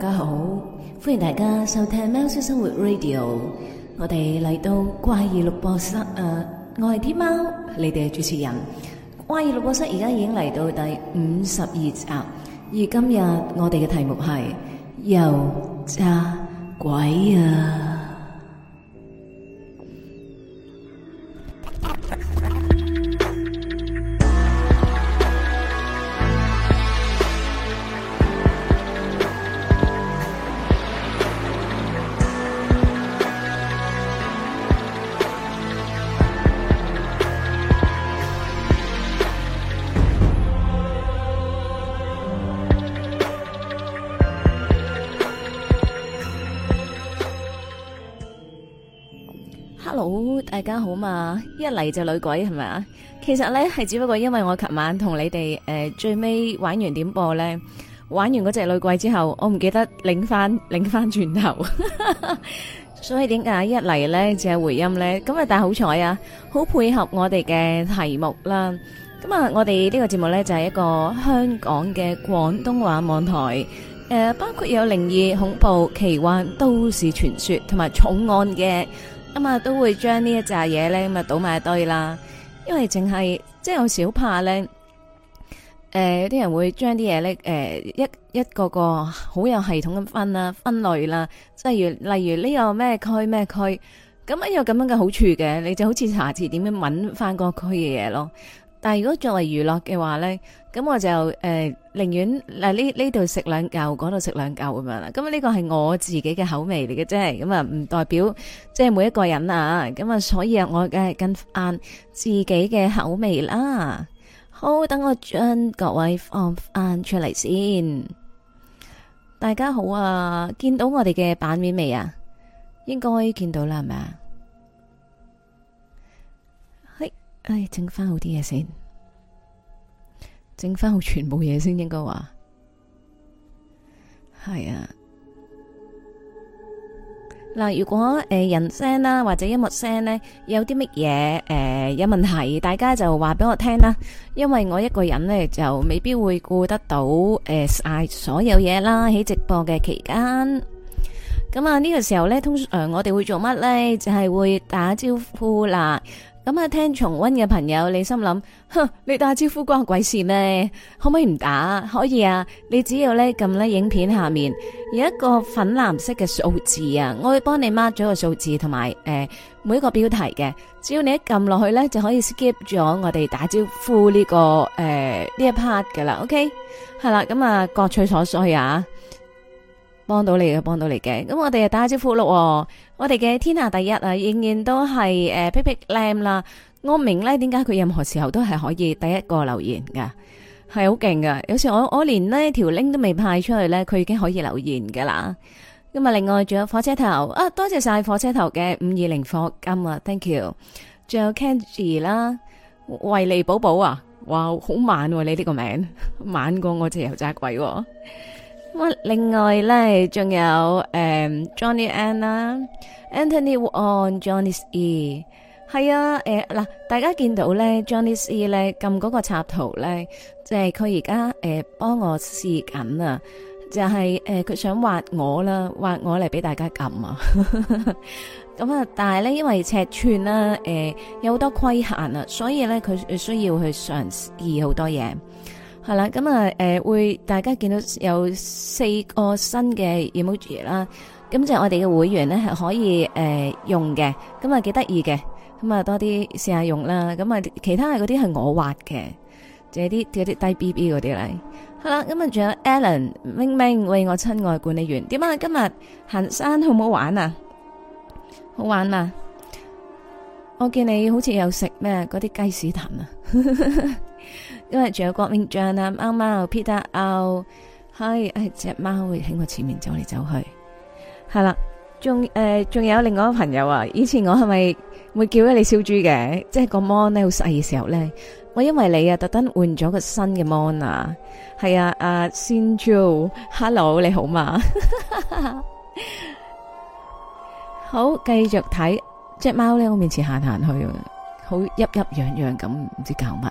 大家好，歡迎大家收聽喵式生活 Radio。我哋嚟到怪異錄播室，誒，我係天喵，你哋嘅主持人。怪異錄播室而家已經嚟到第五十二集，而今日我哋嘅題目係油炸鬼啊！一嚟就女鬼係咪啊？其實咧係只不過因為我琴晚同你哋誒最尾玩完點播咧，玩完嗰隻女鬼之後，我唔記得擰翻擰翻轉頭，所以點解一嚟咧就係回音咧？咁啊但係好彩啊，好配合我哋嘅題目啦。咁啊我哋呢個節目咧就係一個香港嘅廣東話網台，誒包括有靈異、恐怖、奇幻、都市傳說同埋重案嘅。咁啊，都會將呢一紮嘢咧咁啊，倒埋一堆啦。因為淨係即係有時好怕咧。誒、呃，有啲人會將啲嘢咧，誒、呃，一一個個好有系統咁分啦，分類啦。即係如例如呢個咩區咩區，咁啊有咁樣嘅好處嘅，你就好似下次點樣揾翻個區嘅嘢咯。但係如果作為娛樂嘅話咧。咁我就誒，寧願嗱呢呢度食兩嚿，嗰度食兩嚿咁樣啦。咁啊呢個係我自己嘅口味嚟嘅啫，咁啊唔代表即係每一個人啊。咁啊所以啊，我梗係揀自己嘅口味啦。好，等我將各位放翻出嚟先。大家好啊，見到我哋嘅版面未啊？應該見到啦，係咪啊？係，唉，整翻好啲嘢先。整翻好全部嘢先，應該話係啊。嗱，如果誒、呃、人聲啦或者音樂聲呢，有啲乜嘢誒有問題，大家就話俾我聽啦，因為我一個人呢，就未必會顧得到誒、晒、所有嘢啦。喺直播嘅期間，咁啊呢、呢個時候呢，通常我哋會做乜呢？就係、是、會打招呼啦。咁啊，聽重溫嘅朋友，你心諗，哼，你打招呼關我鬼事咩？可唔可以唔打？可以啊，你只要咧撳咧影片下面有一個粉藍色嘅數字啊，我會幫你 mark 咗個數字同埋誒每一個標題嘅，只要你一撳落去呢，就可以 skip 咗我哋打招呼呢個誒呢一 part 㗎啦。OK，係啦，咁啊各取所需啊。幫到你嘅，幫到你嘅。咁我哋又打下招呼咯、哦。我哋嘅天下第一啊，仍然都係誒 Big Big Lam 啦。我明咧，點解佢任何時候都係可以第一個留言噶，係好勁噶。有時候我我連呢條 link 都未派出去咧，佢已經可以留言噶啦。咁啊，另外仲有火車頭啊，多謝晒火車頭嘅五二零課金啊，thank you。仲有 Kenji 啦，維利寶寶啊，哇，好慢、啊、你呢個名， 慢過我隻油炸鬼、啊。另外咧，仲有誒、嗯，Johnny，Ann 啦，Anthony，on，Johnny，E，係啊，嗱、呃，大家見到咧，Johnny，E 咧，撳嗰個插圖咧，就係佢而家幫我試緊啊，就係、是、佢、呃、想畫我啦，畫我嚟俾大家撳啊，咁啊，但係咧，因為尺寸啦、啊呃，有好多規限啊，所以咧，佢需要去嘗試好多嘢。係啦，咁啊、嗯，誒、嗯，會大家見到有四個新嘅 emoji 啦，咁就係我哋嘅會員咧係可以誒、呃、用嘅，咁啊幾得意嘅，咁啊、嗯、多啲試下用啦，咁、嗯、啊其他嗰啲係我畫嘅，就係啲有啲低 B B 嗰啲嚟。好、嗯、啦，咁啊仲有 Alan、明明，喂，我親愛管理員，點啊？今日行山好唔好玩啊？好玩呀！我見你好似有食咩嗰啲雞屎藤啊！ 因為仲有國明將啊，貓貓 Peter Ou，係誒隻貓會喺我前面走嚟走去，係啦，仲誒仲有另外一個朋友啊，以前我係咪會叫咗你小豬嘅，即係個 mon 咧好細嘅時候咧，我因為你啊特登換咗個新嘅 mon 啊，係啊啊，Sinjo，Hello，你好嘛，好繼續睇隻貓咧，我面前行行去啊，好郁郁癢癢咁，唔知搞乜。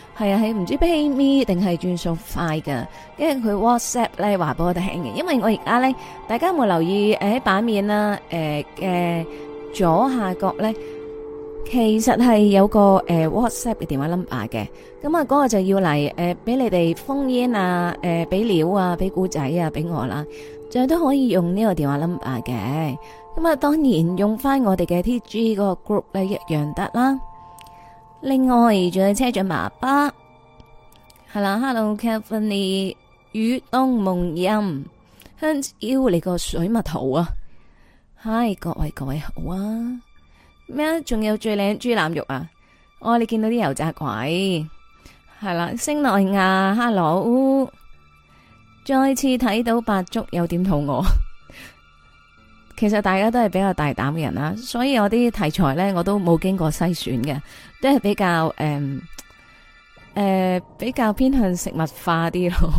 係啊，係唔知 PayMe 定係轉數快噶因為佢 WhatsApp 咧，話俾我哋聽嘅，因為我而家咧，大家有冇留意誒，喺版面啦？誒、呃、嘅左下角咧，其實係有個誒、呃、WhatsApp 嘅電話 number 嘅，咁啊嗰個就要嚟誒俾你哋封煙啊，誒、呃、俾料啊，俾古仔啊，俾我啦，就都可以用呢個電話 number 嘅，咁啊當然用翻我哋嘅 T.G 個 group 咧一樣得啦。另外仲有車長爸爸係啦 Hello，Kafhine 雨東夢音，Hunt you 你個水蜜桃啊！Hi，各位各位好啊！咩仲有最靚豬腩肉啊！我哋見到啲油炸鬼係啦，星奈亞，Hello，再次睇到白粥，有點肚餓。其實大家都係比較大膽嘅人啦，所以我啲題材呢，我都冇經過篩選嘅。都係比較誒誒，比較偏向食物化啲咯。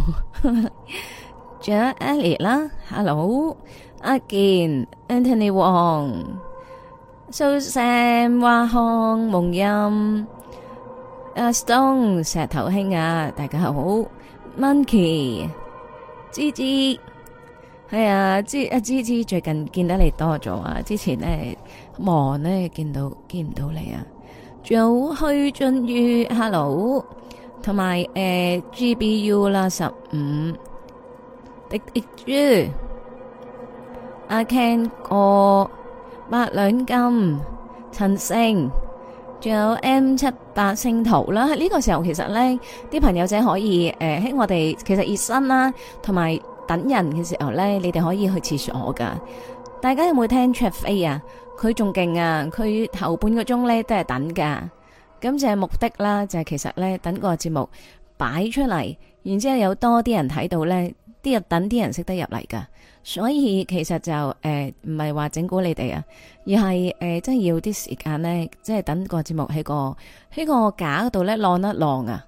仲有 Ellie 啦，Hello，阿健，Anthony Wong，蘇 Sam，華康，夢音，阿 Stone，石頭兄啊，大家好，Monkey，芝芝，係啊，芝阿芝芝最近見得你多咗啊，之前咧忙咧，見到見唔到你啊。仲有虛樽裕 Hello，同埋誒 GBU 啦，十五的的豬，阿 Ken，過八兩金陳星，仲有 M 七八星圖啦。喺呢個時候其實咧，啲朋友仔可以誒喺我哋其實熱身啦，同埋等人嘅時候咧，你哋可以去廁所噶。大家有冇聽卓飛啊？佢仲勁啊！佢頭半個鐘呢都係等噶，咁就係目的啦。就係、是、其實呢，等個節目擺出嚟，然之後有多啲人睇到呢，啲人等啲人識得入嚟噶。所以其實就誒，唔係話整蠱你哋啊，而係誒，真、呃、係、就是、要啲時間呢，即係等個節目喺個喺個架嗰度呢晾一晾啊，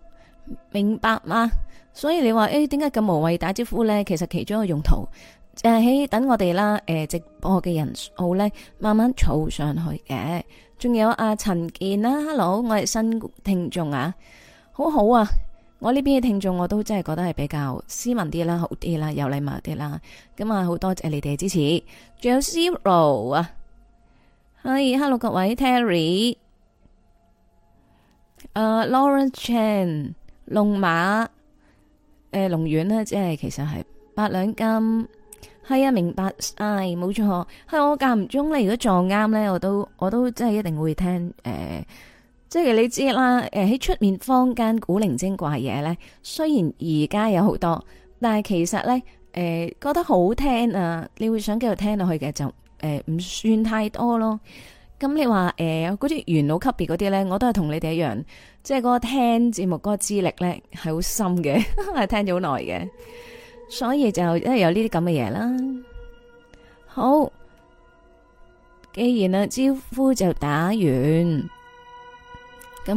明白嗎？所以你話誒，點解咁無謂打招呼呢？其實其中一個用途。誒，喺等我哋啦，誒、呃、直播嘅人數咧，慢慢儲上去嘅。仲有阿、啊、陳健啦、啊、，Hello，我係新聽眾啊，好好啊。我呢邊嘅聽眾我都真係覺得係比較斯文啲啦，好啲啦，有禮貌啲啦。咁、嗯、啊，好多謝你哋嘅支持。仲有 Zero 啊，Hi Hello 各位 Terry，誒、uh, Lauren Chan 龍馬，誒龍丸即係其實係八兩金。係啊，明白，唉，冇錯。係我間唔中咧，如果撞啱咧，我都我都真係一定會聽。誒，即係你知啦。誒，喺出面坊間古靈精怪嘢咧，雖然而家有好多，但係其實咧，誒覺得好聽啊，你會想繼續聽落去嘅就，誒唔算太多咯。咁你話誒嗰啲元老級別嗰啲咧，我都係同你哋一樣，即係嗰個聽節目嗰個資歷咧係好深嘅，係 聽咗好耐嘅。所以就都係有呢啲咁嘅嘢啦。好，既然啊招呼就打完，咁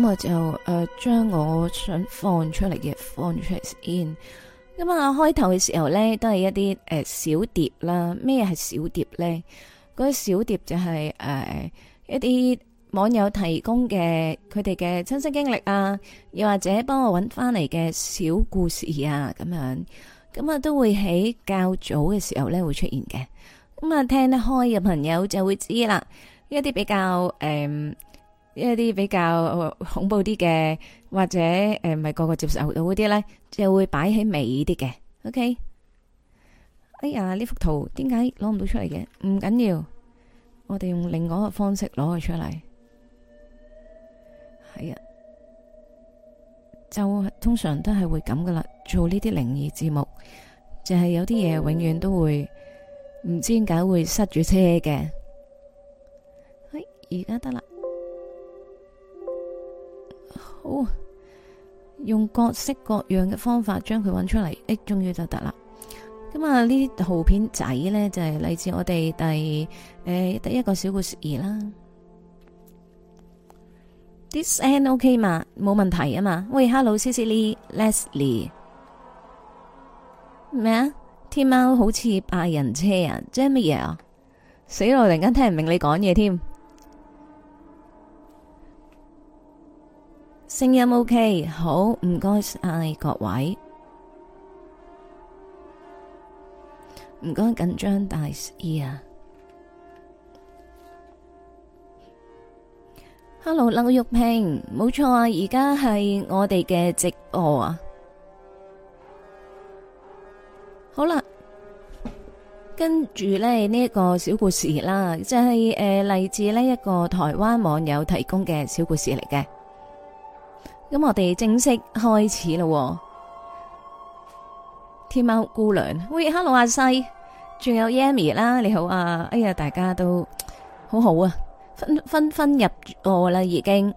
我就誒將、呃、我想放出嚟嘅，放出先。咁、嗯、啊開頭嘅時候咧，都係一啲誒、呃、小碟啦。咩係小碟咧？嗰、那個、小碟就係、是、誒、呃、一啲網友提供嘅佢哋嘅親身經歷啊，又或者幫我搵翻嚟嘅小故事啊咁樣。咁啊，都會喺較早嘅時候咧會出現嘅。咁啊，聽得開嘅朋友就會知啦。一啲比較誒，一啲比較恐怖啲嘅，或者誒唔係個個接受到嗰啲咧，就會擺起尾啲嘅。OK，哎呀，呢幅圖點解攞唔到出嚟嘅？唔緊要，我哋用另外一個方式攞佢出嚟。係啊。就通常都係會咁噶啦做呢啲靈異節目，就係、是、有啲嘢永遠都會唔知點解會塞住車嘅。哎，而家得啦，好，用各式各樣嘅方法將佢搵出嚟，哎，終於就得啦。咁啊，呢啲圖片仔呢，就係嚟自我哋第誒第一個小故事兒啦。啲聲 OK 嘛？冇問題啊嘛。喂，Hello，C C Lee，Leslie，咩啊？天貓好似白人車人，即係乜嘢啊？死佬突然間聽唔明你講嘢添，聲音 OK，好，唔該晒各位，唔該緊張，但係先啊。Hello，劉玉萍，冇錯啊！而家係我哋嘅直播啊，好啦，跟住咧呢一個小故事啦，即係誒，嚟自呢一個台灣網友提供嘅小故事嚟嘅。咁我哋正式開始啦，天貓姑娘，喂，Hello 阿西，仲有 Yammy 啦，你好啊，哎呀，大家都好好啊。分分分入座啦，已經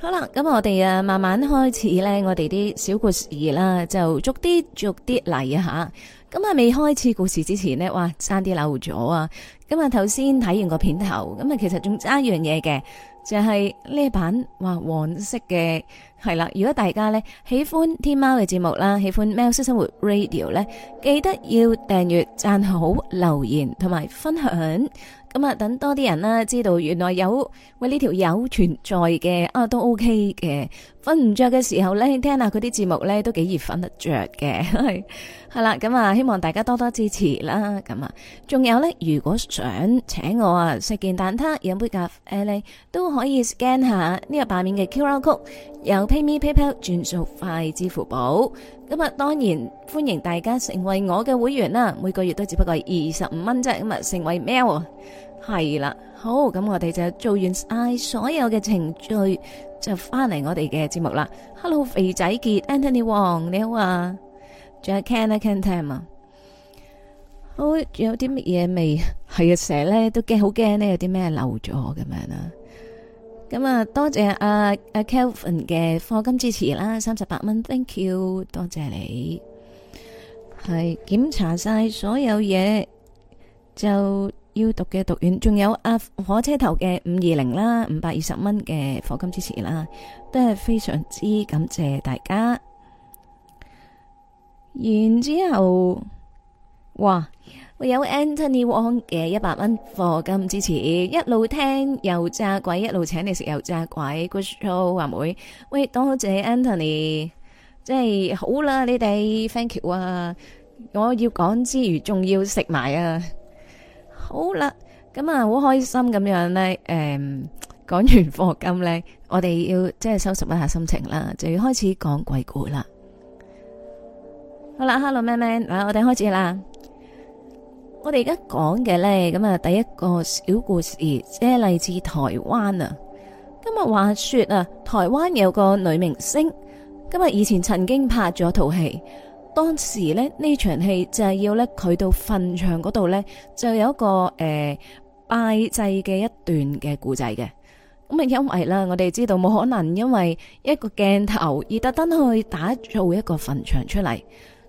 好啦。咁我哋啊，慢慢開始咧，我哋啲小故事啦，就逐啲逐啲嚟啊。吓咁啊，未開始故事之前呢，哇，差啲漏咗啊。咁啊，頭先睇完個片頭，咁啊，其實仲差一樣嘢嘅，就係呢一版哇黃色嘅係啦。如果大家呢，喜歡天貓嘅節目啦，喜歡喵式生活 Radio 咧，記得要訂閱、讚好、留言同埋分享。咁啊，等多啲人啦，知道，原來有喂呢條友存在嘅啊，都 OK 嘅。瞓唔着嘅時候呢，聽下佢啲節目呢都幾易瞓得着嘅，係係啦，咁、嗯、啊希望大家多多支持啦，咁、嗯、啊，仲有呢，如果想請我啊食件蛋撻、飲杯咖啡呢，都可以 scan 下呢個版面嘅 QR code，由 PayMe PayPal 轉數快支付寶，咁、嗯、啊，當然歡迎大家成為我嘅會員啦，每個月都只不過係二十五蚊啫，咁啊，成為喵，係啦，好，咁、嗯、我哋就做完晒所有嘅程序。就翻嚟我哋嘅節目啦，Hello 肥仔杰 Anthony Wong 你好啊，仲有 Can 啊 Can 聽啊，好，仲有啲乜嘢未？係啊，成日咧都驚，好驚咧有啲咩漏咗咁樣啦。咁啊，多謝阿、啊、阿、啊、Kelvin 嘅課金支持啦，三十八蚊，Thank you，多謝你。係檢查晒所有嘢就。要讀嘅讀完，仲有阿火車頭嘅五二零啦，五百二十蚊嘅課金支持啦，都係非常之感謝大家。然之後，哇，有 Anthony Wong 嘅一百蚊課金支持，一路聽油炸鬼，一路請你食油炸鬼，Good show，阿妹，喂，多謝 Anthony，即係好啦，你哋 Thank you 啊，我要講之餘，仲要食埋啊。好啦，咁、嗯、啊，好開心咁樣呢，誒、嗯，講完課金呢，我哋要即係收拾一下心情啦，就要開始講鬼故啦。好啦，Hello 咩咩，嗱，我哋開始啦。我哋而家講嘅呢，咁啊，第一個小故事，即係嚟自台灣啊。今日話說啊，台灣有個女明星，今日以前曾經拍咗套戲。當時咧，呢場戲就係要咧佢到墳場嗰度咧，就有一個誒、呃、拜祭嘅一段嘅故仔嘅。咁啊，因為啦，我哋知道冇可能因為一個鏡頭而特登去打造一個墳場出嚟，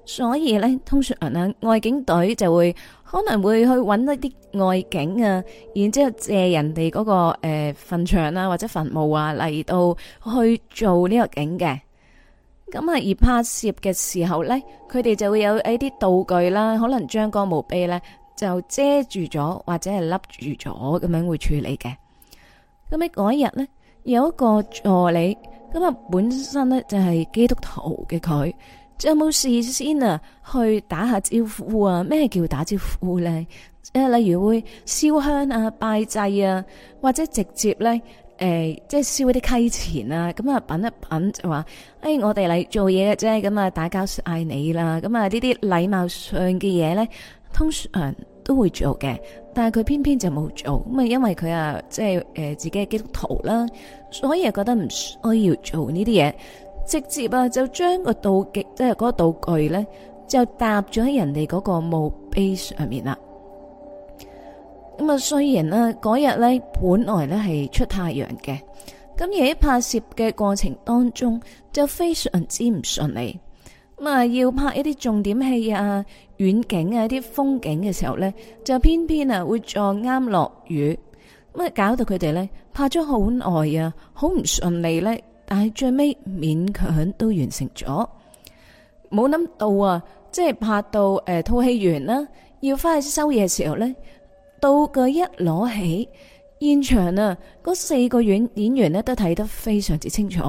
所以咧，通常外景隊就會可能會去揾一啲外景啊，然之後借人哋嗰，那個誒墳場啊或者墳墓啊嚟到去做呢個景嘅。咁啊，而拍攝嘅時候咧，佢哋就會有一啲道具啦，可能將個墓碑咧就遮住咗，或者係笠住咗咁樣會處理嘅。咁喺嗰一日咧，有一個助理，咁啊本身咧就係基督徒嘅佢，有冇事先啊去打下招呼啊？咩叫打招呼咧？例如會燒香啊、拜祭啊，或者直接咧。誒，即係燒啲溪錢啦，咁、嗯、啊品一品就話，哎，我哋嚟做嘢嘅啫，咁、嗯、啊打交嗌你啦，咁啊呢啲禮貌上嘅嘢咧，通常都會做嘅，但係佢偏偏就冇做，咁啊因為佢啊即係誒自己係基督徒啦，所以啊覺得唔需要做呢啲嘢，直接啊就將個道具即係嗰個道具咧，就搭咗喺人哋嗰個墓碑上面啦。咁啊，雖然呢嗰日呢，本來呢係出太陽嘅，咁而喺拍攝嘅過程當中就非常之唔順利。咁啊，要拍一啲重點戲啊、遠景啊、啲風景嘅時候呢，就偏偏啊會撞啱落雨，咁啊搞到佢哋呢拍咗好耐啊，好唔順利呢。但係最尾勉強都完成咗，冇諗到啊，即係拍到誒，套戲完啦，要翻去收嘢嘅時候呢。道具一攞起，現場啊，嗰四個演演員咧都睇得非常之清楚。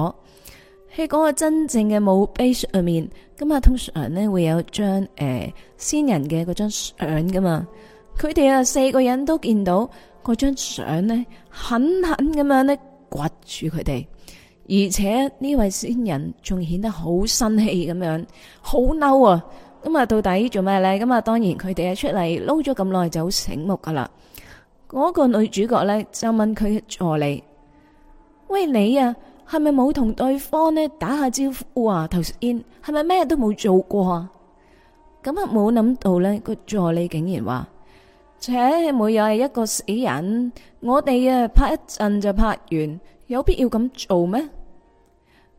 喺嗰個真正嘅墓碑上面，咁啊通常呢會有張誒先人嘅嗰張相噶嘛。佢哋啊四個人都見到嗰張相呢，狠狠咁樣呢掘住佢哋，而且呢位先人仲顯得好生氣咁樣，好嬲啊！咁啊，到底做咩呢？咁啊，當然佢哋啊出嚟撈咗咁耐就好醒目噶啦。嗰個女主角呢，就問佢助理，喂，你啊係咪冇同對方呢打下招呼啊？頭先係咪咩都冇做過啊？咁啊冇諗到呢個助理竟然話，且每日係一個死人，我哋啊拍一陣就拍完，有必要咁做咩？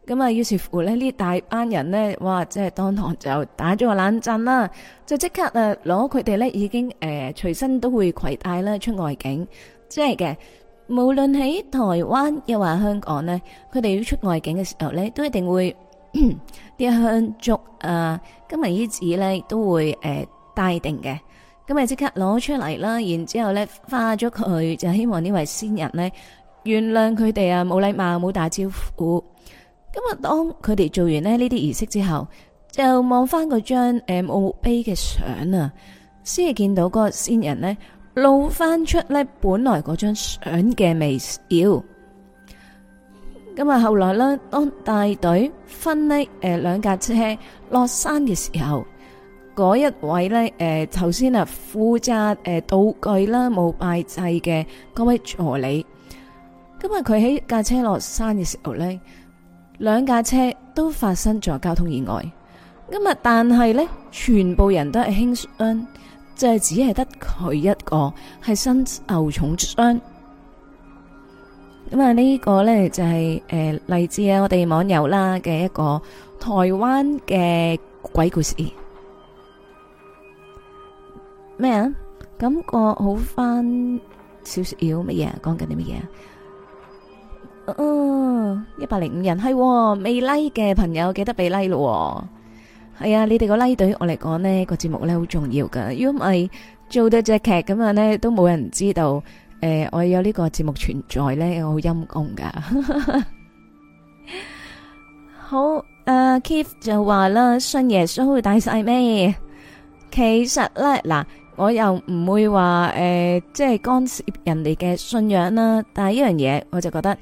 咁啊！於是乎呢，呢大班人呢，哇！即係當堂就打咗個冷震啦，就即刻啊攞佢哋呢已經誒、呃、隨身都會攜帶啦出外景，即係嘅。無論喺台灣又或香港呢，佢哋要出外景嘅時候呢，都一定會啲香燭啊、金銀紙呢都會誒、呃、帶定嘅。咁啊，即刻攞出嚟啦，然之後呢，化咗佢就希望呢位先人呢，原諒佢哋啊，冇禮貌冇打招呼。咁啊，當佢哋做完呢啲儀式之後，就望翻嗰張墓碑嘅相啊，先至見到個先人呢露翻出呢本來嗰張相嘅微笑。咁啊，後來呢，當大隊分呢誒兩架車落山嘅時候，嗰一位呢，誒頭先啊負責誒道具啦冇拜祭嘅嗰位助理，今日佢喺架車落山嘅時候呢。兩架車都發生咗交通意外，今日但係呢，全部人都係輕傷，就係、是、只係得佢一個係身受重傷。咁啊，呢個呢，就係、是、誒，嚟自，我哋網友啦嘅一個台灣嘅鬼故事。咩啊？感覺好翻少少，乜嘢講緊啲乜嘢？嗯，一百零五人係未、哦、like 嘅朋友，記得俾 like 咯、哦。係啊，你哋個 like 對於，我嚟講呢、這個節目咧好重要噶，如果唔係做到隻劇咁樣咧，都冇人知道誒、呃，我有呢個節目存在咧，我 好陰功噶。好、呃、誒，Keith 就話啦，信耶穌會大晒咩？其實咧嗱，我又唔會話誒，即、呃、係、就是、干涉人哋嘅信仰啦。但係呢樣嘢，我就覺得。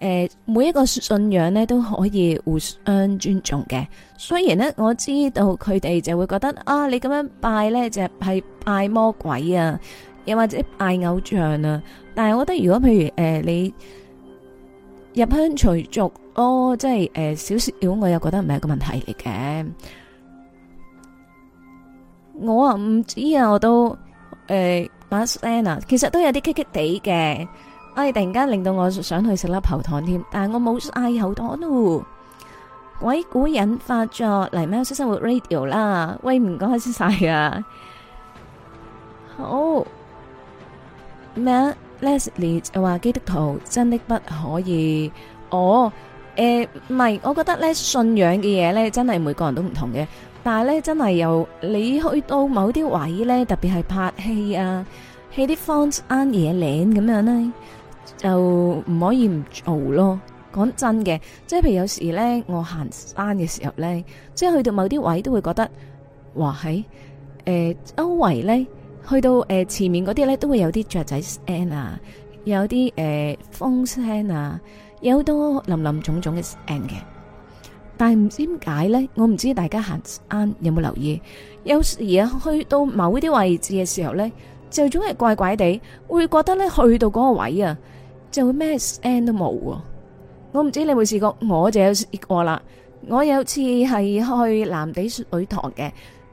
誒、呃，每一個信仰咧，都可以互相尊重嘅。雖然咧，我知道佢哋就會覺得啊，你咁樣拜咧，就係拜魔鬼啊，又或者拜偶像啊。但係我覺得，如果譬如誒、呃、你入鄉隨俗，哦，即係誒少少，我又覺得唔係一個問題嚟嘅。我啊唔知道啊，我都誒、呃、把聲啊，其實都有啲棘棘地嘅。係突然間令到我想去食粒喉糖添，但係我冇嗌喉糖哦。鬼故癮發作嚟咩？喵式生活 Radio 啦，喂唔該先晒啊！好咩？Leslie 就話基督徒真的不可以哦？誒，唔係，我覺得咧信仰嘅嘢咧，真係每個人都唔同嘅，但係咧真係由你去到某啲位咧，特別係拍戲啊，起啲 fans 啱嘢臉咁樣咧。就唔可以唔做咯。講真嘅，即係譬如有時咧，我行山嘅時候咧，即係去到某啲位都會覺得，哇喺誒、欸、周圍咧，去到誒、呃、前面嗰啲咧，都會有啲雀仔聲啊，有啲誒、呃、風聲啊，有好多林林總總嘅聲嘅。但係唔知點解咧，我唔知大家行山有冇留意，有時啊去到某啲位置嘅時候咧，就總係怪怪地，會覺得咧去到嗰個位啊。就會咩 end 都冇喎，我唔知你有冇試過，我就有試過啦。我有次係去南地水塘嘅，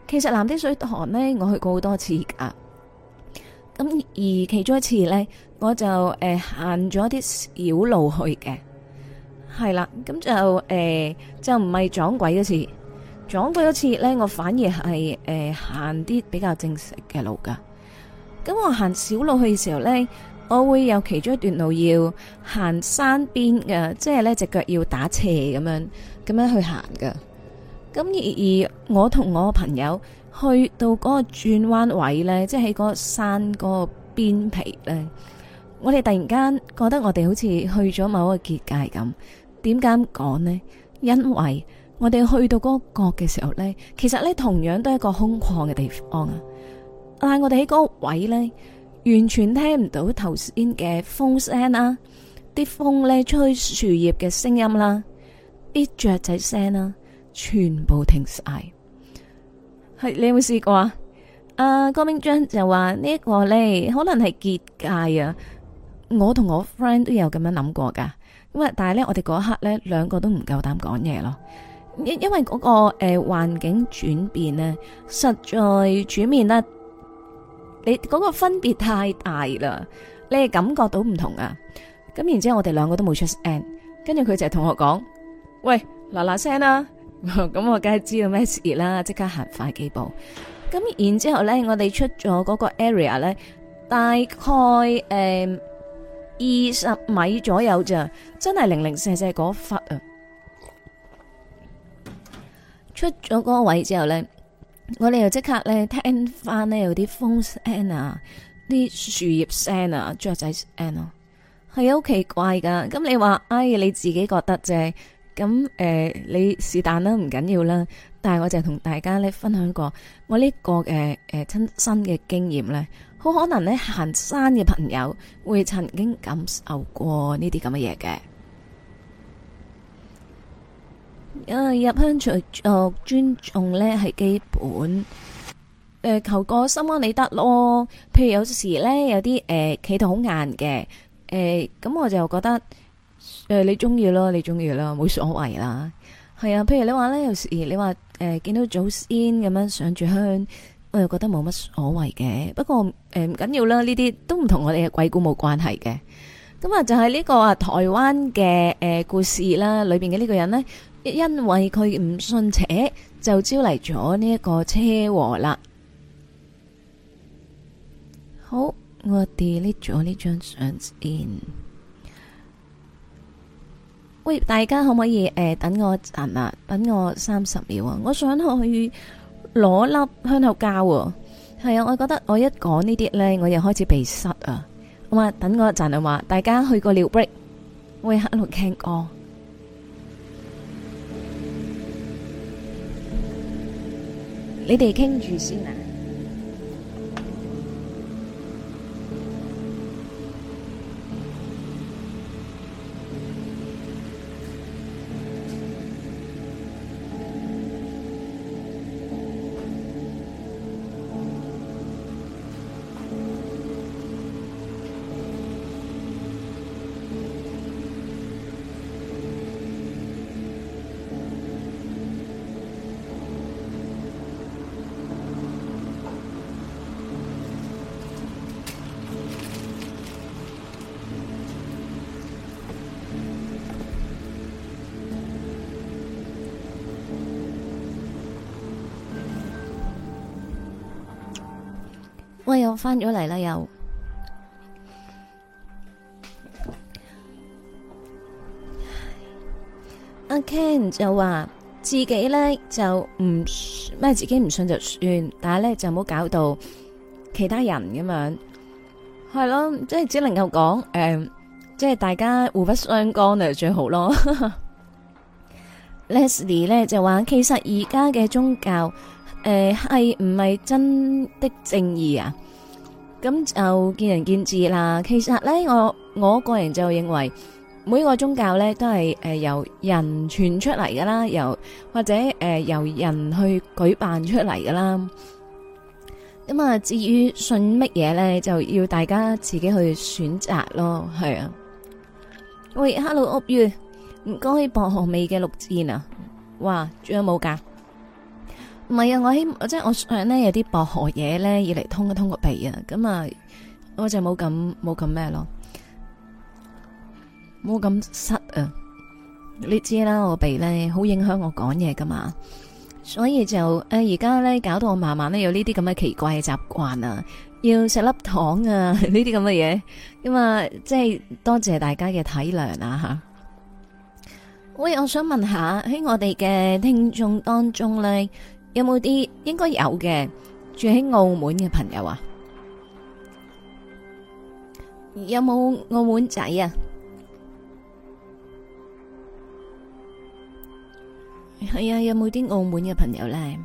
其實藍地水塘呢，我去過好多次噶，咁而其中一次呢，我就誒、呃、行咗啲小路去嘅，係啦，咁就誒、呃、就唔係撞鬼嗰次，撞鬼嗰次呢，我反而係誒、呃、行啲比較正式嘅路噶，咁我行小路去嘅時候呢。我會有其中一段路要行山邊嘅，即係呢隻腳要打斜咁樣，咁樣去行噶。咁而而我同我朋友去到嗰個轉彎位呢，即係喺嗰個山嗰個邊皮呢。我哋突然間覺得我哋好似去咗某個結界咁。點解咁講呢？因為我哋去到嗰個角嘅時候呢，其實呢同樣都係一個空曠嘅地方啊。但係我哋喺嗰個位呢，完全聽唔到頭先嘅風聲啦，啲風咧吹樹葉嘅聲音啦，啲雀仔聲啦，全部停晒。係你有冇試過啊？啊，郭明章就話呢一個咧，可能係結界啊。我同我 friend 都有咁樣諗過噶，因為但係咧，我哋嗰一刻咧，兩個都唔夠膽講嘢咯。因因為嗰個誒環境轉變咧，實在轉變得。你嗰個分別太大啦，你係感覺到唔同啊！咁然之後我哋兩個都冇出聲，跟住佢就係同學講：「喂，嗱嗱聲啦！咁我梗係知道咩事啦，即刻行快幾步。咁然之後咧，我哋出咗嗰個 area 咧，大概誒二十米左右咋，真係零零舍舍嗰忽啊。出咗嗰個位之後咧。我哋又即刻咧聽翻呢有啲風聲啊，啲樹葉聲啊、雀仔聲啊，係好奇怪噶咁你話，哎，你自己覺得啫。咁誒、呃，你是但啦，唔緊要啦。但係我就同大家咧分享過我，我呢個誒誒親身嘅經驗咧，好可能咧行山嘅朋友會曾經感受過呢啲咁嘅嘢嘅。啊！入鄉隨俗，尊重咧係基本。誒、呃，求個心安理得咯。譬如有時咧，有啲誒、呃，企圖好硬嘅。誒、呃，咁我就覺得誒、呃，你中意咯，你中意咯，冇所謂啦。係啊，譬如你話咧，有時你話誒、呃，見到祖先咁樣上住香，我又覺得冇乜所謂嘅。不過誒，唔緊要啦，呢啲都唔同我哋嘅鬼故冇關係嘅。咁啊，就係呢、這個啊，台灣嘅誒故事啦，裏邊嘅呢個人咧。因為佢唔信邪，就招嚟咗呢一個車禍啦。好，我 delete 咗呢張相先。喂，大家可唔可以誒、呃、等我一陣啊？等我三十秒啊！我想去攞粒香口膠啊。係啊，我覺得我一講呢啲呢，我又開始鼻塞啊。咁啊，等我一陣啊，話大家去個尿 break，我喺度聽歌。你哋傾住先啊！翻咗嚟啦，又阿 Ken 就話自己呢就唔信咩，自己唔信就算，但係呢就唔好搞到其他人咁樣係咯，即係只能夠講誒，即係大家互不相干就最好咯。 Leslie 呢就話其實而家嘅宗教誒係唔係真的正義啊？咁就見仁見智啦。其實咧，我我個人就認為每個宗教咧都係誒、呃、由人傳出嚟噶啦，由或者誒、呃、由人去舉辦出嚟噶啦。咁、嗯、啊，至於信乜嘢咧，就要大家自己去選擇咯。係啊。喂，Hello，屋宇，唔該，薄荷味嘅綠箭啊。哇，仲有冇噶？唔係啊！我希即係我想呢，有啲薄荷嘢呢，要嚟通一通個鼻啊！咁啊，我就冇咁冇咁咩咯，冇咁塞啊！你知啦，我鼻呢，好影響我講嘢噶嘛，所以就誒而家呢，搞到我慢慢呢有呢啲咁嘅奇怪嘅習慣啊！要食粒糖啊！呢啲咁嘅嘢咁啊！即係多謝大家嘅體諒啊！吓，喂，我想問下喺我哋嘅聽眾當中呢。有冇啲應該有嘅，住喺澳門嘅朋友啊？有冇澳門仔啊？係啊，有冇啲澳門嘅朋友呢？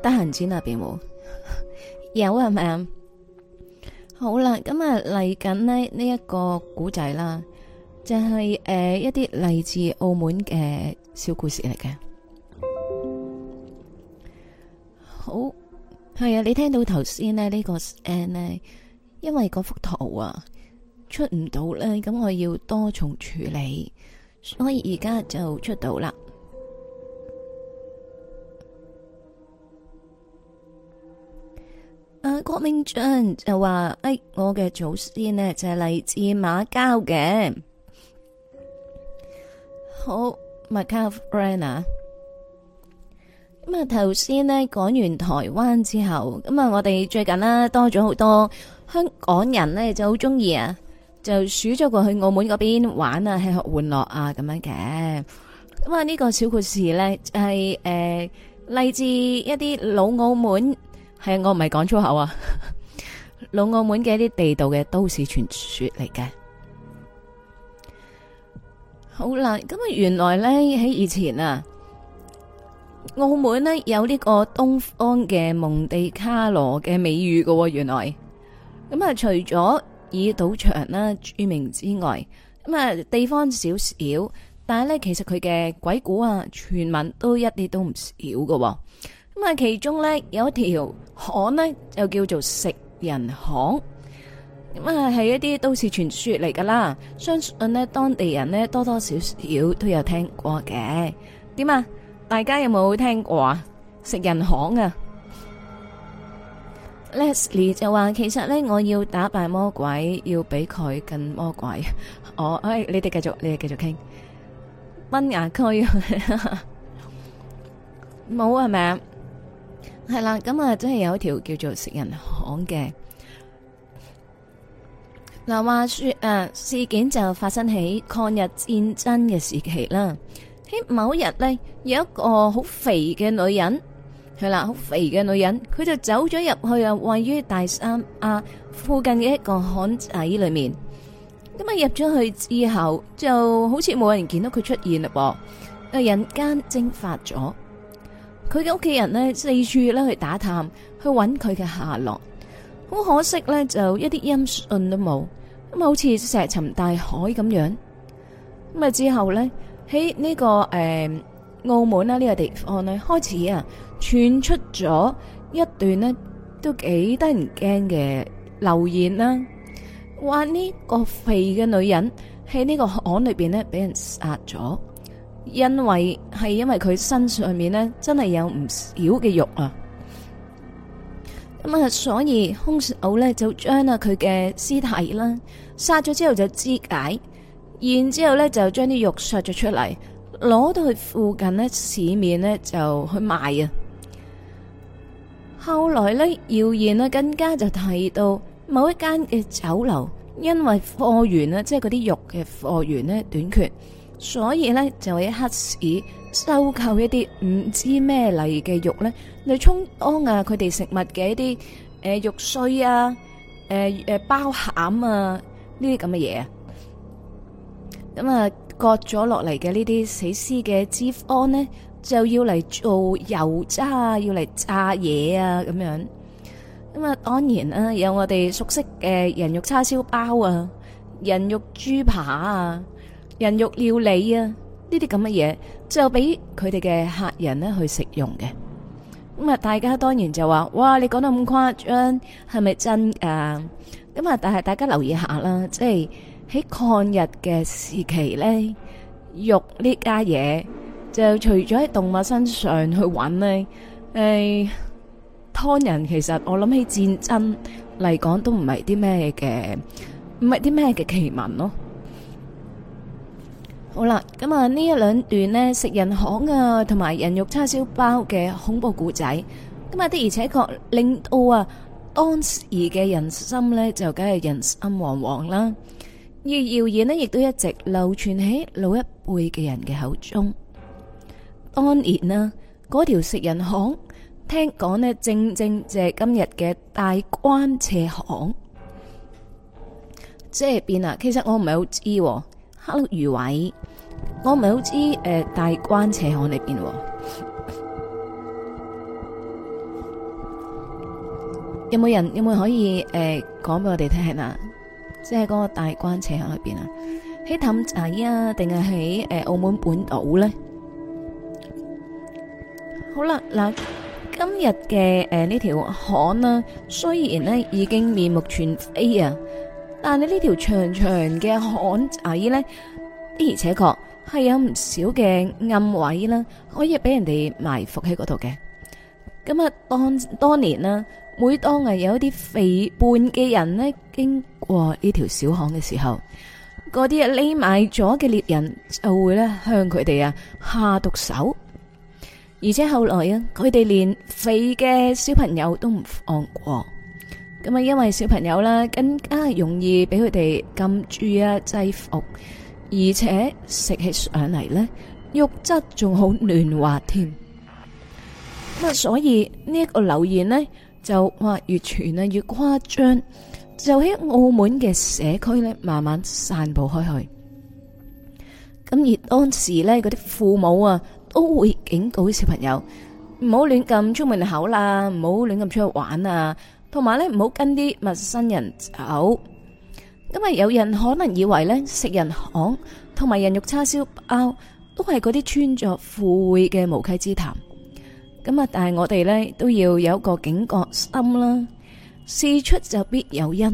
得閒轉下邊冇？有啊，係咪啊？好啦，咁啊嚟緊呢呢一個古仔啦。就係誒一啲嚟自澳門嘅小故事嚟嘅，好係啊。你聽到頭先咧呢個聲呢因為嗰幅圖啊出唔到呢，咁我要多重處理，所以而家就出到啦。誒、啊，郭明俊就話，誒、哎，我嘅祖先呢，就係嚟自馬交嘅。好 m i c a e l Brana，咁啊頭先呢講完台灣之後，咁啊我哋最近咧多咗好多香港人呢就好中意啊，就鼠咗過去澳門嗰邊玩啊，吃喝玩樂啊咁樣嘅。咁啊呢個小故事咧係誒嚟自一啲老澳門，係我唔係講粗口啊，老澳門嘅一啲地道嘅都市傳說嚟嘅。好啦，咁啊，原來呢，喺以前啊，澳門呢，有呢個東方嘅蒙地卡羅嘅美譽喎、哦。原來咁啊、嗯，除咗以賭場啦、啊、著名之外，咁、嗯、啊地方少少，但係呢，其實佢嘅鬼故啊，傳聞都一啲都唔少噶、哦，咁、嗯、啊其中呢，有一條巷呢，就叫做食人巷。咁啊，係一啲都市傳說嚟噶啦，相信呢，當地人呢，多多少少都有聽過嘅。點啊？大家有冇聽過啊？食人巷啊 ？Leslie 就話其實呢，我要打敗魔鬼，要比佢更魔鬼。我、哦、唉、哎，你哋繼續，你哋繼續傾。崩牙駒， 冇係咪？係啦，咁啊，真係有一條叫做食人巷嘅。嗱，話說誒、啊，事件就發生喺抗日戰爭嘅時期啦。喺某日呢，有一個好肥嘅女人，係啦，好肥嘅女人，佢就走咗入去啊，位於大三亞附近嘅一個巷仔裏面。咁啊，入咗去之後，就好似冇人見到佢出現嘞噃，誒，人間蒸發咗。佢嘅屋企人呢，四處咧去打探，去揾佢嘅下落。好可惜呢，就一啲音訊都冇。咁好似石沉大海咁樣，咁啊之後咧喺呢在、這個誒、呃、澳門啦呢個地方咧開始啊傳出咗一段咧都幾得人驚嘅流言啦、啊，話呢個肥嘅女人喺呢個巷裏邊咧俾人殺咗，因為係因為佢身上面呢，真係有唔少嘅肉啊。咁啊，所以凶手咧就將啊佢嘅屍體啦殺咗之後就肢解，然之後咧就將啲肉削咗出嚟，攞到去附近咧市面呢，就去賣啊。後來咧謠言咧更加就提到，某一間嘅酒樓因為貨源咧，即係嗰啲肉嘅貨源咧短缺，所以呢，就喺黑市收購一啲唔知咩嚟嘅肉咧。嚟充當啊，佢哋食物嘅一啲誒、呃、肉碎啊，誒、呃、誒包餡啊，呢啲咁嘅嘢啊，咁啊割咗落嚟嘅呢啲死屍嘅脂肪咧，就要嚟做油渣啊，要嚟炸嘢啊，咁樣咁啊，當然啊，有我哋熟悉嘅人肉叉燒包啊，人肉豬扒啊，人肉料理啊，呢啲咁嘅嘢就俾佢哋嘅客人咧去食用嘅。咁啊！大家當然就話：哇！你講得咁誇張，係咪真㗎？咁啊！但係大家留意下啦，即係喺抗日嘅時期咧，肉呢家嘢就除咗喺動物身上去玩咧，誒、欸，劏人其實我諗起戰爭嚟講都唔係啲咩嘅，唔係啲咩嘅奇聞咯。好啦，咁啊呢一兩段咧，食人巷啊，同埋人肉叉燒包嘅恐怖故仔，咁啊的而且確令到啊當時嘅人心咧就梗係人心惶惶啦。而謠言咧亦都一直流傳喺老一輩嘅人嘅口中。當然啦，嗰條食人巷聽講咧正正就係今日嘅大關斜巷，即係邊啊？其實我唔係好知，哈囉余偉。我唔係好知誒、呃，大關斜巷裏邊 有冇人？有冇可以誒講俾我哋聽啊？即係嗰個大關斜巷裏邊啊，喺氹仔啊，定係喺誒澳門半島咧？好啦，嗱，今日嘅誒呢條巷啦，雖然呢已經面目全非啊，但係呢條長長嘅巷仔咧。而且，確係有唔少嘅暗位啦，可以俾人哋埋伏喺嗰度嘅。咁啊，當當年啦，每當啊有啲肥胖嘅人呢經過呢條小巷嘅時候，嗰啲啊匿埋咗嘅獵人就會咧向佢哋啊下毒手。而且後來啊，佢哋連肥嘅小朋友都唔放過。咁啊，因為小朋友啦更加容易俾佢哋禁住啊制服。而且食起上嚟呢，肉質仲好嫩滑添。咁啊，所以呢一個流言呢，就話越傳啊越誇張，就喺澳門嘅社區呢，慢慢散布開去。咁而當時呢，嗰啲父母啊，都會警告啲小朋友，唔好亂咁出門口啦，唔好亂咁出去玩啊，同埋呢唔好跟啲陌生人走。咁啊！有人可能以為咧，食人行同埋人肉叉燒包都係嗰啲穿鑿附會嘅無稽之談。咁啊，但係我哋咧，都要有一個警覺心啦。事出就必有因。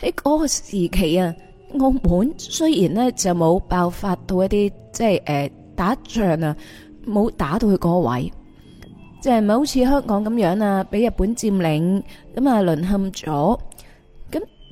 喺嗰個時期啊，澳門雖然咧就冇爆發到一啲即係誒打仗啊，冇打到去嗰位，即係唔係好似香港咁樣啊，俾日本佔領咁啊淪陷咗。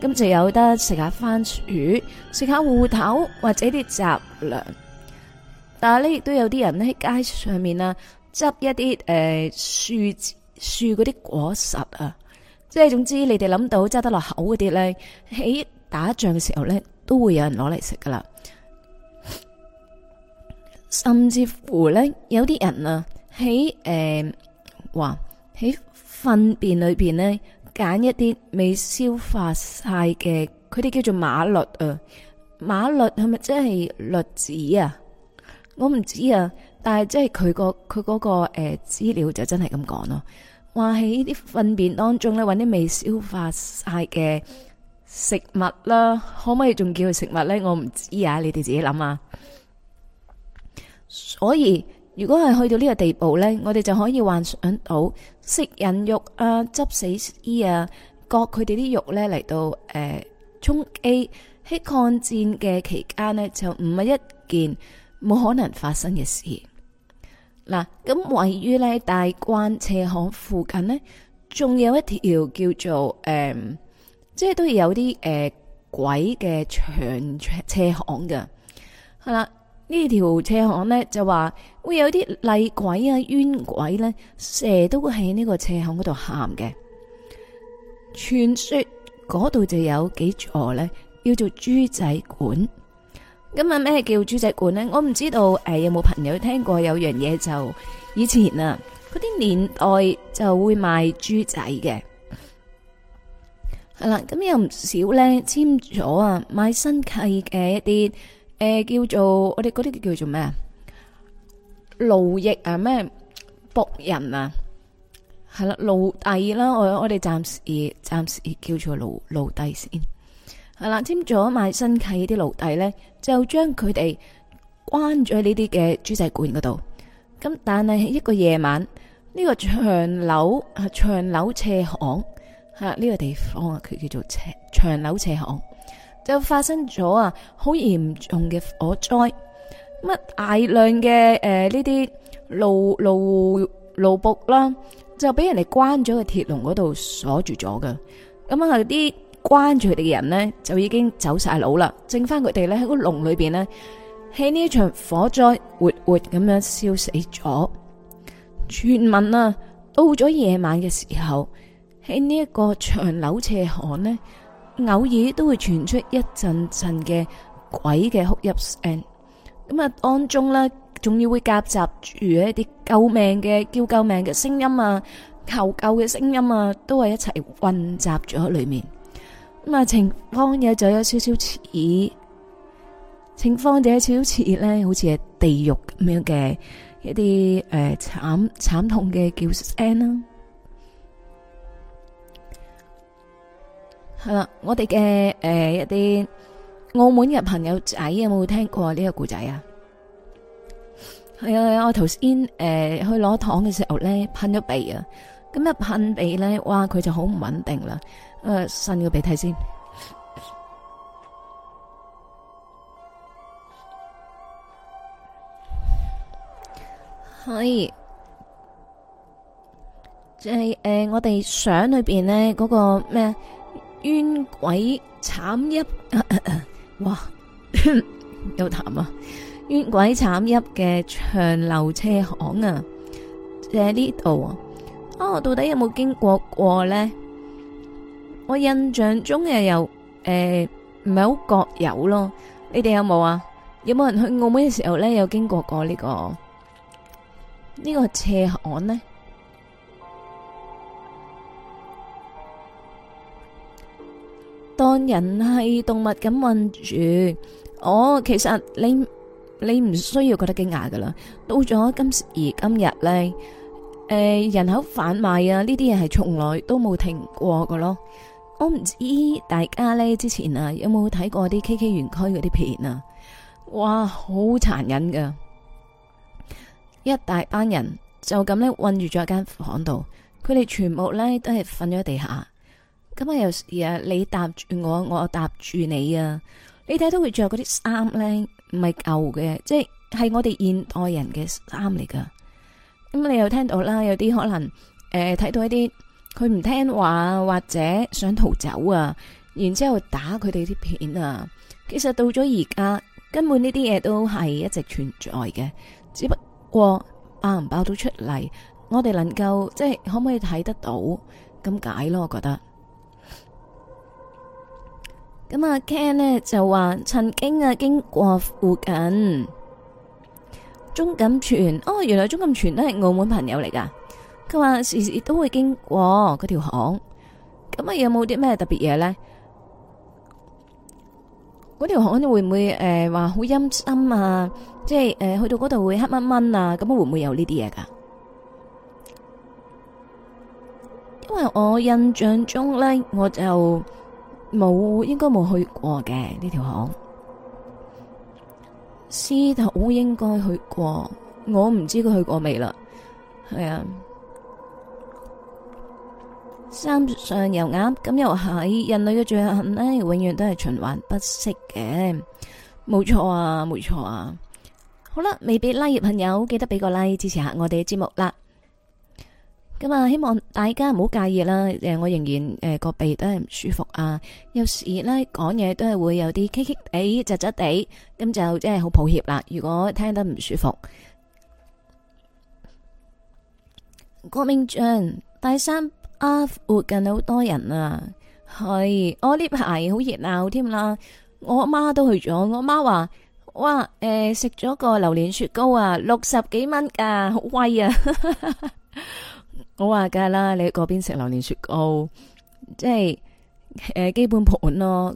咁就有得食下番薯，食下芋頭或者啲雜糧。但係呢，亦都有啲人呢喺街上面啊，執一啲誒樹樹嗰啲果實啊，即係總之你哋諗到揸得落口嗰啲咧，喺打仗嘅時候咧，都會有人攞嚟食噶啦。甚至乎咧，有啲人啊喺誒話喺糞便裏邊呢。揀一啲未消化晒嘅，佢哋叫做馬栗啊。馬栗係咪真係栗子啊？我唔知啊，但係即係佢個佢嗰個誒資料就真係咁講咯，話喺啲糞便當中咧揾，啲未消化晒嘅食物啦。可唔可以仲叫食物咧？我唔知啊，你哋自己諗啊。所以如果係去到呢個地步咧，我哋就可以幻想到。食人肉啊，執死衣啊，割佢哋啲肉咧，嚟到誒、呃、充飢喺抗戰嘅期間呢就唔係一件冇可能發生嘅事。嗱、啊，咁位於呢大關斜巷附近呢仲有一條叫做誒、呃，即係都有啲誒、呃、鬼嘅長斜巷嘅，係、啊、啦。呢條斜巷咧就話會有啲厲鬼啊冤鬼咧，成日都喺呢個斜巷嗰度喊嘅。傳說嗰度就有幾座咧，叫做豬仔館。咁啊咩叫豬仔館咧？我唔知道。誒、呃，有冇朋友聽過有樣嘢就以前啊嗰啲年代就會賣豬仔嘅。係啦，咁又唔少咧簽咗啊買新契嘅一啲。誒、呃，叫做我哋嗰啲叫做咩啊？奴役啊，咩僕人啊，係啦，奴隸啦、啊，我我哋暫時暫時叫做奴奴隸先。係啦，簽咗賣身契啲奴隸咧，就將佢哋關咗呢啲嘅豬仔館嗰度。咁但係喺一個夜晚，呢、這個長樓啊，長樓斜巷啊，呢、這個地方啊，佢叫做斜長樓斜巷。就發生咗啊，好嚴重嘅火災，咁大量嘅誒呢啲奴奴奴僕啦，就俾人哋關咗個鐵籠嗰度鎖住咗嘅。咁啊啲關住佢哋嘅人呢，就已經走晒佬啦，剩翻佢哋咧喺個籠裏邊呢，喺呢一場火災活活咁樣燒死咗。傳聞啊，到咗夜晚嘅時候，喺呢一個長樓斜巷呢，偶爾都會傳出一陣陣嘅鬼嘅哭泣聲，咁啊當中咧，仲要會夾雜住一啲救命嘅叫救命嘅聲音啊，求救嘅聲音啊，都係一齊混雜咗裏面。咁啊情況嘅就有少少似，情況就有少少似咧，好似係地獄咁樣嘅一啲誒慘慘痛嘅叫聲啦、啊。係啦，我哋嘅誒一啲澳門嘅朋友仔有冇聽過呢個故仔啊？係啊，我頭先誒去攞糖嘅時候咧噴咗鼻啊，咁一噴鼻咧，哇佢就好唔穩定啦。誒、呃，擤個鼻涕先，係，即係誒我哋相裏邊呢嗰、嗰個咩？冤鬼慘泣、啊，哇 有痰啊！冤鬼慘泣嘅長流斜巷啊，就喺呢度啊，哦、啊、到底有冇經過過呢？我印象中嘅有誒唔係好覺有咯，你哋有冇啊？有冇人去澳門嘅時候咧有經過過呢、這個呢、這個斜巷呢？當人係動物咁困住，我、哦、其實你你唔需要覺得驚訝噶啦。到咗今時而今日呢，誒、呃、人口販賣啊呢啲嘢係從來都冇停過噶咯。我唔知大家呢之前啊有冇睇過啲 KK 園區嗰啲片啊？哇，好殘忍噶！一大班人就咁呢困住咗一間房度，佢哋全部呢都係瞓咗喺地下。咁啊有時你搭住我，我又搭住你啊！你睇到佢着嗰啲衫咧，唔係舊嘅，即係係我哋現代人嘅衫嚟噶。咁你又聽到啦，有啲可能誒睇、呃、到一啲佢唔聽話啊，或者想逃走啊，然之後打佢哋啲片啊。其實到咗而家，根本呢啲嘢都係一直存在嘅，只不過爆唔爆到出嚟，我哋能夠即係可唔可以睇得到咁解咯？我覺得。咁啊，Ken 呢就話曾經啊經過附近鍾錦全哦，原來鍾錦全都係澳門朋友嚟噶。佢話時時都會經過嗰條巷，咁啊有冇啲咩特別嘢呢？嗰條巷你會唔會誒話好陰森啊？即係誒、呃、去到嗰度會黑蚊蚊啊？咁啊會唔會有呢啲嘢噶？因為我印象中咧，我就。冇，應該冇去過嘅呢條巷。司徒應該去過，我唔知佢去過未啦。係啊，山上又鴨咁又係，人類嘅罪行咧，永遠都係循環不息嘅。冇錯啊，冇錯啊。好啦，未必拉入、like、朋友，記得俾個拉、like, 支持一下我哋嘅節目啦。咁啊！希望大家唔好介意啦。誒，我仍然誒個、呃、鼻都係唔舒服啊，有時咧講嘢都係會有啲棘棘地、窒窒地，咁就即係好抱歉啦。如果聽得唔舒服，郭明俊大山啊，附近好多人啊，係我呢排好熱鬧添啦。我阿媽都去咗，我阿媽話：哇，誒食咗個榴蓮雪糕啊，六十幾蚊噶，好貴啊！ 我話噶啦，你嗰邊食榴蓮雪糕，即係誒、呃、基本盤咯。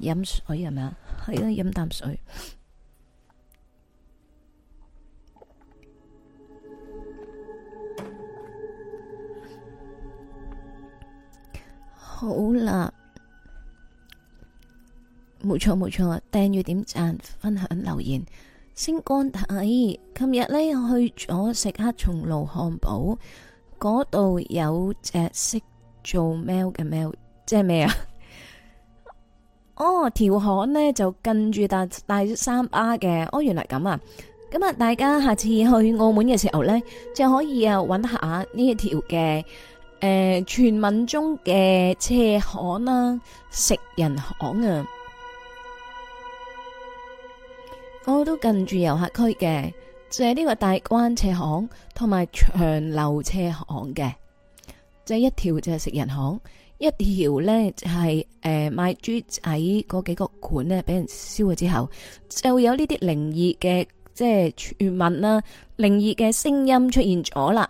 飲水係咪啊？係呀，飲啖水。水好啦，冇錯冇錯，訂閱、點讚、分享、留言。星光睇，琴日咧去咗食黑松露漢堡，嗰度有隻識做喵嘅喵，即係咩啊？哦，條巷呢就跟住大大三巴嘅，哦，原來咁啊！咁啊，大家下次去澳門嘅時候呢，就可以啊揾下呢一條嘅誒傳聞中嘅斜巷啦，食人巷啊！我、哦、都近住遊客區嘅，就係、是、呢個大關斜巷同埋長樓斜巷嘅，就是、一條就係食人行，一條呢，就係誒賣豬仔嗰幾個款呢，俾人燒咗之後，就有呢啲靈異嘅即係傳聞啦，靈異嘅聲音出現咗啦。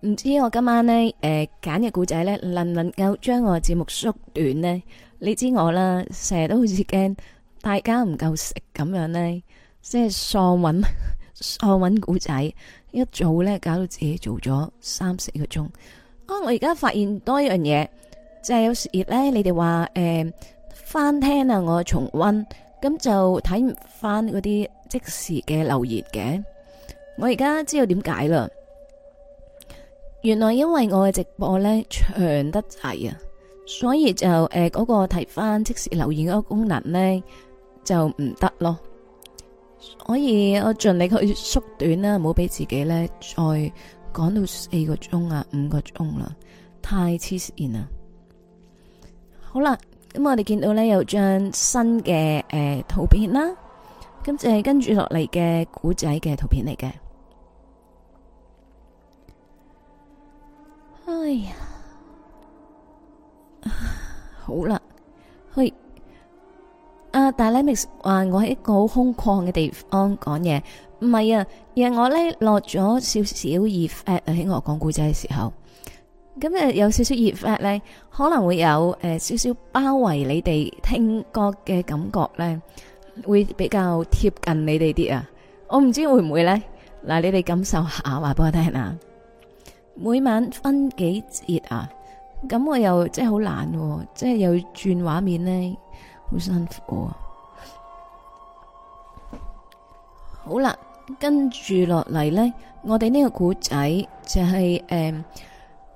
唔知我今晚呢，誒揀嘅故仔呢，能唔能夠將我嘅節目縮短呢？你知我啦，成日都好似驚大家唔夠食咁樣呢，即係喪揾喪揾古仔，一早呢搞到自己做咗三四個鐘。我而家發現多一樣嘢，就係有時呢，你哋話誒翻聽啊，我重溫，咁就睇唔翻嗰啲即時嘅留言嘅。我而家知道點解啦，原來因為我嘅直播呢長得滯啊！所以就誒嗰、呃那個睇返即時留言嗰個功能呢，就唔得咯，所以我盡力去縮短啦，唔好俾自己呢再講到四個鐘啊五個鐘啦，太黐線啦！好啦，咁我哋見到呢有張新嘅誒、呃、圖片啦，咁就係跟住落嚟嘅古仔嘅圖片嚟嘅，哎呀。好啦，去、uh, 啊！大 l e m 話我喺一個好空曠嘅地方講嘢，唔係啊，而係我咧落咗少少 effect，喺我講故仔嘅時候，咁誒有少少 effect 咧，可能會有誒、呃、少少包圍你哋聽歌嘅感覺咧，會比較貼近你哋啲啊，我唔知會唔會咧，嗱你哋感受下話俾我聽啊，每晚分幾節啊。咁我又真係好難，即係又要轉畫面呢，好辛苦啊！好啦，跟住落嚟呢，我哋呢個古仔就係、是、誒、呃，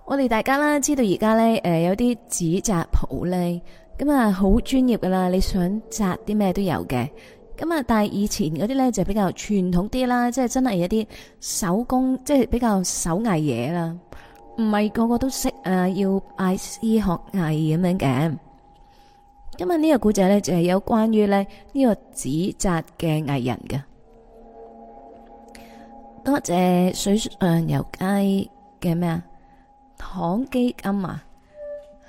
我哋大家啦，知道而家呢，誒、呃、有啲紙紮鋪呢，咁啊好專業噶啦，你想紮啲咩都有嘅。咁、嗯、啊，但係以前嗰啲呢，就比較傳統啲啦，即係真係一啲手工，即係比較手藝嘢啦。唔係個個都識啊，要拜師學藝咁樣嘅。今日呢個古仔咧就係、是、有關於咧呢、這個紙紥嘅藝人嘅。多謝水上游街嘅咩啊，糖基金啊，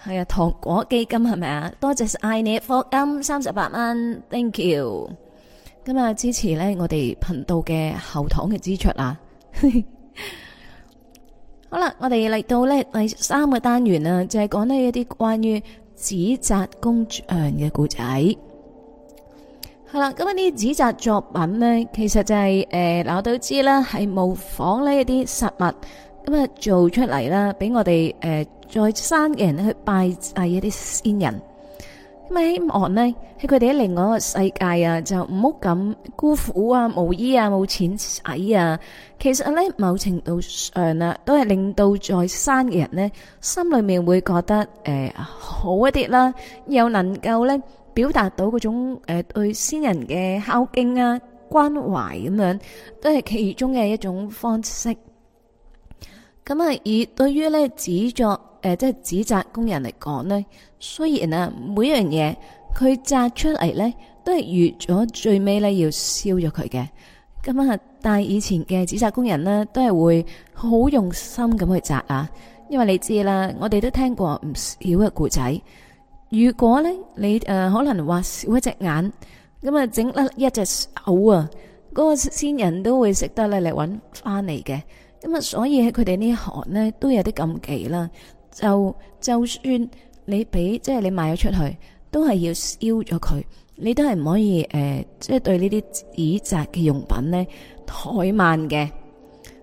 係啊糖果基金係咪啊？多謝艾你課金三十八蚊，thank you。謝謝今日支持咧我哋頻道嘅後堂嘅支出啊。 好啦，我哋嚟到咧第三個單元啦，就係講呢一啲關於紙紮工匠嘅故仔。係啦，咁啊啲紙紮作品咧，其實就係、是、誒，嗱、呃、我都知啦，係模仿呢一啲實物，咁啊做出嚟啦，俾我哋誒、呃、在生嘅人去拜祭一啲先人。咁喺希望呢，喺佢哋喺另外一個世界啊，就唔好咁孤苦啊、無依啊、冇錢使啊。其實咧，某程度上啊都係令到在生嘅人呢，心裏面會覺得誒、呃、好一啲啦，又能夠咧表達到嗰種誒對先人嘅孝敬啊、關懷咁樣，都係其中嘅一種方式。咁啊，以對於咧紙紮。誒即係紙紮工人嚟講呢，雖然啊每樣嘢佢紮出嚟呢，都係預咗最尾呢要燒咗佢嘅。咁啊，但以前嘅紙紮工人呢，都係會好用心咁去紮啊，因為你知啦，我哋都聽過唔少嘅故仔。如果呢你、呃、可能話少一隻眼，咁啊整甩一隻手啊，嗰、嗰個先人都會識得啦嚟揾翻嚟嘅。咁啊，所以喺佢哋呢行呢，都有啲禁忌啦。就就算你俾即係你賣咗出去，都係要燒咗佢，你都係唔可以誒，即、呃、係、就是、對呢啲紙紮嘅用品呢怠慢嘅，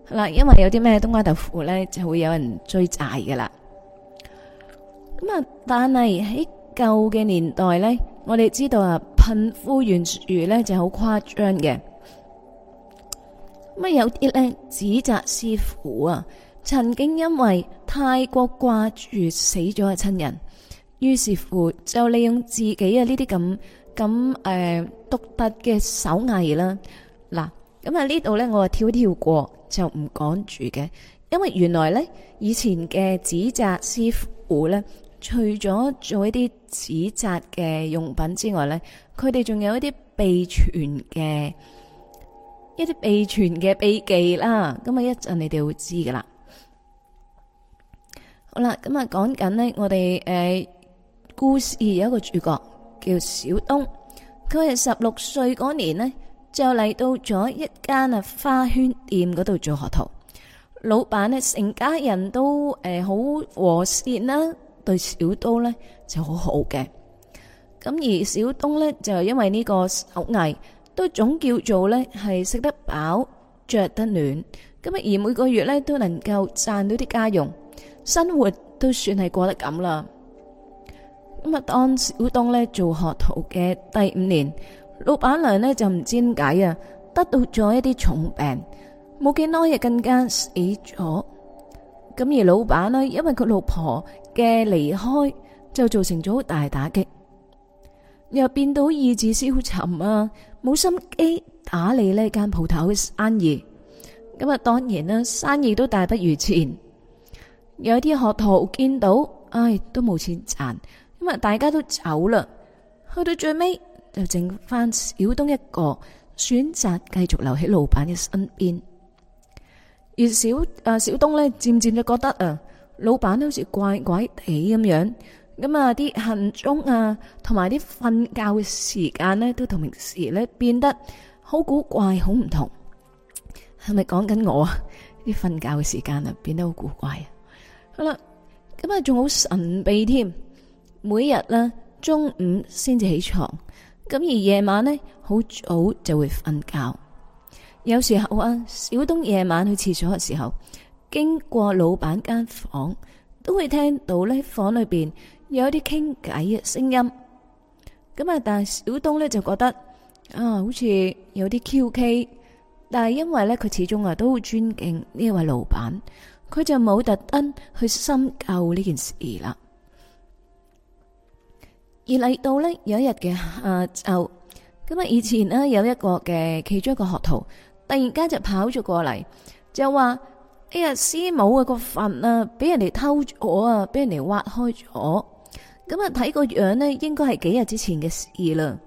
係啦，因為有啲咩冬瓜豆腐咧，就會有人追債噶啦。咁啊，但係喺舊嘅年代咧，我哋知道啊，貧富懸殊咧就好誇張嘅。咁有啲咧紙紮師傅啊。曾經因為太過掛住死咗嘅親人，於是乎就利用自己嘅呢啲咁咁誒獨特嘅手藝啦。嗱，咁啊呢度咧我話跳一跳過就唔講住嘅，因為原來咧以前嘅紙紮師傅咧，除咗做一啲紙紮嘅用品之外咧，佢哋仲有一啲秘傳嘅一啲秘傳嘅秘技啦。咁啊一陣你哋會知噶啦。好啦，咁啊，今日講緊咧，我哋誒故事有一個主角叫小東。佢係十六歲嗰年咧，就嚟到咗一間啊花圈店嗰度做學徒。老闆咧，成家人都誒好和善啦，對小東咧就好好嘅。咁而小東咧就因為呢個手藝都總叫做咧係食得飽、著得暖。咁啊，而每個月咧都能夠賺到啲家用。生活都算係過得咁啦。咁啊，當小東呢做學徒嘅第五年，老闆娘呢就唔知點解啊，得到咗一啲重病，冇幾耐又更加死咗。咁而老闆呢，因為佢老婆嘅離開，就造成咗好大打擊，又變到意志消沉啊，冇心機打理呢一間鋪頭嘅生意。咁啊，當然啦，生意都大不如前。有啲學徒見到，唉，都冇錢賺，咁啊，大家都走啦。去到最尾就剩翻小東一個選擇，繼續留喺老闆嘅身邊。而小啊小東咧，漸漸就覺得啊，老闆都好似怪怪哋咁樣，咁啊啲行蹤啊，同埋啲瞓覺嘅時間咧，都同平時咧變得好古怪，好唔同。係咪講緊我啊？啲瞓覺嘅時間啊，變得好古怪啊！好啦，咁啊仲好神秘添。每日呢中午先至起床，咁而夜晚呢，好早就會瞓覺。有時候啊，小東夜晚去廁所嘅時候，經過老闆間房，都會聽到呢房裏邊有啲傾偈嘅聲音。咁啊，但係小東呢，就覺得啊，好似有啲 QK，但係因為呢，佢始終啊都好尊敬呢位老闆。佢就冇特登去深究呢件事啦，而嚟到呢有一日嘅下晝，咁啊以前呢有一個嘅其中一個學徒，突然間就跑咗過嚟，就話：哎呀，師母嘅個墳啊，俾人哋偷咗啊，俾人哋挖開咗。咁啊睇個樣呢應該係幾日之前嘅事啦。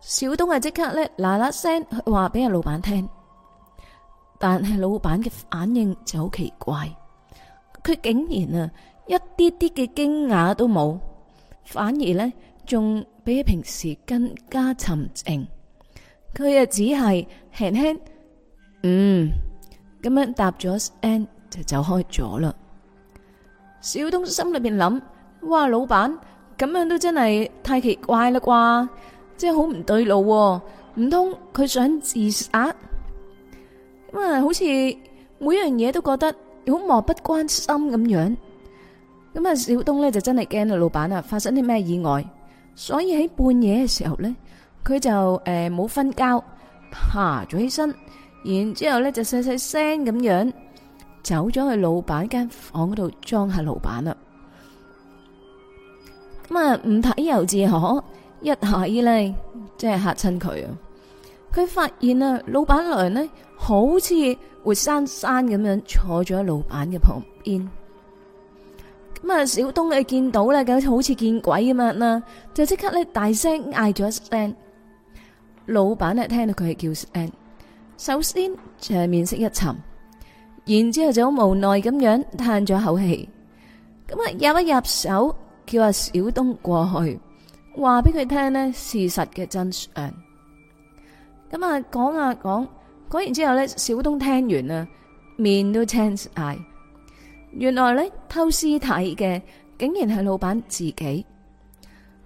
小東啊，即刻咧嗱嗱聲話俾阿老闆聽。但係老闆嘅反應就好奇怪，佢竟然啊一啲啲嘅驚訝都冇，反而呢仲比平時更加沉靜。佢啊只係輕輕嗯咁樣答咗 end 就走開咗啦。小東心裏邊諗：哇，老闆咁樣都真係太奇怪啦啩，真係好唔對路。唔通佢想自殺？咁啊，好似每樣嘢都覺得好漠不關心咁樣。咁啊，小東呢就真係驚啊，老闆啊發生啲咩意外，所以喺半夜嘅時候呢，佢就誒冇瞓覺，爬咗起身，然之後呢就細細聲咁樣走咗去老闆間房嗰度裝下老闆啦。咁啊，唔睇又自可，一睇呢，真係吓親佢啊！佢發現啊，老闆娘呢。好似活生生咁樣坐咗喺老闆嘅旁邊，咁啊，小東你見到咧，就好似見鬼咁樣啦，就即刻咧大聲嗌咗一聲。老闆呢聽到佢係叫聲，首先成面色一沉，然之後就好無奈咁樣嘆咗口氣，咁啊，入一入手叫阿小東過去，話俾佢聽呢事實嘅真相，咁啊，講啊講。講完之後呢，小東聽完啊，面都青晒。原來呢，偷屍體嘅，竟然係老闆自己。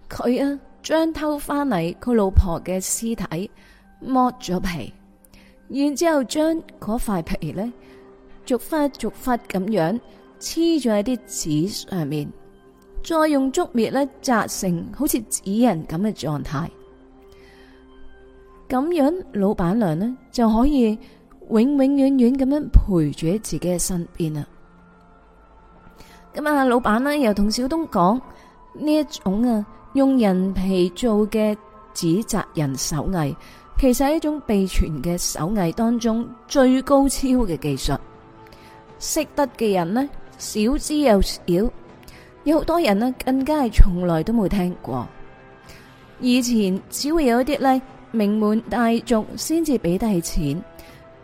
佢啊將偷翻嚟佢老婆嘅屍體剝咗皮，然之後將嗰塊皮呢，逐忽逐忽咁樣黐咗喺啲紙上面，再用竹篾呢，紮成好似紙人咁嘅狀態。咁樣，老闆娘呢就可以永永遠遠咁樣陪住喺自己嘅身邊啦。咁啊，老闆呢又同小東講呢一種啊用人皮做嘅紙紥人手藝，其實係一種秘傳嘅手藝當中最高超嘅技術。識得嘅人呢少之又少，有好多人呢更加係從來都冇聽過。以前只會有一啲呢。名門大族先至俾得起錢，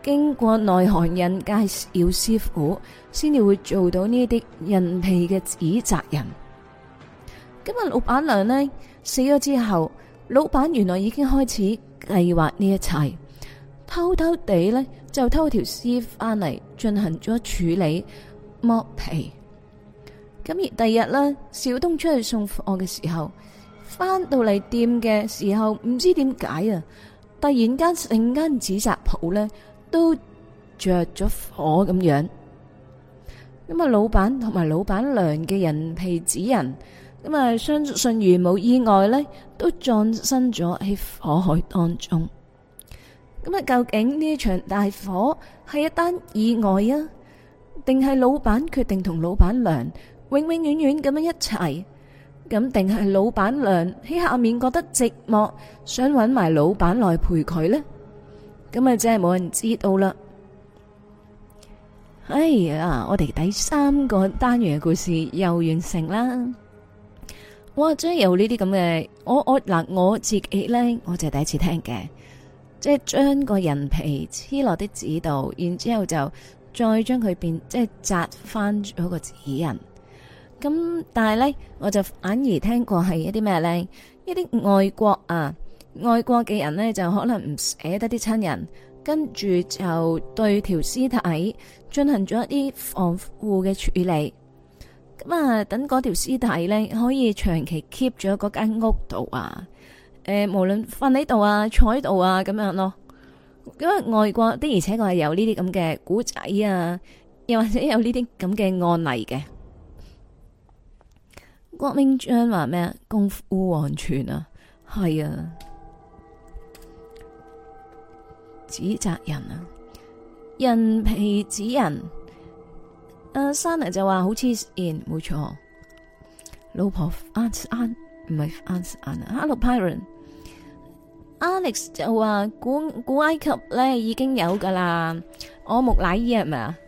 經過內行人介紹師傅，先至會做到呢啲人皮嘅紙紥人。今日老闆娘呢死咗之後，老闆原來已經開始計劃呢一切，偷偷地呢就偷條屍翻嚟進行咗處理剝皮。咁而第二日呢，小東出去送貨嘅時候。翻到嚟店嘅時候，唔知點解啊！突然間，成間紙紮鋪呢都着咗火咁樣。咁啊，老闆同埋老闆娘嘅人皮紙人，咁啊，相信如冇意外呢都葬身咗喺火海當中。咁啊，究竟呢一場大火係一單意外啊，定係老闆決定同老闆娘永永遠遠咁樣一齊？咁定係老闆娘喺下面覺得寂寞，想搵埋老闆來陪佢呢？咁啊，真係冇人知道啦！哎呀，我哋第三個單元嘅故事又完成啦！哇，即係由呢啲咁嘅，我我嗱我自己咧，我就係第一次聽嘅，即係將個人皮黐落啲紙度，然之後就再將佢變，即係紮翻咗個紙人。咁但係呢，我就反而聽過係一啲咩呢？一啲外國啊，外國嘅人呢，就可能唔捨得啲親人，跟住就對條屍體進行咗一啲防腐嘅處理。咁啊，等嗰條屍體呢，可以長期 keep 咗嗰間屋度啊。誒、呃，無論瞓喺度啊，坐喺度啊，咁樣咯。因為外國的，而且確係有呢啲咁嘅古仔啊，又或者有呢啲咁嘅案例嘅。郭明章話咩？功夫完全啊，係啊，紙紮人啊，人皮紙紮人，阿山尼就話好似 In，冇錯。錯老婆阿阿唔係阿阿，Hello Byron，Alex 就話古古埃及咧已經有噶啦，我木乃伊係咪啊？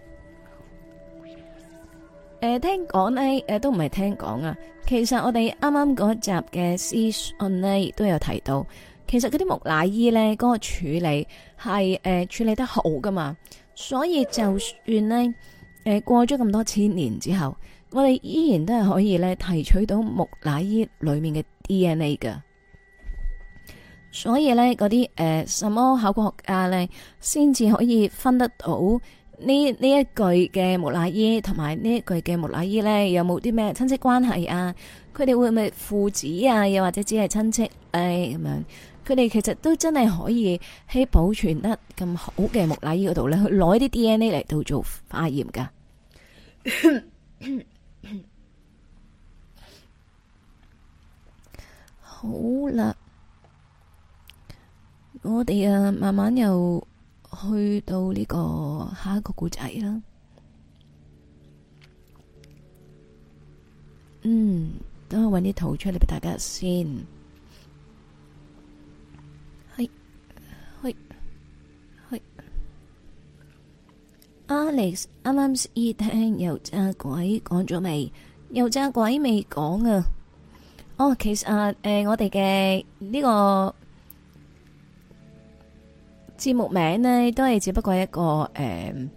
誒、呃，聽講呢誒、呃、都唔係聽講啊，其實我哋啱啱嗰集嘅資訊呢，亦都有提到，其實嗰啲木乃伊呢，嗰、那個處理係誒、呃、處理得好噶嘛，所以就算呢，誒、呃、過咗咁多千年之後，我哋依然都係可以咧提取到木乃伊裏面嘅 DNA 噶，所以咧嗰啲誒，什麼考古學家咧，先至可以分得到。呢呢一句嘅木乃伊同埋呢一句嘅木乃伊呢，有冇啲咩親戚關係啊？佢哋會唔會父子啊？又或者只係親戚誒咁樣？佢哋其實都真係可以喺保存得咁好嘅木乃伊嗰度呢，去攞啲 DNA 嚟到做化驗噶。 好啦，我哋啊，慢慢又。去到呢個下一個故仔啦，嗯，等我搵啲圖出嚟俾大家先，係，係，係。Alex，啱啱先聽油炸鬼講咗未？油炸鬼未講啊？哦，其實誒，我哋嘅呢個。節目名呢都係只不過一個誒，誒、嗯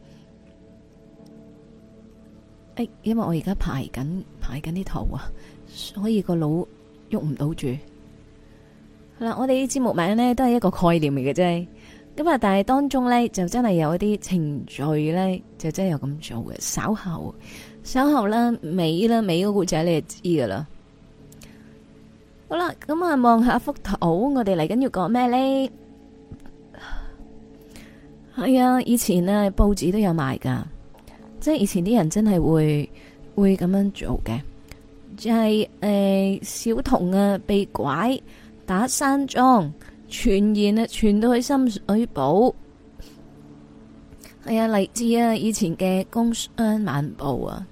哎，因為我而家排緊排緊啲圖，所以個腦喐唔到住。好、嗯、啦，我哋啲節目名呢都係一個概念嚟嘅啫，咁啊，但係當中呢就真係有一啲程序呢，就真係有咁做嘅。稍後，稍後啦，尾啦，尾個故仔你就知噶啦。好啦，咁、嗯、啊，望下幅圖，我哋嚟緊要講咩呢？係、哎啊,就是呃啊,哎、啊，以前咧報紙都有賣噶，即係以前啲人真係會會咁樣做嘅，就係誒小童啊被拐打生樁，傳言啊傳到去深水埗，係啊，嚟自啊，以前嘅工商晚報啊，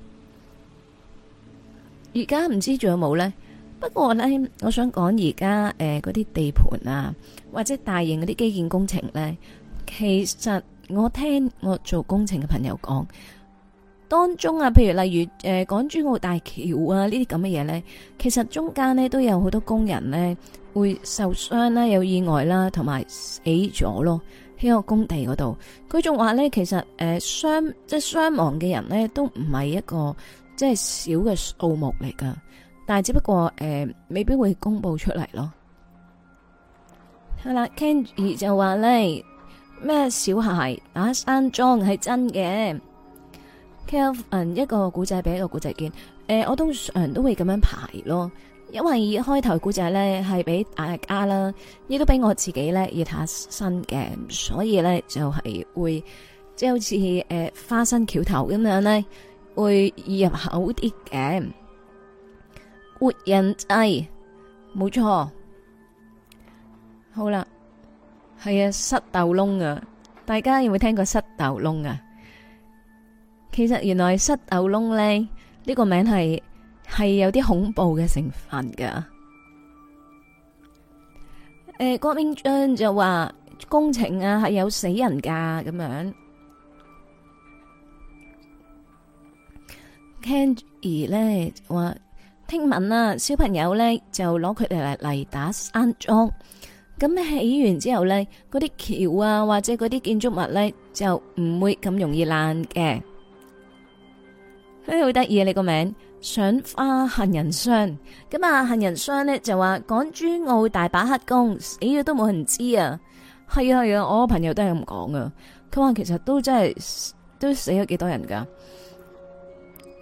而家唔知仲有冇呢？不過呢，我想講而家誒嗰啲地盤啊，或者大型嗰啲基建工程呢、啊。其實我聽我做工程嘅朋友講，當中啊，譬如例如誒、呃、港珠澳大橋啊呢啲咁嘅嘢呢，其實中間呢都有好多工人呢會受傷啦、有意外啦，同埋死咗咯喺個工地嗰度。佢仲話呢，其實誒、呃、傷即係傷亡嘅人呢都唔係一個即係少嘅數目嚟噶，但係只不過誒、呃、未必會公布出嚟咯。好啦，Ken 就話呢。咩小孩啊？山莊係真嘅。佢有一個古仔俾一個古仔見。誒、呃，我通常都會咁樣排咯，因為開頭古仔呢係俾大家啦，亦都俾我自己呢要睇下新嘅，所以呢就係、是、會即係好似誒、呃、花生橋頭咁樣呢，會易入口啲嘅。活人祭，冇錯。好啦。係啊，失斗窿啊！大家有冇聽過失斗窿啊？其實原來失斗窿咧，呢個名係係有啲恐怖嘅成分噶。誒，郭冰娟就話工程啊，係有死人噶咁樣。Kenny 咧話聽聞啊，小朋友咧就攞佢哋嚟嚟打生樁。咁起完之後呢，嗰啲橋啊，或者嗰啲建築物呢，就唔會咁容易爛嘅。哎，好得意啊！你個名，想花行人霜咁啊，行人霜呢，就話港珠澳大把黑工死咗都冇人知啊。係啊，係啊，我朋友都係咁講啊。佢話其實都真係都死咗幾多人噶。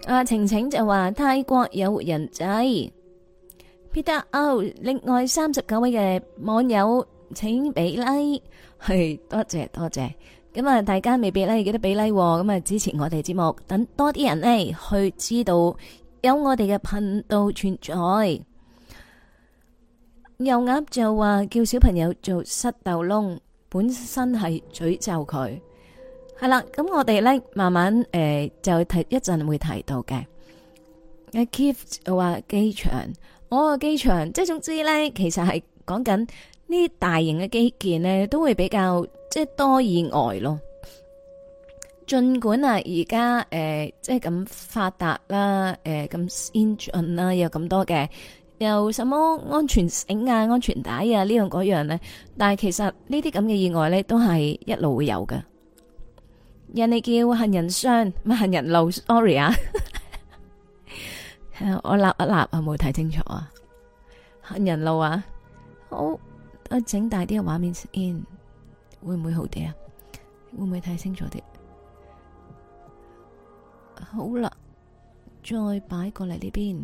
阿、啊、晴晴就話泰國有人仔。Peter O，另外三十九位嘅網友，請俾禮、like，係多謝多謝。咁啊，大家未必咧、like,，記得俾 like，咁啊，支持我哋節目，等多啲人呢去知道有我哋嘅頻道存在。油鴨就話叫小朋友做塞豆窿，本身係詛咒佢，係啦。咁我哋呢，慢慢誒、呃，就提一陣會提到嘅。阿 Kiss 話機場。我個機場，即係總之咧，其實係講緊呢大型嘅基建呢，都會比較即係多意外咯。盡管啊，而家誒，即係咁發達啦，誒、呃、咁先進啦，有咁多嘅，有什麼安全繩啊、安全帶啊呢樣嗰樣咧，但係其實呢啲咁嘅意外咧，都係一路會有㗎。人哋叫行人傷，唔係行人路，sorry 啊。我立一立，有冇睇清楚啊？行人路啊，好，我整大啲嘅畫面先，會唔會好啲啊？會唔會睇清楚啲？好啦，再擺過嚟呢邊，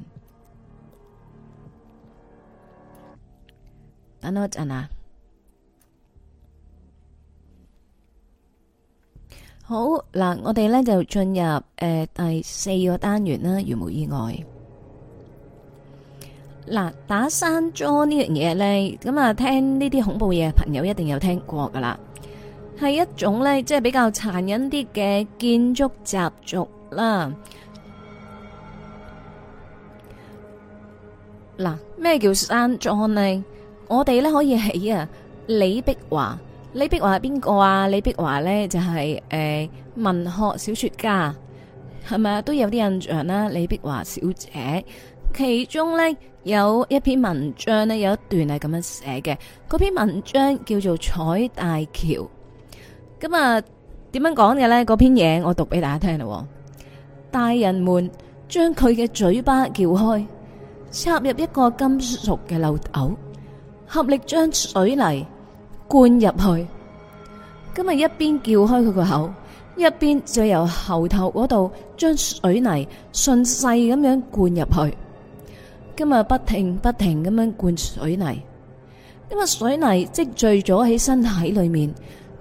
等我一陣啊？好嗱，我哋呢就進入誒、呃、第四個單元啦，如無意外。嗱，打生樁呢樣嘢呢，咁啊聽呢啲恐怖嘢，朋友一定有聽過噶啦，係一種呢，即係比較殘忍啲嘅建築習俗啦。嗱，咩叫生樁呢？我哋呢可以起啊李碧華，李碧華係邊個啊？李碧華呢，就係、是、誒、呃、文學小說家，係咪都有啲印象啦？李碧華小姐，其中呢。有一篇文章呢，有一段係咁樣寫嘅。嗰篇文章叫做彩大橋。咁啊，點樣講嘅呢？嗰篇嘢我讀俾大家聽啦。大人們將佢嘅嘴巴撬開，插入一個金屬嘅漏斗，合力將水泥灌入去。咁啊，一邊撬開佢個口，一邊就由喉頭嗰度將水泥順勢咁樣灌入去。今日不停不停咁樣灌水泥，因為水泥積聚咗喺身體裏面，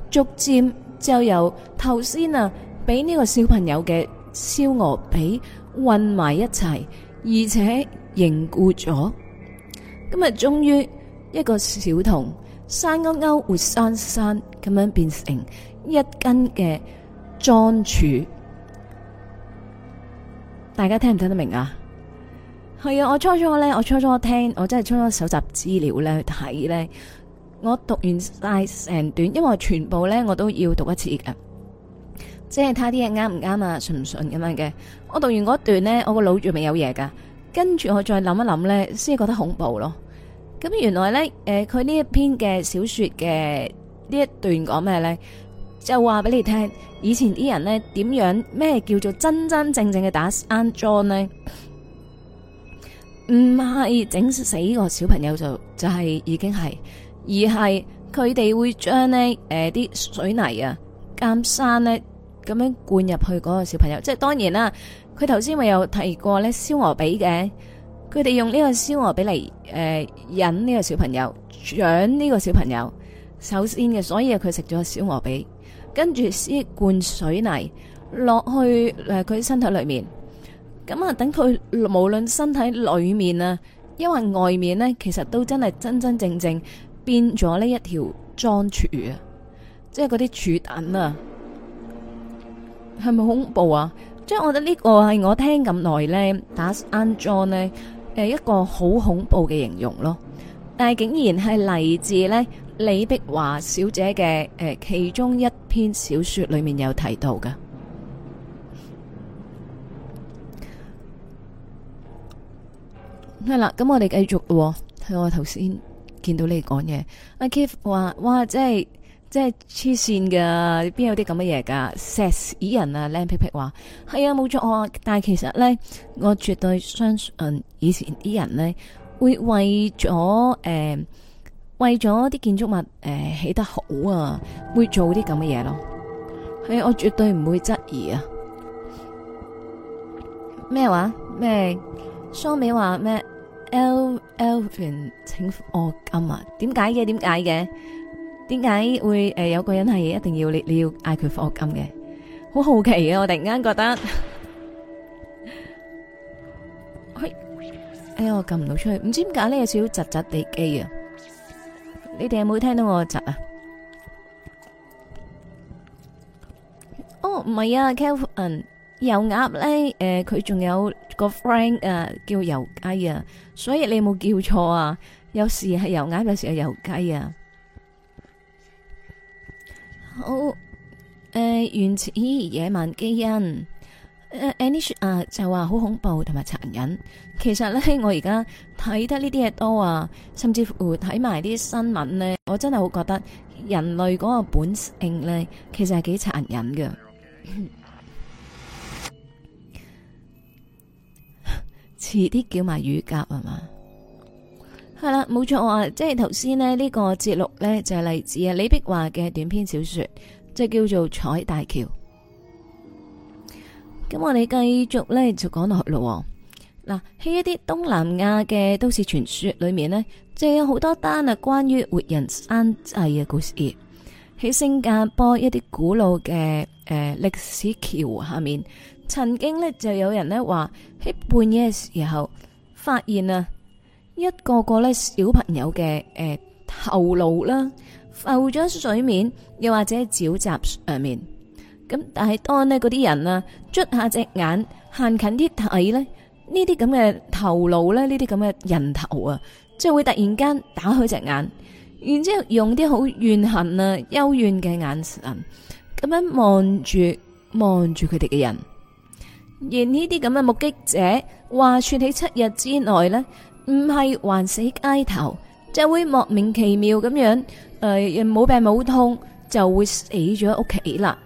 逐漸就由頭先啊，俾呢個小朋友嘅燒鵝髀混埋一齊，而且凝固咗。今日終於一個小童山勾勾活生生咁樣變成一根嘅樁柱，大家聽唔聽得明啊？係啊，我初初呢，我初初聽，我真係初初搜集資料呢去睇呢，我讀完晒成段，因為我全部呢，我都要讀一次噶，即係睇啲嘢啱唔啱啊，順唔順咁樣嘅。我讀完嗰段呢，我個腦仲未有嘢噶，跟住我再諗一諗呢，先覺得恐怖咯。咁原來呢，誒、呃，佢呢一篇嘅小說嘅呢一段講咩呢？就話俾你聽，以前啲人呢，點樣咩叫做真真正正嘅打生樁呢？唔係整死小，就是呃、個小朋友就就係已經係，而係佢哋會將呢誒啲水泥啊，監生呢咁樣灌入去嗰個小朋友。即係當然啦，佢頭先咪有提過呢燒鵝髀嘅，佢哋用呢個燒鵝髀嚟誒引呢個小朋友，養呢個小朋友。首先嘅，所以佢食咗燒鵝髀，跟住先灌水泥落去誒佢，呃、身體裏面。咁啊，等佢無論身體裏面啊，因為外面呢，其實都真係真真正正變咗呢一條樁柱啊，即係嗰啲柱躉啊，係咪恐怖啊？即係我覺得呢個係我聽咁耐呢打生樁呢誒一個好恐怖嘅形容咯，但係竟然係嚟自呢李碧華小姐嘅誒其中一篇小說裏面有提到嘅。係啦，咁、嗯、我哋繼續咯、哦。我頭先見到你哋講嘢，阿 Keith 話：，哇，即係即係黐線噶，邊有啲咁嘅嘢噶？石 E 人啊，靚皮皮話：，係、嗯、啊，冇錯啊。但係其實咧，我絕對相信以前啲人咧，會為咗誒、欸，為咗啲建築物誒起、欸、得好啊，會做啲咁嘅嘢咯。係、嗯，我絕對唔會質疑啊。咩話？咩？蘇美話咩？El Kelvin，請幫我撳啊。點解嘅？點解嘅？點解會誒有個人係一定要你，你要嗌佢幫我撳嘅？好好奇啊！我突然間覺得，哎，哎呀，我撳唔到出去，唔知點解呢？有少少窒窒地機啊！你哋有冇聽到我窒啊？哦，唔係啊，Kelvin 油鴨咧，誒，佢仲有個 friend 啊，叫油雞啊。所以你有冇叫錯啊？有時係油鴨，有時係油雞啊！好，誒、呃，原始野蠻基因，誒、呃，any 說啊，就話好恐怖同埋殘忍。其實咧，我而家睇得呢啲嘢多啊，甚至乎睇埋啲新聞呢，我真係好覺得人類嗰個本性咧，其實係幾殘忍嘅 遲啲叫埋乳鴿係嘛，係啦，冇錯啊！即係頭先咧，呢個節錄呢，就係嚟自啊，李碧華嘅短篇小說，即係叫做彩大橋。咁我哋繼續呢，就講落去咯。嗱，喺一啲東南亞嘅都市傳說裏面咧，就有好多單啊關於活人山祭嘅故事。喺新加坡一啲古老嘅誒歷史橋下面。曾經咧就有人咧話喺半夜嘅時候發現啊，一個個咧小朋友嘅誒、呃、頭顱啦浮咗水面，又或者沼澤上面咁。但係當呢嗰啲人啊捽下隻眼，行近啲睇咧，呢啲咁嘅頭顱咧，呢啲咁嘅人頭啊，即係會突然間打開隻眼，然之後用啲好怨恨啊、幽怨嘅眼神，咁樣望住望住佢哋嘅人。而呢啲咁嘅目擊者話說喺七日之內呢，唔係還死街頭，就會莫名其妙咁樣誒，冇病冇痛就會死咗屋企啦。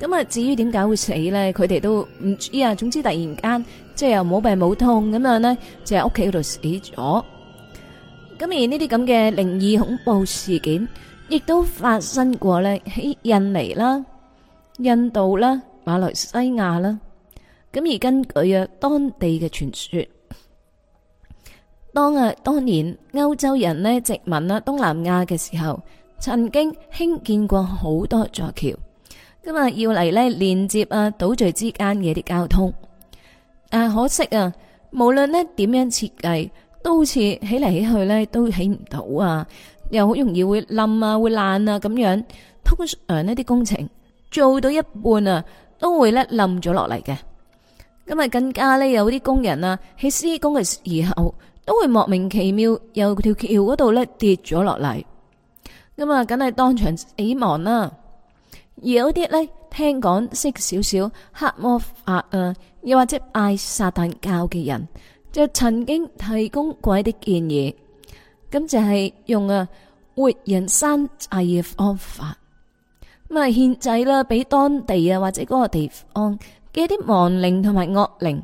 咁啊，至於點解會死呢，佢哋都唔知啊。總之突然間即係又冇病冇痛咁樣呢，就喺屋企嗰度死咗。咁而呢啲咁嘅靈異恐怖事件，亦都發生過呢喺印尼啦、印度啦、馬來西亞啦。咁而根據當地嘅傳說，當啊當年歐洲人咧殖民啦東南亞嘅時候，曾經興建過好多座橋，咁啊要嚟咧連接啊島嶼之間嘅啲交通。但係可惜啊，無論咧點樣設計，都好似起嚟起去咧都起唔到啊，又好容易會冧啊，會爛啊咁樣。通常呢啲工程做到一半啊，都會咧冧咗落嚟嘅。咁啊，更加呢有啲工人啊，喺施工嘅時候都會莫名其妙由條橋嗰度呢跌咗落嚟，咁啊，梗係當場死亡啦。而有啲呢聽講識少少黑魔法啊，又或者拜撒旦教嘅人，就曾經提供過一啲建議，咁就係、是、用啊活人山啊嘅方法，咁啊獻祭啦，俾當地啊或者嗰個地方。一啲亡靈同埋惡靈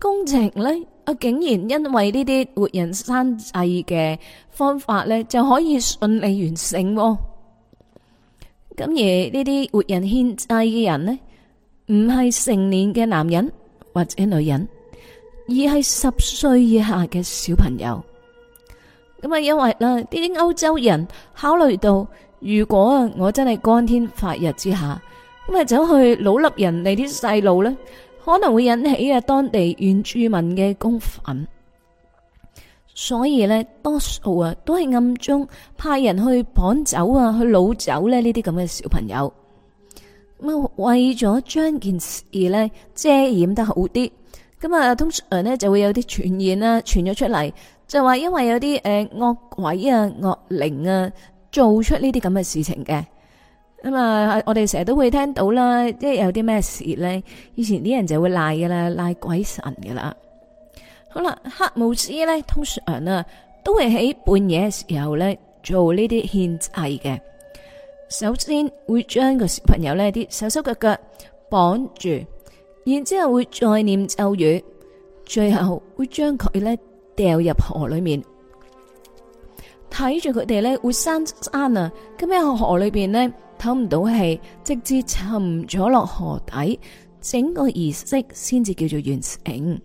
工程呢，啊竟然因為呢啲活人生祭嘅方法呢，就可以順利完成。咁而呢啲活人獻祭嘅人呢，唔係成年嘅男人或者女人，而係十歲以下嘅小朋友。咁啊，因為啦，呢啲歐洲人考慮到，如果我真係光天化日之下。咁啊，走去老笠人哋啲細路呢，可能會引起啊當地原住民嘅公憤，所以呢，多數啊都係暗中派人去綁走啊，去擄走呢呢啲咁嘅小朋友。咁啊，為咗將件事呢遮掩得好啲，咁啊通常呢就會有啲傳言啦傳咗出嚟，就話因為有啲誒惡鬼啊惡靈啊做出呢啲咁嘅事情嘅。咁啊、嗯，我哋成日都會聽到啦，即係有啲咩事咧，以前啲人就會賴㗎啦，賴鬼神㗎啦。好啦，黑姆斯咧，通常啊，都會喺半夜時候咧做呢啲獻祭嘅。首先會將個小朋友咧啲手手腳腳綁住，然之後會再念咒語，最後會將佢咧掉入河裏面，睇住佢哋咧會生生啊，咁樣喺河裏邊咧。唞唔到氣，直至沉咗落河底，整個儀式先至叫做完成。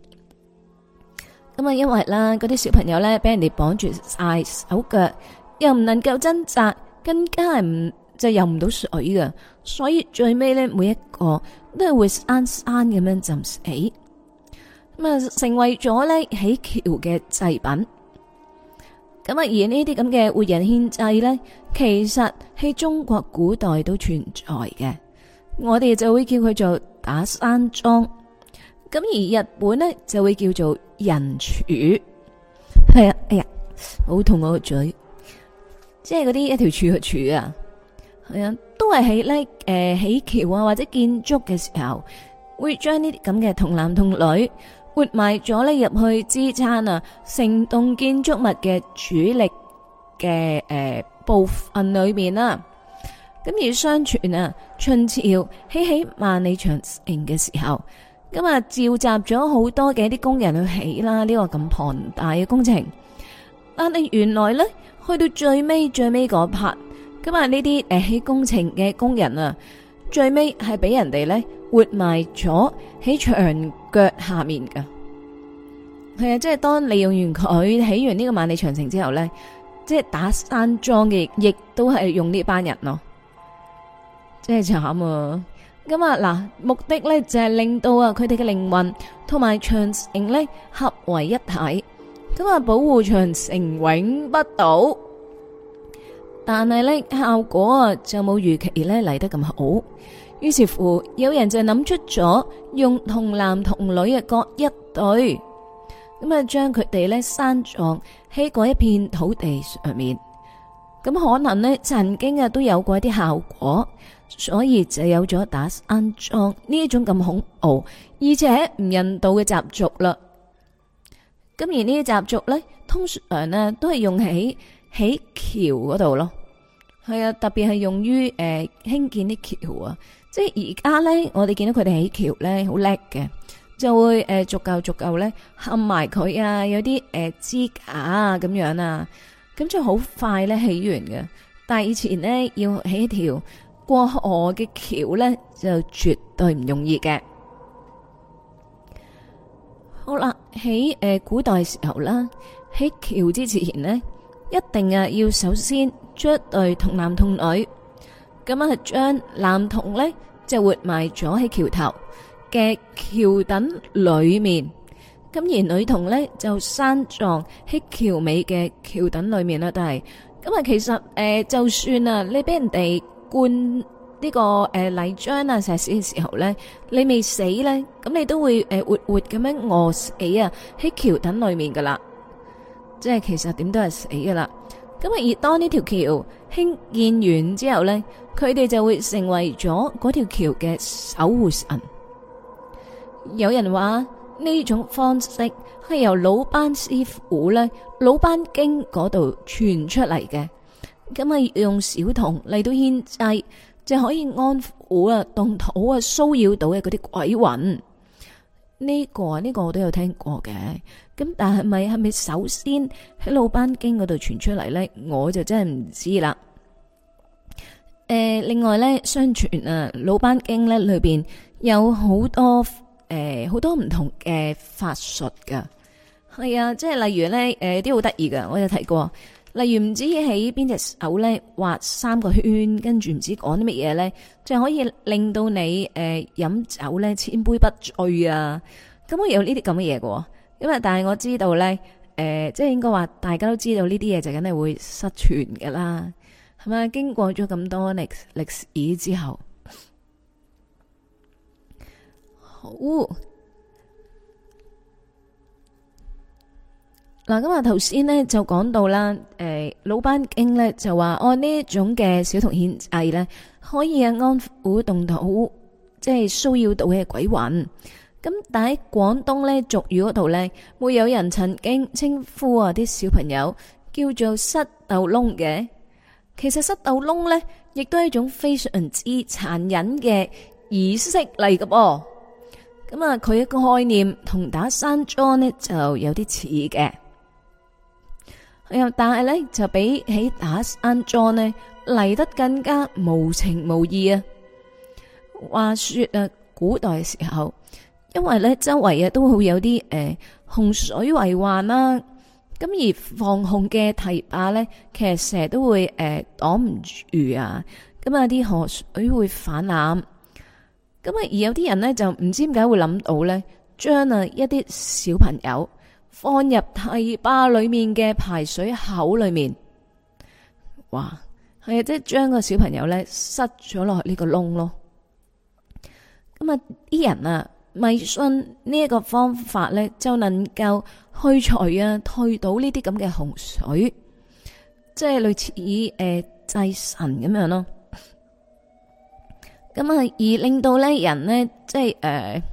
咁啊，因為啦，嗰啲小朋友咧，俾人哋綁住晒手腳，又唔能夠掙扎，更加係唔就係入唔到水嘅，所以最尾咧，每一個都係會生生咁樣浸死，咁啊，成為咗咧起橋嘅祭品。咁啊，而呢啲咁嘅活人獻祭咧，其實喺中國古代都存在嘅，我哋就會叫佢做打生樁。咁而日本咧就會叫做人柱。係、哎、啊，哎呀，好痛我個嘴，即係嗰啲一條柱嘅柱啊，係啊，都係喺呢誒起橋啊或者建築嘅時候，會將呢啲咁嘅童男童女。活埋咗你入去支撐啊！成棟建築物嘅主力嘅、誒、呃、部分裏邊啦，咁而相傳啊，秦朝起起萬里長城嘅時候，咁啊召集咗好多嘅啲工人去起啦呢個咁龐大嘅工程，但係原來呢，去到最尾最尾嗰 part，咁啊呢啲誒起工程嘅工人啊。最尾係俾人哋咧活埋咗喺牆腳下面噶，係啊！即係當利用完佢起完呢個萬里長城之後呢，即係打生樁嘅亦都係用呢班人咯，真係慘啊！咁啊嗱，目的呢就係、是、令到啊佢哋嘅靈魂同埋長城呢合為一體，咁啊保護長城永不倒。但係咧效果就冇預期咧嚟得咁好，於是乎有人就諗出咗用童男童女嘅各一對，咁啊將佢哋咧生葬喺嗰一片土地上面，咁可能咧曾經啊都有過一啲效果，所以就有咗打生樁呢一種咁恐怖而且唔人道嘅習俗啦。咁而呢啲習俗咧通常咧都係用喺喺橋嗰度咯。係啊，特別係用於誒、呃、興建啲橋啊，即係而家咧，我哋見到佢哋起橋咧好叻嘅，就會誒、呃、逐夠逐夠咧冚埋佢啊，有啲誒支架啊咁樣啊，咁就好快咧起完嘅。但係以前呢，要起一條過河嘅橋咧，就絕對唔容易嘅。好啦，喺誒、呃、古代時候啦，起橋之前呢，一定啊要首先，一對童男童女，咁咪係將男童咧就活埋咗喺橋頭嘅橋墩裏面，咁而女童咧就生葬喺橋尾嘅橋墩裏面啦。都係咁啊，其實誒，就算啊，你俾人哋灌呢個誒泥漿啊石屎嘅時候咧，你未死咧，咁你都會誒活活咁樣餓死啊喺橋墩裏面噶啦，即係其實點都係死噶啦。咁啊！而當呢條橋興建完之後呢，佢哋就會成為咗嗰條橋嘅守護神。有人話呢種方式係由魯班師傅咧，魯班經嗰度傳出嚟嘅。咁啊，用小童嚟到獻祭，就可以安撫啊，動土啊，騷擾到嘅嗰啲鬼魂。呢個啊，呢個我都有聽過嘅，咁但係咪係咪首先喺老班經嗰度傳出嚟呢？我就真係唔知啦。誒，另外咧，相傳啊，老班經咧裏邊有好多誒好多唔同嘅法術噶，係啊，即係例如咧，誒啲好得意噶，我有提過。例如唔知喺邊隻手咧畫三個圈，跟住唔知講啲乜嘢咧，就可以令到你誒飲、呃、酒咧千杯不醉啊！咁、嗯、樣有呢啲咁嘅嘢嘅，因、嗯、為但係我知道咧，誒、呃、即係應該話大家都知道呢啲嘢就梗係會失傳㗎啦，係、嗯、咪？經過咗咁多歷歷史之後，好。嗱，咁啊，頭先咧就講到啦，魯班經咧就話，按呢一種嘅小童獻祭咧，可以啊安撫動土，即係騷擾到嘅鬼魂。咁但喺廣東咧俗語嗰度咧，會有人曾經稱呼啊啲小朋友叫做塞豆窿嘅。其實塞豆窿咧，亦都係一種非常之殘忍嘅儀式嚟嘅噃。咁啊，佢一個概念同打生樁呢，就有啲似嘅。但係咧，就比起打生樁咧嚟得更加無情無義啊！話說、啊、古代嘅時候，因為咧周圍啊都會有啲誒、呃、洪水為患啦、啊，咁而防洪嘅堤壩咧，其實成日都會誒、呃、擋唔住啊，咁啊啲河水會泛濫，咁啊而有啲人咧就唔知點解會諗到咧，將啊一啲小朋友。放入堤壩裏面嘅排水口裏面，哇，係即係將個小朋友咧塞咗落去呢個窿咯。咁啊，啲人啊迷信呢一個方法咧就能夠去除啊，退到呢啲咁嘅洪水，即係類似誒、呃、祭神咁樣咯。咁啊，而令到呢人呢，即係誒、呃、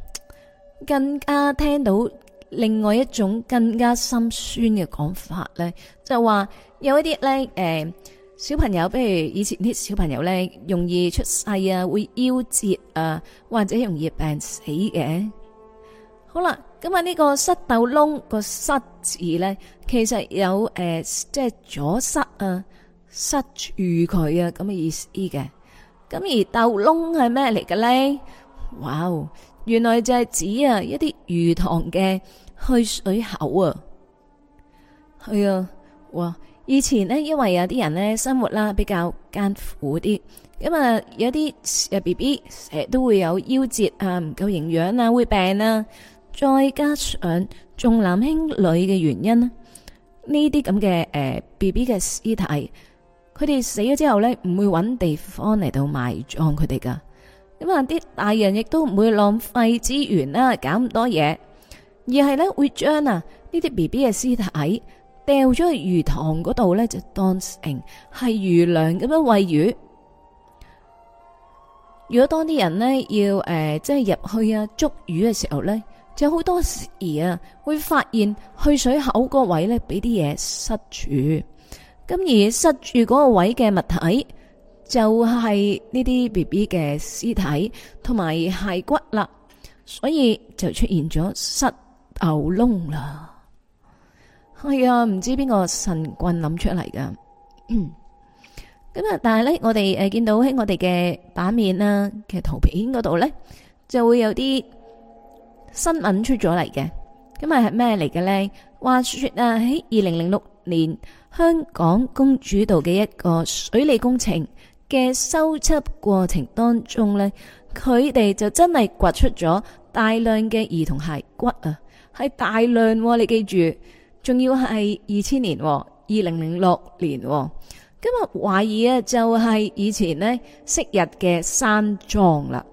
更加聽到。另外一種更加心酸嘅講法咧，就話有一啲咧、欸，小朋友，譬如以前啲小朋友咧，容易出世啊，會夭折啊，或者容易病死嘅。好啦，咁啊呢個塞豆窿個塞字咧，其實有誒、欸，即係阻塞啊，塞住佢啊，咁嘅意思嘅。咁而豆窿係咩嚟嘅咧？哇哦！原來就係指啊一啲魚塘嘅去水口啊，係啊，哇以前呢，因為有啲人呢，生活啦比較艱苦啲，咁、嗯、啊有啲誒 B B 誒都會有夭折啊，唔夠營養啊會病啊，再加上重男輕女嘅原因，呢啲咁嘅誒 B B 嘅屍體，佢哋死咗之後呢，唔會揾地方嚟到埋葬佢哋噶。咁啊，啲大人亦都唔會浪費資源啦，搞咁多嘢，而係呢會將啊呢啲 B B 嘅屍體掉咗去魚塘嗰度呢就當成係魚糧咁樣餵魚。如果當啲人呢要誒、呃，即係入去啊捉魚嘅時候呢就好多時啊會發現去水口嗰位呢俾啲嘢塞住，咁而塞住嗰個位嘅物體，就係呢啲 B B 嘅屍體同埋骸骨啦，所以就出現咗膝頭窿啦。係啊，唔知邊個神棍諗出嚟噶。咁啊，但係咧，我哋誒見到喺我哋嘅版面啦嘅圖片嗰度咧，就會有啲新聞出咗嚟嘅。咁啊，係咩嚟嘅咧？話說啊，喺二零零六年香港公主道嘅一個水利工程。嘅收葺過程當中呢，佢哋就真係掘出咗大量嘅兒童骸骨啊，係大量、啊，你記住，仲要係二千年、啊，二零零六年、啊。今日懷疑啊，就係、是、以前呢昔日嘅山莊啦。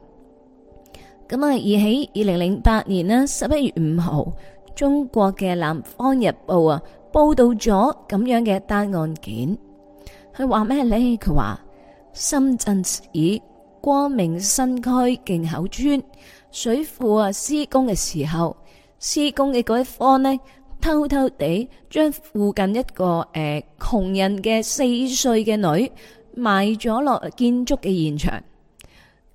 咁啊，而喺二零零八年呢十一月五號，中國嘅南方日報啊報道咗咁樣嘅單案件，佢話咩呢？佢話。深圳市光明新區徑口村水庫啊施工嘅時候，施工嘅嗰一方咧偷偷地將附近一個誒窮、呃、人嘅四歲嘅女埋咗落建築嘅現場。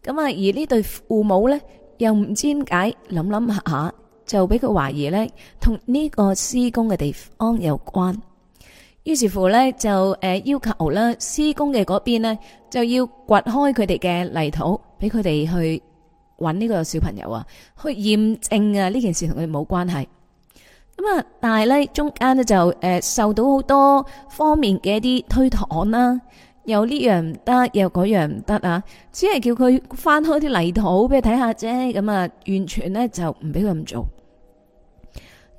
咁啊，而呢對父母咧又唔知點解諗諗下，就俾佢懷疑咧同呢跟這個施工嘅地方有關。於是乎咧，就誒要求啦施工嘅嗰邊呢，就要掘開佢哋嘅泥土，俾佢哋去搵呢個小朋友啊，去驗證啊呢件事同佢冇關係。咁啊，但係咧中間呢，就誒受到好多方面嘅一啲推搪啦，又呢樣唔得，又嗰樣唔得啊，只係叫佢翻開啲泥土俾佢睇下啫。咁啊，完全呢，就唔俾佢咁做。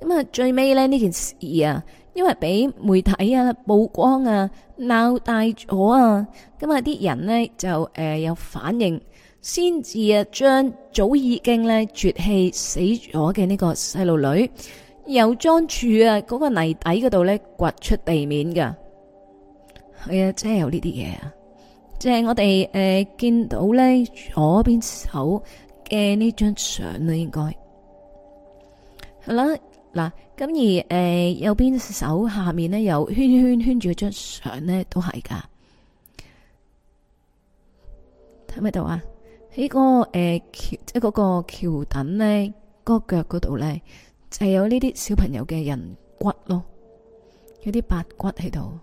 咁啊，最尾咧呢件事啊。因為俾媒體啊曝光啊鬧大咗啊，咁啊啲人呢就誒、呃、有反應，先至啊將早已經咧絕氣死咗嘅呢個細路女又裝住啊嗰、那個泥底嗰度呢，掘出地面噶，係、哎、啊真係有呢啲嘢啊，即係我哋誒、呃、見到呢左邊手嘅呢張相咧、啊、應該係、嗯、啦嗱。咁而誒、呃，右邊手下面咧有圈圈圈住嗰張相咧，都係噶，睇唔到啊？喺、呃那個誒橋，即係嗰個橋墩咧，個腳嗰度咧就係有呢啲小朋友嘅人骨咯，有啲白骨喺度。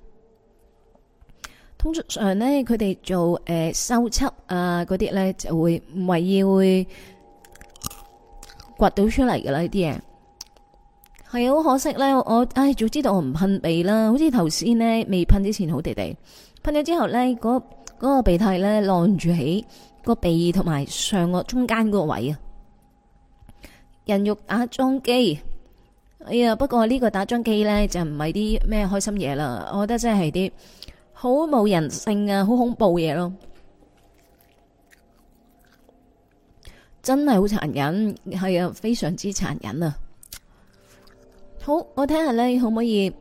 通常咧，佢哋做誒、呃、修葺啊嗰啲咧，就會唔係要會刮到出嚟噶啦呢啲嘢。係好可惜呢。我唉，早知道我唔噴鼻啦。好似頭先呢未噴之前好地地，噴咗之後，嗰個，呢，嗰嗰，嗰個鼻涕呢晾住起個鼻同埋上顎中間個位啊！人肉打樁機，哎呀！不過呢個打樁機呢就唔係啲咩開心嘢啦，我覺得真係啲好冇人性啊，好恐怖嘢咯，真係好殘忍，係啊，非常之殘忍啊！好，我聽下咧，可唔可以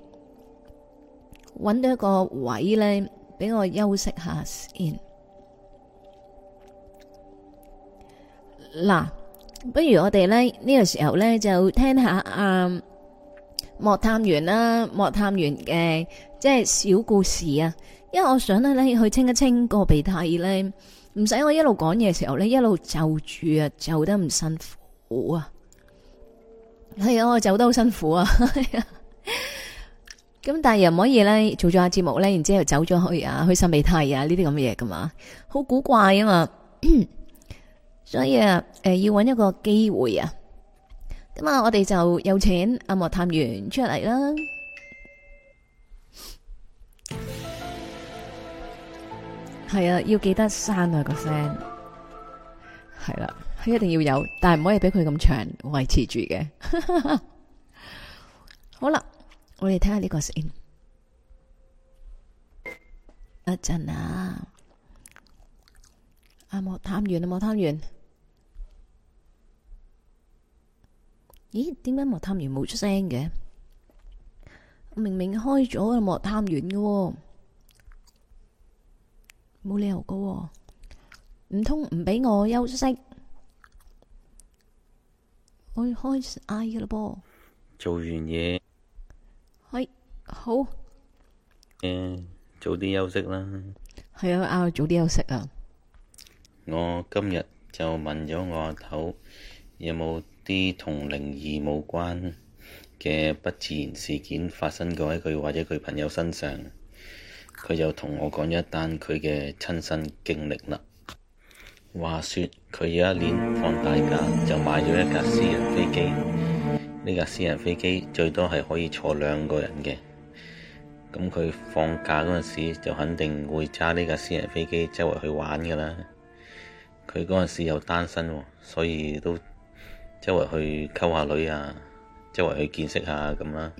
搵到一個位咧，俾我休息一下先。嗱，不如我哋咧呢、呢個時候咧就聽一下阿、啊、莫探員啦，莫探員嘅即係小故事啊，因為我想咧咧去清一清個鼻涕咧，唔使我一路講嘢嘅時候咧一路就住啊，就得唔辛苦啊。係啊，我走得好辛苦啊，咁 但係又唔可以咧做咗下節目咧，然之後走咗去啊，去心被泰啊，呢啲咁嘅嘢噶嘛，好古怪啊嘛， 所以啊，誒、呃、要搵一個機會啊，咁啊我哋就有請阿莫探員出嚟啦，係 啊，要記得刪啊個聲，係啦。一定要有，但係唔可以俾佢咁長維持住嘅。好啦，我哋睇下呢個先。一陣啊，阿莫探員啊，莫探員。咦？點解莫探員冇出聲嘅？明明開咗阿莫探員嘅，冇理由嘅。唔通唔俾我休息？我開做完嘢，係好，早啲休息啦。係啊，嗌，早啲休息啊！我今日就問咗我阿頭，有冇啲同靈異冇關嘅不自然事件發生過喺佢或者佢朋友身上？佢就同我講一單佢嘅親身經歷啦。話說佢有一年放大假，就買咗一架私人飛機。呢架私人飛機最多係可以坐兩個人嘅。咁佢放假嗰陣時，就肯定會揸呢架私人飛機周圍去玩噶啦。佢嗰陣時又單身，所以都周圍去溝下女啊，周圍去見識下咁啦。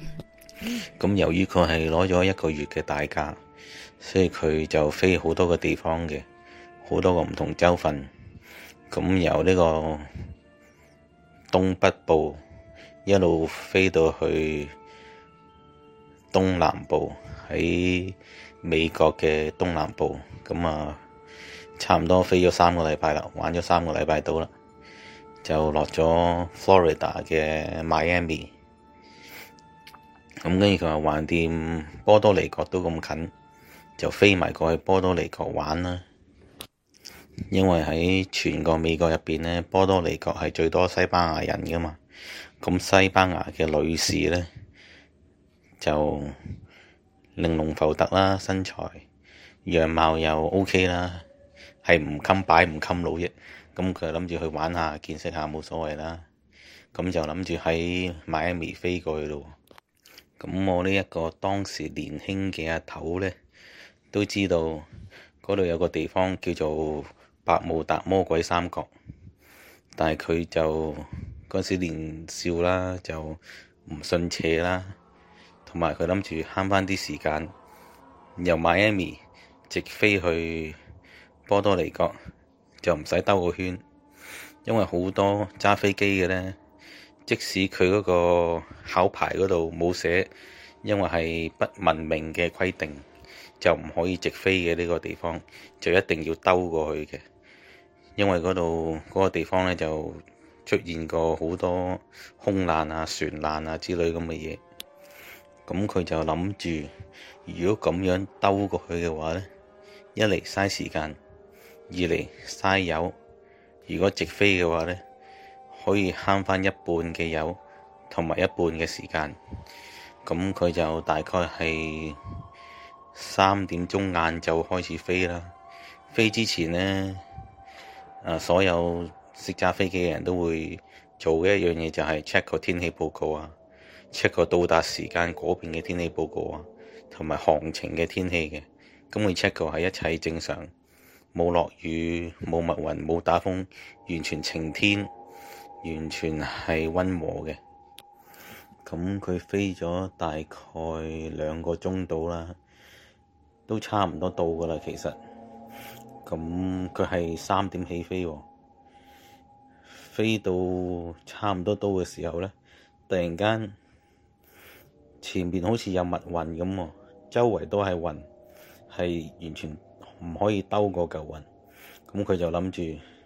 咁由於佢係攞咗一個月嘅大假，所以佢就飛好多個地方嘅。好多個唔同州份，咁由呢個東北部一路飛到去東南部喺美國嘅東南部，咁啊，差唔多飛咗三個禮拜啦，玩咗三個禮拜到啦，就落咗 Florida 嘅 Miami。咁跟住佢話橫掂波多黎各都咁近，就飛埋過去波多黎各玩啦。因為喺全個美國入邊咧，波多黎各係最多西班牙人噶嘛，咁西班牙嘅女士咧就玲瓏浮凸啦，身材樣貌又 OK 啦，係唔襟擺唔襟老嘅，咁佢諗住去玩下見識下冇所謂啦，咁就諗住喺 Miami 飛過去咯，咁我呢一個當時年輕嘅阿頭咧都知道嗰度有個地方叫做。百慕達魔鬼三角，但係佢就嗰時年少啦，就唔信邪啦，同埋佢諗住慳翻啲時間，由 Miami 直飛去波多利各波多黎各，就唔使兜個圈，因為好多揸飛機嘅咧，即使佢嗰個考牌嗰度冇寫，因為係不文明嘅規定，就唔可以直飛嘅呢個地方，就一定要兜過去嘅。因為嗰度嗰個地方咧就出現過好多空難啊、船難啊之類咁嘅嘢，咁佢就諗住，如果咁樣兜過去嘅話咧，一嚟嘥時間，二嚟嘥油。如果直飛嘅話咧，可以慳翻一半嘅油同埋一半嘅時間。咁佢就大概係三點鐘晏晝開始飛啦。飛之前呢。啊！所有識揸飛機嘅人都會做嘅一樣嘢，就係 check 個天氣報告啊，check 個到達時間嗰邊嘅天氣報告啊，同埋航程嘅天氣嘅。咁會 check 個係一切正常，冇落雨，冇密雲，冇打風，完全晴天，完全係溫和嘅。咁佢飛咗大概兩個鐘度啦，都差唔多到噶啦，其實。咁佢係三點起飛，飛到差唔多到嘅時候咧，突然間前面好似有密雲咁，周圍都係雲係完全唔可以兜個舊雲。咁佢就諗住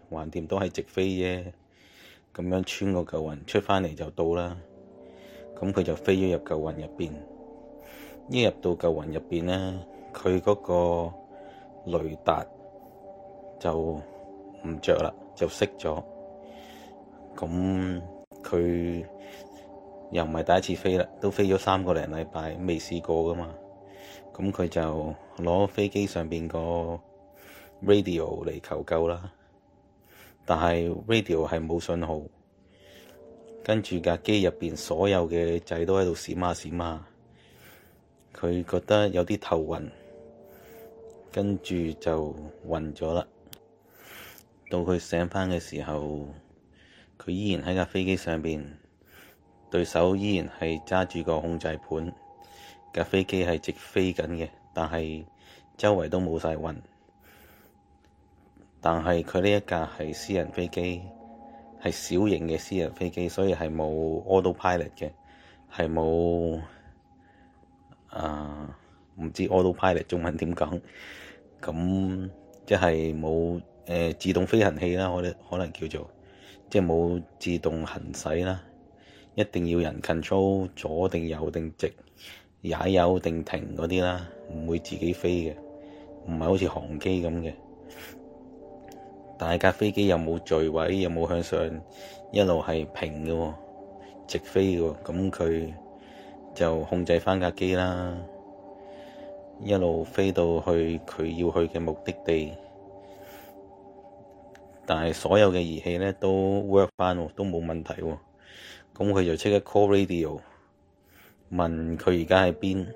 橫掂都係直飛啫，咁樣穿個舊雲出翻嚟就到啦。咁佢就飛咗入舊雲入邊，一入到舊雲入邊咧，佢嗰個雷達。就唔着啦，就熄咗。咁佢又唔係第一次飛啦，都飛咗三個零禮拜，未試過噶嘛。咁佢就攞飛機上邊個 radio 嚟求救啦。但係 radio 係冇信號，跟住架機入邊所有嘅掣都喺度閃下閃下，佢覺得有啲頭暈，跟住就暈咗啦。到佢醒翻嘅時候，佢依然喺架飛機上邊，對手依然係揸住個控制盤，架飛機係直飛緊嘅，但係周圍都冇晒雲。但係佢呢一架係私人飛機，係小型嘅私人飛機，所以係冇 auto pilot 嘅，係冇啊，呃，唔知 auto pilot 中文點講，咁即係冇。誒、呃、自動飛行器啦，我哋可能叫做即係冇自動行駛啦，一定要人 control 左定右定直，踩油定停嗰啲啦，唔會自己飛嘅，唔係好似航機咁嘅。但係架飛機又冇墜毀，又冇向上，一路係平嘅喎，直飛嘅喎，咁佢就控制返架機啦，一路飛到去佢要去嘅目的地。但係所有嘅儀器咧都 work 翻喎，都冇問題喎。咁佢就即刻 call radio 問佢而家喺邊。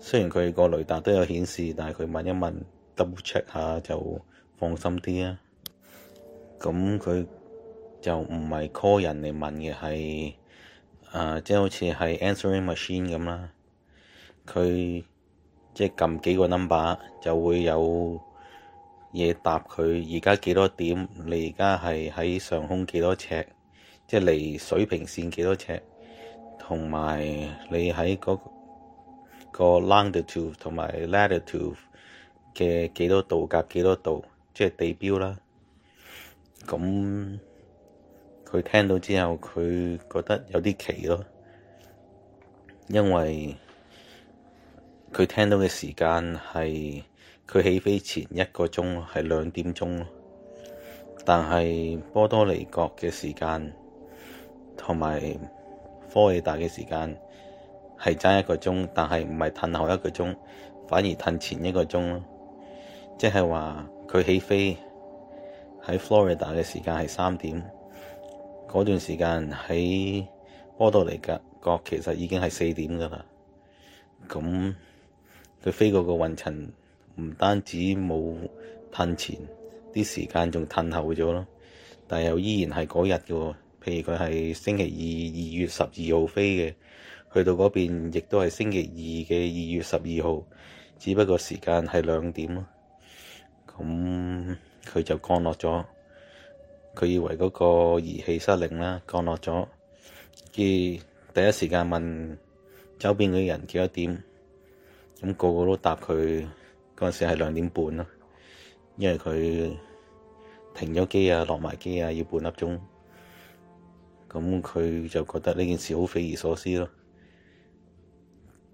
雖然佢個雷達都有顯示，但係佢問一問 double check 下就放心啲啊。咁佢就唔係 call 人嚟問嘅，係啊，即、呃、係、就係、好似係 answering machine 咁啦。佢即係撳幾個 number 就會有。嘢搭佢而家幾多點？你而家係喺上空幾多尺？即係離水平線幾多尺？同埋你喺嗰個 longitude 同埋 latitude 嘅幾多度隔幾多度？即係地標啦。咁佢聽到之後，佢覺得有啲奇咯，因為佢聽到嘅時間係。佢起飛前一個鐘係兩點鐘，但係波多黎各嘅時間同埋佛羅里達嘅時間係爭一個鐘，但係唔係褪後一個鐘，反而褪前一個鐘咯。即係話佢起飛喺佛羅里達嘅時間係三點，嗰段時間喺波多黎各其實已經係四點㗎啦。咁佢飛過個雲層。唔單止冇褪前，啲時間仲褪後咗咯。但又依然係嗰日嘅喎。譬如佢係星期二二月十二號飛嘅，去到嗰邊亦都係星期二嘅二月十二號，只不過時間係兩點咯。咁佢就降落咗，佢以為嗰個儀器失靈啦，降落咗。跟住第一時間問周邊嘅人幾多點，咁個個都答佢。嗰陣時係兩點半咯，因為佢停咗機啊，落埋機啊，要半粒鐘。咁佢就覺得呢件事好匪夷所思咯。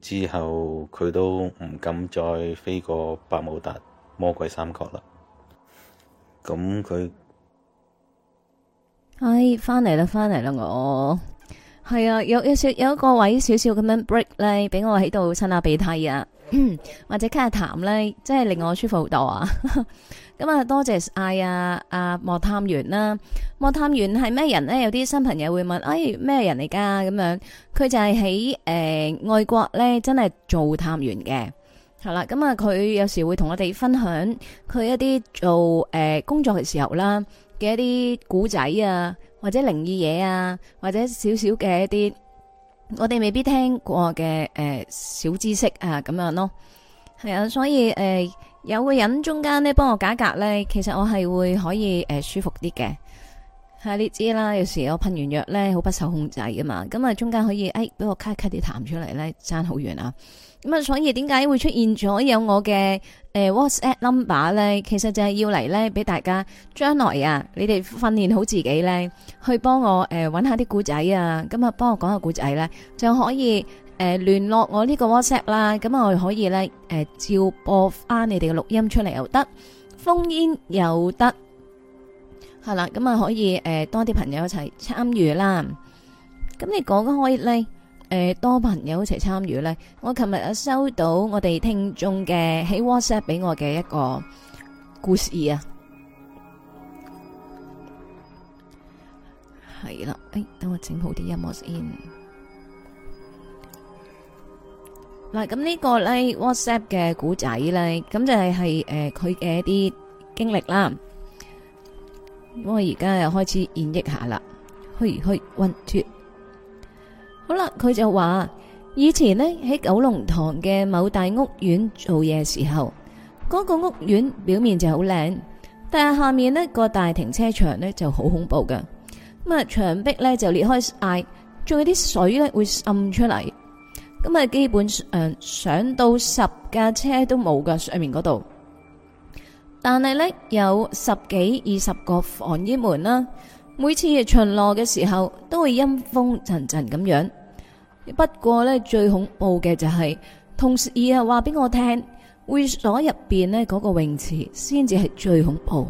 之後佢都唔敢再飛過百慕達魔鬼三角啦。咁佢唉，返嚟啦，返嚟啦，我係啊，有有少有一個位少少咁樣 break 咧，俾我喺度親下鼻涕啊！嗯， 或者卡下談咧，真係令我舒服好多啊！ 咁啊，多謝晒啊啊莫探員啦，莫探員係、啊、咩人咧？有啲新朋友會問，哎咩人嚟噶咁樣？佢就係喺誒外國咧，真係做探員嘅。好啦，咁、嗯、啊，佢有時會同我哋分享佢一啲做誒、呃、工作嘅時候啦嘅一啲古仔啊，或者靈異嘢啊，或者少少嘅一啲。我哋未必聽過嘅誒、呃、小知識啊咁樣咯，係啊，所以誒、呃、有個人中間咧幫我解夾咧，其實我係會可以誒、呃、舒服啲嘅，係你知啦。有時我噴完藥咧，好不受控制㗎嘛，咁、嗯、啊中間可以誒俾、哎、我咔咔啲痰出嚟咧，爭好遠啊，咁、嗯、啊所以點解會出現咗有我嘅？誒，WhatsApp number 咧，其實就係要嚟咧，俾大家將來啊，你哋訓練好自己咧，去幫我誒，揾下啲古仔啊，咁啊，幫我講下古仔咧，就可以誒聯絡我呢個 WhatsApp 啦，咁我，可以咧誒，照播翻你哋嘅錄音出嚟又得，封煙又得，係啦，咁啊，可以誒，多啲朋友一齊參與啦，咁你講開咧。誒，多朋友一齊參與呢。我琴日啊，收到我哋聽眾嘅，喺 WhatsApp 俾我嘅一個故事啊，係啦，哎，等我整好啲音樂先。嗱，咁呢個呢，WhatsApp 嘅古仔呢，咁就係係誒佢嘅一啲經歷啦。咁我而家又開始演繹下啦，去去 one two。好啦，佢就話以前呢喺九龍塘嘅某大屋苑做嘢時候，嗰、那個屋苑表面就好靚，但係下面呢個大停車場呢就好恐怖㗎。咁啊，牆壁呢就裂開嗌，仲有啲水呢會滲出嚟。咁啊，基本上上到十架車都冇㗎，上面嗰度，但係呢，有十幾二十個防煙門啦。每次巡邏嘅時候，都會陰風陣陣咁樣。不過呢最恐怖嘅就係，同時而係話俾我聽，會所入邊呢嗰個泳池先至係最恐怖。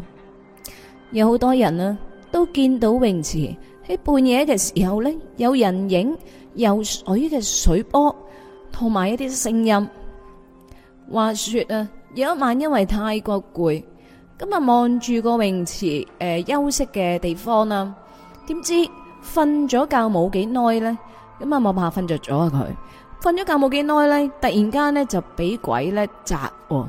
有好多人呢都見到泳池喺半夜嘅時候呢，有人影游水嘅水波，同埋一啲聲音。話說啊，有一晚因為太過攰，今日望住個泳池誒休息嘅地方啦，點知瞓咗覺冇幾耐呢。咁啊，冇辦法瞓着咗佢，瞓咗覺冇幾耐呢，突然間呢就俾鬼呢砸。哦、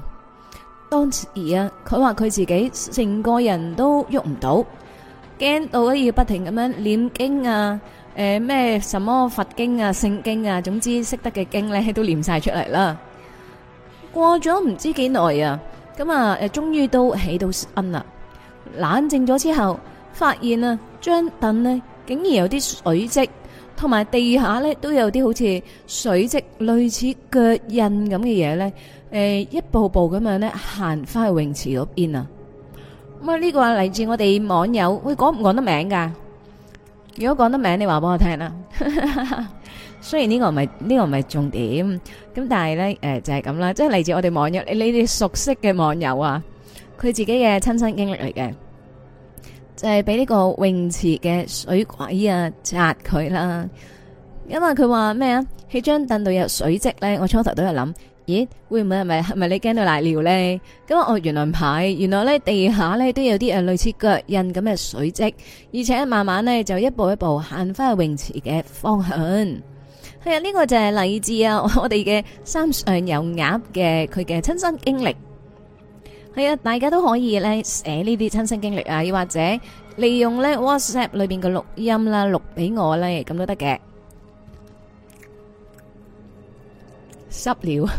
當時啊，佢話佢自己成個人都喐唔到，驚到呢要不停咁樣念經啊，誒、呃、咩什,什麼佛經啊、聖經啊，總之識得嘅經呢都念晒出嚟啦。過咗唔知幾耐啊，咁啊，誒，終於都起到身啦。冷靜咗之後，發現啊，張凳呢竟然有啲水漬。同埋地下咧都有啲好似水迹、類似腳印咁嘅嘢咧，誒、呃、一步步咁樣咧行翻去泳池嗰邊啊！咁啊呢個啊嚟自我哋網友，喂講唔講得名噶？如果講得名，你話俾我聽啦。 雖然呢個唔係呢個唔係重點，咁但係咧誒就係、是、咁啦，即係嚟自我哋網友，你哋熟悉嘅網友啊，佢自己嘅親身經歷嚟嘅。就係俾呢個泳池嘅水鬼啊，扎佢啦！因為佢話咩啊？喺張凳度有水跡咧，我初頭都係諗，咦，會唔會係咪係咪你驚到瀨尿咧？咁啊，我原來唔係，原來咧地下咧都有啲誒類似腳印咁嘅水跡，而且慢慢咧就一步一步行翻去泳池嘅方向。係啊，呢、這個就係嚟自啊！我哋嘅三上油鴨嘅佢嘅親身經歷。係啊，大家都可以咧寫呢啲親身經歷啊，又或者利用咧 WhatsApp 裏邊嘅錄音啦錄俾我咧，咁都得嘅。濕了，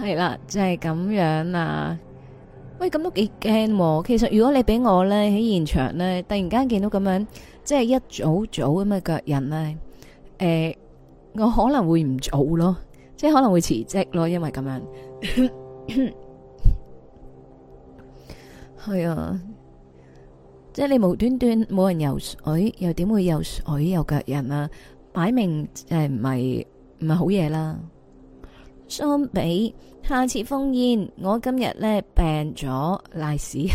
係啦，就係咁樣啦。喂，咁都幾驚。其實如果你俾我咧喺現場咧，突然間見到咁樣，即係一早早咁嘅腳印咧，誒，我可能會唔早咯，即係可能會辭職咯，因為咁樣。係 啊，即係你無端端冇人游水，又點會游水有腳印啊？擺明誒唔係唔係好嘢啦。相比下次封煙，我今日呢病咗瀨屎，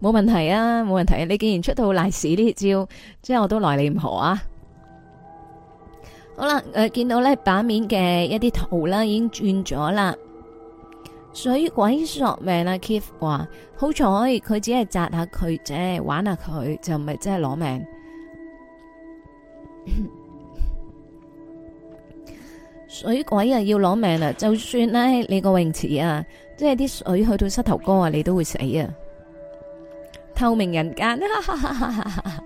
冇 問題啊，冇問題啊！你既然出到瀨屎呢招，即係我都奈你唔何啊！好啦，誒、呃，見到呢版面嘅一啲圖啦，已經轉咗啦。水鬼索命啊，Keith 話，好彩佢只係扎下佢啫，玩下佢就唔係真係攞命。 水鬼啊，要攞命啊！就算呢、啊、你個泳池啊，即係啲水去到膝頭哥啊，你都會死啊！透明人間。哈哈哈哈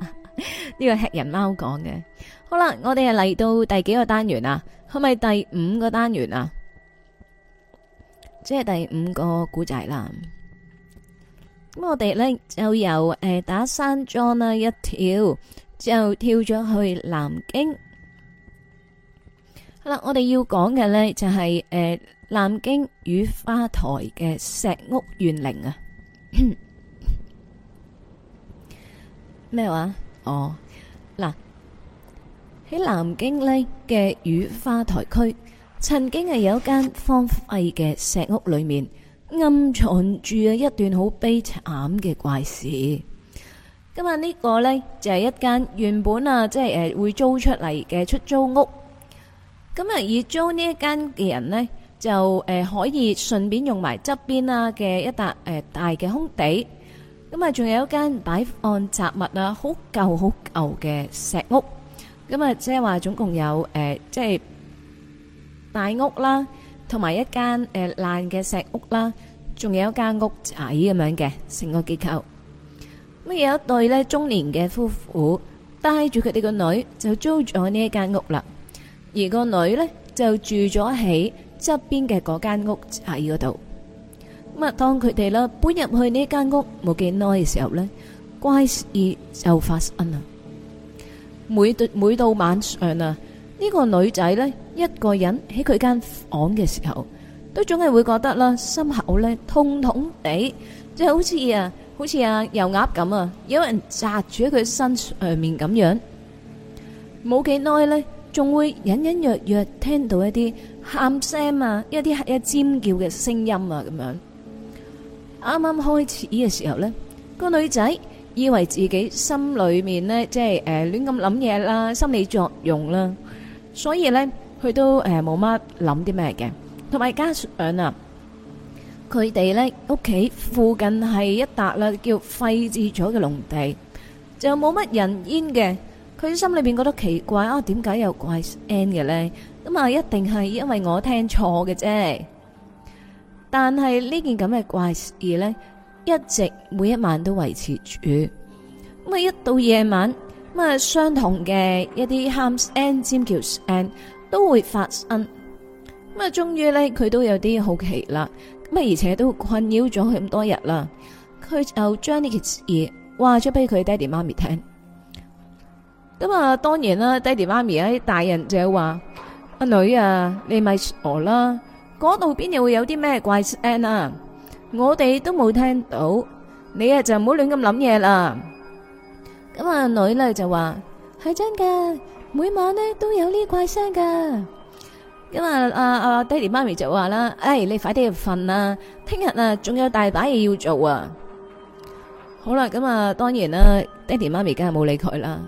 呢個吃人貓講嘅，好啦，我哋係嚟到第幾個單元啊？係咪第五個單元啊？即係第五個故仔啦。咁我哋咧就由誒打生樁啦，一跳就跳咗去南京。好啦，我哋要講嘅咧就係誒南京雨花台嘅石屋怨靈啊。咩話？哦。嗱，喺南京咧嘅雨花台區，曾經係有一間荒廢嘅石屋，裏面暗藏住啊一段好悲慘嘅怪事。今日呢個咧就係一間原本啊，即係誒會租出嚟嘅出租屋。今日以租呢一間嘅人咧，就誒可以順便用埋側邊啊嘅一笪誒大嘅空地。咁啊，仲有一間擺放雜物啊，好舊好舊嘅石屋。咁啊，即係話總共有誒，即係大屋啦，同埋一間誒爛嘅石屋啦，仲有一間屋仔咁樣嘅成個結構。咁有一對咧中年嘅夫婦帶住佢哋個女就租咗呢一間屋啦，而個女咧就住咗喺側邊嘅嗰間屋仔嗰度。咁啊，當佢哋啦搬入去呢間屋冇幾耐嘅時候咧，怪事就發生啦。每到每到晚上啊，呢個女仔咧一個人喺佢間房嘅時候，都總係會覺得啦，心口咧痛痛地，即係好似啊，好似啊油鴨咁啊，有人扎住喺佢身上面咁樣。冇幾耐咧，仲會隱隱約約聽到一啲喊聲啊，一啲一尖叫嘅聲音啊，咁樣。啱啱開始嘅時候呢，個女仔以為自己心裏面咧，即係誒亂咁諗嘢啦，心理作用啦，所以咧佢都誒冇乜諗啲咩嘅，同埋加上啊，佢哋咧屋企附近係一笪啦叫廢置咗嘅農地，就冇乜人煙嘅。佢心裏邊覺得奇怪啊，點解有怪聲嘅咧？咁啊，一定係因為我聽錯嘅啫。但係呢件咁嘅怪事咧，一直每一晚都維持住。咁啊，一到夜晚，咁啊，相同嘅一啲喊聲、尖叫聲都會發生。咁啊，終於咧，佢都有啲好奇啦。咁啊，而且都困擾咗佢咁多日啦。佢就將呢件事話咗俾佢爹哋媽咪聽。咁啊，當然啦，爹哋媽咪啊，大人就話：阿女啊，你咪傻啦！嗰度邊又會有啲咩怪聲啊？我哋都冇聽到，你啊就唔好亂咁諗嘢啦。咁阿女咧就話係真㗎，每晚咧都有呢怪聲噶。咁啊阿阿爹哋媽咪就話啦，哎，你快啲入瞓啦，聽日啊仲有大把嘢要做啊！好啦，咁啊當然啦，爹哋媽咪梗係冇理佢啦。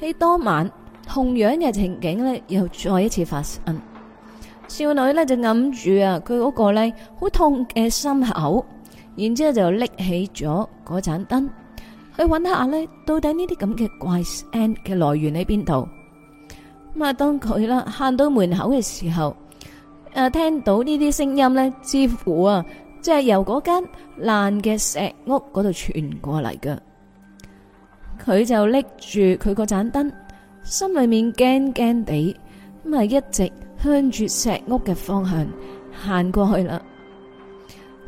喺當晚同樣嘅情景咧，又再一次發生。少女呢就揞住啊，佢嗰個呢好痛嘅心口，然之後就拎起咗嗰盞燈去搵下呢到底呢啲咁嘅怪聲嘅來源喺邊度？咁啊，當佢啦行到門口嘅時候，誒，聽到呢啲聲音呢，似乎啊，即係由嗰間爛嘅石屋嗰度傳過嚟噶。佢就拎住佢嗰盞燈，心裏面驚驚地咁啊，一直。向住石屋嘅方向行過去啦，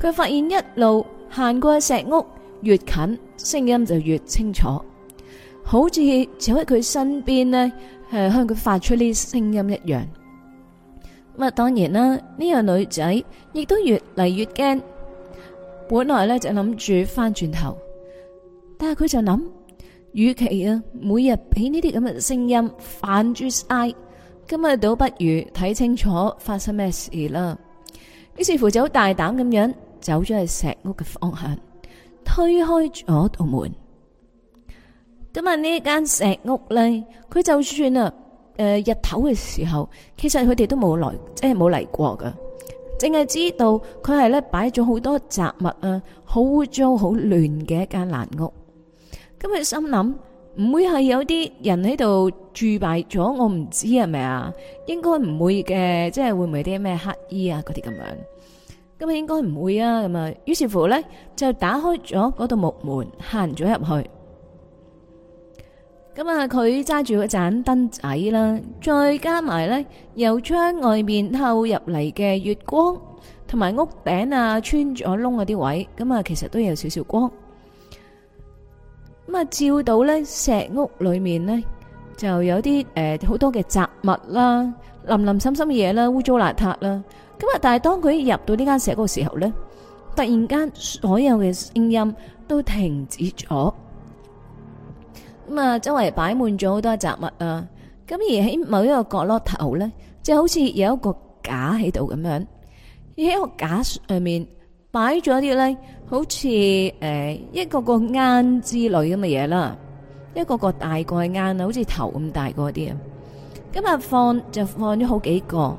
佢發現一路行過去石屋越近，聲音就越清楚，好似就喺佢身邊咧，誒向佢發出呢聲音一樣。咁啊，當然啦，呢個女仔亦都越嚟越驚。本來咧就諗住翻轉頭，但係佢就諗，與其啊每日俾呢啲咁嘅聲音煩住晒。今日倒不如睇清楚發生咩事啦。於是乎就好大膽咁樣走咗去石屋嘅方向，推開咗道門。今日呢間石屋咧，佢就算啊誒、呃、日頭嘅時候，其實佢哋都冇來，即係冇嚟過噶，淨係知道佢係咧擺咗好多雜物啊，好污糟好亂嘅一間爛屋。咁佢心諗。唔會係有啲人喺度住埋咗，我唔知係咪啊？應該唔會嘅，即係會唔會啲咩乞衣啊嗰啲咁樣？咁啊應該唔會啊咁啊。於是乎咧，就打開咗嗰道木門，行咗入去。咁啊，佢揸住一盞燈仔啦，再加埋咧由窗外面透入嚟嘅月光，同埋屋頂啊穿咗窿嗰啲位，咁啊其實都有少少光。咁啊，照到呢石屋裏面呢就有啲誒好多嘅雜物啦，林林森森嘅嘢啦，污糟邋遢啦。咁啊，但係當佢入到呢間石屋嘅時候呢，突然間所有嘅聲音都停止咗。咁啊，周圍擺滿咗好多雜物啊。咁而喺某一個角落頭呢，就好似有一個架喺度咁樣，而喺個架上面。擺咗啲咧，好似誒一個個啱之類咁嘅嘢啦，一個個大個啱啊，好似頭咁大個啲啊。今日放就放咗好幾個，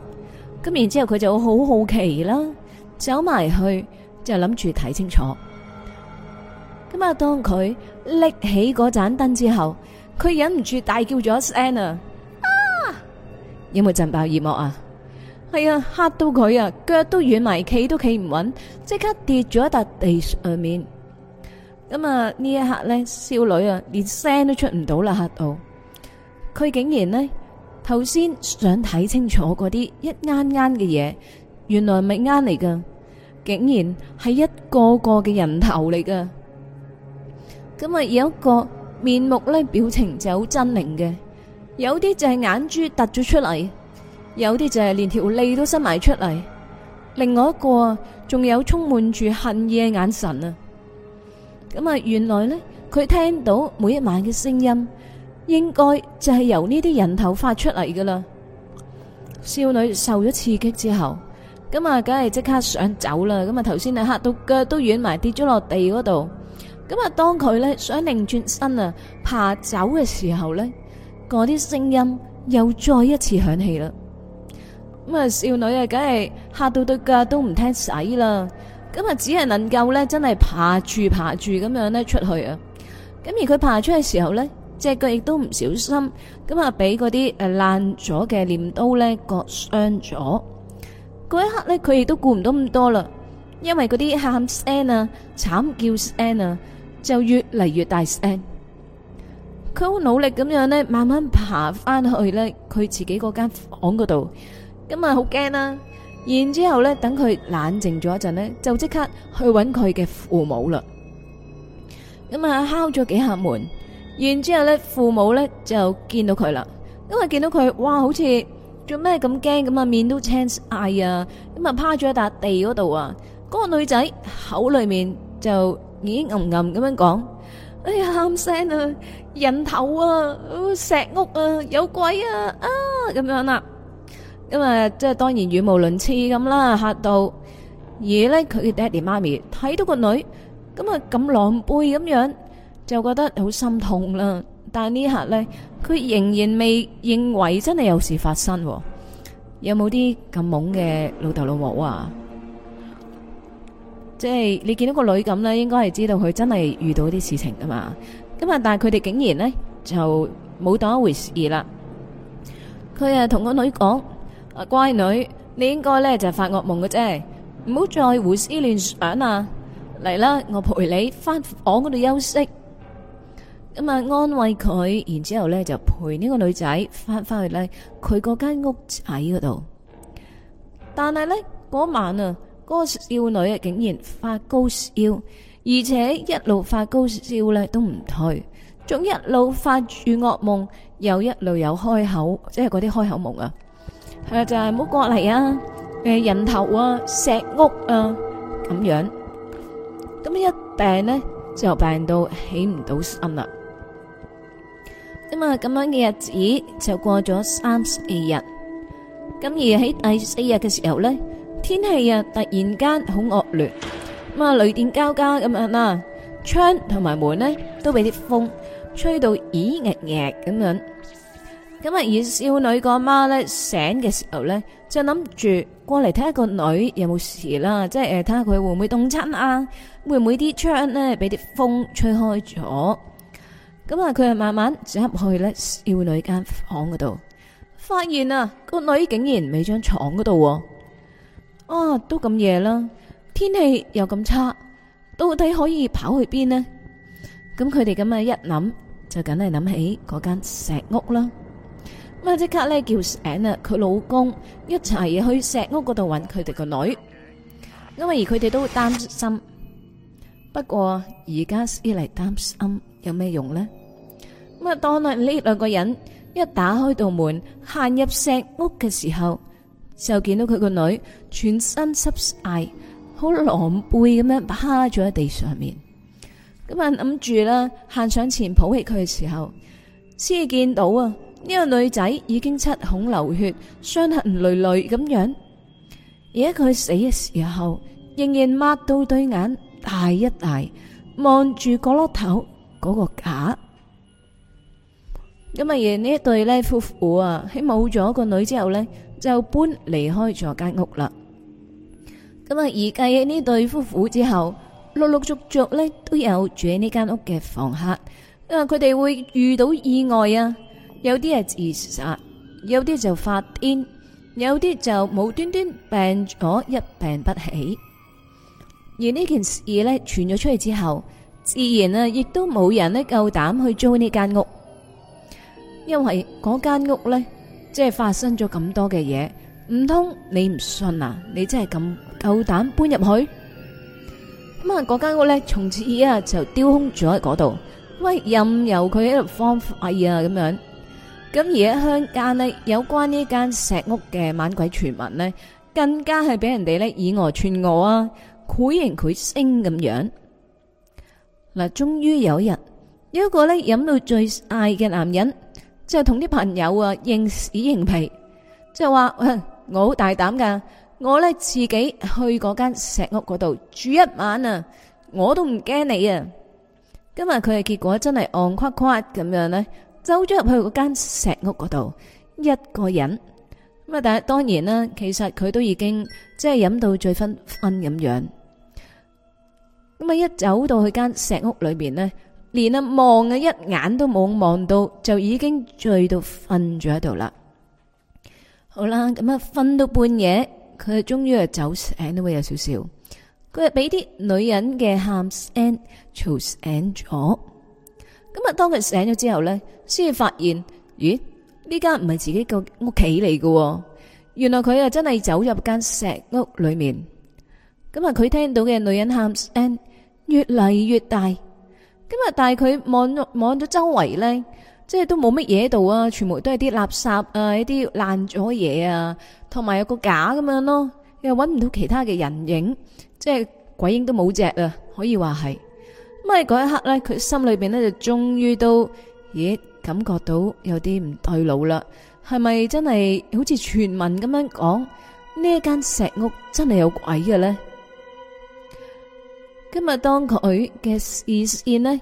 咁然之後佢就好好奇啦，走埋去就諗住睇清楚。咁啊，當佢拎起嗰盞燈之後，佢忍唔住大叫咗一聲啊！有冇震爆耳膜啊？係啊，吓到佢啊，腳都軟埋，企都企唔穩，即刻跌咗喺笪地上面。咁啊，呢一刻呢，少女啊，連聲都出唔到啦，吓到佢竟然呢，頭先想睇清楚嗰啲一啱啱嘅嘢，原來咪啱嚟噶，竟然係一個個嘅人頭嚟噶。咁啊，有一個面目呢，表情就好猙獰嘅，有啲就係眼珠突咗出嚟。有啲就係連條脷，都伸埋出嚟，另外一個仲有充滿住恨意嘅眼神啊！咁啊，原來咧佢聽到每一晚嘅聲音，應該就係由呢啲人頭發出嚟噶啦。少女受咗刺激之後，咁啊，梗係即刻想走啦。咁啊，頭先啊吓到腳都軟埋跌咗落地嗰度。咁啊，當佢咧想擰轉身啊，爬走嘅時候咧，嗰啲聲音又再一次響起啦。咁啊，少女啊，梗係嚇到對腳，都唔聽使啦。咁啊，只係能夠咧，真係爬住爬住咁樣咧出去啊。咁而佢爬出去嘅時候咧，隻腳亦都唔小心，咁啊，俾嗰啲誒爛咗嘅鐮刀咧割傷咗。嗰一刻咧，佢亦都顧唔到咁多啦，因為嗰啲喊聲啊、慘叫聲啊，就越嚟越大聲。佢好努力咁樣咧，慢慢爬翻去咧佢自己嗰間房嗰度。咁啊，好驚啦！然之後咧，等佢冷靜咗一陣咧，就即刻去搵佢嘅父母啦。咁啊，敲咗幾下門，然之後咧，父母咧就見到佢啦。因為見到佢，哇，好似做咩咁驚咁啊，面都青晒啊，咁啊，趴咗一笪地嗰度啊。嗰個女仔口裏面就已經暗暗咁樣講：哎呀，喊聲啊，人頭啊，石屋啊，有鬼啊啊，咁樣啦。咁啊，即係當然語無倫次咁啦，嚇到而咧，佢嘅爹哋媽咪睇到個女咁啊，咁狼狽咁樣，就覺得好心痛啦。但係呢一刻咧，佢仍然未認為真係有事發生，有冇啲咁懵嘅老豆老母啊？即係你見到個女咁咧，應該係知道佢真係遇到啲事情噶嘛。咁啊，但係佢哋竟然咧就冇當一回事啦。佢啊，同個女講。啊！乖女，你應該咧就發惡夢嘅啫，唔好再胡思亂想啦。嚟啦，我陪你翻房嗰度休息，咁啊安慰佢，然之後咧就陪呢個女仔翻翻去咧佢嗰間屋仔嗰度。但係呢嗰晚啊，嗰、嗰個少女啊，竟然發高燒，而且一路發高燒咧都唔退，仲一路發住惡夢，又一路有開口，即係嗰啲開口夢啊。誒，就係唔好過嚟啊！誒，人頭啊，石屋啊，咁樣，咁一病咧，就病到起唔到身啦。咁啊，咁樣嘅日子就過咗三四日，咁而喺第四日嘅時候咧，天氣啊突然間好惡劣，咁啊雷電交加咁啊，窗同埋門咧都俾啲風吹到咦嘅嘅咁樣。咁啊，而少女個媽咧醒嘅時候咧，就諗住過嚟睇下個女有冇事啦，即係誒睇下佢會唔會凍親啊，會唔會啲窗咧俾啲風吹開咗？咁啊，佢係慢慢走入去咧少女間房嗰度，發現啊個女竟然喺張床嗰度，啊都咁夜啦，天氣又咁差，到底可以跑去邊呢？咁佢哋咁啊一諗就梗係諗起嗰間石屋啦。咁即刻咧叫醒啦，佢老公一齊去石屋嗰度揾佢哋個女，因為而佢哋都會擔心。不過而家先嚟擔心有咩用呢？咁啊，當啊呢兩個人一打開道門，行入石屋嘅時候，就見到佢個女全身濕晒，好狼狽咁樣趴咗喺地上面。咁啊諗住啦，行上前抱起佢嘅時候，先見到啊！呢個女仔已經七孔流血，傷痕累累咁樣。而喺佢死嘅時候，仍然擘到對眼大一大望住角落頭嗰個架。咁啊，而呢一對呢夫婦啊，喺冇咗個女之後呢，就搬離開咗間屋啦。咁啊，而繼呢對夫婦之後，陸陸續續呢都有住喺呢間屋嘅房客啊，佢哋會遇到意外啊。有啲係自殺，有啲就發癲，有啲就無端端病咗一病不起。而呢件事咧傳咗出去之後，自然啊亦都冇人呢夠膽去租呢間屋，因為嗰間屋咧即係發生咗咁多嘅嘢，唔通你唔信啊？你真係咁夠膽搬入去？咁啊，嗰間屋咧從此啊就丟空咗喺嗰度，喂任由佢一路荒廢啊咁樣。咁而喺鄉間呢，有關呢間石屋嘅猛鬼傳聞呢，更加係俾人哋呢以訛傳訛啊，繪形繪聲咁樣。嗱，終於有一日，有一個呢飲到最嗌嘅男人，即係同啲朋友啊，認屎認屁，即係話，我好大膽噶，我呢自己去嗰間石屋嗰度住一晚啊，我都唔驚你啊。今日佢嘅結果真係戇夸夸咁樣呢，走咗入去嗰間石屋嗰度，一個人咁啊！但係當然啦，其實佢都已經即係飲到醉醺醺咁樣。咁啊，一走到去間石屋裏邊呢，連啊望啊一眼都冇望到，就已經醉到瞓咗喺度啦。好啦，咁啊，瞓到半夜，佢終於係走醒咗，會有少少。佢俾啲女人嘅喊聲，嘈醒咗。咁啊當佢醒咗之後咧，先至發現，咦？呢間唔係自己個屋企嚟喎。原來佢啊真係走入間石屋裏面。咁啊佢聽到嘅女人喊聲越嚟越大。咁啊但佢望咗望咗周圍咧，即係都冇乜嘢度啊，全部都係啲垃圾啊，一啲爛咗嘢啊，同埋有個架咁樣咯，又搵唔到其他嘅人影，即係鬼影都冇隻啊，可以話係。咁喺嗰一刻咧，佢心裏邊咧就終於都，咦，感覺到有啲唔對路啦。係咪真係好似傳聞咁樣講？呢間石屋真係有鬼嘅咧？今日當佢嘅視線呢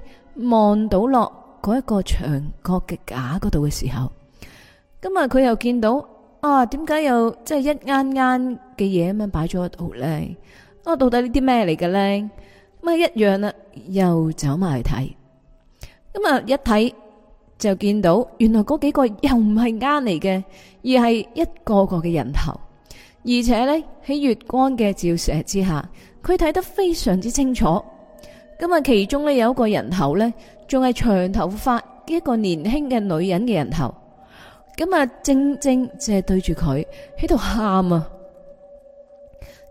望到落嗰一個牆角嘅架嗰度嘅時候，今日佢又見到啊，點解又即係一啱啱嘅嘢咁樣擺咗喺度咧？啊，到底呢啲咩嚟嘅咧？咁一樣啦，又走埋去睇。咁啊，一睇就見到原來嗰幾個又唔係啱嚟嘅，而係一個個嘅人頭。而且呢，喺月光嘅照射之下，佢睇得非常之清楚。咁啊，其中呢，有一個人頭呢，仲係長頭髮，一個年輕嘅女人嘅人頭。咁啊，正正就係對住佢喺度喊啊。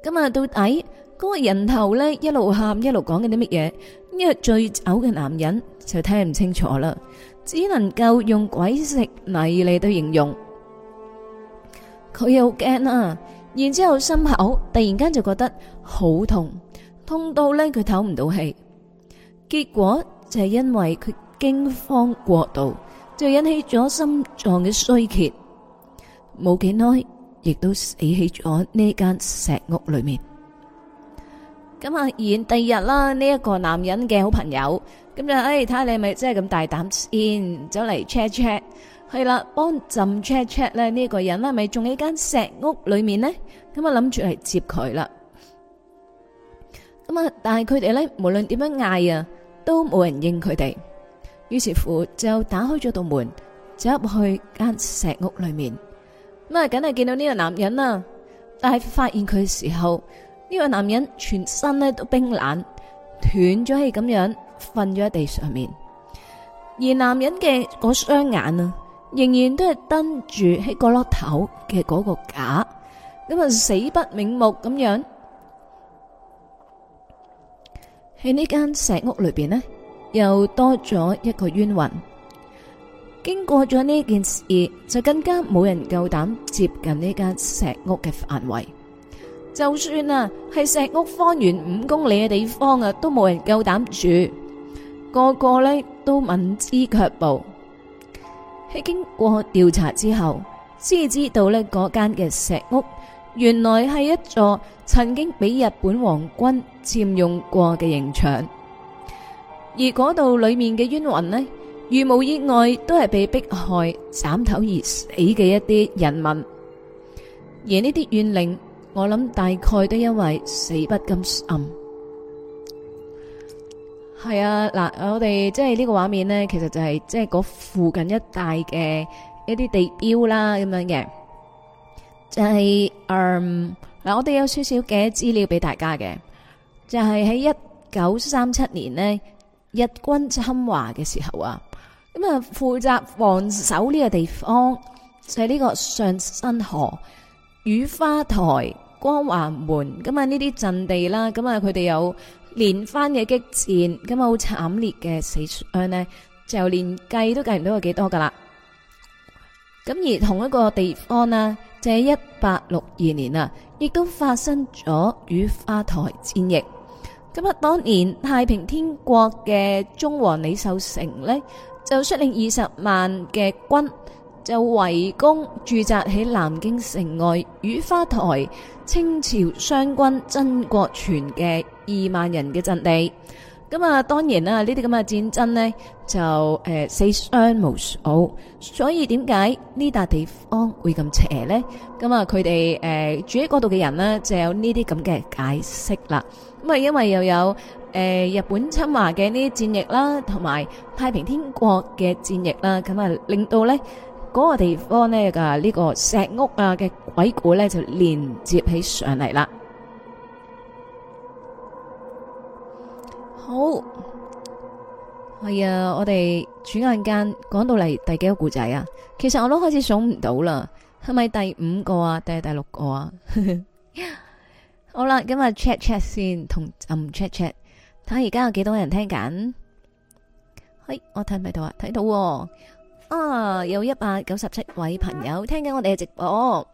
咁啊，到底？嗰個人頭咧，一路喊，一路講緊啲乜嘢？因為醉酒嘅男人就聽唔清楚啦，只能夠用鬼食泥嚟，都形容佢。又驚啦，然之後心口突然間就覺得好痛，痛到咧佢唞唔到氣。結果就係因為佢驚慌過度，就引起咗心臟嘅衰竭。冇幾耐，亦都死喺咗呢間石屋裏面。咁啊，然第二日啦，呢一個男人嘅好朋友，咁就誒，睇下你係咪真係咁大膽先，走嚟 check check，係啦，幫朕 check check 咧，呢一個人咧，係咪仲喺間石屋裏面呢，咁啊諗住嚟接佢啦。咁啊，但係佢哋咧，無論點樣嗌啊，都冇人應佢哋。於是乎，就打開咗道門，走入去間石屋裏面。咁啊，梗係見到呢個男人啦，但係發現佢嘅時候。呢個男人全身咧都冰冷，斷咗氣咁樣瞓咗喺地上面，而男人嘅嗰雙眼啊，仍然都係瞪住喺角落頭嘅嗰個架，咁啊死不瞑目咁樣。喺呢 間石屋裏邊呢，又多咗一個冤魂。經過咗呢件事，就更加冇人夠膽接近呢間石屋嘅範圍。就算啊，係石屋方圓五公里嘅地方啊，都冇人夠膽住，個個咧都聞之卻步。喺經過調查之後，先知道咧嗰間嘅石屋原來係一座曾經俾日本皇軍佔用過嘅刑場，而嗰度裏面嘅冤魂咧，如無意外都係被迫害斬頭而死嘅一啲人民，而呢啲怨靈。我諗大概都因為死不甘心，係、嗯、啊嗱，我哋即係呢個畫面呢，其實就係即係嗰附近一帶嘅一啲地標啦，咁樣嘅，就係誒嗱，我哋有少少嘅資料俾大家嘅，就係喺一九三七年呢，日軍侵華嘅時候啊，咁啊負責防守呢個地方就係、是、呢個上新河雨花台、光華門咁啊，呢啲陣地啦，咁啊，佢哋有連番嘅激戰，咁啊，好慘烈嘅死傷呢，就連計都計唔到有幾多噶啦。咁而同一個地方就係一八六二年啊，亦都發生咗雨花台戰役。咁啊，當年太平天國嘅忠王李秀成呢，就率領二十萬嘅軍。就圍攻駐紮喺南京城外雨花台清朝湘軍曾國荃嘅二萬人嘅陣地。咁啊，當然啦，呢啲咁嘅戰爭呢，就誒死傷無數。所以點解呢笪地方會咁邪呢？咁啊，佢哋誒住喺嗰度嘅人呢，就有呢啲咁嘅解釋啦。咁啊，因為又有誒、呃、日本侵華嘅呢啲戰役啦，同埋太平天國嘅戰役啦，咁啊令到呢。嗰個地方呢，噶、這、呢個石屋啊嘅鬼故咧就連接起上嚟啦。好係啊，我哋轉眼間講到嚟第幾個故仔啊？其實我都開始數唔到啦，係咪第五個啊？定係第六個啊？ 好啦，今日 check check 先詢詢，同嗯 check check，睇下而家有幾多人聽緊？係，我睇唔睇到啊，睇到。看啊！有一百九十七位朋友聽緊我哋嘅直播。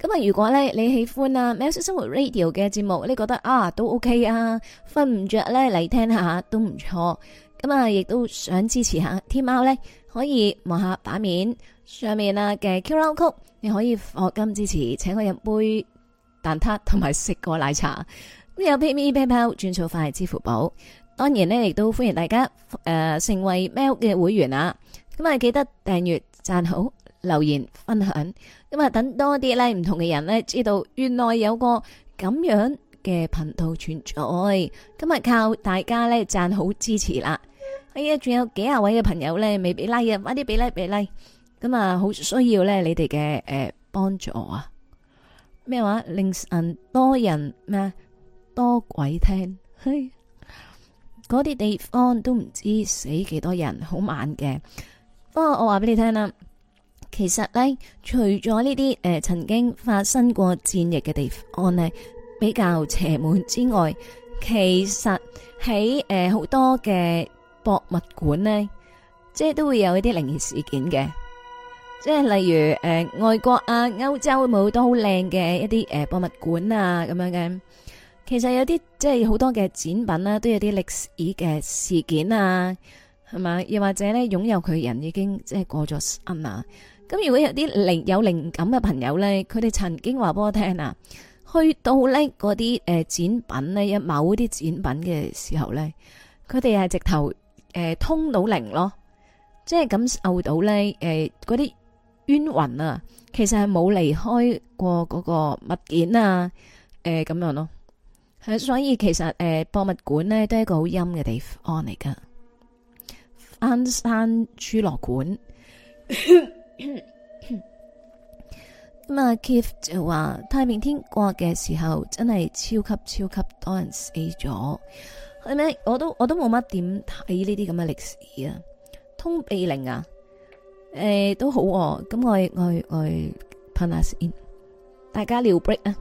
咁啊，如果咧你喜歡啊， 喵式生活 Radio 嘅節目，你覺得啊都 OK 啊，瞓唔着咧嚟聽下都唔錯。咁啊，亦都想支持下天貓咧，可以望下版面上面啊嘅 QR Code，你可以課金支持，請我飲杯蛋撻同埋食個奶茶。有 Payme PayPal 轉數快支付寶，當然呢，亦都歡迎大家誒、呃、成為喵式嘅會員啊！咁啊、嗯！記得訂閱、讚好、留言、分享，咁、嗯、啊等多啲咧唔同嘅人咧知道，原來有個咁樣嘅頻道存在。今、嗯、日靠大家咧讚好支持啦！係、哎、啊，仲有幾十位嘅朋友咧未俾 like 嘅，快啲俾 like 俾 like！咁啊，好需要咧你哋嘅誒幫助啊！咩話令多人咩多鬼聽？嗰啲地方都唔知死幾多人，好猛嘅。不過我話俾你聽啦，其實咧，除咗呢啲誒曾經發生過戰役嘅地方呢，例比較邪門之外，其實喺誒好多嘅博物館咧，即係都會有一啲靈異事件嘅，即係例如誒、呃、外國啊、歐洲冇好多好靚嘅一啲誒、呃、博物館啊咁樣嘅，其實有啲即係好多嘅展品啦、啊，都有啲歷史嘅事件啊。係嘛？又或者咧，擁有佢嘅人已經即係過咗身啦。咁如果有啲靈有靈感嘅朋友咧，佢哋曾經話俾我聽啊，去到咧嗰啲誒展品咧，有某啲展品嘅時候咧，佢哋係直頭誒、呃、通到靈咯，即係感受到咧誒嗰啲冤魂啊，其實係冇離開過嗰個物件啊，誒、呃、咁樣咯。係所以其實誒、呃、博物館咧都係一個好陰嘅地方嚟噶。鞍山珠樂館咁啊！Keith 就話太平天國嘅時候真係超級超級多人死咗，係咪？我都我都冇乜點睇呢啲咁嘅歷史靈啊，通背令啊，誒都好。咁我我我噴下先，大家聊 break 啊。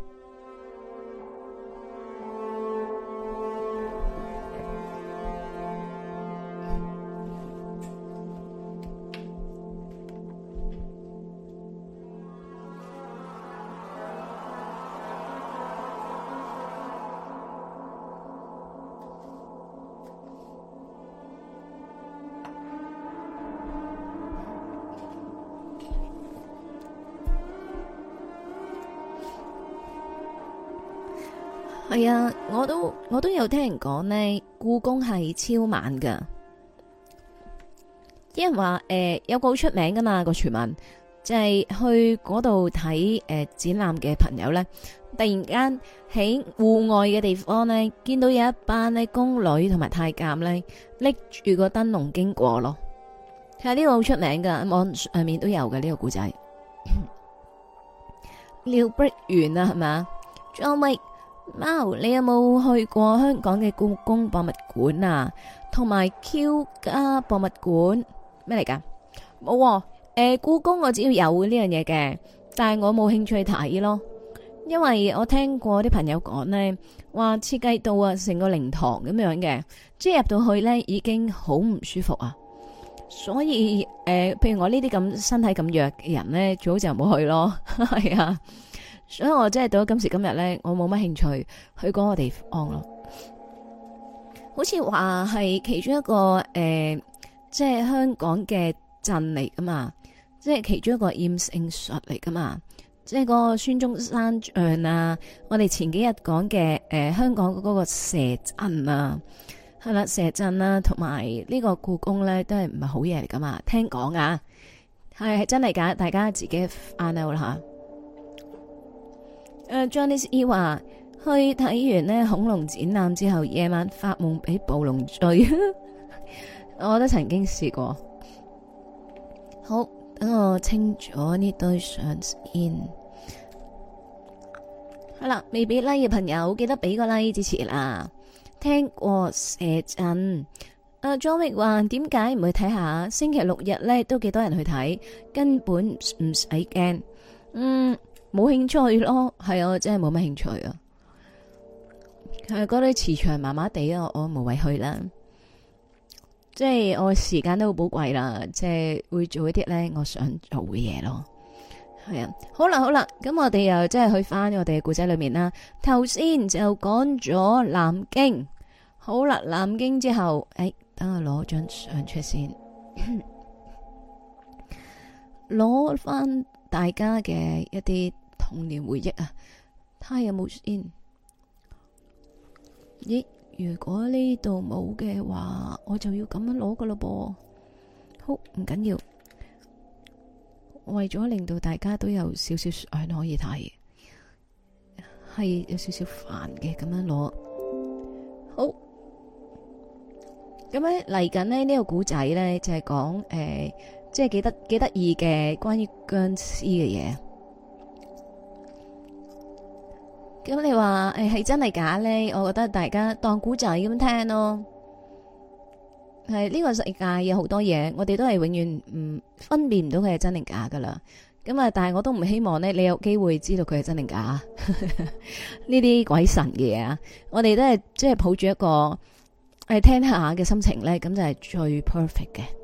係啊，我都我都有聽人講呢，故宮係超猛噶。啲人話誒、呃，有個好出名噶嘛個傳聞，就係、是、去嗰度睇誒展覽嘅朋友咧，突然間喺戶外嘅地方咧，見到有一班呢，宮女同埋太監咧拎住個燈籠經過咯。睇下呢個好出名噶，網上面都有嘅呢、這個故仔，聊唔 完啊，係咪？仲有咪？貓，你有冇去過香港嘅故宮博物館啊？同埋 Q 家博物館咩嚟噶？冇誒、啊呃，故宮我只要有呢樣嘢嘅，但係我冇興趣睇咯，因為我聽過啲朋友講呢，話設計到啊成個靈堂咁樣嘅，即係入到去呢已經好唔舒服啊，所以誒、呃，譬如我呢啲咁身體咁弱嘅人呢，最好就冇去咯，係啊。所以我真係到今時今日咧，我冇乜興趣去嗰個地方咯。好似話係其中一個誒、呃，即係香港嘅鎮嚟噶嘛，即係其中一個厭勝術嚟噶嘛，即係嗰個孫中山像啊，我哋前幾日講嘅誒香港嗰個蛇鎮啊，係啦蛇鎮啦、啊，同埋呢個故宮咧都係唔係好嘢嚟噶嘛，聽講啊，係係真係噶，大家自己翻 out 啦吓。誒、uh，Jonny E 話去睇完呢恐龍展覽之後，夜晚發夢俾暴龍追， 我都曾經試過。好，等我清咗呢堆相先。好啦，未俾 like 嘅朋友記得俾個 like 支持啦。Thank you。阿 Joey 話點解唔去睇下？星期六日咧都幾多人去睇，根本唔使驚。嗯。冇興趣咯，係啊，我真係冇乜興趣啊！係嗰啲磁場麻麻地啊，我冇謂去啦。即係我時間都好寶貴啦，即係會做一啲咧我想做嘅嘢咯。係啊，好啦好啦，咁我哋又即係去翻我哋嘅故仔裏面啦。頭先就講咗南京，好啦，南京之後，誒、欸，等我攞張相出先，攞翻。 大家嘅一啲童年回憶啊，睇下有冇先？咦，如果呢度冇嘅話，我就要咁樣攞噶咯噃。好，唔緊要，要，為咗令到大家都有少少可以睇，係有少少煩嘅咁樣攞。好，咁咧嚟緊咧呢個古仔咧就係講誒。呃即係幾得幾得意嘅關於殭屍嘅嘢，咁你話誒係真定假呢？我覺得大家當古仔咁聽咯。係呢個世界有好多嘢，我哋都係永遠唔分辨唔到佢係真定假噶啦。咁啊，但係我都唔希望呢，你有機會知道佢係真定假呢啲 鬼神嘅嘢啊。我哋都係即係抱住一個誒聽下嘅心情呢，咁就係最 perfect 嘅。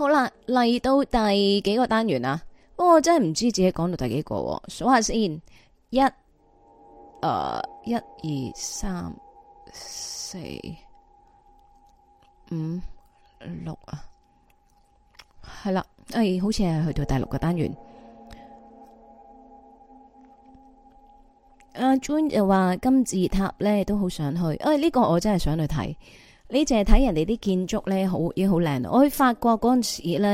好啦，嚟到第幾個單元啊？不過我真係唔知自己講到第幾個，數下先。一，誒，一二三四五六啊，係啦，誒、哎，好似係去到第六個單元。阿 John 又話金字塔咧都好想去，誒、哎，呢、呢個我真係想去睇。你淨係睇人哋啲建築咧，好已經好靚。我去法國嗰陣時咧，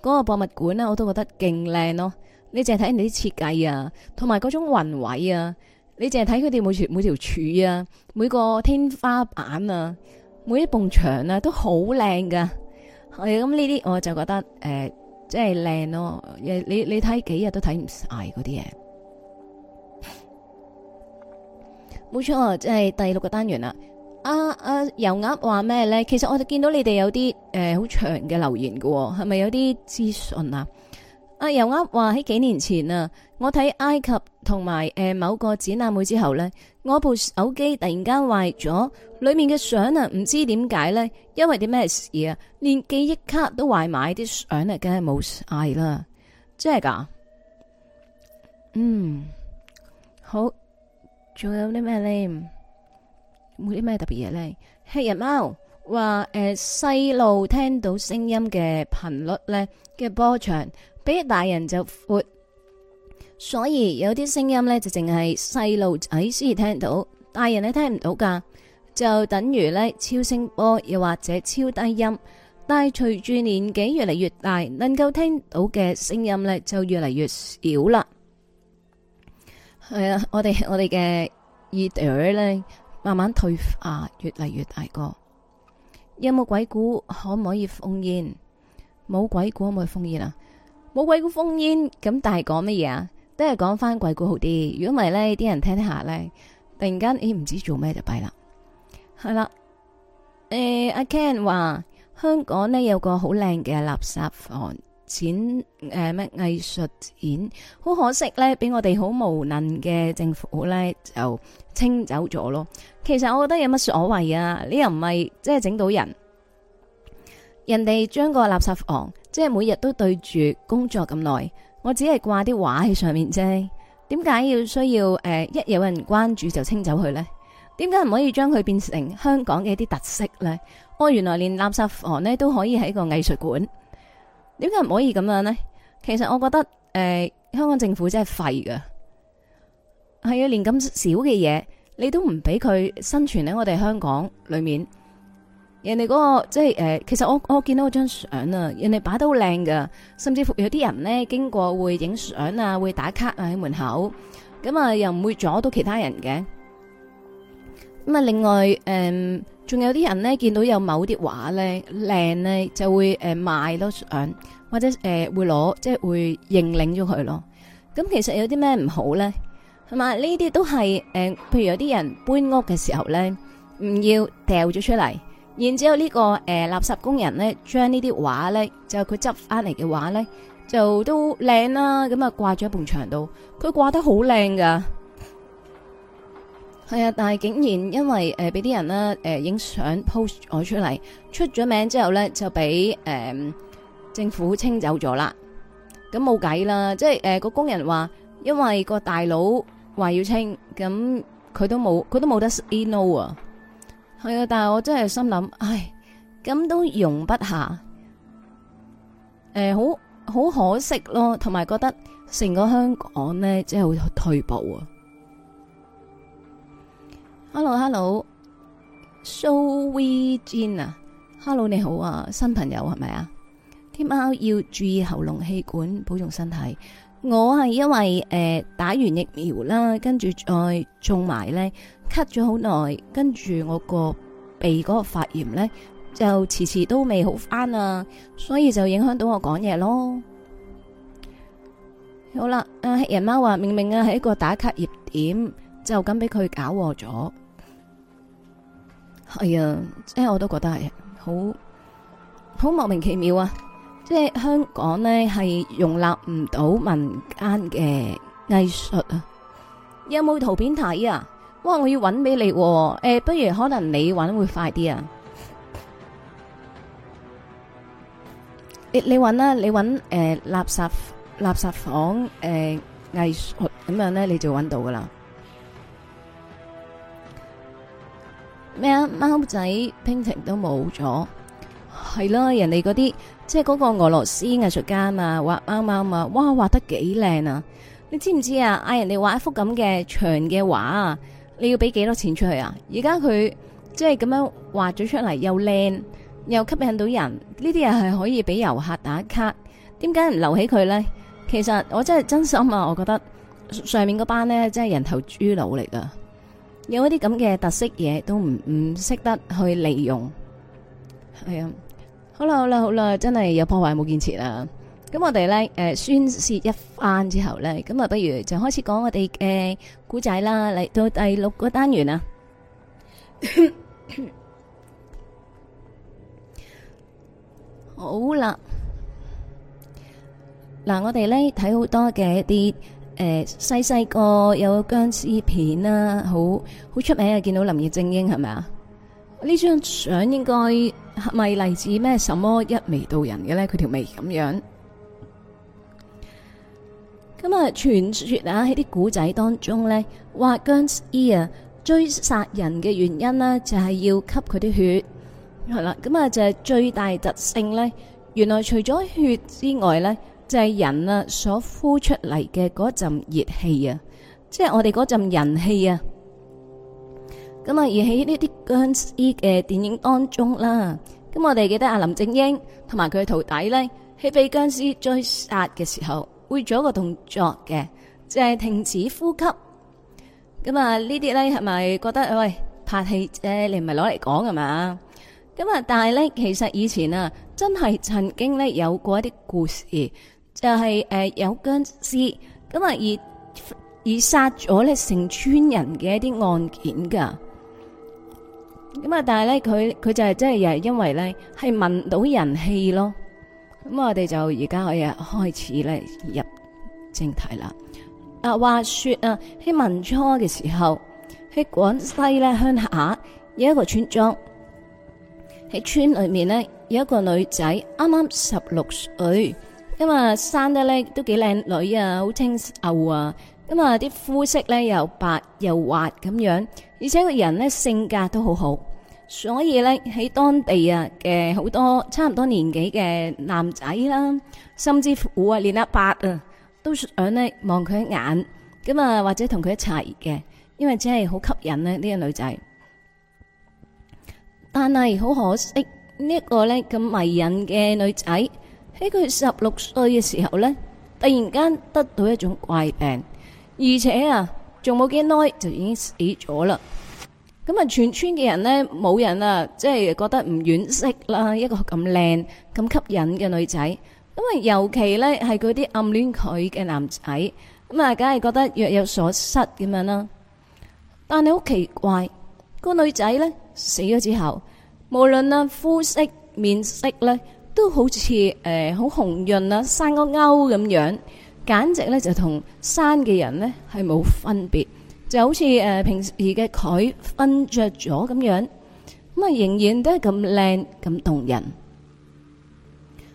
嗰個博物館咧，我都覺得勁靚咯。你淨係睇人哋啲設計啊，同埋嗰種宏偉啊，你淨係睇佢哋每條每條柱啊，每個天花板啊，每一埲牆啊，都好靚噶。係咁呢啲，我就覺得誒，即係靚咯。你你你睇幾日都睇唔晒嗰啲嘢。冇錯，即係第六個單元啦。啊，阿、啊、油鴨話咩咧？其實我哋見到你哋有啲誒好長嘅留言嘅、哦，係咪有啲資訊啊？阿、啊、油鴨話喺幾年前啊，我睇埃及同埋誒某個展覽會之後咧，我部手機突然間壞咗，裏面嘅相啊唔知點解咧，因為啲咩事啊，連記憶卡都壞埋、啊，啲相咧梗係冇晒啦，真係噶。嗯，好，仲有啲咩咧？冇啲咩特別嘢咧。黑人貓話：誒，細路聽到聲音嘅頻率咧嘅波長比大人就闊，所以有啲聲音咧就淨係細路仔先聽到，大人咧聽唔到噶。就等於咧超聲波又或者超低音。但係隨住年紀越嚟越大，能夠聽到嘅聲音咧就越嚟越少啦。係啊，我哋我哋嘅耳朵咧。慢慢退化，越嚟越大個。有冇鬼故？可唔可以封煙？冇鬼故可唔可以封煙啊？冇鬼故封煙，咁但係講乜嘢啊？都係講翻鬼故好啲。如果唔係呢，啲人聽下呢，突然間咦唔知做咩就弊啦。係啦，誒，阿、呃、Ken 話香港呢有個好靚嘅垃圾房展，誒咩藝術展？好、呃、可惜呢，俾我哋好無能嘅政府呢就。清走咗咯，其實我覺得有乜所謂啊？你又唔係即係整到人，人哋將個垃圾房即係每日都對住工作咁耐，我只係掛啲畫喺上面啫，點解要需要誒、呃、一有人關注就清走佢呢？點解唔可以將佢變成香港嘅一啲特色呢？我、哦、原來連垃圾房呢都可以喺一個藝術館，點解唔可以咁樣呢？其實我覺得誒、呃，香港政府真係廢㗎。係啊，連咁少嘅嘢，你都唔俾佢生存喺我哋香港裏面。人哋嗰、嗰個即係誒，其實我我見到張相啊，人哋擺得好靚噶，甚至乎有啲人呢，經過會影相啊，會打卡啊，喺門口咁啊，又唔會阻到其他人嘅咁啊。另外誒，仲、嗯、有啲人呢，見到有某啲畫咧靚呢，就會誒賣咯相，或者誒、呃、會攞即係會認領咗佢咯。咁其實有啲咩唔好咧？同埋呢啲都係誒、呃，譬如有啲人搬屋嘅時候咧，唔要掉咗出嚟，然之後呢、這個誒、呃、垃圾工人咧，將呢啲畫咧，就佢執翻嚟嘅畫咧，就都靚啦。咁啊掛咗喺埲牆度，佢掛得好靚噶係啊，但係竟然因為誒俾啲人咧，誒影相 post 咗出嚟，出咗名之後咧，就俾誒、呃、政府清走咗啦。咁冇計啦，即係誒個工人話，因為個大佬。話要清，咁佢都冇，佢都冇得 say no 啊。係啊，但係我真係心諗，唉，咁都容不下，誒、欸，好好可惜咯，同埋覺得成個香港呢，即係會退步啊。Hello，Hello，Soe Jin 啊，Hello 你好啊，新朋友係咪啊？天喵要注意喉嚨氣管，保重身體。我係因為誒、呃、打完疫苗啦，跟住再種埋咧，咳咗好耐，跟住我個鼻嗰個發炎咧，就遲遲都未好翻啊，所以就影響到我講嘢咯。好啦，黑人貓話明明啊係一個打卡熱點，就咁俾佢搞禍咗。係、哎、啊，即係我都覺得係，好好莫名其妙啊！即係香港呢係容納唔到民間嘅藝術啊！有冇圖片睇啊？哇！我要搵俾你，啊、誒、呃，不如可能你搵會快啲啊！你你搵啦，你搵誒、啊呃、垃圾垃圾房誒藝術咁樣呢，你就搵到噶啦。咩啊？貓仔拼情都冇咗，係咯，人哋嗰啲。即係嗰個俄羅斯藝術家啊，畫啱啱啊，哇畫得幾靚啊！你知唔知啊？嗌人哋畫一幅咁嘅長嘅畫啊，你要俾幾多錢出去啊？而家佢即係咁樣畫咗出嚟，又靚又吸引到人，呢啲又係可以俾遊客打卡。點解唔留起佢呢？其實我真係真心啊，我覺得上面嗰班呢，真係人頭豬腦嚟噶，有一啲咁嘅特色嘢都唔唔識得去利用。係啊。好啦好啦好啦，真係有破壞冇建設啊！咁我哋呢，誒宣洩一番之後呢，咁啊不如就開始講我哋嘅古仔啦，嚟到第六個單元啊！好啦，嗱我哋呢睇好多嘅一啲誒，細細個有僵屍片啦，好好出名啊！見到林正英係咪啊？呢張相應該。係咪嚟自咩？什麼一眉道人嘅呢？佢條眉咁樣。咁啊，傳說啊喺啲古仔當中呢，話僵屍啊追殺人嘅原因呢，就係要吸佢啲血，係啦。咁啊就係最大特性呢。原來除咗血之外呢，就係人啊所呼出嚟嘅嗰陣熱氣啊，即係我哋嗰陣人氣啊。咁啊，而喺呢啲僵屍嘅電影當中啦，咁我哋記得阿林正英同埋佢嘅徒弟咧，去俾僵屍追殺嘅時候，會做一個動作嘅，就係停止呼吸。咁啊，呢啲咧係咪覺得？喂，拍戲誒，你唔係攞嚟講㗎嘛？咁啊，但係咧，其實以前啊，真係曾經咧有過一啲故事，就係誒有僵屍，咁啊而而殺咗咧成村人嘅一啲案件噶。咁啊！但係咧，佢佢就係真係又係因為咧，係聞到人氣咯。咁我哋就而家我開始咧入正題啦。啊，話說啊，喺民初嘅時候，喺廣西咧鄉下有一個村莊，喺村裏面咧有一個女仔，啱啱十六歲，咁啊生得咧都幾靚女啊，好清秀啊，咁啊啲膚色咧又白又滑咁樣。而且個人咧性格都好好，所以咧喺當地啊嘅好多差唔多年紀嘅男仔啦，甚至乎啊連阿伯啊都想咧望佢一眼，咁啊或者同佢一齊嘅，因為真係好吸引咧呢個女仔。但係好可惜呢一個咧咁迷人嘅女仔喺佢十六歲嘅時候咧，突然間得到一種怪病，而且啊。仲冇幾耐就已經死咗啦，咁啊全村嘅人咧冇人啊，即係覺得唔惋惜啦，一個咁靚、咁吸引嘅女仔，因為尤其咧係嗰啲暗戀佢嘅男仔，咁啊梗係覺得若有所失咁樣啦。但係好奇怪，個女仔咧死咗之後，無論啊膚色、面色咧，都好似誒好紅潤啊，生勾勾咁樣。簡直咧就同山嘅人呢係冇分別，就好似誒平時嘅佢瞓着咗咁樣，咁啊仍然都係咁靚咁動人。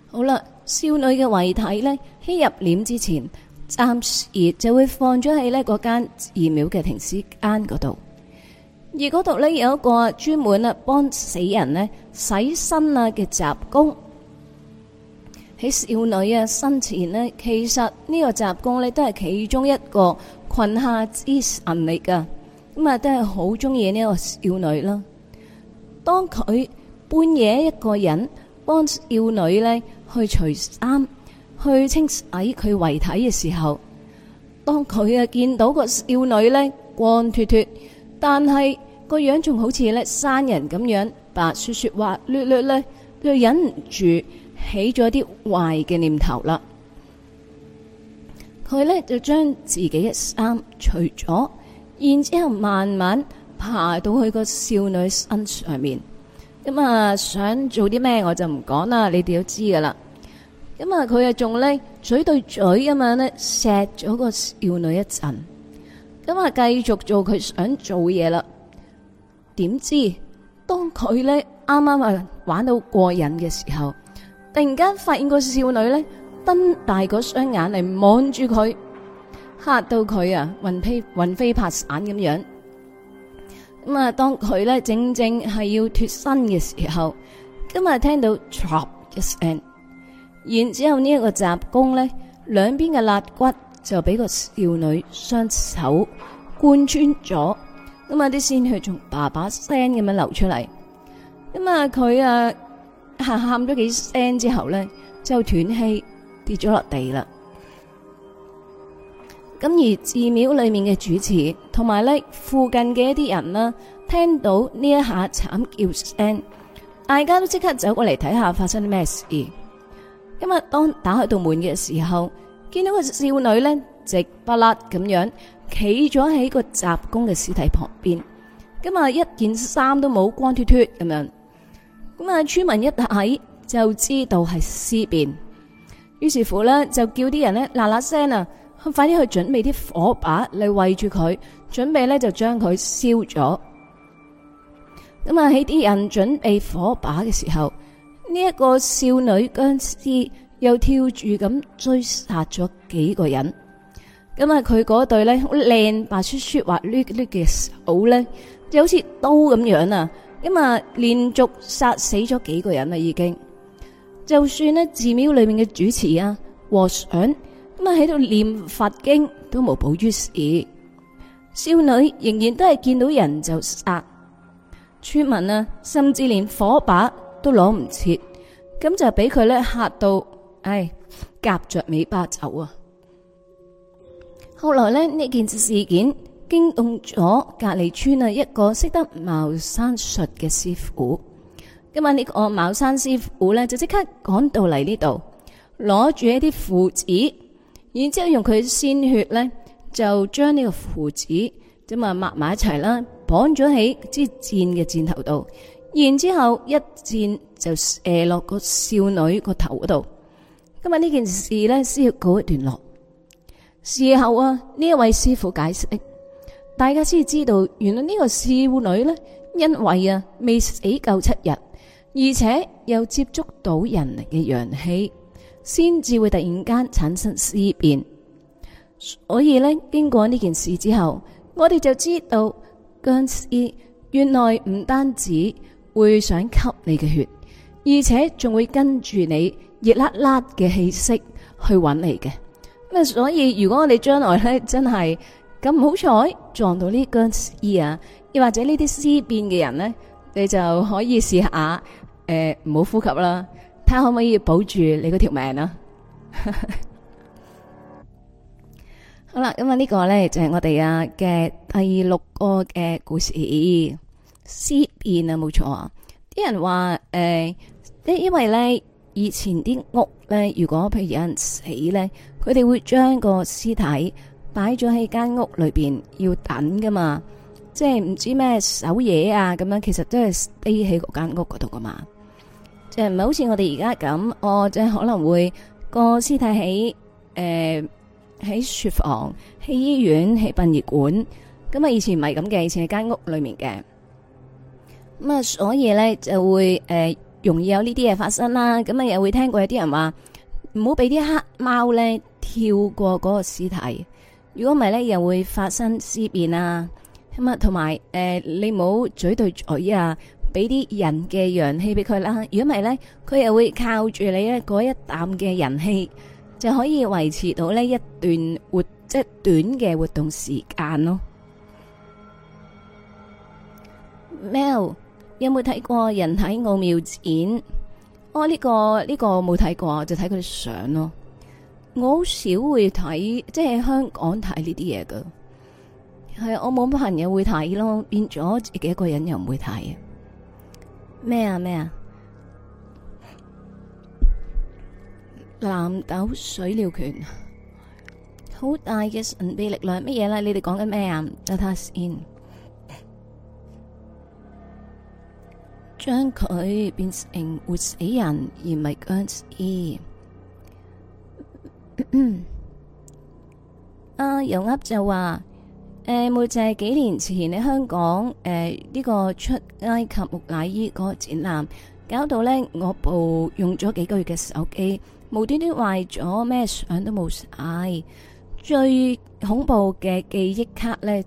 好啦，少女嘅遺體呢，喺入殮之前，暫時就會放咗喺呢嗰間寺廟嘅停屍間嗰度，而嗰度呢，有一個專門啊幫死人呢洗身啊嘅雜工。喺少女啊生前呢，其實呢個雜工呢都係其中一個裙下之神嚟噶，咁啊都係好中意呢個少女啦。當佢半夜一個人幫少女呢去除衫，去清洗佢遺體嘅時候，當佢啊見到個少女呢光脫脫，但係個樣仲好似咧生人咁樣，白雪雪滑捋捋呢，佢忍唔住。起咗啲壞嘅念頭啦，佢咧，就將自己嘅衫除咗，然之後慢慢爬到去個少女身上面，咁、嗯、啊想做啲咩我就唔講啦，你哋都知噶啦。咁啊佢啊仲咧嘴對嘴咁樣咧，錫咗個少女一陣，咁、嗯、啊繼續做佢想做嘢啦。點知當佢咧啱啱啊玩到過癮嘅時候。突然間發現個少女咧，瞪大嗰雙眼嚟望住佢，吓到佢啊，魂飛魂飛魄散咁樣。咁啊，當佢咧正正係要脱身嘅時候，咁啊聽到 trap 一聲，然之後呢一個雜工咧，兩邊嘅肋骨就俾個少女雙手貫穿咗，咁啊啲鮮血仲叭叭聲咁樣流出嚟，咁啊佢啊。喊喊咗幾聲之後呢，就斷氣跌咗落地啦。咁而寺廟裏面嘅主持同埋呢附近嘅一啲人啦，聽到呢一下慘叫聲，大家都即刻走過嚟睇下發生咩事。今日當打開道門嘅時候，見到個少女呢直不甩咁樣企咗喺個雜工嘅屍體旁邊，今日一件衫都冇，光脱脱咁樣。咁啊，村民一睇就知道係屍變，於是乎咧就叫啲人咧，嗱嗱聲啊，快啲去準備啲火把嚟圍住佢，準備咧就將佢燒咗。咁啊喺啲人準備火把嘅時候，呢、這、一個少女僵屍又跳住咁追殺咗幾個人。咁啊，佢嗰對咧好靚，白雪雪滑捋捋嘅手咧，就好似刀咁樣啊！咁啊，連續殺死咗幾個人啦，已經。就算呢寺廟裏面嘅主持啊、和尚，咁啊喺度念佛經都無補於事。少女仍然都係見到人就殺，村民啊，甚至連火把都攞唔切，咁就俾佢咧吓到，唉，夾着尾巴走啊。後來呢，呢件事件。驚動咗隔離村啊！一個識得茅山術嘅師傅，今日呢個茅山師傅咧就即刻趕到嚟呢度，攞住一啲符紙，然之後用佢鮮血咧就將呢個符紙咁啊抹埋一齊啦，綁咗喺支箭嘅箭頭度，然之後一箭就射落個少女個頭嗰度。今日呢件事咧先要告一段落。事後啊，呢一位師傅解釋。大家先知道，原來呢個少女呢，因為啊未死夠七日，而且又接觸到人嘅陽氣，先至會突然間產生屍變。所以呢，經過呢件事之後，我哋就知道僵屍原來唔單止會想吸你嘅血，而且仲會跟住你熱辣辣嘅氣息去揾你嘅。咁啊，所以如果我哋將來呢，真係，咁好彩撞到呢個屍啊，又或者呢啲屍變嘅人咧，你就可以試下誒，唔、呃、好呼吸啦，睇可唔可以保住你嗰條命啊？ 好啦，咁啊呢個咧就係、是、我哋啊嘅第六個嘅故事，屍變啊冇錯啊！啲人話誒、呃，因因為咧以前啲屋咧，如果譬如有人死咧，佢哋會將個屍體。擺咗喺間屋裏邊要等噶嘛，即係唔知咩守夜啊咁樣，其實都係匿喺嗰間屋嗰度噶嘛。即係唔係好似我哋而家咁，我、哦、即係可能會個屍體喺誒喺雪房、喺醫院、喺殯儀館咁啊。以前唔係咁嘅，以前喺間屋裏面嘅咁啊。所以咧就會誒、呃、容易有呢啲嘢發生啦。咁啊，又會聽過有啲人話唔好俾啲黑貓咧跳過嗰個屍體。如果唔係咧，又會發生屍變啊！咁啊，同埋誒，你唔好嘴對嘴啊，俾啲人嘅陽氣俾佢啦。如果唔係咧，佢又會靠住你咧嗰一啖嘅人氣，就可以維持到呢一段活即係短嘅活動時間咯。Mel，有冇睇過人體奧妙展？哦，我呢個呢個冇睇過，就睇佢啲相咯。我好少會睇，即係香港睇呢啲嘢嘅，係我冇乜朋友會睇咯，變咗自己一個人又唔會睇。咩啊咩啊！藍豆水鳥拳，好大嘅神秘力量，乜嘢咧？你哋講緊咩啊？Let us in，將佢變成活死人而唔係殭屍。阿油鴨就話：誒、呃，未就係幾年前喺香港誒呢、呃這個出埃及木乃伊嗰個展覽，搞到呢我部用咗幾個月嘅手機，無端端壞咗，咩相都冇晒。最恐怖嘅記憶卡呢，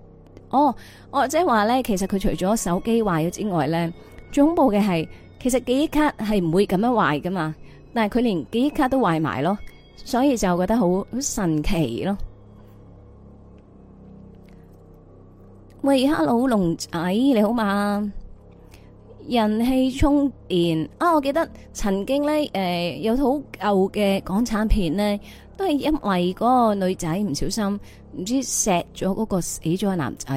哦，我即係話呢，其實佢除咗手機壞咗之外呢，最恐怖嘅係，其實記憶卡係唔會咁樣壞噶嘛，但係佢連記憶卡都壞埋咯。所以就覺得好好神奇咯喂。喂，Hello 龍仔，你好嘛？人氣充電啊、哦！我記得曾經呢，誒、呃、有套好舊嘅港產片呢，都係因為嗰個女仔唔小心，唔知錫咗嗰個死咗嘅男仔，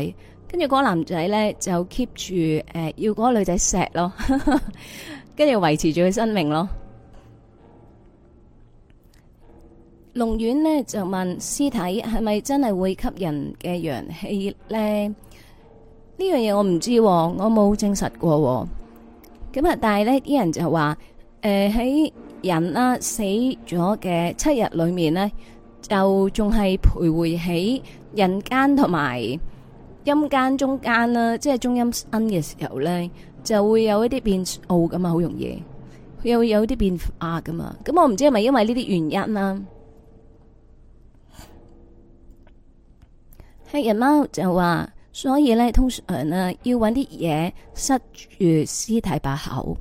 跟住嗰個男仔呢，就 keep 住誒要嗰個女仔錫咯，跟住維持住佢生命咯。龍院呢就問屍體係咪真係會吸人嘅陽氣呢？呢樣嘢我唔知，我冇證實過咁啊。但係呢啲人就話誒喺人啦，死咗嘅七日裏面呢，就仲係徘徊喺人間同埋陰間中間啦，即係中陰身嘅時候呢，就會有一啲變惡噶嘛，好容易又會有有啲變化噶嘛。咁我唔知係咪因為呢啲原因啦。黑人貓就話，所以咧通常啊，要揾啲嘢塞住屍體把口。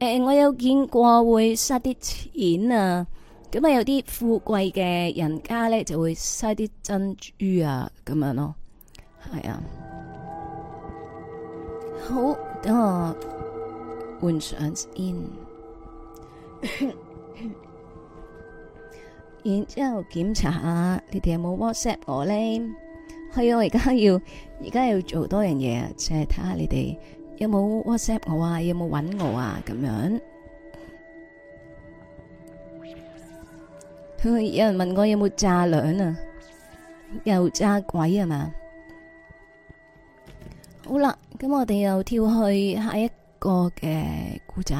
誒、欸，我有見過會塞啲錢啊，咁啊有啲富貴嘅人家咧就會塞啲珍珠啊咁樣咯，係啊。好，等我換上先， 然之後檢查下你哋有冇 WhatsApp 我咧。係我而家要，而家要做多樣嘢，即係睇下你哋有冇 WhatsApp 我啊，有冇搵我啊，咁樣。有人問我有冇炸兩啊？油炸鬼係嘛？好啦，咁我哋又跳去下一個嘅故仔。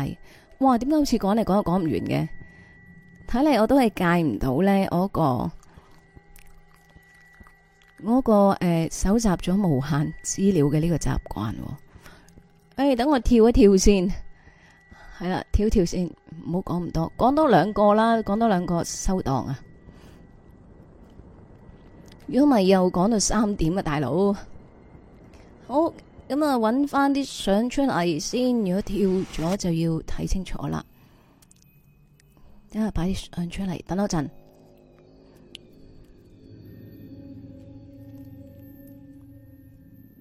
哇，點解好似講嚟講去講唔完嘅？睇嚟我都係戒唔到咧，我個。我、那個誒、欸，搜集咗無限資料嘅呢個習慣。誒，等我跳一跳先，係啦，跳一跳先，唔好講咁多，講多兩個啦，講多兩個收檔啊。如果唔係又講到三點啊，大佬。好，咁啊，揾翻啲相出嚟先。如果跳咗就要睇清楚啦。等下擺啲相出嚟，等多陣。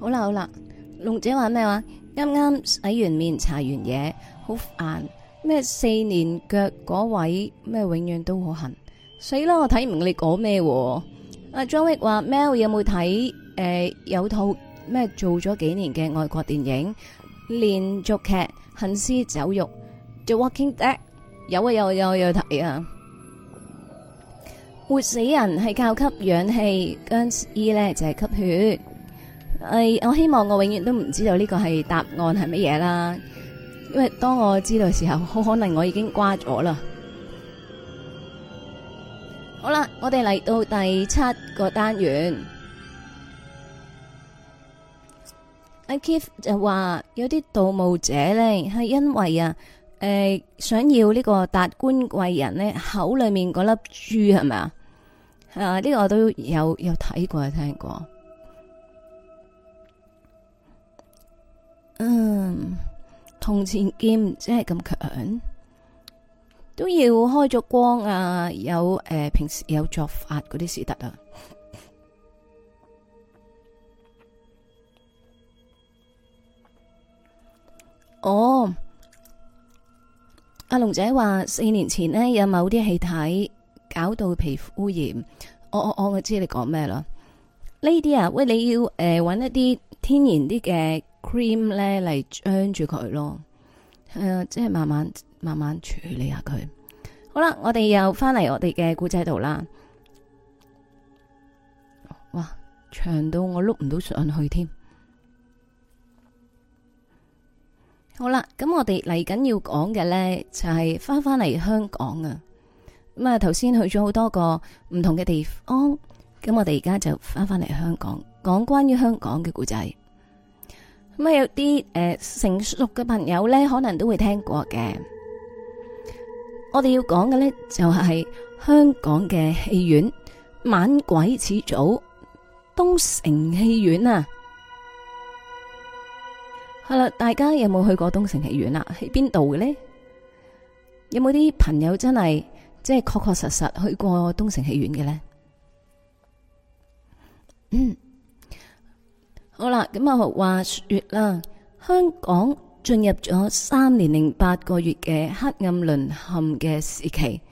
好啦好啦，龍姐話咩話？啱啱洗完面，搽完嘢，好痕咩？四年腳嗰位咩，永遠都好痕。死啦！我睇唔明你講咩、啊？阿張力話 Mel 有冇睇誒有,、呃、有套咩做咗幾年嘅外國電影連續劇《行屍走肉》？The Walking Dead 有啊有啊有啊有睇啊,啊！活死人係靠吸氧氣，僵屍咧就係、是、吸血。誒，我希望我永遠都唔知道呢個係答案係乜嘢啦，因為當我知道的時候，好可能我已經瓜咗啦。好啦，我哋嚟到第七個單元阿。阿 Keith 就話有啲盜墓者咧，係因為啊，誒、呃，想要呢個達官貴人呢，口裏面嗰粒珠係咪啊？啊，呢、呢個我都有有睇過，有聽過。嗯，銅錢劍真係咁強，都要開咗光啊！有誒、呃，平時有作法嗰啲先得啊。哦，阿龍仔話四年前呢，有某啲氣體搞到皮膚污染，我我我我知你講咩啦。呢啲啊，喂，你要誒搵、呃、一啲天然啲嘅。cream 咧，嚟將住佢咯，誒，即係慢慢慢慢處理下佢。好啦，我哋又翻嚟我哋嘅故仔度啦。哇，長到我碌唔到上去添。好啦，咁我哋嚟緊要講嘅呢就係翻翻嚟香港啊。咁啊，頭先去咗好多個唔同嘅地方，咁我哋而家就翻翻嚟香港，講關於香港嘅故仔。咁有啲誒成熟嘅朋友咧，可能都會聽過嘅。我哋要講嘅咧就係香港嘅戲院猛鬼始祖東城戲院啊。係啦，大家有冇去過東城戲院啊？喺邊度嘅呢？有冇啲朋友真係即係確確實實去過東城戲院嘅呢？嗯。好啦，咁啊話說啦，香港進入咗三年零八個月嘅黑暗淪陷嘅時期。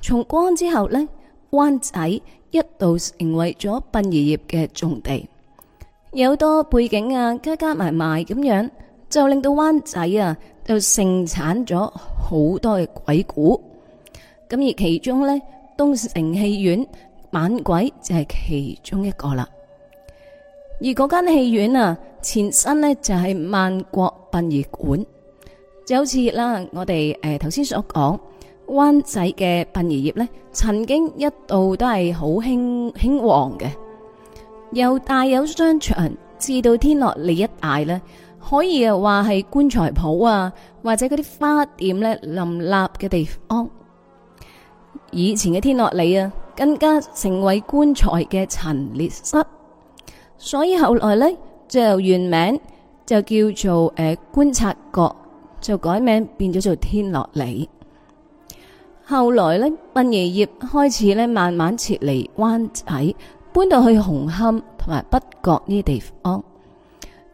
重光之後呢，灣仔一度成為咗殯儀業嘅重地，有多背景啊，加加埋埋咁樣，就令到灣仔啊就盛產咗好多嘅鬼故。咁而其中呢，東城戲院晚鬼就係其中一個啦。而嗰間戲院啊，前身呢就係萬國殯儀館，就好似啦，我哋誒頭先所講灣仔嘅殯儀業呢，曾經一度都係好興興旺嘅，由大有商場至到天樂里一帶呢，可以話係棺材鋪啊，或者嗰啲花店呢，林立嘅地方。以前嘅天樂里啊，更加成為棺材嘅陳列室。所以後來咧，就原名就叫做誒觀察閣，就改名變咗做天樂里。後來咧，殯儀業開始咧慢慢撤離灣仔，搬到去紅磡同埋北角呢啲地方。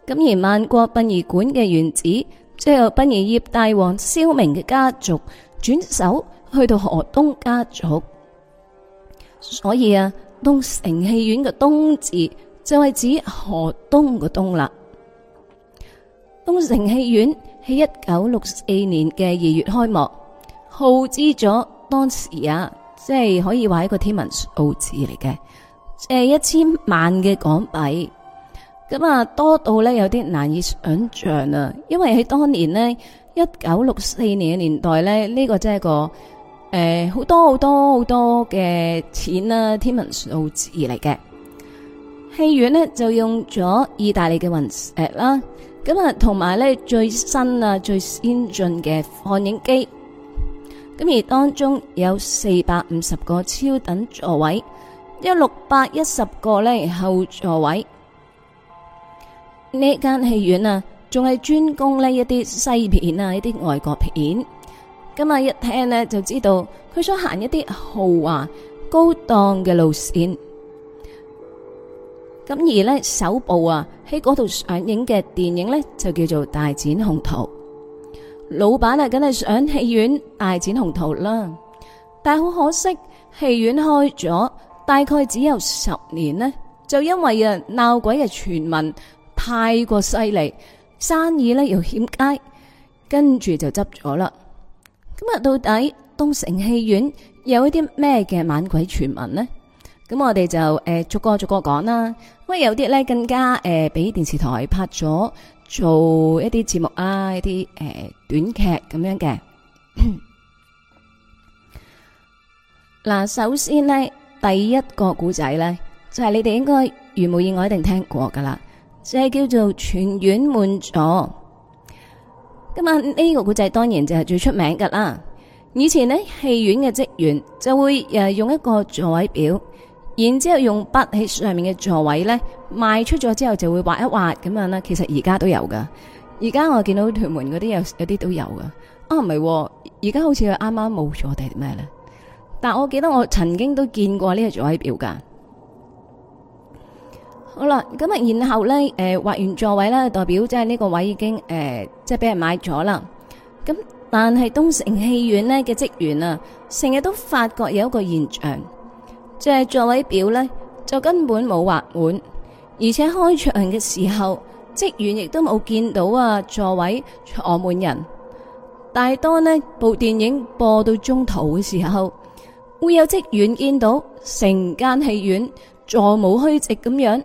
咁而萬國殯儀館嘅原址，即係殯儀業大王蕭明嘅家族轉手去到河東家族，所以啊，東城戲院嘅東字。就係指河東個東啦。東城戲院喺一九六四年嘅二月開幕，耗資咗當時啊，即係可以話一個天文數字嚟嘅，即係一千萬嘅港幣。咁啊，多到咧有啲難以想像啊！因為喺當年呢，一九六四年嘅年代咧，呢個即係個誒好多好多好多嘅錢啦，天文數字嚟嘅。戲院呢就用咗意大利嘅雲石啦，咁啊同埋呢最新啊最先進嘅放映機，咁而當中有四百五十個超等座位，有六百一十個咧後座位。呢間戲院啊，仲係專攻呢一啲西片啊一啲外國片，咁啊一聽呢就知道佢想行一啲豪華高檔嘅路線。咁而呢首部啊喺嗰度上映嘅電影呢，就叫做《大展宏圖》。老闆啊，梗係想戲院大展宏圖啦，但係好可惜，戲院開咗大概只有十年呢，就因為啊鬧鬼嘅傳聞太過犀利，生意呢又欠佳，跟住就執咗啦。咁啊，到底東城戲院有一啲咩嘅猛鬼傳聞呢？咁我哋就誒逐個逐個講啦。喂，有啲咧更加誒，俾電視台拍咗做一啲節目啊，一啲誒短劇咁樣嘅。嗱，首先咧第一個古仔咧，就係你哋應該如無意外一定聽過噶啦，就係叫做全院滿座。今日呢個古仔當然就係最出名噶啦。以前咧戲院嘅職員就會誒用一個座位表。然之後用筆喺上面嘅座位咧賣出咗之後就會畫一畫咁樣啦。其實而家都有噶，而家我見到屯門嗰啲有啲都有噶。啊唔係，而家好似佢啱啱冇咗定係咩咧？但我記得我曾經都見過呢個座位表噶。好啦，咁啊，然後咧誒、呃、畫完座位咧，代表即係呢個位已經誒、呃、即係俾人買咗啦。咁但係東城戲院呢嘅職員啊，成日都發覺有一個現象。即係座位表呢，就根本冇畫滿，而且開場嘅時候，職員亦都冇見到啊座位坐滿人。大多呢部電影播到中途嘅時候，會有職員見到成間戲院座無虛席咁樣。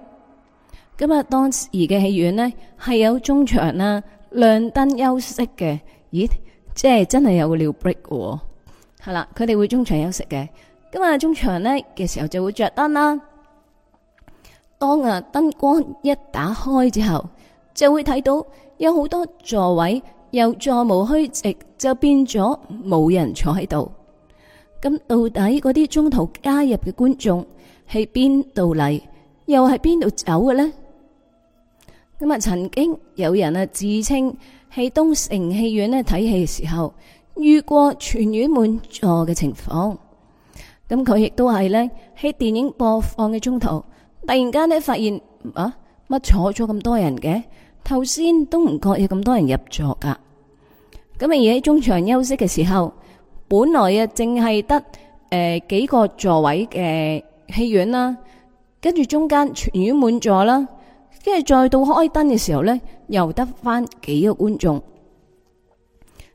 咁、嗯、啊，當時嘅戲院呢，係有中場啊亮燈休息嘅，咦，即係真係有個尿 break 喎、啊？係啦，佢哋會中場休息嘅。今日中場呢嘅時候就會着燈啦。當啊燈光一打開之後，就會睇到有好多座位又座無虛席，就變咗冇人坐喺度。咁到底嗰啲中途加入嘅觀眾係邊度嚟，又係邊度走嘅呢？咁啊，曾經有人啊自稱喺東城戲院呢睇戲嘅時候遇過全院滿座嘅情況。咁佢亦都係咧，喺電影播放嘅中途，突然間咧發現啊，乜坐咗咁多人嘅？頭先都唔覺意咁多人入座噶。咁啊，而喺中場休息嘅時候，本來啊，淨係得誒幾個座位嘅戲院啦，跟住中間全院滿座啦，跟住再到開燈嘅時候咧，又得翻幾個觀眾。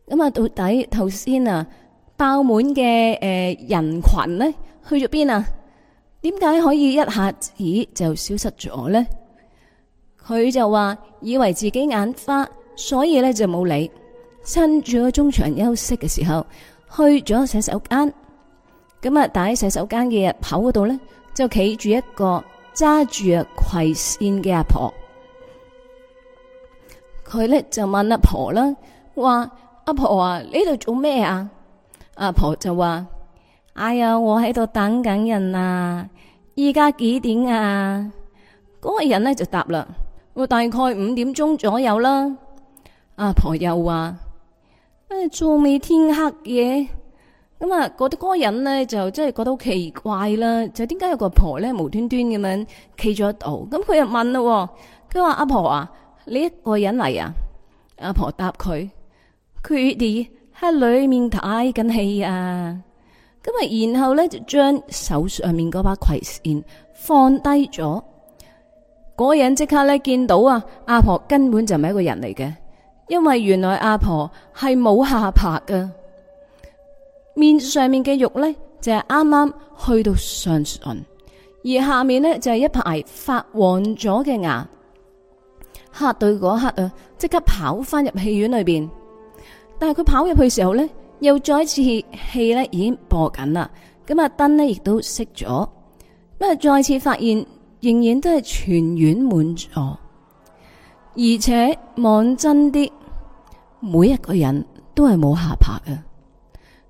咁啊，到底頭先啊？爆滿嘅誒人群呢，去咗邊啊？點解可以一下子就消失咗呢？佢就話以為自己眼花，所以咧就冇理。趁住個中場休息嘅時候，去咗洗手間。咁啊，打喺洗手間嘅入口嗰度咧，就企住一個揸住啊葵扇嘅阿婆。佢咧就問阿婆啦，話阿婆啊，呢度做咩啊？阿婆就話：哎呀，我喺度等緊人啊！依家幾點啊？嗰、那個人咧就答啦：我大概五點鐘左右啦。阿婆又話：唉、哎，仲未天黑嘅。咁啊，嗰啲嗰個人咧就真係覺得好奇怪啦。就點解有個婆咧無端端咁樣企咗喺度？咁佢又問咯，佢話阿婆啊，你一個人嚟啊？阿婆答佢：佢哋。喺裏面睇緊戲啊，咁啊，然後咧就將手上面嗰把葵扇放低咗，嗰、那個、人即刻咧見到啊，阿婆根本就唔係一個人嚟嘅，因為原來阿婆係冇下巴嘅，面上面嘅肉咧就係啱啱去到上唇，而下面呢，就係、是、一排發黃咗嘅牙，嚇到嗰刻啊，即刻跑翻入戲院裏邊。但係佢跑入去時候呢，又再一次戲呢已經播緊啦，咁啊燈呢亦都熄咗，咁啊再次發現仍然都係全院滿座，而且望真啲每一個人都係冇下巴啊！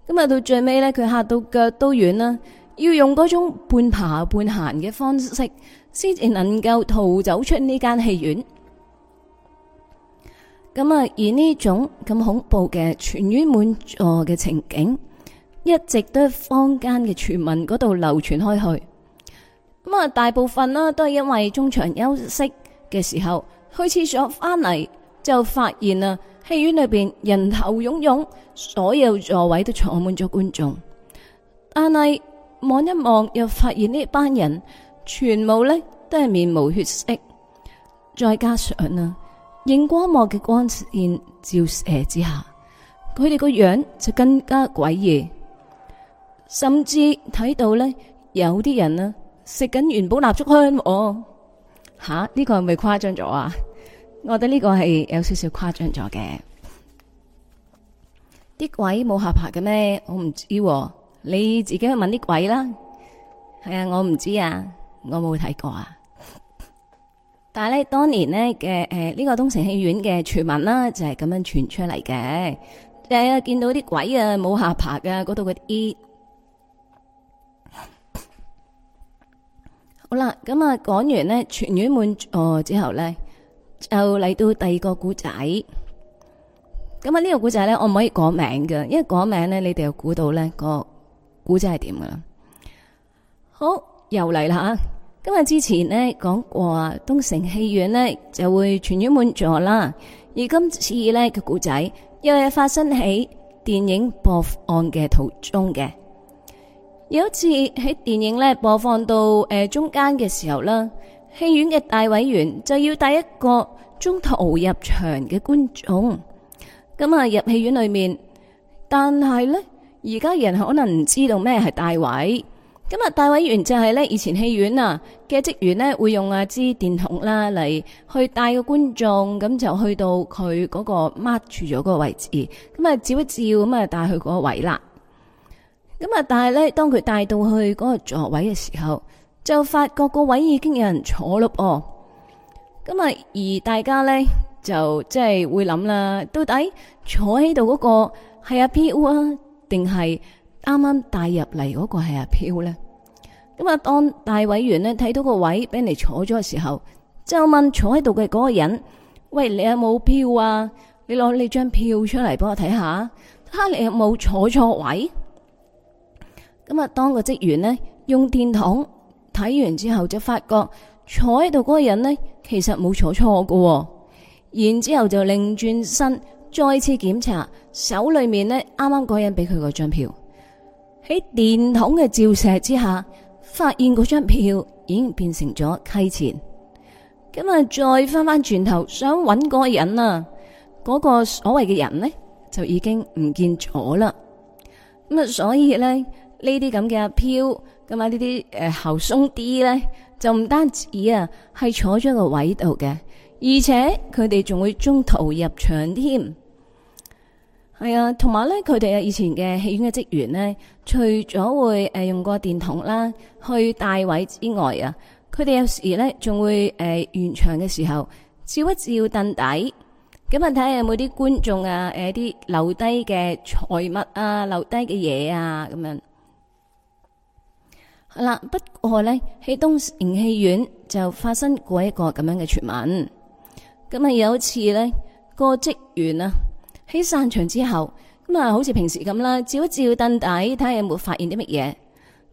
咁啊到最尾呢，佢嚇到腳都軟啦，要用嗰種半爬半行嘅方式先至能夠逃走出呢間戲院。咁啊！而呢種咁恐怖嘅全院滿座嘅情景，一直都喺坊間嘅傳聞嗰度流傳開去。咁啊，大部分都係因為中場休息嘅時候去廁所翻嚟，就發現啊戲院裏邊人頭湧湧，所有座位都坐滿咗觀眾。但係望一望，又發現呢班人全部呢都係面無血色，再加上啊。熒光幕嘅光線照射之下，佢哋個樣就更加詭異，甚至睇到咧，有啲人啊食緊元寶蠟燭香哦，吓，呢個係咪誇張咗啊？我覺得呢個係有少少誇張咗嘅，啲鬼冇下巴嘅咩？我唔知啊，你自己去問啲鬼啦。係啊，我唔知啊，我冇睇過啊。但係咧，當年咧嘅誒，呢、呃、個東城戲院嘅傳聞啦，就係咁樣傳出嚟嘅。就誒，見到啲鬼啊，冇下巴嘅，嗰度嘅煙。好啦，咁啊，講、嗯、完咧，全院滿座之後咧，就嚟到第二個古仔。咁、嗯、啊，嗯嗯這個、故呢個古仔咧，我唔可以講名㗎，因為講名咧，你哋又估到咧個古仔係點噶啦。好，又嚟啦。因為之前呢講過啊，東城戲院呢就會全院滿座啦。而今次呢，個故仔又係發生喺電影播映嘅途中嘅。有一次喺電影呢播放到誒中間嘅時候啦，戲院嘅大委員就要帶一個中途入場嘅觀眾。咁啊入戲院裏面，但係呢，而家人可能唔知道咩係大位。今日大委員就係咧，以前戲院啊嘅職員咧，會用啊支電筒啦嚟，去帶個觀眾，咁就去到佢嗰個 mark 住咗嗰個位置，咁啊照一照，咁啊帶去個位啦。咁啊，但係咧，當佢帶到去嗰個座位嘅時候，就發覺個位已經有人坐咯喎。咁啊，而大家咧就即係會諗啦，到底坐喺度嗰個係阿 P U 啊，定係？啱啱帶入嚟嗰個係阿飄呢。咁啊，當大委員咧睇到個位俾人嚟坐咗嘅時候，就問坐喺度嘅嗰個人：喂，你有冇票啊？你攞你張票出嚟幫我睇下。睇下你有冇坐錯位？咁啊，當個職員咧用電筒睇完之後，就發覺坐喺度嗰個人呢其實冇坐錯噶。然之後就擰轉身再次檢查，手裏面呢啱啱嗰人俾佢嗰張票。喺電筒嘅照射之下，發現嗰張票已經變成咗溪錢。咁啊，再翻翻轉頭想搵嗰個人啊，嗰、那個所謂嘅人呢，就已經唔見咗啦。咁啊，所以咧呢啲咁嘅票，咁啊呢啲誒厚鬆啲咧，就唔單止啊係坐咗個位度嘅，而且佢哋仲會中途入場添。係啊，同埋咧，佢哋啊，以前嘅戲院嘅職員咧，除咗會誒用過電筒啦去帶位之外啊，佢哋有時咧仲會誒完場嘅時候照一照凳底，咁啊睇下有冇啲觀眾啊，誒、呃、啲留低嘅財物啊，留低嘅嘢啊，咁樣。嗱、啊，不過咧，喺東城戲院就發生過一個咁樣嘅傳聞。咁啊，有一次咧，個職員啊。喺散場之後，咁啊，好似平時咁啦，照一照凳底，睇下有冇發現啲乜嘢。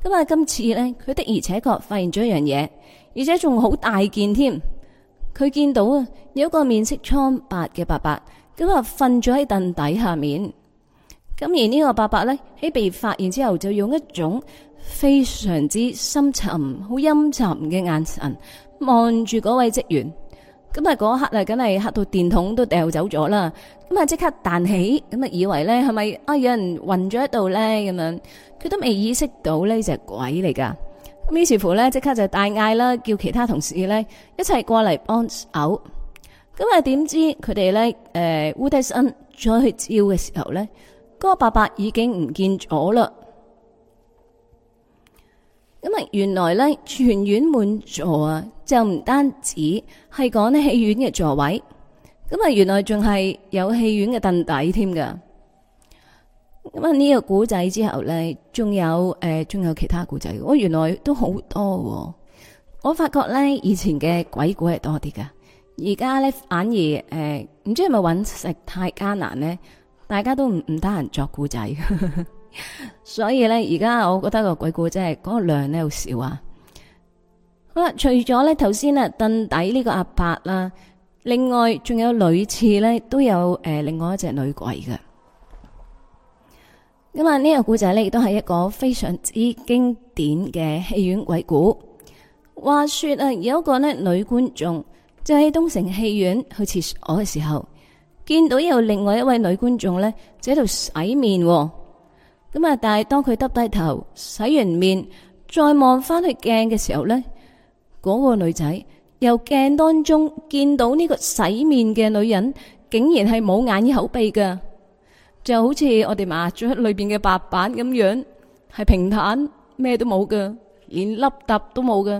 咁啊，今次咧，佢的而且確發現咗一樣嘢，而且仲好大件添。佢見到啊，有一個面色蒼白嘅伯伯，咁啊，瞓咗喺凳底下面。咁而呢個伯伯咧，喺被發現之後，就用一種非常之深沉、好陰沉嘅眼神望住嗰位職員。咁啊！嗰刻啊，梗係吓到電筒都掉走咗啦！咁啊，即刻彈起，咁啊，以為咧係咪啊有人暈咗喺度咧？咁樣佢都未意識到呢隻鬼嚟噶。咁於是乎咧，即刻就大嗌啦，叫其他同事咧一齊過嚟幫手。咁啊，點知佢哋咧誒，烏德 n 再去照嘅時候咧，嗰、那個伯伯已經唔見咗啦。咁啊，原來咧全院滿座啊，就唔單止係講咧戲院嘅座位，咁啊，原來仲係有戲院嘅凳底添噶。咁啊呢個古仔之後咧，仲有誒仲、呃、有其他古仔，我、哦、原來都好多、哦。我發覺咧以前嘅鬼故係多啲噶，而家咧反而誒唔、呃、知係咪揾食太艱難咧，大家都唔唔得閒作古仔。所以呢，而家我覺得個鬼故真係嗰個量呢，好少啊。好啦，除咗呢頭先啊，凳底呢個阿伯啦，另外仲有女廁，呢都有誒、呃，另外一隻女鬼嘅。咁、嗯、啊、呢、這個故仔呢亦都係一個非常之經典嘅戲院鬼故。話說啊，有一個呢女觀眾就喺東城戲院去廁所嘅時候，見到有另外一位女觀眾呢，就喺度洗面喎。咁啊！但係當佢耷低頭洗完面，再望翻去鏡嘅時候呢，嗰個女仔由鏡當中見到呢個洗面嘅女人，竟然係冇眼耳口鼻噶，就好似我哋麻雀裏邊嘅白板咁樣，係平坦咩都冇噶，連凹凸都冇噶。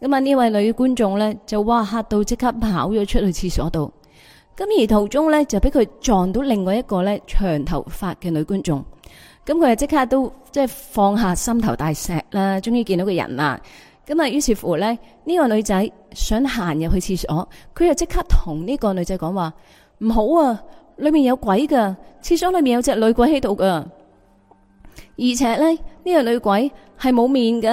咁啊，呢位女觀眾呢，就哇嚇到即刻跑咗出去廁所度，咁而途中呢，就俾佢撞到另外一個呢長頭髮嘅女觀眾。咁佢就即刻都即係放下心頭大石啦，終於見到個人啦。咁啊，於是乎咧，呢、這個女仔想行入去廁所，佢就即刻同呢個女仔講話：唔好啊，裏面有鬼噶，廁所裏面有隻女鬼喺度噶。而且咧，呢、這個女鬼係冇面噶。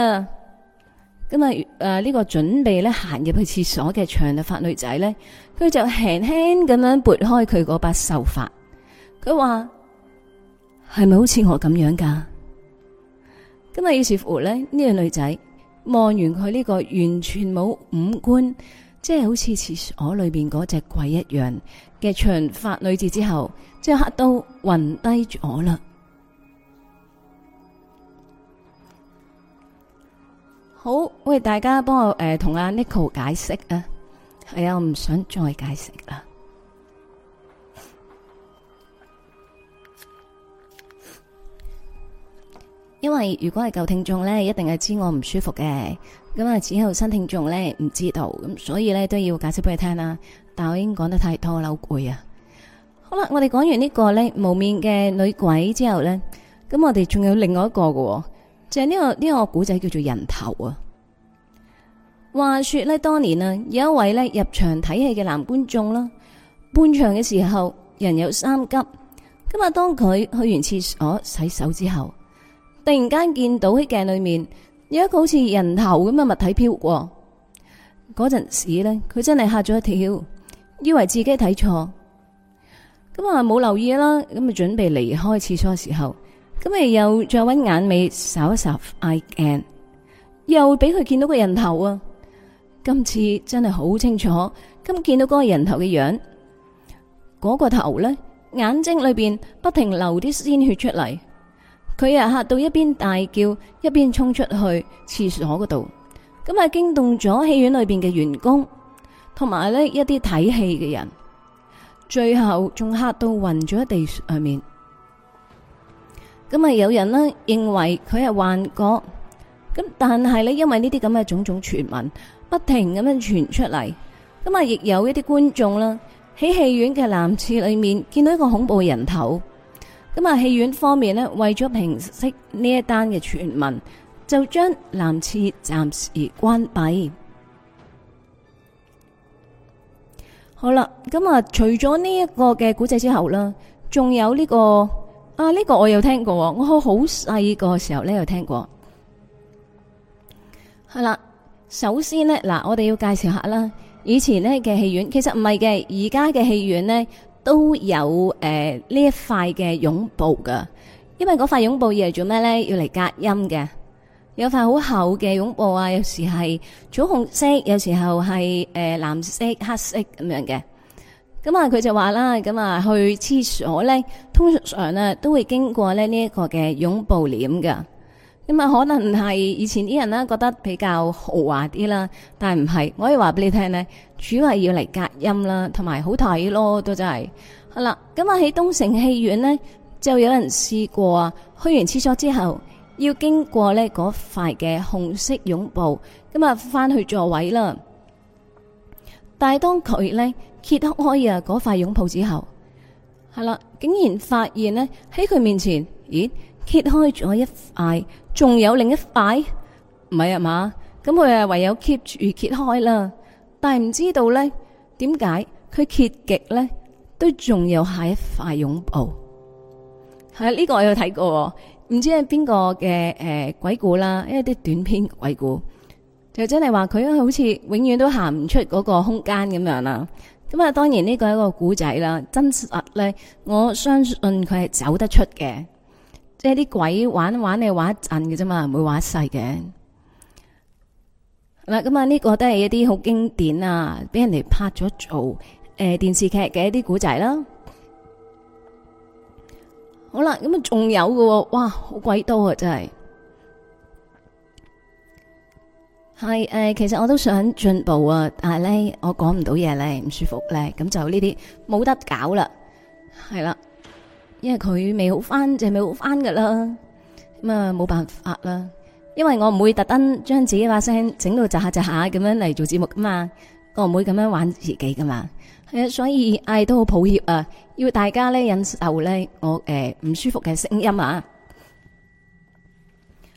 咁啊，誒、呃、呢、這個準備咧行入去廁所嘅長髮女仔咧，佢就輕輕咁樣撥開佢嗰把秀髮，佢話。係咪好似我咁樣噶？今日於是乎咧，呢個女仔望完佢呢個完全冇五官，即係好似廁所裏邊嗰隻鬼一樣嘅長髮女子之後，即刻都到暈低咗啦。好，喂，大家幫我誒同阿 Nico 解釋啊。係、哎、啊，我唔想再解釋啦。因為如果係舊聽眾呢，一定係知我唔舒服嘅。咁啊，只有新聽眾呢，唔知道，咁所以呢，都要解釋俾佢聽啦。但我已經講得太多，我好攰啊。好啦，我哋講完呢、這個咧，無面嘅女鬼之後呢，咁我哋仲有另外一個嘅，就係、是、呢、這個呢、這個古仔叫做人頭啊。話說呢，當年啊，有一位呢入場睇戲嘅男觀眾啦，半場嘅時候人有三急，咁啊，當佢去完廁所洗手之後，突然間見到喺鏡裏面有一個好似人頭咁嘅物體飄過，嗰陣時呢，佢真係吓咗一跳，以為自己睇錯。咁啊冇留意啦，咁啊準備離開廁所嘅時候，咁咪又再搵眼尾稍一稍。again 又俾佢見到個人頭啊！今次真係好清楚，今見到嗰個人頭嘅樣，嗰、嗰個頭呢，眼睛裏邊不停流啲鮮血出嚟。佢啊嚇到一邊大叫，一邊衝出去廁所嗰度，咁啊驚動咗戲院裏邊嘅員工，同埋呢一啲睇戲嘅人，最後仲嚇到暈咗喺地上面。咁啊，有人呢認為佢係幻覺，咁但係呢，因為呢啲咁嘅種種傳聞，不停咁樣傳出嚟，咁啊亦有一啲觀眾啦喺戲院嘅男廁裏面見到一個恐怖嘅人頭。咁啊，戲院方面呢，為咗平息呢一單嘅傳聞，就將男廁暫時關閉。好啦，咁、這個、啊，除咗呢一個嘅古仔之後啦，仲有呢個啊，呢個我又聽過，我好細個嘅時候呢有聽過。係啦，首先呢，嗱，我哋要介紹下啦，以前呢嘅戲院，其實唔係嘅，而家嘅戲院呢。都有誒呢、呃、一塊嘅絨布噶，因為嗰塊絨布嘢做咩咧？要嚟隔音嘅，有塊好厚嘅絨布啊，有時係棗紅色，有時候係誒、呃、藍色、黑色咁樣嘅。咁啊，佢就話啦，咁啊去廁所咧，通常啊都會經過咧呢一個嘅絨布簾噶。咁啊，可能係以前啲人啦覺得比較豪華啲啦，但係唔係，我可以話俾你聽咧。主要係要嚟隔音啦，同埋好睇咯，都真係。好、嗯、啦，咁啊喺東城戲院呢，就有人試過啊，去完廁所之後，要經過呢嗰塊嘅紅色擁抱，咁啊翻去座位啦。但係當佢呢揭開啊嗰塊擁抱之後，係、嗯、啦，竟然發現呢喺佢面前，咦，揭開咗一塊，仲有另一塊，唔係啊嘛？咁佢啊唯有 keep 住揭開啦。但係唔知道咧，點解佢竭極咧都仲有下一塊擁抱？係啊，呢個我有睇過，唔知係邊個嘅誒鬼故啦，因為啲短篇鬼故就真係話佢好似永遠都行唔出嗰個空間咁樣啦。咁啊，當然呢個係一個古仔啦，真實咧，我相信佢係走得出嘅，即係啲鬼玩玩你，玩一陣嘅啫嘛，唔會玩一世嘅。嗱咁啊，呢個都係一啲好經典啊，俾人哋拍咗做誒電視劇嘅一啲古仔啦。好啦，咁啊仲有嘅，哇，好鬼多啊，真係。係誒，其實我都想進步啊，但係咧，我講唔到嘢咧，唔舒服咧，咁就呢啲冇得搞啦。係啦，因為佢未好返，就係未好返㗎喇。咁啊，冇辦法啦。因為我唔會特登將自己把聲整到，窒下窒下咁樣嚟做節目噶嘛。我唔會咁樣玩自己噶嘛。啊，所以唉都好抱歉啊，要大家咧忍受咧我誒唔、呃、舒服嘅聲音啊。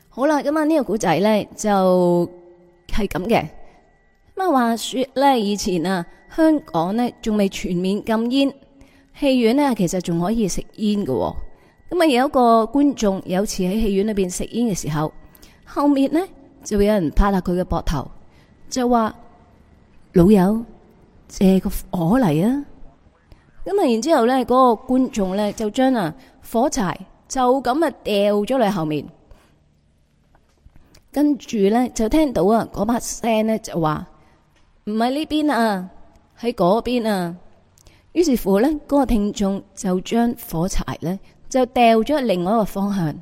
好啦，咁、嗯、啊、這個、呢個古仔咧就係咁嘅。咁啊，話說咧以前啊，香港咧仲未全面禁煙，戲院咧其實仲可以食煙㗎喎。咁、嗯、啊，有一個觀眾有次喺戲院裏面食煙嘅時候。後面呢，就有人拍下佢嘅膊頭，就話老友，借個火嚟啊！咁啊，然之後呢嗰個觀眾呢，就將啊火柴就咁啊掉咗嚟後面，跟住呢，就聽到啊嗰把聲呢，就話唔係呢邊啊，喺嗰邊啊。於是乎呢，嗰個聽眾就將火柴呢，就掉咗另外一個方向。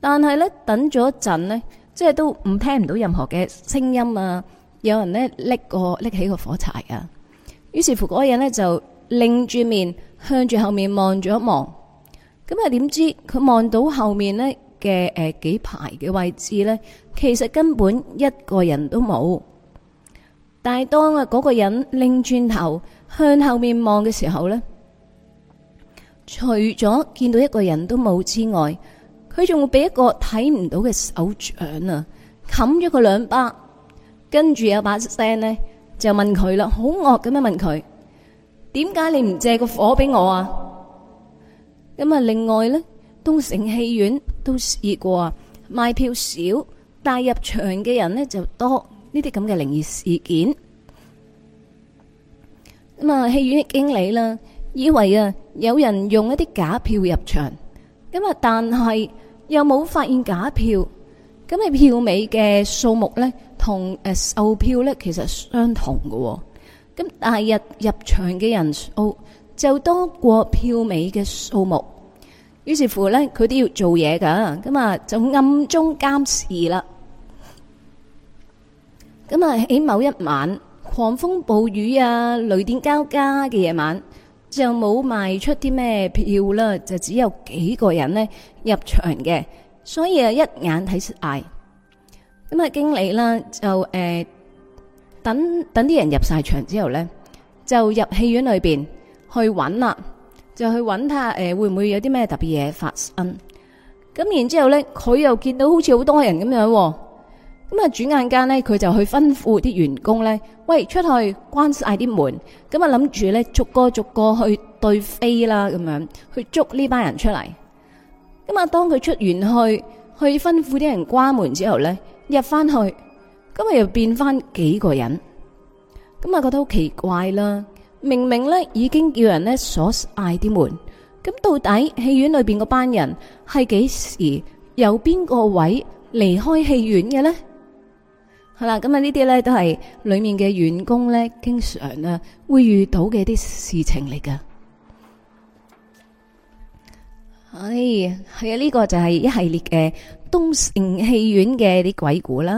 但係咧，等咗一陣呢即係都唔聽唔到任何嘅聲音啊！有人呢拎個拎起個火柴啊！於是乎，嗰個人呢就擰住面向住後面望咗一望。咁啊，點知佢望到後面呢，嘅誒幾排嘅位置呢，其實根本一個人都冇。但係當啊嗰個人擰轉頭向後面望嘅時候呢，除咗見到一個人都冇之外，佢仲會俾一個睇唔到嘅手掌啊，冚咗佢兩巴，跟住有把聲呢就問佢啦，好惡咁樣問佢，點解你唔借個火俾我啊？咁啊，另外呢，東城戲院都試過啊，賣票少，帶入場嘅人呢就多，呢啲咁嘅靈異事件。咁啊，戲院嘅經理啦，以為啊有人用一啲假票入場，咁啊，但係，又冇發現假票，咁你票尾嘅數目咧，同、呃、售票咧其實相同嘅喎，哦。咁第日入場嘅人數就多過票尾嘅數目，於是乎咧，佢都要做嘢噶。咁啊，就暗中監視啦。咁啊，喺某一晚，狂風暴雨啊，雷電交加嘅夜晚。就冇賣出啲咩票啦，就只有幾個人咧入場嘅，所以啊一眼睇出嗌。咁啊經理啦就誒、呃、等等啲人入晒場之後咧，就入戲院裏邊去揾啦，就去揾下誒、呃、會唔會有啲咩特別嘢發生，咁然之後咧佢又見到好似好多人咁樣。咁啊！轉眼間咧，佢就去吩咐啲員工咧，喂，出去關晒啲門。咁啊，諗住咧逐個逐個去對飛啦，咁樣去捉呢班人出嚟。咁啊，當佢出完去去吩咐啲人關門之後咧，入翻去，咁啊又變翻幾個人。咁啊，覺得好奇怪啦！明明咧已經叫人咧鎖晒啲門，咁到底戲院裏邊嗰班人係幾時有邊個位離開戲院嘅咧？好啦，咁啊，呢啲咧都係裏面嘅員工咧，經常啊會遇到嘅啲事情嚟、哎、噶。唉，係啊，呢個就係一系列嘅東城戲院嘅啲鬼故啦。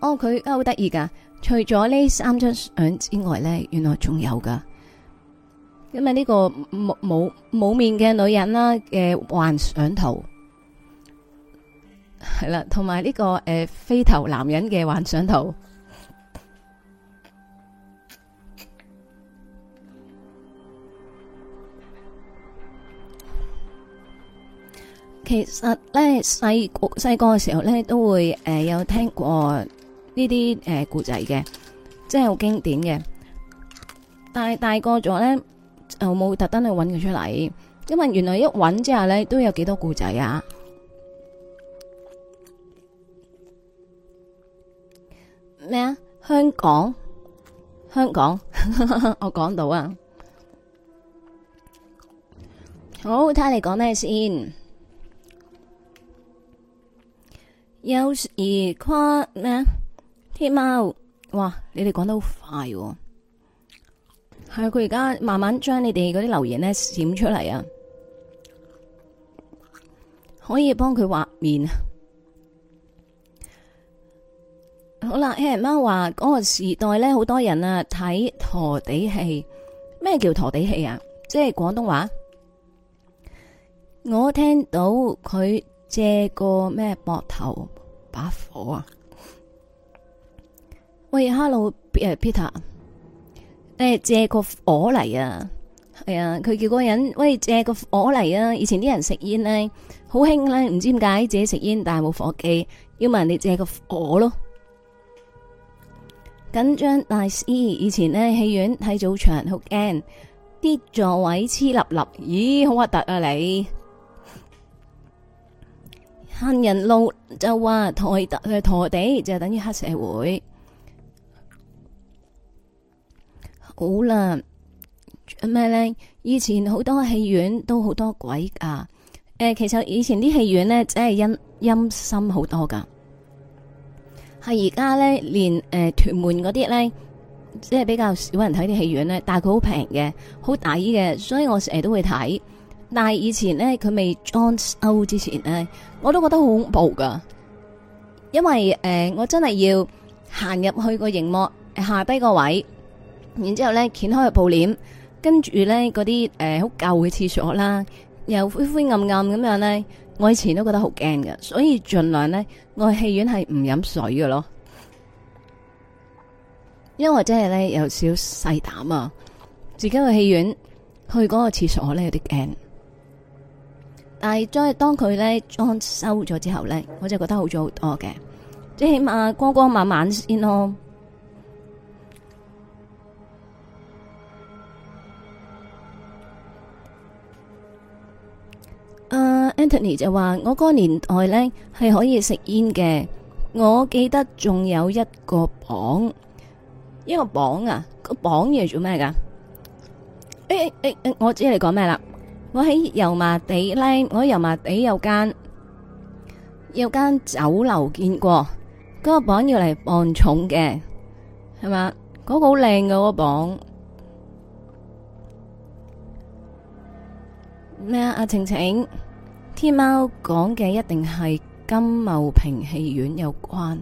哦，佢啊，好得意噶，除咗呢三張相之外咧，原來仲有噶。咁、這、啊、個，呢個冇冇冇面嘅女人啦，嘅幻想圖。係啦，同埋呢個誒飛頭男人嘅幻想圖。其實咧細個細個嘅時候咧都會誒有聽過呢啲誒故仔嘅，即係好經典嘅。但係大個咗咧就冇特登去搵佢出嚟，因為原來一搵之後咧都有幾多故仔啊。咩啊？香港，香港， 我講到啊！好，睇你講咩先？有時誇咩天貓，哇！你哋講得好快，係佢而家慢慢將你哋嗰啲留言咧閃出嚟啊！可以幫佢畫面。好啦，Aaron 媽話嗰個時代咧，好多人啊睇陀地戲。咩叫陀地戲啊？即係廣東話。我聽到佢借個咩膊頭把火啊？喂，Hello，Peter 誒、欸，借個火嚟啊？係啊，佢叫個人喂借個火嚟啊。以前啲人食煙呢，好興咧，唔知點解自己食煙，但係冇火機，要問你借個火咯。緊張，但係以前呢，戲院睇早場好驚，啲座位黐立立，咦，好核突啊！你行人路就話抬抬地，就等於黑社會好。好啦，咩呢？以前好多戲院都好多鬼噶，誒、呃，其實以前啲戲院呢，真係陰陰森好多噶。係而家咧，連、呃、屯門嗰啲咧，即係比較少人睇啲戲院咧，但係佢好平嘅，好抵嘅，所以我成日都會睇。但係以前咧，佢未裝修之前咧，我都覺得好恐怖噶。因為誒、呃，我真係要行入去個熒幕，下低個位，然之後咧，掀開個布簾，跟住咧，嗰啲誒好舊嘅廁所啦，又灰灰暗暗咁樣咧。我以前都覺得好驚嘅，所以盡量呢，我去戲院係唔飲水嘅咯，因為真係呢，有少細膽啊，自己去戲院去嗰個廁所呢，有啲驚，但係再當佢呢裝修咗之後呢，我就覺得好咗好多嘅，即係起碼光光晚晚先咯。阿、uh, Anthony 就話我嗰個年代咧係可以食煙嘅，我記得仲有一個磅，一個磅啊、嗰個磅嘢，做咩噶？誒誒誒，我知你講咩啦。我喺油麻地咧，我喺油麻地有間有間酒樓見過，嗰、嗰個磅要嚟磅重嘅，係嘛？嗰、嗰個好靚嘅嗰個磅。咩啊？阿晴晴，天貓講嘅一定係金茂平戲院有關，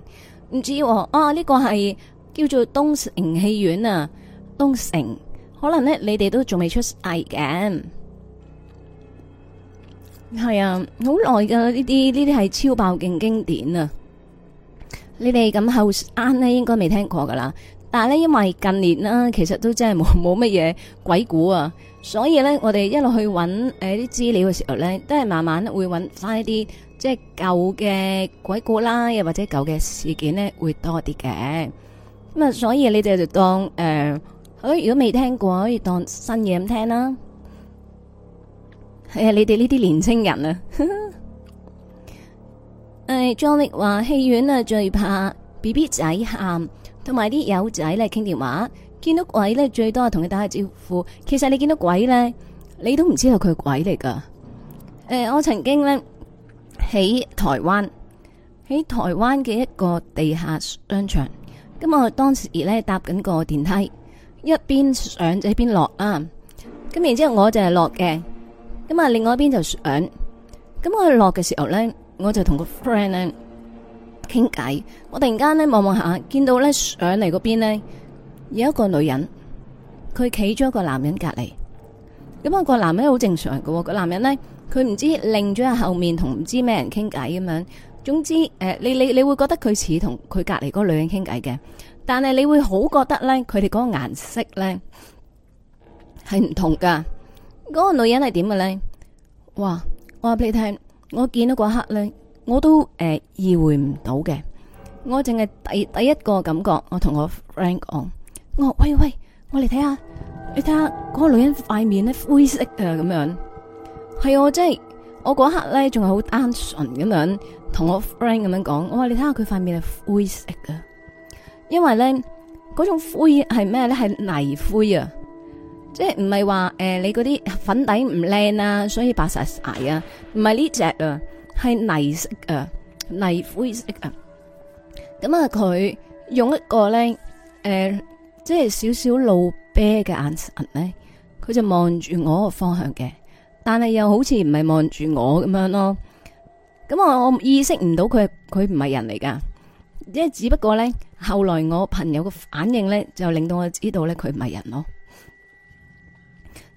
唔知哦呢、啊啊這個係叫做東城戲院啊？東城可能呢，你哋都仲未出世嘅，係啊，好耐㗎，呢啲呢啲係超爆勁經典啊！你哋咁後生呢，應該未聽過噶啦，但係呢，因為近年啦、啊，其實都真係冇冇乜嘢鬼故啊。所以咧，我哋一路去揾誒啲資料嘅時候咧，都係慢慢會揾翻一啲即係舊嘅鬼故啦，又或者舊嘅事件咧會多啲嘅。咁啊，所以你哋就當誒可、呃、如果未聽過，可以當新嘢咁聽啦。係啊，你哋呢啲年青人啊！誒，Johnny 話戲院啊最怕 BB 仔喊，同埋啲友仔嚟傾電話。見到鬼咧，最多係同佢打下招呼。其實你見到鬼咧，你都唔知道佢鬼嚟噶。誒、呃，我曾經咧喺台灣，喺台灣嘅一個地下商場。咁、嗯、我當時咧搭緊個電梯，一邊上就一邊落啊。咁然之後我就係落嘅，咁啊，另外一邊就上。咁、嗯、我落嘅時候咧，我就同個 friend 咧傾偈。我突然間咧望望下，見到咧上嚟嗰邊咧。有一個女人，佢企咗一個男人隔離咁啊。個男人好正常喎。個男人呢，佢唔知擰咗喺後面，同唔知咩人傾偈咁樣。總之誒、呃，你你你會覺得佢似同佢隔離個女人傾偈嘅，但係你會好覺得呢，佢哋嗰個顏色呢係唔同噶。嗰、嗰個女人係點嘅呢？哇！我話俾你聽，我見到嗰刻呢，我都誒、呃、意會唔到嘅。我淨係第第一個感覺，我同我 friend 講。我喂，喂，我嚟，睇下，你睇下嗰個女人塊面咧，灰色啊，咁樣係啊，即係我嗰刻咧，仲係好單純咁樣同我 friend 咁樣講。我話你睇下佢塊面係灰色噶，因為咧，嗰種灰係咩咧？係泥灰啊，即係唔係話誒你嗰啲粉底唔靚啊，所以白晒晒啊，唔係呢隻啊，係泥色啊，泥灰色啊。咁啊，佢用一個咧誒。即係少少露啤嘅眼神咧，佢就望住我個方向嘅，但係又好似唔係望住我咁樣咯。咁啊，我意識唔到佢，佢唔係人嚟噶，即係只不過咧，後來我朋友個反應咧，就令到我知道咧，佢唔係人咯。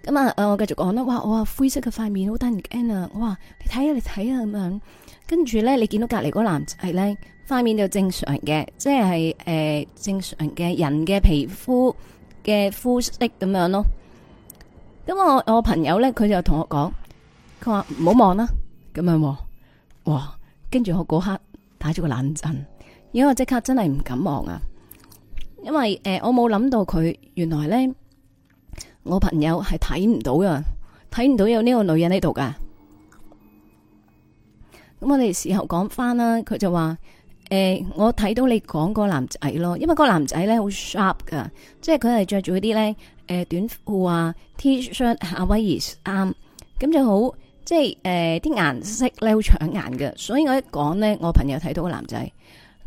咁啊，誒，我繼續講啦，哇，我話，灰色嘅塊面，好突然間啊！我話你睇啊，你睇啊，咁樣，跟住咧，你見到隔籬嗰男仔咧。塊面就正常嘅，即係誒、呃、正常嘅人嘅皮膚嘅膚色咁樣咯。咁我我朋友咧，佢就同我講，佢話唔好望啦，咁樣，哇！跟住我嗰刻打咗個冷震，因為我即刻真係唔敢望啊，因為誒、呃、我冇諗到佢原來咧，我朋友係睇唔到噶，睇唔到有呢個女人喺度噶。咁我哋事後講翻啦，佢就話。誒、呃，我睇到你講個男仔咯，因為個男仔咧好 sharp 噶，即係佢係着住嗰啲咧，誒短褲啊、T 恤啊，威儀啱，咁就好，即係誒啲顏色咧好搶眼嘅，所以我一講咧，我朋友睇到個男仔，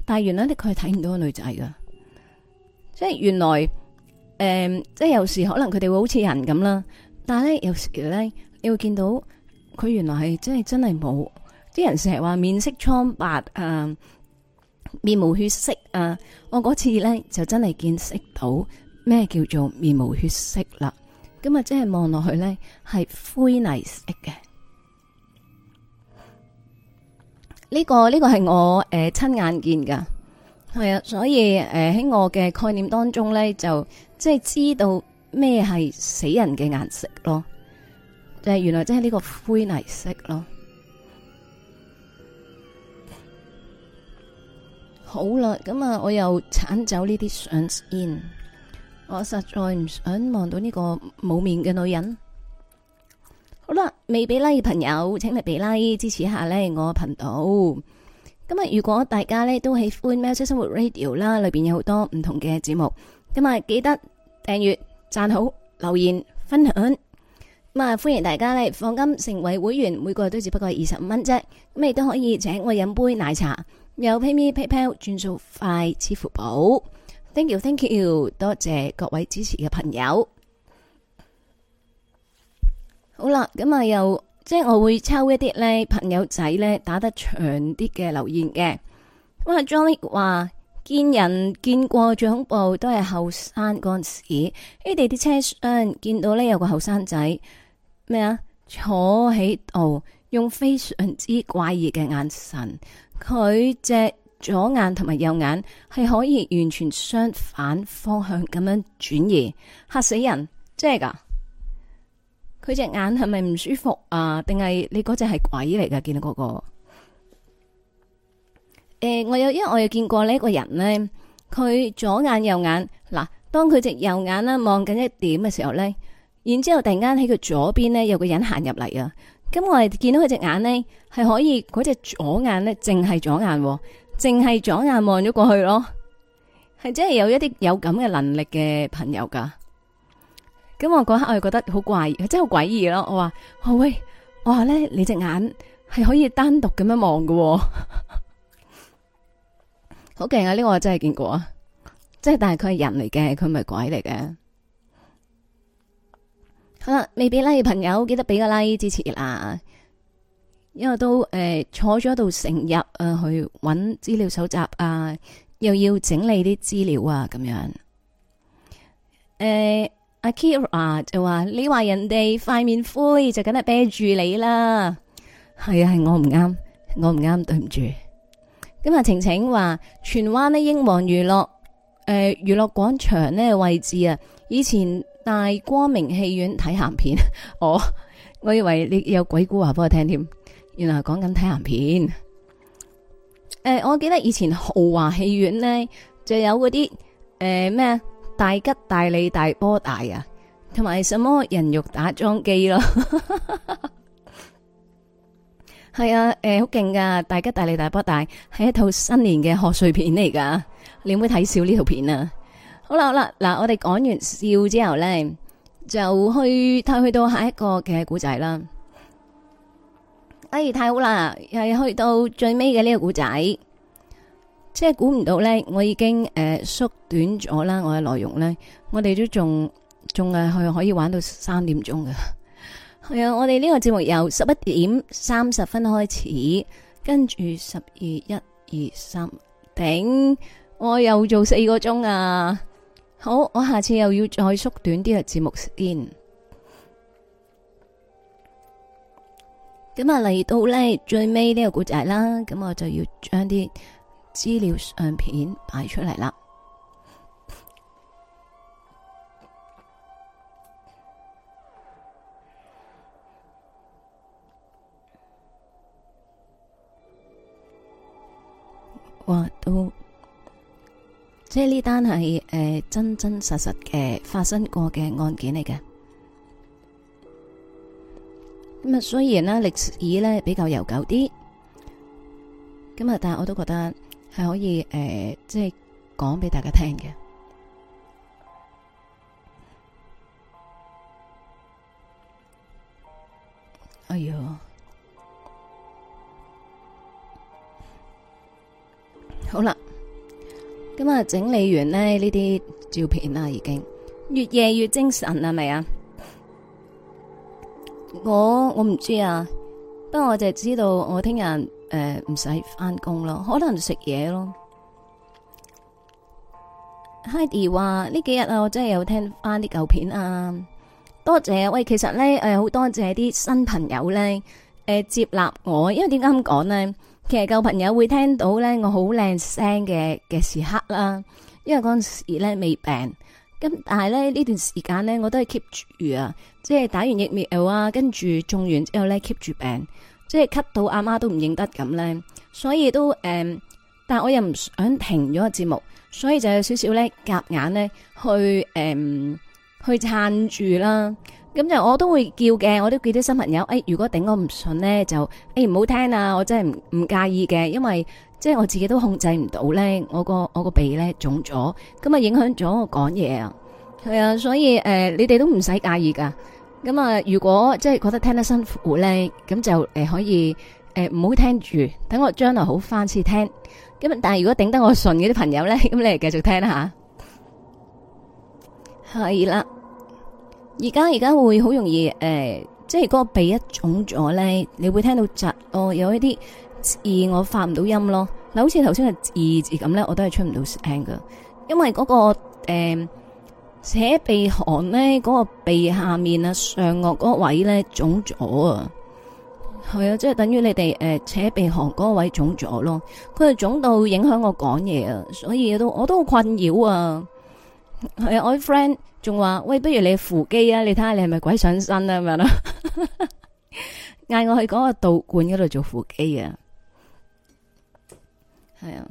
但係原來咧佢係睇唔到個女仔噶，即係原來，誒、呃，即係有時可能佢哋會好似人咁啦，但係咧有時咧，你會見到佢原來係真係真係冇，啲人成日話面色蒼白啊。呃面無血色啊！我嗰次咧就真係見識到咩叫做面無血色啦。咁啊，即係望落去咧係灰泥色嘅。呢、呢個呢、呢個係我誒、呃、親眼見噶，係啊，所以誒喺、呃、我嘅概念當中咧就即係知道咩係死人嘅顏色咯，就、呃、係原來即係呢個灰泥色咯。好啦，咁啊，我又鏟走呢啲相先，我實在唔想望到呢個冇面嘅女人。好啦，未俾 like 嘅朋友，請你俾拉、like、支持一下呢，我頻道。咁啊，如果大家呢都喜歡喵式生活 radio 啦，裏邊有好多唔同嘅節目。咁啊，記得訂閱、讚好、留言、分享。咁啊，歡迎大家咧，放金成為會員，每個月都只不過二十五蚊啫，咁你都可以請我飲杯奶茶。有 PayMe、PayPal 轉數快，支付寶。Thank you，Thank you，多謝各位支持嘅朋友。好啦，咁啊，又即係我會抽一啲咧朋友仔咧打得長啲嘅留言嘅。咁阿 Johnny 話見人見過最恐怖都係後生嗰陣時，啲地鐵車上見到咧有個後生仔咩啊，坐喺度用非常之怪異嘅眼神。佢隻左眼同埋右眼係可以完全相反方向咁樣轉移，吓死人！即係噶，佢隻眼係咪唔舒服啊？定係你嗰隻係鬼嚟噶？見到嗰個？誒，我有，因為我有見過呢一個人咧，佢左眼右眼嗱，當佢隻右眼咧望緊一點嘅時候咧，然之後突然間喺佢左邊咧有個人行入嚟啊！咁我哋見到佢隻眼咧，係可以嗰隻左眼咧，淨係左眼，淨係左眼望咗過去咯，係真係有一啲有咁嘅能力嘅朋友噶。咁我嗰刻我就覺得好怪異，真係好詭異咯。我話、哦，喂，我話咧，你隻眼係可以單獨咁樣望嘅，好勁啊！呢、這個我真係見過啊，即係但係佢係人嚟嘅，佢唔係鬼嚟嘅。好啦，未俾 like 嘅朋友記得俾個 like 支持啦，因為都誒、呃、坐咗度成日去揾資料搜集啊，又要整理啲資料啊咁樣。誒、呃，阿 Kira 就話你話人哋塊面灰就梗係啤住你啦，係啊，係我唔啱，我唔啱，對唔住。今日晴晴話荃灣呢英皇娛樂誒娛樂廣場咧位置啊，以前。大光明戲院睇鹹片，我、哦、我以為你有鬼故話俾我聽添，原來講緊睇鹹片。誒、呃，我記得以前豪華戲院咧就有嗰啲誒咩大吉大利大波大啊，同埋什麼人肉打樁機咯。係 啊，誒好勁噶！大吉大利大波大係一套新年嘅賀歲片嚟噶，你唔會睇少呢套片啊？好啦好啦，嗱，我哋講完笑之後呢，就去睇去到下一個嘅古仔啦。哎太好啦，又係去到最尾嘅呢個古仔，即係估唔到呢，我已經誒縮短咗啦，我嘅內容呢，我哋都仲仲係去可以玩到三點鐘噶。係啊，我哋呢個節目由十一點三十分開始，跟住十二一二三頂，我又做四個鐘啊！好，我下次又要再縮短啲嘅節目先。咁啊嚟到咧，最尾呢個古仔啦，咁我就要將啲資料相片擺出嚟啦。即係呢單係誒真真實實誒發生過嘅案件嚟嘅，咁啊雖然呢歷史呢比較悠久啲，咁啊但係我都覺得係可以誒即係講俾大家聽嘅。哎喲，好啦。今日整理完呢啲照片啦，已經越夜越精神係咪啊？我我唔知啊，不過我就知道我聽日誒唔使翻工咯，可能食嘢咯。Hi Dee 話呢幾日啊，我真係有聽翻啲舊片啊，多謝，喂，其實咧誒，好、呃、多謝啲新朋友咧誒、呃、接納我，因為點解咁講呢？其實舊朋友會聽到咧，我好靚聲嘅嘅時刻啦，因為嗰陣時咧未病，咁但係咧呢段時間咧我都係 keep 住啊，即係打完疫苗啊，跟住種完之後咧 keep 住病，即係咳到阿媽都唔認得咁咧，所以都誒、嗯，但係我又唔想停咗個節目，所以就有少少咧夾硬咧去誒、嗯、去撐住啦。咁就我都會叫嘅，我都叫啲新朋友。誒、哎，如果頂我唔順呢，就誒唔好聽啊！我真係唔唔介意嘅，因為即係我自己都控制唔到呢，我個我個鼻呢，腫咗，咁啊影響咗我講嘢啊。係啊，所以誒、呃、你哋都唔使介意噶。咁啊，如果即係覺得聽得辛苦呢，咁就誒、呃、可以誒唔好聽住，等我將來好翻次聽。咁但係如果頂得我順嘅啲朋友呢，咁你嚟繼續聽下吓。係啦。而家而家會好容易、呃、即係嗰個鼻一腫咗咧，你會聽到窒咯，有一啲字我發唔到音咯。嗱，好似頭先嘅字字咁咧，我都係出唔到聲噶。因為嗰個、呃、扯鼻鼾咧，嗰個鼻下面啊、上顎嗰個位咧腫咗啊，係啊，即係等於你哋、呃、扯鼻鼾嗰個位腫咗咯。佢係腫到影響我講嘢啊，所以都我都好困擾啊。係我啲 friend 仲話，喂，不如你扶機啊？你睇下你係咪鬼上身啊？咁樣咯，嗌 我去嗰個道館嗰度做扶機啊。係啊，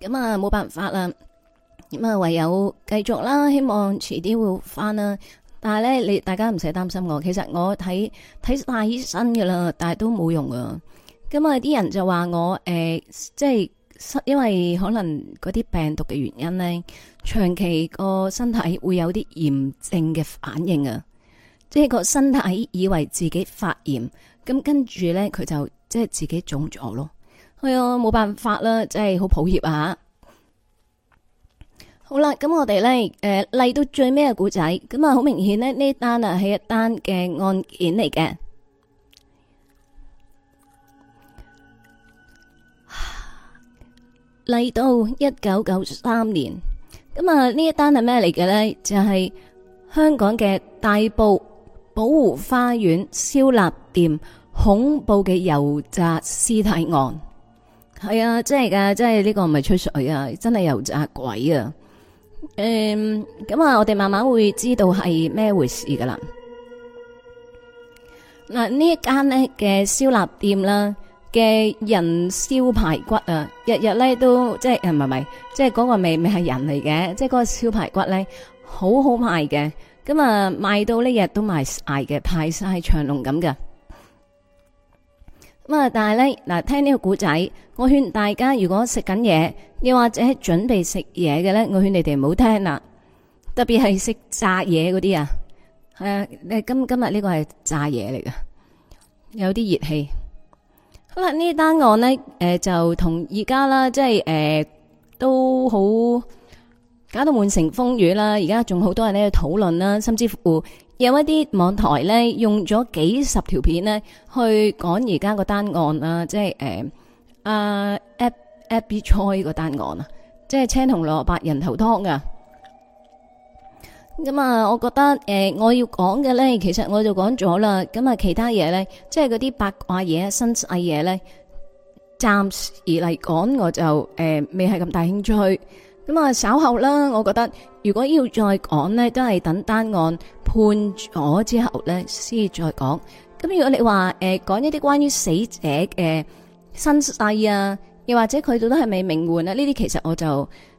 咁啊冇辦法啦，咁啊唯有繼續啦。希望遲啲會翻啦。但係咧，你大家唔使擔心我。其實我睇睇晒醫生噶啦，但係都冇用噶。咁啊，啲人就話我誒、呃，即係。因為可能嗰啲病毒嘅原因咧，長期個身體會有啲炎症嘅反應啊，即係個身體以為自己發炎，咁跟住咧佢就即係自己腫咗咯。係、嗯、啊，冇辦法啦，即係好抱歉啊吓。好啦，咁我哋咧誒，嚟到最尾嘅古仔，咁啊好明顯咧，呢單啊係一單嘅案件嚟嘅。嚟到一九九三年，咁啊呢一單係咩嚟嘅咧？就係、是、香港嘅大埔寶湖花園燒臘店恐怖嘅油炸屍體案。係啊，真係噶，真係呢、這個唔係吹水啊，真係油炸鬼啊。嗯，咁啊，我哋慢慢會知道係咩回事噶啦。嗱，呢一間咧嘅燒臘店啦。嘅人燒排骨啊，日日咧都即係唔係唔係，即係嗰個味味係人嚟嘅，即係嗰個燒排骨咧好好賣嘅，咁、嗯、啊賣到呢日都賣晒嘅，排晒長龍咁嘅。咁、嗯、啊，但係咧嗱，聽呢個古仔，我勸大家如果食緊嘢，又或者準備食嘢嘅咧，我勸你哋唔好聽啦。特別係食炸嘢嗰啲啊，係、嗯、啊，你今今日呢個係炸嘢嚟嘅，有啲熱氣。好啦，呢單案咧、呃，就同而家啦，即係誒、呃、都好搞到滿城風雨啦。而家仲好多人喺度討論啦，甚至乎有一啲網台咧用咗幾十條片咧去講而家個單案啦，即係誒啊 Ab Abby Choi 個單案啊，即係、呃啊啊、青紅蘿蔔人頭湯啊！咁啊，嗯，我覺得誒、呃，我要講嘅咧，其實我就講咗啦。咁、嗯、啊，其他嘢咧，即係嗰啲八卦嘢，啊、新世嘢咧，暫時而嚟講，我就誒、呃、未係咁大興趣。咁、嗯、啊，稍後啦，我覺得如果要再講咧，都係等單案判咗之後咧先再講。咁、嗯、如果你話誒講一啲關於死者嘅身世啊，又或者佢到底係咪名媛啊？呢啲其實我就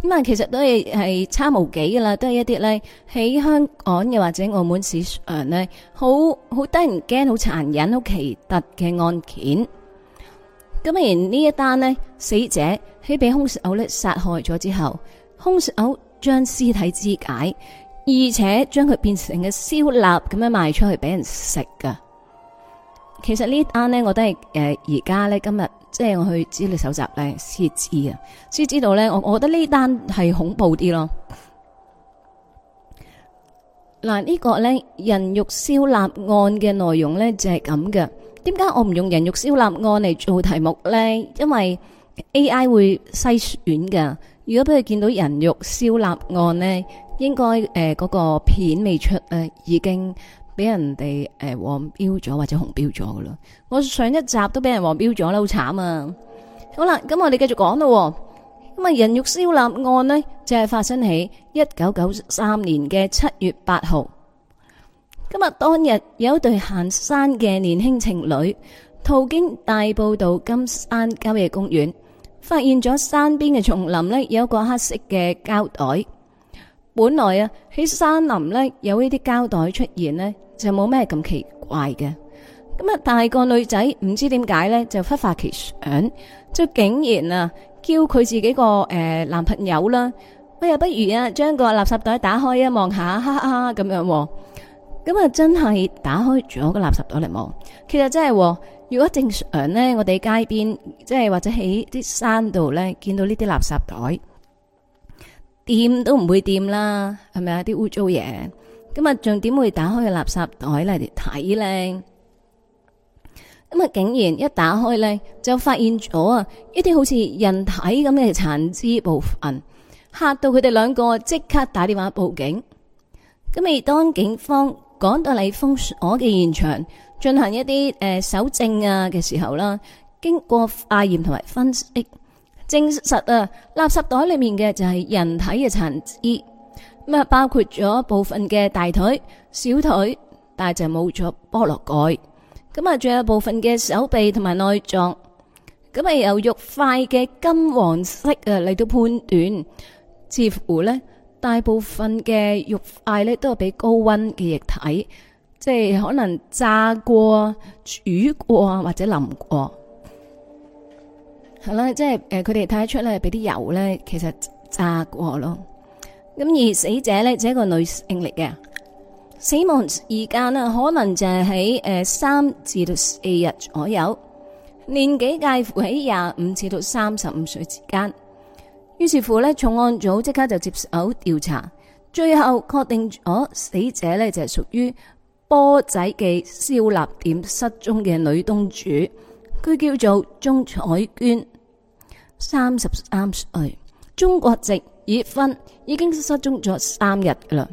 咁啊，其實都係係差無幾噶啦，都係一啲咧喺香港又或者澳門市場咧，好好得人驚、好殘忍、好奇特嘅案件。咁而呢一單呢，死者喺被凶手咧殺害咗之後，凶手將屍體肢解，而且將佢變成嘅燒臘咁樣賣出去俾人食噶。其實呢單呢，我都係誒而家呢，今日即係我去資料搜集咧，先知啊，先知道呢，我我覺得呢單係恐怖啲咯。嗱呢個呢，人肉燒臘案嘅內容呢，就係咁嘅。點解我唔用人肉燒臘案嚟做題目呢？因為 A I 會篩選噶。如果俾佢見到人肉燒臘案呢，應該誒嗰個片未出誒已經。俾人哋誒黃標咗或者紅標咗噶啦，我上一集都俾人黃標咗啦，好慘啊！好啦，咁我哋繼續講咯。咁啊，人肉燒臘案咧，就係發生喺一九九三年嘅七月八號。今日當日有一對行山嘅年輕情侶，途經大埔道金山郊野公園，發現咗山邊嘅叢林咧有一個黑色嘅膠袋。本來啊喺山林咧有呢啲膠袋出現咧。就冇咩咁奇怪嘅，咁啊大個女仔唔知點解咧，就忽發奇想，即係竟然啊叫佢自己個誒、呃、男朋友啦、啊，哎呀不如啊將個垃圾袋打開啊望下，哈哈咁樣喎、啊，咁啊真係打開仲有個垃圾袋嚟望，其實真係、啊、如果正常咧，我哋街邊即係或者喺啲山度咧見到呢啲垃圾袋，掂都唔會掂啦，係咪啊啲污糟嘢？咁日仲點會打開個垃圾袋嚟睇呢？咁啊，竟然一打開呢，就發現咗啊一啲好似人體咁嘅殘肢部分，吓到佢哋兩個即刻打電話報警。咁啊，當警方趕到嚟封鎖嘅現場，進行一啲誒、呃、搜證啊嘅時候啦，經過化驗同埋分析，證實啊，垃圾袋裏面嘅就係人體嘅殘肢。咁啊，包括咗部分嘅大腿、小腿，但係就冇咗菠蘿蓋。咁啊，仲有部分嘅手臂同埋內臟。咁啊，由肉塊嘅金黃色啊嚟到判斷，似乎咧，大部分嘅肉塊咧都係俾高溫嘅液體，即係可能炸過、煮過或者淋過。係啦，即係誒，佢哋睇得出咧，俾啲油咧，其實炸過咯。咁而死者呢，就係一個女性嚟嘅。死亡時間呢，可能就係喺誒三至到四日左右，年紀介乎喺廿五至到三十五歲之間。於是乎呢，重案組即刻就接手調查，最後確定咗死者呢，就係屬於波仔記燒臘店失蹤嘅女東主，佢叫做鍾彩娟，三十三歲，中國籍。已婚，已經失蹤咗三日噶啦，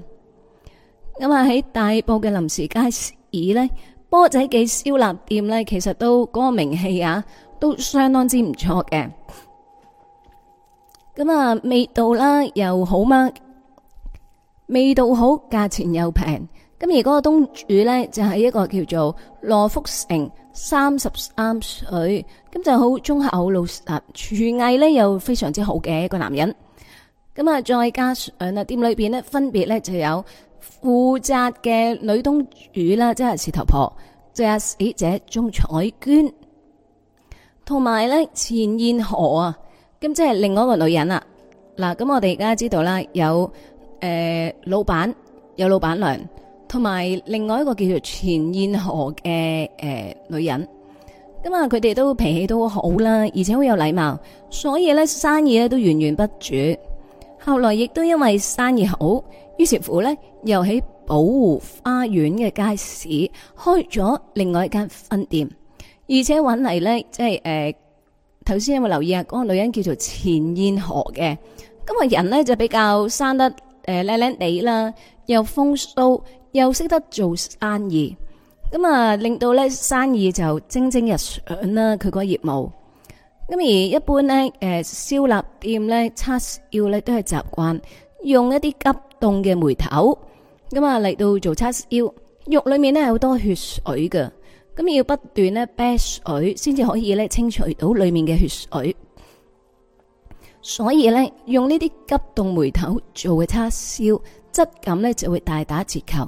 咁啊喺大埔嘅臨時街市呢，波仔記燒臘店呢，其實都嗰、嗰個名氣啊，都相當之唔錯嘅。咁啊，味道啦又好嗎？味道好，價錢又平。咁而嗰個東主呢，就係、是、一個叫做羅福成，三十三歲，咁就好中合好老實廚藝咧又非常之好嘅一個男人。咁啊，再加上嗱，店裏邊咧分別咧就有負責嘅女東主啦，即係事頭婆，再有死者鍾彩娟，同埋咧錢燕河啊。咁即係另外一個女人啦。嗱，咁我哋而家知道啦，有誒、呃、老闆，有老闆娘，同埋另外一個叫做錢燕河嘅誒女人。咁啊，佢哋都脾氣都好啦，而且好有禮貌，所以咧生意咧都源源不絕。後來亦都因為生意好，於是乎呢又喺寶湖花園嘅街市開咗另外一間分店，而且搵嚟呢，即係誒，頭先有冇留意啊？嗰個女人叫做錢燕河嘅，咁啊人呢，就比較生得誒靚靚地啦，又風騷，又識得做生意，咁啊令到呢生意就蒸蒸日上啦，佢個業務。咁而一般咧，誒，燒臘店咧，叉燒咧都係習慣用一啲急凍嘅梅頭，咁啊嚟到做叉燒肉裏面咧好多血水㗎。咁要不斷咧啤水，先至可以咧清除到裏面嘅血水。所以咧，用呢啲急凍梅頭做嘅叉燒質感咧就會大打折扣。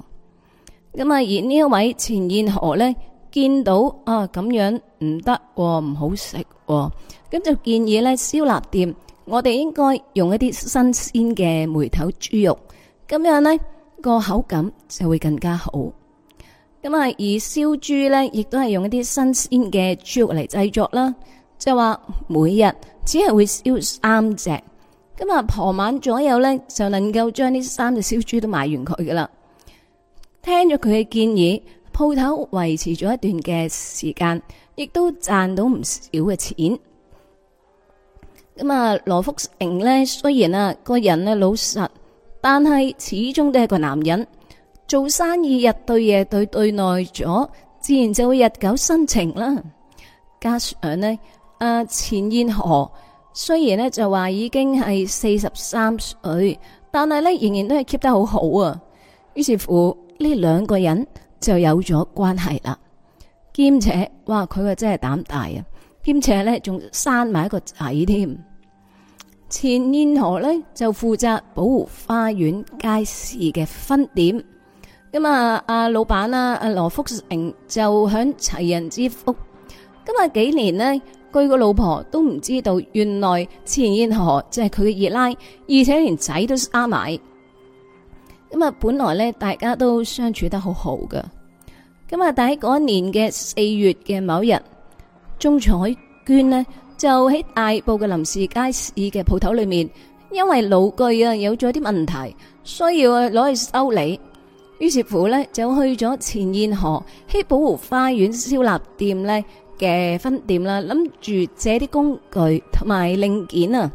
咁啊，而呢一位錢燕河咧。見到啊，咁樣唔得喎，唔好食喎。啊，咁就建議呢燒臘店，我哋應該用一啲新鮮嘅梅頭豬肉，咁樣呢個口感就會更加好。咁啊，而燒豬呢，亦都係用一啲新鮮嘅豬肉嚟製作啦，即係話每日只係會燒三隻，咁啊傍晚左右呢，就能夠將呢三隻燒豬都賣完佢噶啦。聽咗佢嘅建議。鋪頭維持咗一段嘅時間，亦都賺到唔少嘅錢。咁啊，羅福成呢，雖然啊個人呢老實，但係始終都係個男人，做生意日對夜對，對耐咗，自然就會日久生情啦。加上呢，啊，錢燕河雖然呢就話已經係四十三歲，但係呢仍然都係 keep 得好好啊。於是乎，呢兩個人，就有咗關係啦，兼且哇佢嘅真係膽大啊，兼且呢，仲生埋一個仔添。錢燕河呢，就負責保護花園街市嘅分店。咁啊，阿老闆啊，阿羅福成就響齊人之福。咁啊幾年呢，佢個老婆都唔知道，原來錢燕河即係佢嘅二奶，而且連仔都生埋。咁啊，本來咧大家都相處得好好㗎，咁啊，但喺嗰一年嘅四月嘅某日，鍾彩娟咧就喺大埔嘅臨時街市嘅鋪頭裏面，因為老具啊有咗啲問題，需要啊攞去修理，於是乎咧就去咗前燕河希寶湖花園燒臘店咧嘅分店啦，諗住借啲工具同埋零件啊，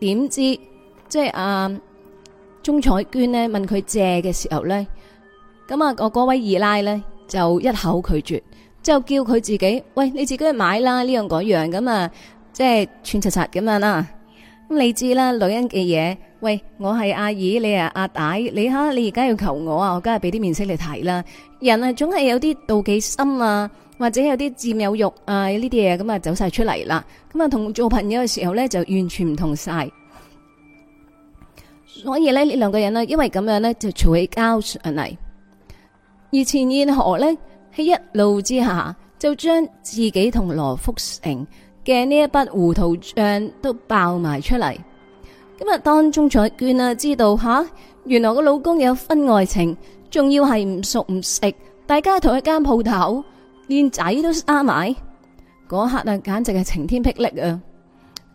點知即係啊？鍾彩娟呢，問佢借嘅時候呢，咁啊，我嗰位二奶呢，就一口拒絕，之後叫佢自己喂，你自己去買啦，呢樣嗰樣咁啊，即係串柒柒咁樣啦。咁你知啦，女人嘅嘢，喂，我係阿姨，你係阿大，你吓你而家要求我啊，我梗係俾啲面色你睇啦。人啊，總係有啲妒忌心啊，或者有啲佔有欲啊，呢啲嘢，咁啊，走晒出嚟啦。咁啊，同做朋友嘅時候呢，就完全唔同晒。所以呢，呢兩個人呢，因為咁樣呢，就吵起交上嚟。而錢燕河呢，喺一怒之下，就將自己同羅福成嘅呢一筆糊塗賬都爆埋出嚟。今日當鍾彩娟啊，知道吓，原來個老公有婚外情，仲要係唔熟唔食，大家同一間鋪頭，連仔都孖埋，嗰刻啊，簡直係晴天霹靂啊！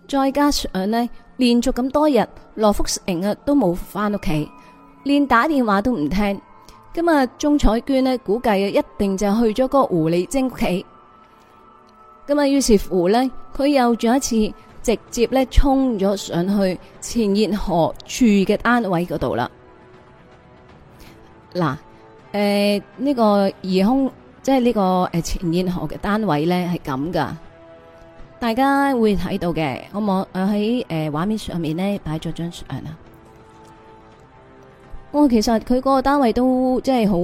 再加上呢。連續咁多日，羅福成啊都冇返屋企，連打電話都唔聽。今日鍾彩娟呢估計啊，一定就去咗個狐狸精屋企。咁啊，於是乎呢佢又再一次，直接咧衝咗上去前燕河住嘅單位嗰度啦。嗱，誒、呃、呢、這個疑空，即係呢、這個誒前燕河嘅單位咧，係咁噶。大家會睇到嘅，我望誒喺誒畫面上面呢擺咗張相啦。其實佢嗰個單位都即係好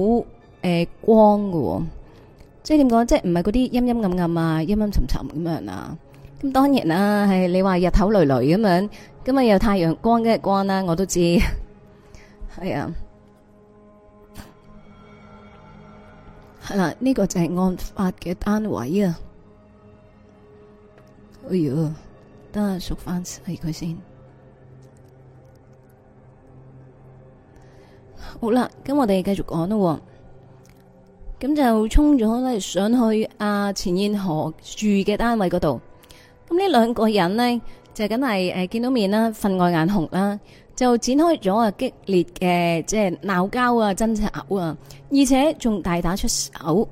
誒光嘅，即係點講，即係唔係嗰啲陰陰暗暗啊、陰陰沉沉咁樣啊。咁當然啦，係你話日頭雷雷咁樣，咁日有太陽光嘅光啦，我都知。係啊，係啦，呢個就係案發嘅單位啊。哎喲，等下熟翻係佢先好啦。咁我哋繼續講咯。咁就衝咗咧上去阿錢燕河住嘅單位嗰度。咁呢兩個人呢就梗係誒見到面啦，分外眼紅啦，就展開咗啊激烈嘅即係鬧交啊，爭吵啊，而且仲大打出手。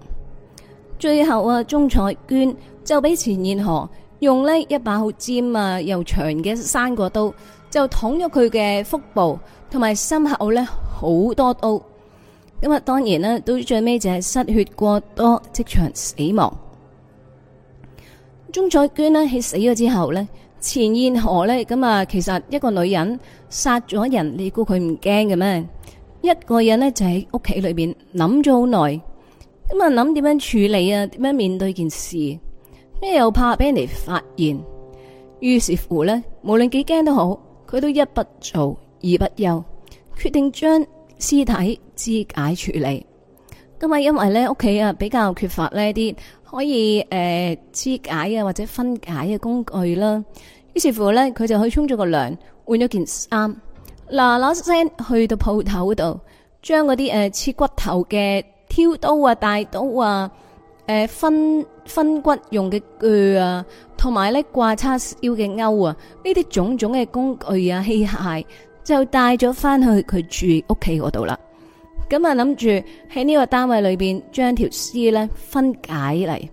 最後啊，鍾彩娟就俾錢燕河。用呢一把好尖啊又長嘅三角刀，就捅咗佢嘅腹部同埋心口咧好多刀。咁啊，當然啦，到最尾就係失血過多，即場死亡。鐘彩娟呢，喺死咗之後呢，錢燕河呢，咁啊，其實一個女人殺咗人，你估佢唔驚嘅咩？一個人呢，就喺屋企裏邊諗咗好耐，咁啊諗點樣處理啊，點樣面對件事。咩又怕俾人哋發現？於是乎呢，無論幾驚都好，佢都一不做二不休，決定將屍體肢解處理。咁啊，因為呢屋企啊比較缺乏呢啲可以誒肢解啊或者分解嘅工具啦，於是乎呢，佢就去沖咗個涼，換咗件衫，嗱嗱聲去到鋪頭度，將嗰啲誒切骨頭嘅挑刀啊、大刀啊。誒、呃，分分骨用嘅鋸啊，同埋咧掛叉燒嘅鈎啊，呢啲種種嘅工具啊器械，就帶咗翻去佢住屋企嗰度啦。咁啊，諗住喺呢個單位裏邊將條屍咧分解嚟。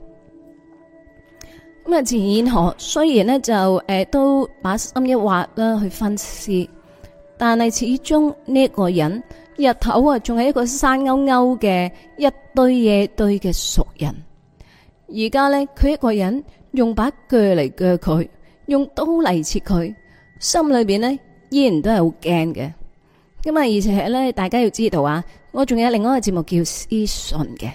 咁啊，錢學雖然呢就誒、呃、都把心一劃啦去分屍，但係始終呢個人。日頭啊，仲係一個山勾勾嘅一堆嘢、堆嘅熟人，而家咧佢一個人用把鋸嚟鋸佢，用刀嚟切佢，心裏邊咧依然都係好驚嘅。咁啊，而且咧，大家要知道啊，我仲有另外一個節目叫屍訊嘅。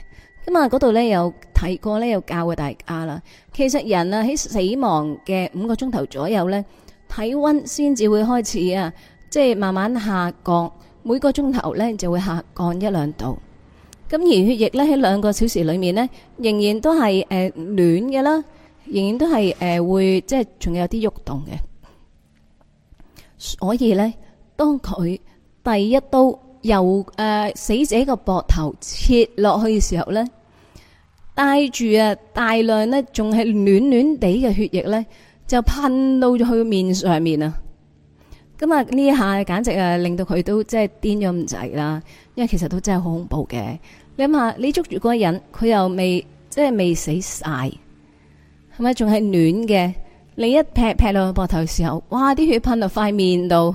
咁啊，嗰度咧有睇過咧，有教過大家啦。其實人啊喺死亡嘅五個鐘頭左右咧，體溫先至會開始啊，即係慢慢下降。每個鐘頭咧就會下降一兩度，咁而血液咧喺兩個小時裏面咧，仍然都係誒暖嘅啦，仍然都係誒會即係仲有啲喐動嘅。所以咧，當佢第一刀由誒死者個膊頭切落去嘅時候咧，帶住啊大量咧仲係暖暖地嘅血液咧，就噴到咗佢面上面啊！咁啊！呢一下簡直啊，令到佢都即係癲咗咁滯啦。因為其實都真係好恐怖嘅。你諗下，你捉住嗰個人，佢又未即係未死晒，係咪仲係暖嘅？你一劈劈落膊頭嘅時候，哇！啲血噴落塊面度，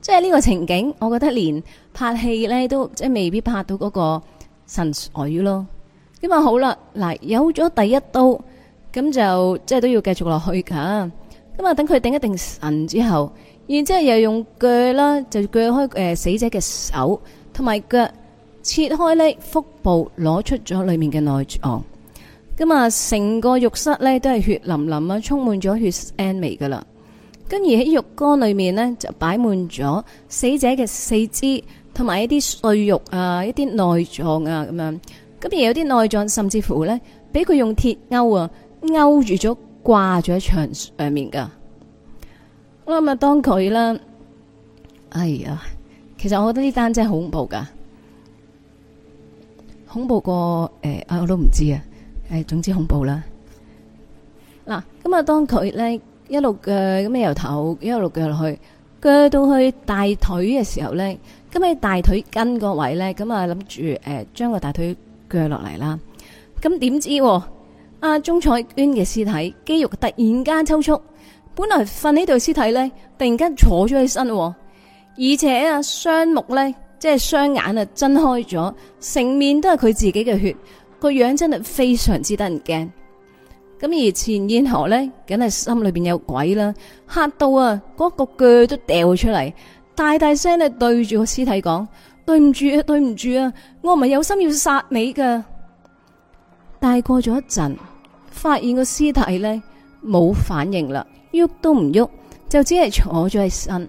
即係呢個情景，我覺得連拍戲咧都即係未必拍到嗰個神水咯。咁啊，好啦，嗱，有咗第一刀，咁就即係都要繼續落去噶。咁啊，等佢定一定神之後。然之後又用鋸啦，就鋸開死者嘅手同埋腳，切開呢腹部，攞出咗裏面嘅內臟。咁啊，成個浴室呢都係血淋淋啊，充滿咗血腥味噶啦。跟住喺浴缸裏面呢，就擺滿咗死者嘅四肢同埋一啲碎肉啊，一啲內臟啊咁樣。咁而有啲內臟甚至乎呢，俾佢用鐵勾啊勾住咗，掛咗喺牆上面噶。我諗啊，當佢啦，哎呀，其實我覺得呢單真係恐怖噶，恐怖過誒啊、欸！我都唔知啊，誒、欸，總之恐怖啦。嗱，咁啊，當佢咧一路鋸咁樣由頭一路鋸落去，鋸到去大腿嘅時候咧，咁喺大腿根個位咧，咁啊諗住誒將個大腿鋸落嚟啦。咁點知阿鍾彩娟嘅屍體肌肉突然間抽搐。本來瞓喺度，屍體咧突然間坐咗起身，而且啊，雙目咧即係雙眼啊睜開咗，成面都係佢自己嘅血，個樣真係非常之得人驚。咁而前燕河咧，梗係心裏邊有鬼啦，嚇到啊，嗰個腳都掉出嚟，大大聲咧對住個屍體講：對唔住啊，對唔住啊，我唔係有心要殺你噶。但係過咗一陣，發現個屍體咧冇反應啦。喐都唔喐，就只係坐咗係身上。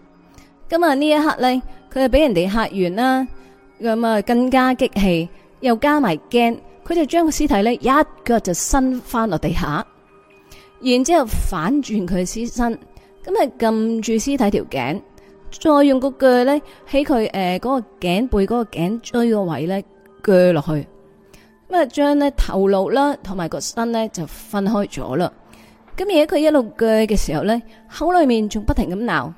咁啊，呢一刻咧，佢係俾人哋吓完啦，咁啊更加激氣，又加埋驚，佢就將個屍體咧一腳就伸翻落地下，然之後反轉佢屍身，咁啊撳住屍體條頸，再用個鋸咧喺佢誒嗰個頸背嗰個頸椎個位咧鋸落去，咁啊將咧頭顱啦同埋個身咧就分開咗啦。咁嘢佢一路鋸嘅時候咧，口裏面仲不停咁鬧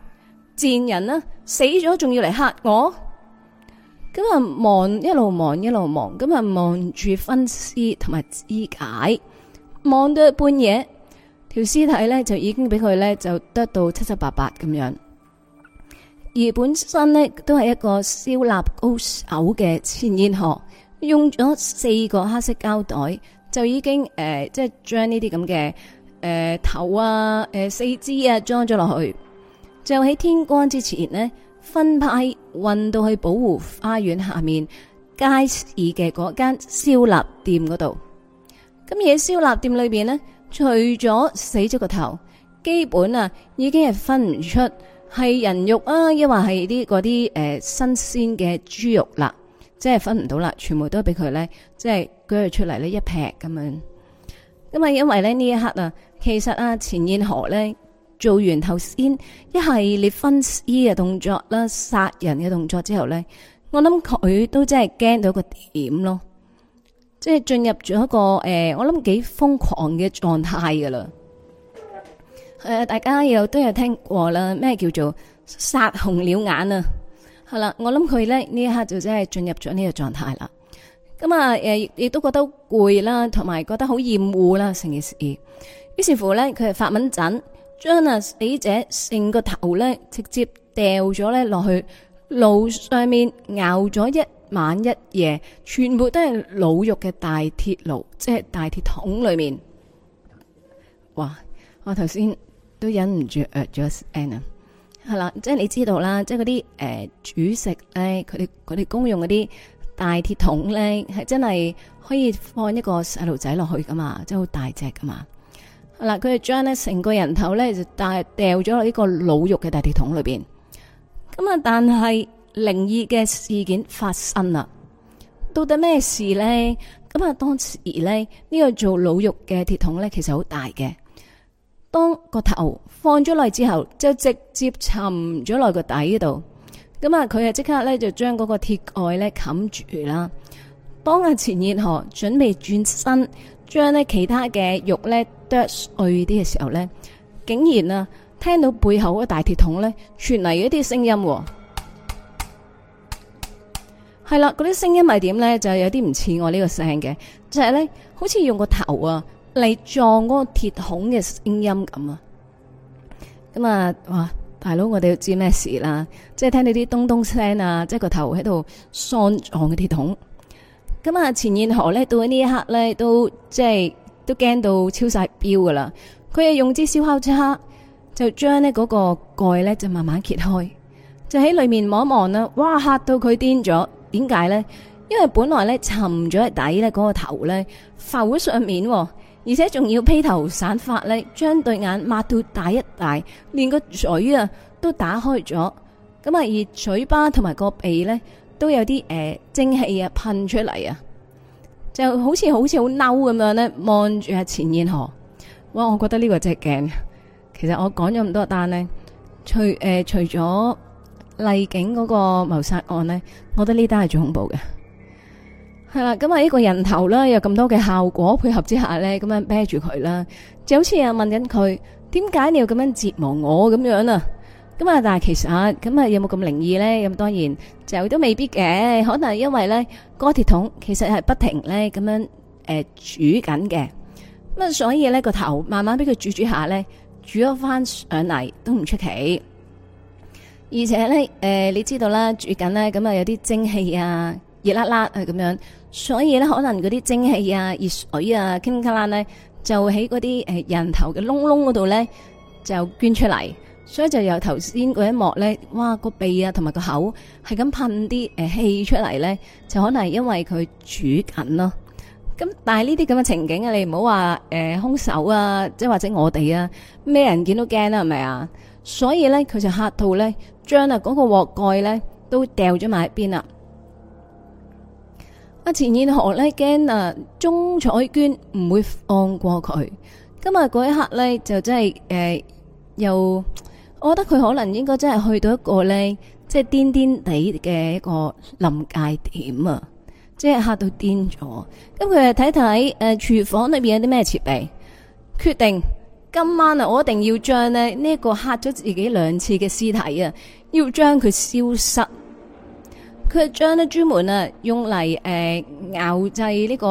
賤人啦、啊，死咗仲要嚟吓我。咁啊，忙一路忙一路忙，咁啊，望住分屍同埋肢解，望到半夜，條屍體咧就已經俾佢咧就得到七七八八咁樣。而本身咧都係一個燒臘高手嘅千煙鶴，用咗四個黑色膠袋就已經誒、呃，即係將呢啲咁嘅。誒、呃，頭啊，誒、呃，四肢啊，裝咗落去，就喺天光之前呢，分派運到去寶湖花園下面街市嘅嗰間燒臘店嗰度。咁嘢燒臘店裏邊呢，除咗死咗個頭，基本啊，已經係分唔出係人肉啊，又或係啲嗰啲誒新鮮嘅豬肉啦，即係分唔到啦，全部都俾佢咧，即係鋸出嚟呢一劈咁樣。咁啊，因為咧呢一刻啊。其實啊，錢燕河咧做完頭先一系列分屍嘅動作啦，殺人嘅動作之後咧，我諗佢都真係驚到一個點咯，即係進入咗一個誒、呃，我諗幾瘋狂嘅狀態噶啦。誒、呃，大家又都有聽過啦，咩叫做殺紅了眼啊？係、嗯、啦，我諗佢咧呢這一刻就真係進入咗呢個狀態啦。咁、嗯、啊，誒、呃、亦都覺得攰啦，同埋覺得好厭惡啦，成件事。於是乎咧，佢係發文陣，將啊死者成個頭咧直接掉咗咧落去爐上面熬咗一晚一夜，全部都係滷肉嘅大鐵爐，即係大鐵桶裡面。哇！我頭先都忍唔住 at 咗 Anna，係啦，即係、嗯就是、你知道啦，即係嗰啲誒煮食，咧，佢哋公用嗰啲大鐵桶咧，係真係可以放一個細路仔落去噶嘛，即係好大隻噶嘛。嗱，佢就將成個人頭呢，就帶掉咗落呢個滷肉嘅大鐵桶裏邊。咁啊，但係靈異嘅事件發生啦。到底咩事呢？咁啊，當時呢，呢個做滷肉嘅鐵桶呢，其實好大嘅。當個頭放咗落之後，就直接沉咗落個底度。咁啊，佢啊即刻呢，就將嗰個鐵蓋呢冚住啦。當阿錢熱河準備轉身，將呢其他嘅肉呢。得衰啲嘅時候咧，竟然啊聽到背後嗰個大鐵桶咧傳嚟一啲聲音喎，係啦，嗰啲聲音係點咧？就係有啲唔似我呢個聲嘅，就係咧好似用個頭啊嚟撞嗰個鐵桶嘅聲音咁啊！咁啊，哇，大佬我哋要知咩事啦？即係聽到啲咚咚聲啊，即係個頭喺度喪撞嘅鐵桶。咁啊，錢燕河咧到呢一刻咧都即係。都驚到超晒標噶啦！佢係用支燒烤叉就將呢嗰個蓋呢就慢慢揭開，就喺裏面望一望啦，哇吓到佢癲咗！點解呢？因爲本來呢沉咗喺底的呢嗰個頭呢浮上面，哦，而且仲要披頭散髮呢，將對眼擘到大一大，連個嘴啊都打開咗，咁啊而嘴巴同埋個鼻呢，都有啲誒、呃、蒸氣啊噴出嚟啊！就好似好似好嬲咁樣咧，望住阿錢燕河，哇！我覺得呢個真係驚。其實我講咗咁多單咧，除誒、呃、除咗麗景嗰個謀殺案咧，我覺得呢單係最恐怖嘅。係啦，咁啊呢個人頭啦，有咁多嘅效果配合之下咧，咁樣啤住佢啦，就好似啊問緊佢，點解你要咁樣折磨我咁樣啊？咁啊！但係其實啊，咁啊有冇咁靈異咧？咁當然就都未必嘅，可能係因為咧，嗰鐵桶其實係不停咧咁樣誒、呃、煮緊嘅，咁啊所以咧個頭慢慢俾佢煮煮下咧，煮咗翻上嚟都唔出奇。而且咧誒、呃，你知道啦，煮緊咧咁啊有啲蒸汽啊熱辣辣啊咁樣，所以咧可能嗰啲蒸汽啊熱水啊傾卡爛咧，就喺嗰啲誒人頭嘅窿窿嗰度咧就捐出嚟。所以就由頭先嗰一幕咧，哇個鼻啊同埋個口係咁噴啲誒氣出嚟咧，就可能係因為佢煮緊咯。咁但係呢啲咁嘅情景啊，你唔好話誒凶手啊，即係或者我哋啊，咩人見到驚啦，係咪啊？所以咧佢就嚇到咧，將啊嗰個鍋蓋咧都掉咗埋一邊啦。阿錢燕學咧驚啊，鍾彩娟唔會放過佢。今日嗰一刻咧就真係誒、呃、又～我覺得佢可能應該真係去到一個咧，即係癲癲地嘅一個臨界點啊！即係嚇到癲咗，咁佢睇睇誒，廚房裏邊有啲咩設備？決定今晚啊，我一定要將咧呢個嚇咗自己兩次嘅屍體啊，要將佢消失。佢將咧專門啊用嚟誒熬製呢個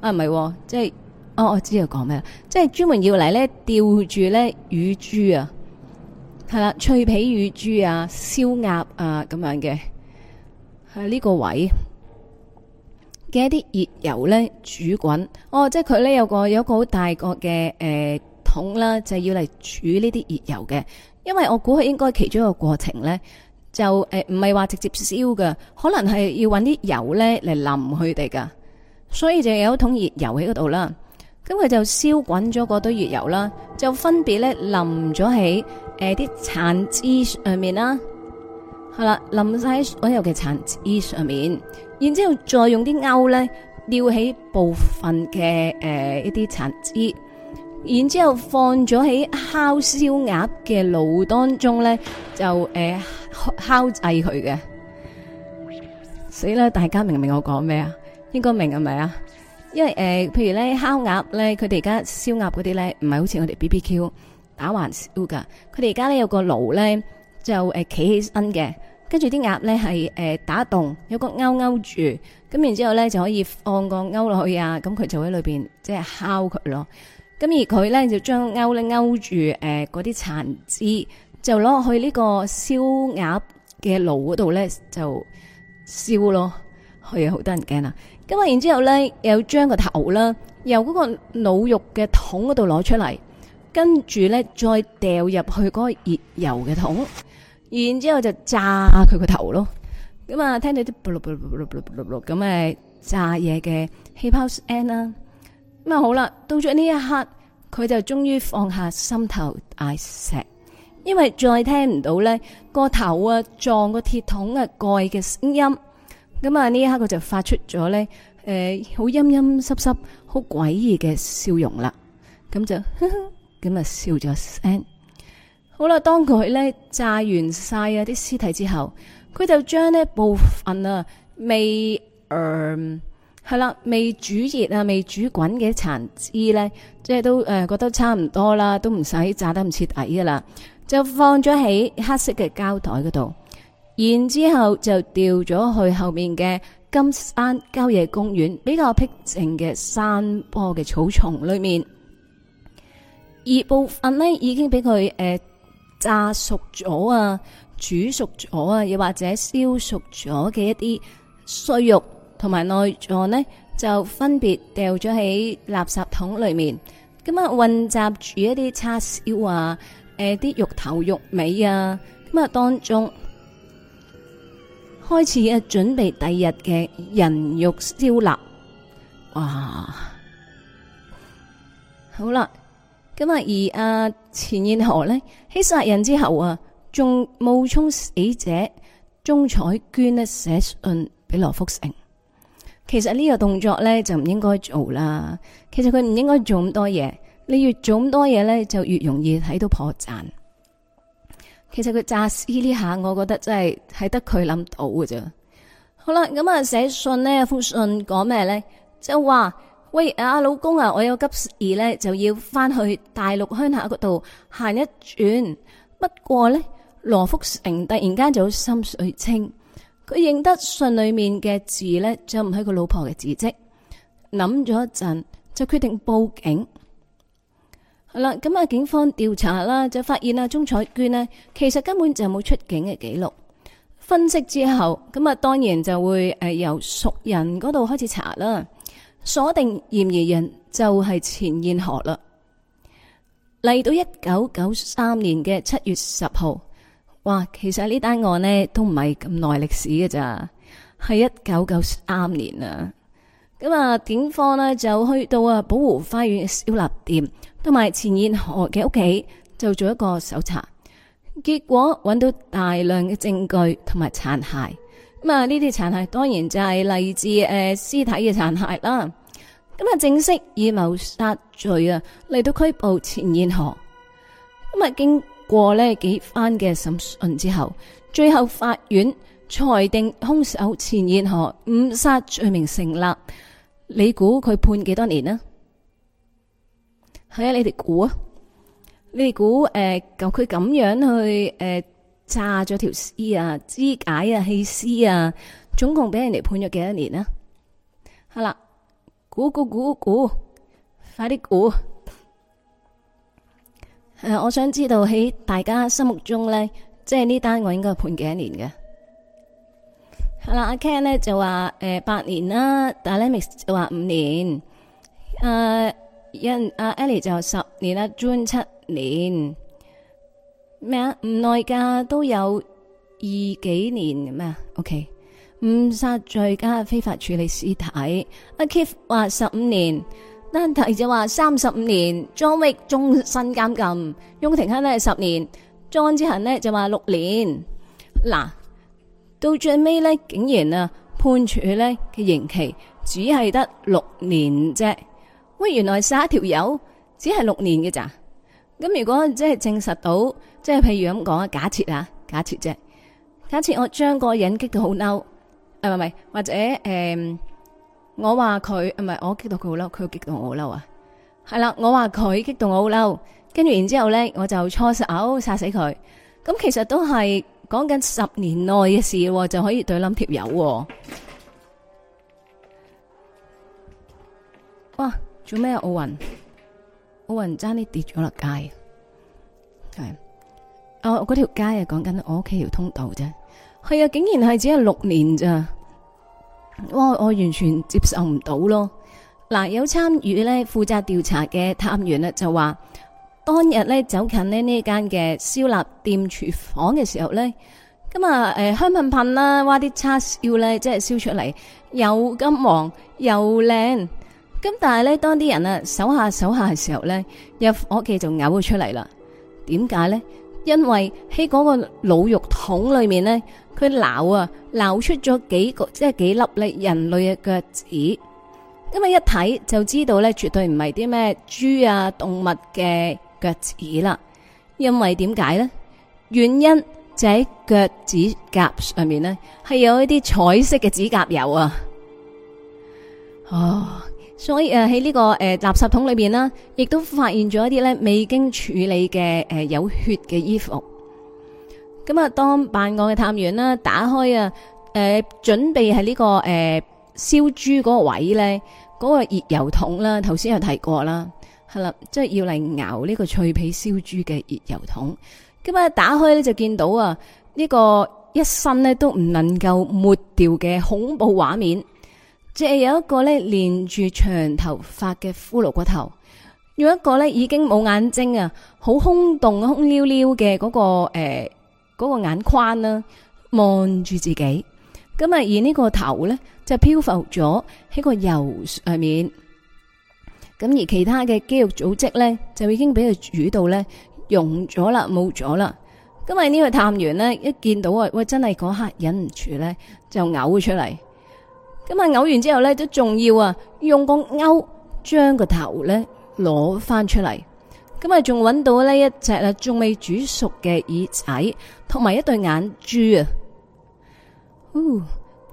啊唔係，即係哦我知道講咩啊，即係專門要嚟咧吊住咧乳豬啊！係啦，脆皮乳豬啊，燒鴨啊咁樣嘅，喺呢個位嘅一啲熱油咧煮滾。哦，即係佢咧有個有一個好大個嘅誒桶啦，就係要嚟煮呢啲熱油嘅。因為我估佢應該其中一個過程咧，就誒唔係話直接燒噶，可能係要搵啲油咧嚟淋佢哋噶。所以就有一桶熱油喺嗰度啦。咁佢就燒滾咗嗰堆熱油啦，就分別咧淋咗喺。誒，啲殘肢上面啦，係啦，淋晒所有嘅殘肢上面，然之後再用啲鈎咧吊起部分嘅誒、呃、一啲殘肢，然之後放咗喺烤燒鴨嘅爐當中咧，就誒、呃、烤製佢嘅。所以咧，大家明唔明我講咩啊？應該明係咪啊？因為誒、呃，譬如咧烤鴨咧，佢哋而家燒鴨嗰啲咧，唔係好似我哋 BBQ。打橫燒噶佢哋而家咧有個爐咧就誒企、呃、起身嘅，跟住啲鴨咧係誒打洞，有個勾勾住，咁然之後咧就可以放個勾落去啊，咁佢就喺裏邊即係烤佢咯。咁而佢咧就將勾咧勾住誒嗰啲殘肢，就攞，呃、去呢個燒鴨嘅爐嗰度咧就燒咯，係好得人驚啊！咁啊，然之後咧又將個頭啦，由嗰個腦肉嘅桶嗰度攞出嚟。跟住咧，再掉入去嗰個熱油嘅桶，然之後就炸佢個頭咯。咁、嗯、啊，聽到啲啵碌啵碌啵碌啵碌咁嘅炸嘢嘅氣泡聲啦。咁、嗯、啊好啦，到咗呢一刻，佢就終於放下心頭大石，因為再聽唔到咧個頭啊撞個鐵桶啊蓋嘅聲音。咁啊呢一刻，佢就發出咗咧誒，好陰陰濕濕、好詭異嘅笑容啦。咁、嗯、就。咁啊，就笑咗聲。好啦，當佢咧炸完晒啊啲屍體之後，佢就將呢部分啊未，嗯係啦未煮熱啊未煮滾嘅殘肢咧，即係都誒、呃、覺得差唔多啦，都唔使炸得咁徹底啦，就放咗喺黑色嘅膠袋嗰度，然之後就掉咗去後面嘅金山郊野公園比較僻靜嘅山坡嘅草叢裏面。而部分呢已經俾佢誒炸熟咗啊、煮熟咗啊，又或者燒熟咗嘅一啲碎肉同埋內臟呢，就分別掉咗喺垃圾桶裏面。咁啊，混雜住一啲叉燒啊、誒啲肉頭肉尾啊咁啊，當中開始啊，準備第二日嘅人肉燒臘。哇！好啦～咁啊，而阿錢燕河咧，喺殺人之後啊，仲冒充死者鍾彩娟咧寫信俾羅福成。其實呢個動作咧就唔應該做啦。其實佢唔應該做咁多嘢，你越做咁多嘢咧，就越容易睇到破綻。其實佢詐屍呢下，我覺得真係係得佢諗到㗎啫。好啦，咁啊，寫信呢，封信講咩咧？就話，是。喂，阿、啊、老公啊，我有急事呢，就要翻去大陸鄉下嗰度行一轉。不過呢，羅福成突然間就好心水清，佢認得信裏面嘅字呢，就唔係佢老婆嘅字跡。諗咗一陣，就決定報警。好啦，咁、嗯、啊，警方調查啦，就發現啊，鍾彩娟呢，其實根本就冇出境嘅記錄。分析之後，咁、嗯、啊，當然就會誒由熟人嗰度開始查啦。鎖定嫌疑人就係、是、錢燕河啦。嚟到一九九三年嘅七月十號，哇，其實呢單案呢都唔係咁耐歷史嘅咋，係一九九三年啊。咁啊，警方呢，就去到啊寶湖花園嘅燒臘店同埋錢燕河嘅屋企，就做一個搜查，結果揾到大量嘅證據同埋殘骸。咁啊！呢啲殘骸當然就係嚟自，誒屍、呃、體嘅殘骸啦。咁啊，正式以謀殺罪啊嚟到拘捕錢燕河。咁啊，經過呢幾番嘅審訊之後，最後法院裁定凶手錢燕河誤殺罪名成立。你估佢判幾多年啊？係啊，你哋估啊？你哋估誒？咁佢咁樣去誒？呃炸咗條屍啊，肢解啊，棄屍啊，總共俾人哋判咗幾多年啊？好、嗯、啦，估估估估，快啲估！誒、呃，我想知道喺大家心目中咧，即係呢單案應該判幾多年嘅？係、嗯、啦，阿、啊、Ken 咧就話誒八年啦，但係咧 Miss 就話五年，誒因阿 Ellie 就十年啦，June 七年。啊咩啊？唔耐噶都有二幾年咩咩？OK，誤殺罪加非法處理屍體，阿 Keith 話十五年，丹提就話三十五年，John 域威終身監禁，雍廷克呢十年，John 之恒呢就話六年。嗱，到最尾呢，竟然啊判處佢呢嘅刑期只係得六年啫。喂，原來殺一條友只係六年嘅咋？咁如果即係證實到，即係譬如咁講啊，假設啊，假設啫，假設我將個人激到好嬲，誒唔係，或者誒、嗯，我話佢唔係，我激到佢好嬲，佢激到我好嬲啊，係啦，我話佢激到我好嬲，跟住然之後咧，我就錯手殺死佢，咁其實都係講緊十年內嘅事，就可以懟冧條友。哇！做咩啊，奧運？冇人爭啲跌咗落街，係啊！我嗰條街啊，講緊我屋企條通道啫。係啊，竟然係只係六年咋，我我完全接受唔到咯。嗱，有參與咧負責調查嘅探員啊，就話當日咧走近咧呢間嘅燒臘店廚房嘅時候咧，咁啊誒香噴噴啦，挖啲叉燒咧即係燒出嚟又金黃又靚。咁但係咧，當啲人啊手下手下嘅時候咧，入我屋企就嘔咗出嚟啦。點解咧？因為喺嗰個老肉桶裏面咧，佢撈啊撈出咗幾個即係幾粒咧人類嘅腳趾。因為一睇就知道咧，絕對唔係啲咩豬啊動物嘅腳趾啦。因為點解咧？原因就喺腳趾甲上面咧，係有一啲彩色嘅指甲油啊。哦。所以誒喺呢個誒、呃、垃圾桶裏邊啦，亦都發現咗一啲咧未經處理嘅誒、呃、有血嘅衣服。咁啊，當辦案嘅探員啦，打開啊誒、呃，準備喺呢、這個誒燒豬嗰個位咧，嗰、那個熱油桶啦，頭先有提過啦，係啦，即係要嚟熬呢個脆皮燒豬嘅熱油桶。咁啊，打開咧就見到啊呢、這個一身咧都唔能夠抹掉嘅恐怖畫面。即係有一個咧，連住長頭髮嘅骷髏骨頭；有一個咧，已經冇眼睛啊，好空洞、空溜溜嘅嗰個誒，欸嗰個眼眶啦，望住自己。咁啊，而呢個頭咧就漂浮咗喺個油上面。咁而其他嘅肌肉組織咧就已經俾佢煮到咧溶咗啦，冇咗啦。咁啊，呢個探員咧一見到啊，喂，真係嗰刻忍唔住咧，就嘔出嚟。咁啊！嘔完之後呢，都仲要啊，用個勾將個頭呢攞翻出嚟。咁啊，仲揾到呢一隻啊，仲未煮熟嘅耳仔，同埋一對眼珠啊。哦！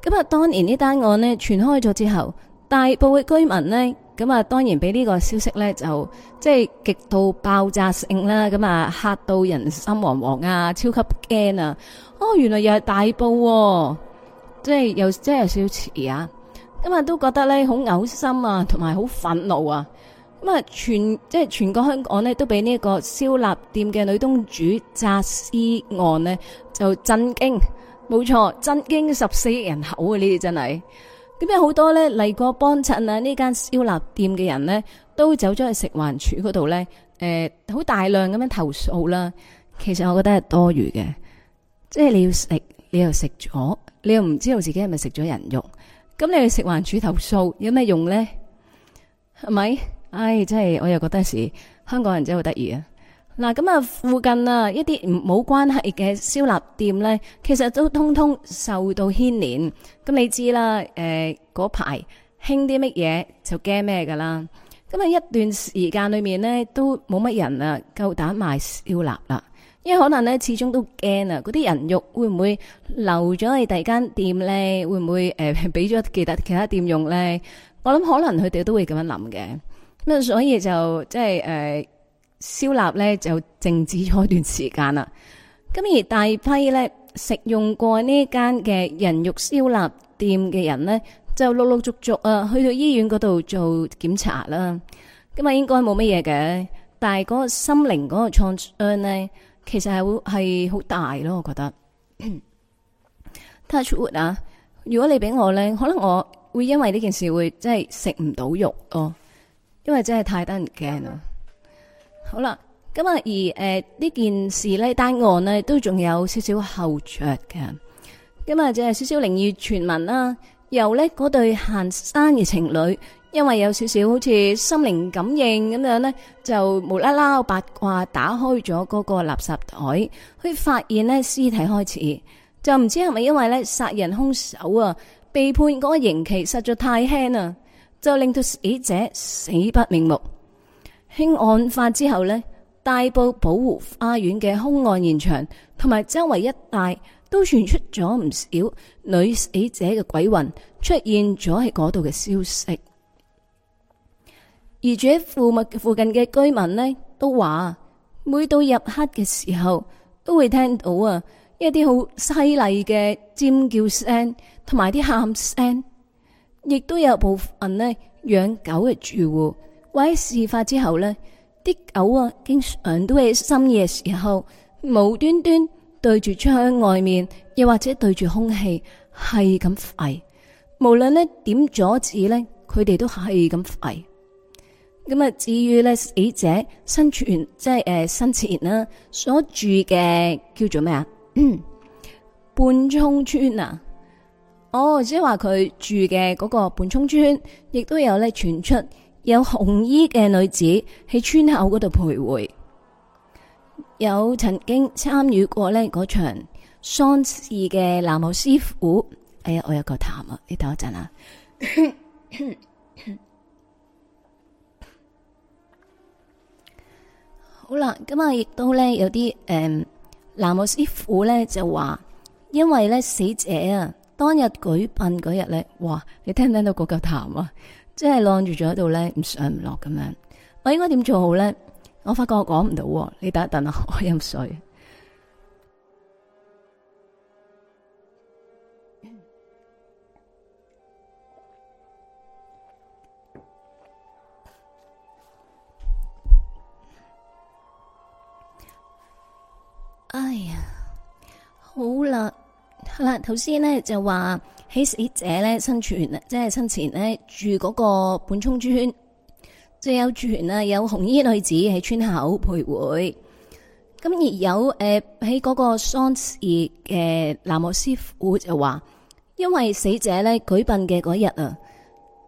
咁啊，當年呢單案呢傳開咗之後，大埔嘅居民呢，咁啊，當然俾呢個消息呢，就即係極度爆炸性啦。咁啊，嚇到人心惶惶啊，超級驚啊！哦，原來又係大埔喎。即係有即係少遲啊！咁啊都覺得咧好嘔心啊，同埋好憤怒啊。咁啊，全即係全個香港咧都俾呢一個燒臘店嘅女東主詐屍案呢就震驚冇錯，震驚十四億人口啊！呢啲真係咁，有好多咧嚟過幫襯啊呢間燒臘店嘅人呢都走咗去食環署嗰度咧，誒、呃，好大量咁樣投訴啦。其實我覺得係多餘嘅，即係你要食，你又食咗。你又唔知道自己係咪食咗人肉？咁你去食環署投訴有咩用呢？係咪？唉，真係我又覺得時香港人真係好得意啊！嗱，咁啊附近啊一啲唔冇關係嘅燒臘店呢，其實都通通受到牽連。咁你知啦，誒嗰排興啲乜嘢就驚咩㗎啦？咁啊一段時間裏面呢，都冇乜人啊，夠膽賣燒臘啦～因為可能咧，始終都驚啊！嗰啲人肉會唔會留咗喺第二間店咧？會唔會誒俾咗其他其他店用咧？我諗可能佢哋都會咁樣諗嘅。咁、嗯、所以就即係誒燒臘咧就靜止咗一段時間啦。咁而大批咧食用過呢間嘅人肉燒臘店嘅人咧，就陸陸續續啊去到醫院嗰度做檢查啦。咁日應該冇乜嘢嘅，但係嗰個心靈嗰個創傷咧。其實係會係好大咯，我覺得 touch wood 啊。如果你俾我咧，可能我會因為呢件事會真係食唔到肉咯，因為真係太得人驚啦。嗯、好啦，咁啊，而誒呢、呃、件事呢，單案呢都仲有少少後着嘅。咁、嗯、啊，就係少少靈異傳聞啦。由呢嗰對行山嘅情侶。因為有少少好似心靈感應咁樣呢，就無啦啦八卦打開咗嗰個垃圾台，去發現呢屍體開始，就唔知係咪因為呢殺人兇手啊被判嗰個刑期實在太輕啊，就令到死者死不瞑目。輕案發之後呢，大埔寶湖花園嘅兇案現場同埋周圍一帶都傳出咗唔少女死者嘅鬼魂出現咗喺嗰度嘅消息。而住喺附近嘅居民呢，都話，每到入黑嘅時候，都會聽到啊一啲好犀利嘅尖叫聲，同埋啲喊聲。亦都有部分呢養狗嘅住戶，或者事發之後呢啲狗啊，經常都喺深夜時候無端端對住窗外面，又或者對住空氣係咁吠。無論呢點阻止呢，佢哋都係咁吠。咁啊！至於咧死者生存，即係誒生前啦，所住嘅叫做咩啊？ 半沖村啊！哦，即係話佢住嘅嗰個半沖村，亦都有咧傳出有紅衣嘅女子喺村口嗰度徘徊，有曾經參與過呢嗰場喪事嘅喃嘸師傅。哎呀，我有個痰啊，你等我陣啊。 好啦，咁啊，亦都咧有啲，誒，藍老師傅咧就話，因為咧死者啊，當日舉殯嗰日咧，哇，你聽唔聽到嗰嚿痰啊？即係晾住咗喺度咧，唔上唔落咁樣，我應該點做好咧？我發覺我講唔到，你等一等啊，我飲水。哎呀，好啦，好啦，頭先呢就話喺死者咧身，身前，即係生前呢住嗰個本涌村，最有住員啊，有紅衣女子喺村口徘徊。咁而有誒喺嗰個喪事嘅南無師傅就話，因為死者咧舉殯嘅嗰日啊，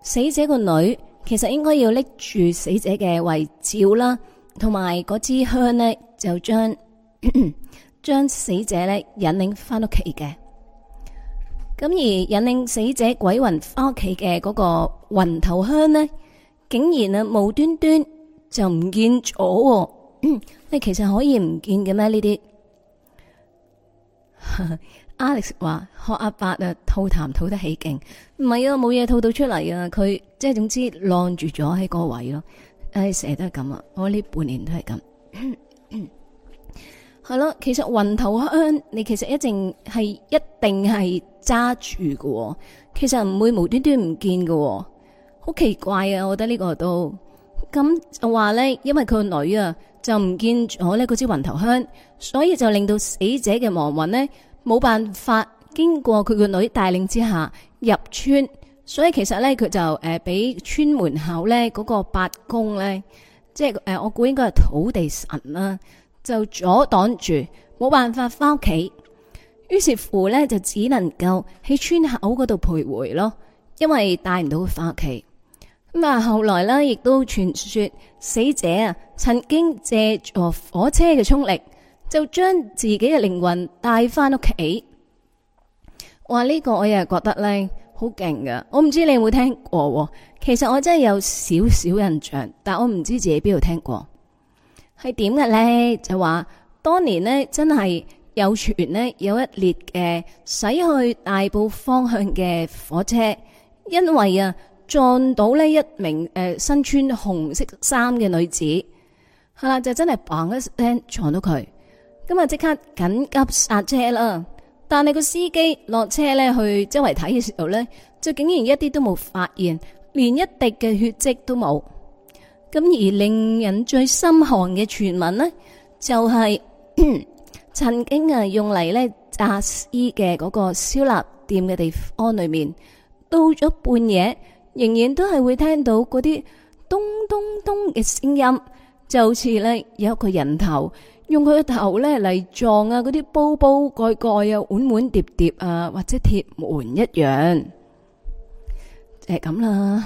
死者個女其實應該要拎住死者嘅遺照啦，同埋嗰支香呢就將。 將死者咧引領翻屋企嘅，咁而引領死者鬼魂翻屋企嘅嗰個雲頭香呢，竟然啊無端端就唔見咗，哦。你 其實可以唔見嘅咩？呢啲 Alex 話學阿伯啊，吐痰吐得起勁，唔係啊，冇嘢吐到出嚟啊。佢即係總之晾住咗喺個位咯。唉、哎，成日都係咁啊，我呢半年都係咁。 係咯，其實雲頭香你其實一定係一定係揸住嘅，其實唔會無端端唔見嘅，好奇怪啊！我覺得這個這說呢個都咁就話咧，因為佢個女啊就唔見咗咧嗰支雲頭香，所以就令到死者嘅亡魂咧冇辦法經過佢個女帶領之下入村，所以其實咧佢就誒俾、呃、村門口咧嗰、那個八公咧，即係誒、呃、我估應該係土地神啦。就阻擋住，冇辦法翻屋企，於是乎咧就只能夠喺村口嗰度徘徊咯，因為帶唔到佢翻屋企。咁啊，後來咧亦都傳說死者啊曾經借助火車嘅衝力，就將自己嘅靈魂帶翻屋企。話呢個我又係覺得咧好勁噶，我唔知你有冇聽過喎。其實我真係有少少印象，但我唔知自己邊度聽過。係點嘅咧？就話當年呢，真係有傳呢有一列嘅駛去大埔方向嘅火車，因為啊撞到呢一名誒身、呃、穿紅色衫嘅女子，係啦，就真係嘭一聲撞到佢，咁啊即刻緊急剎車啦。但係個司機落車咧去周圍睇嘅時候咧，就竟然一啲都冇發現，連一滴嘅血迹都冇。咁而令人最心寒嘅傳聞咧，就係曾經啊用嚟咧炸屍嘅嗰個燒臘店嘅地方裏面，到咗半夜仍然都係會聽到嗰啲咚咚咚嘅聲音，就好似咧有一個人頭用佢個頭咧嚟撞啊嗰啲煲煲蓋蓋啊碗碗碟碟啊或者鐵門一樣，就係咁啦。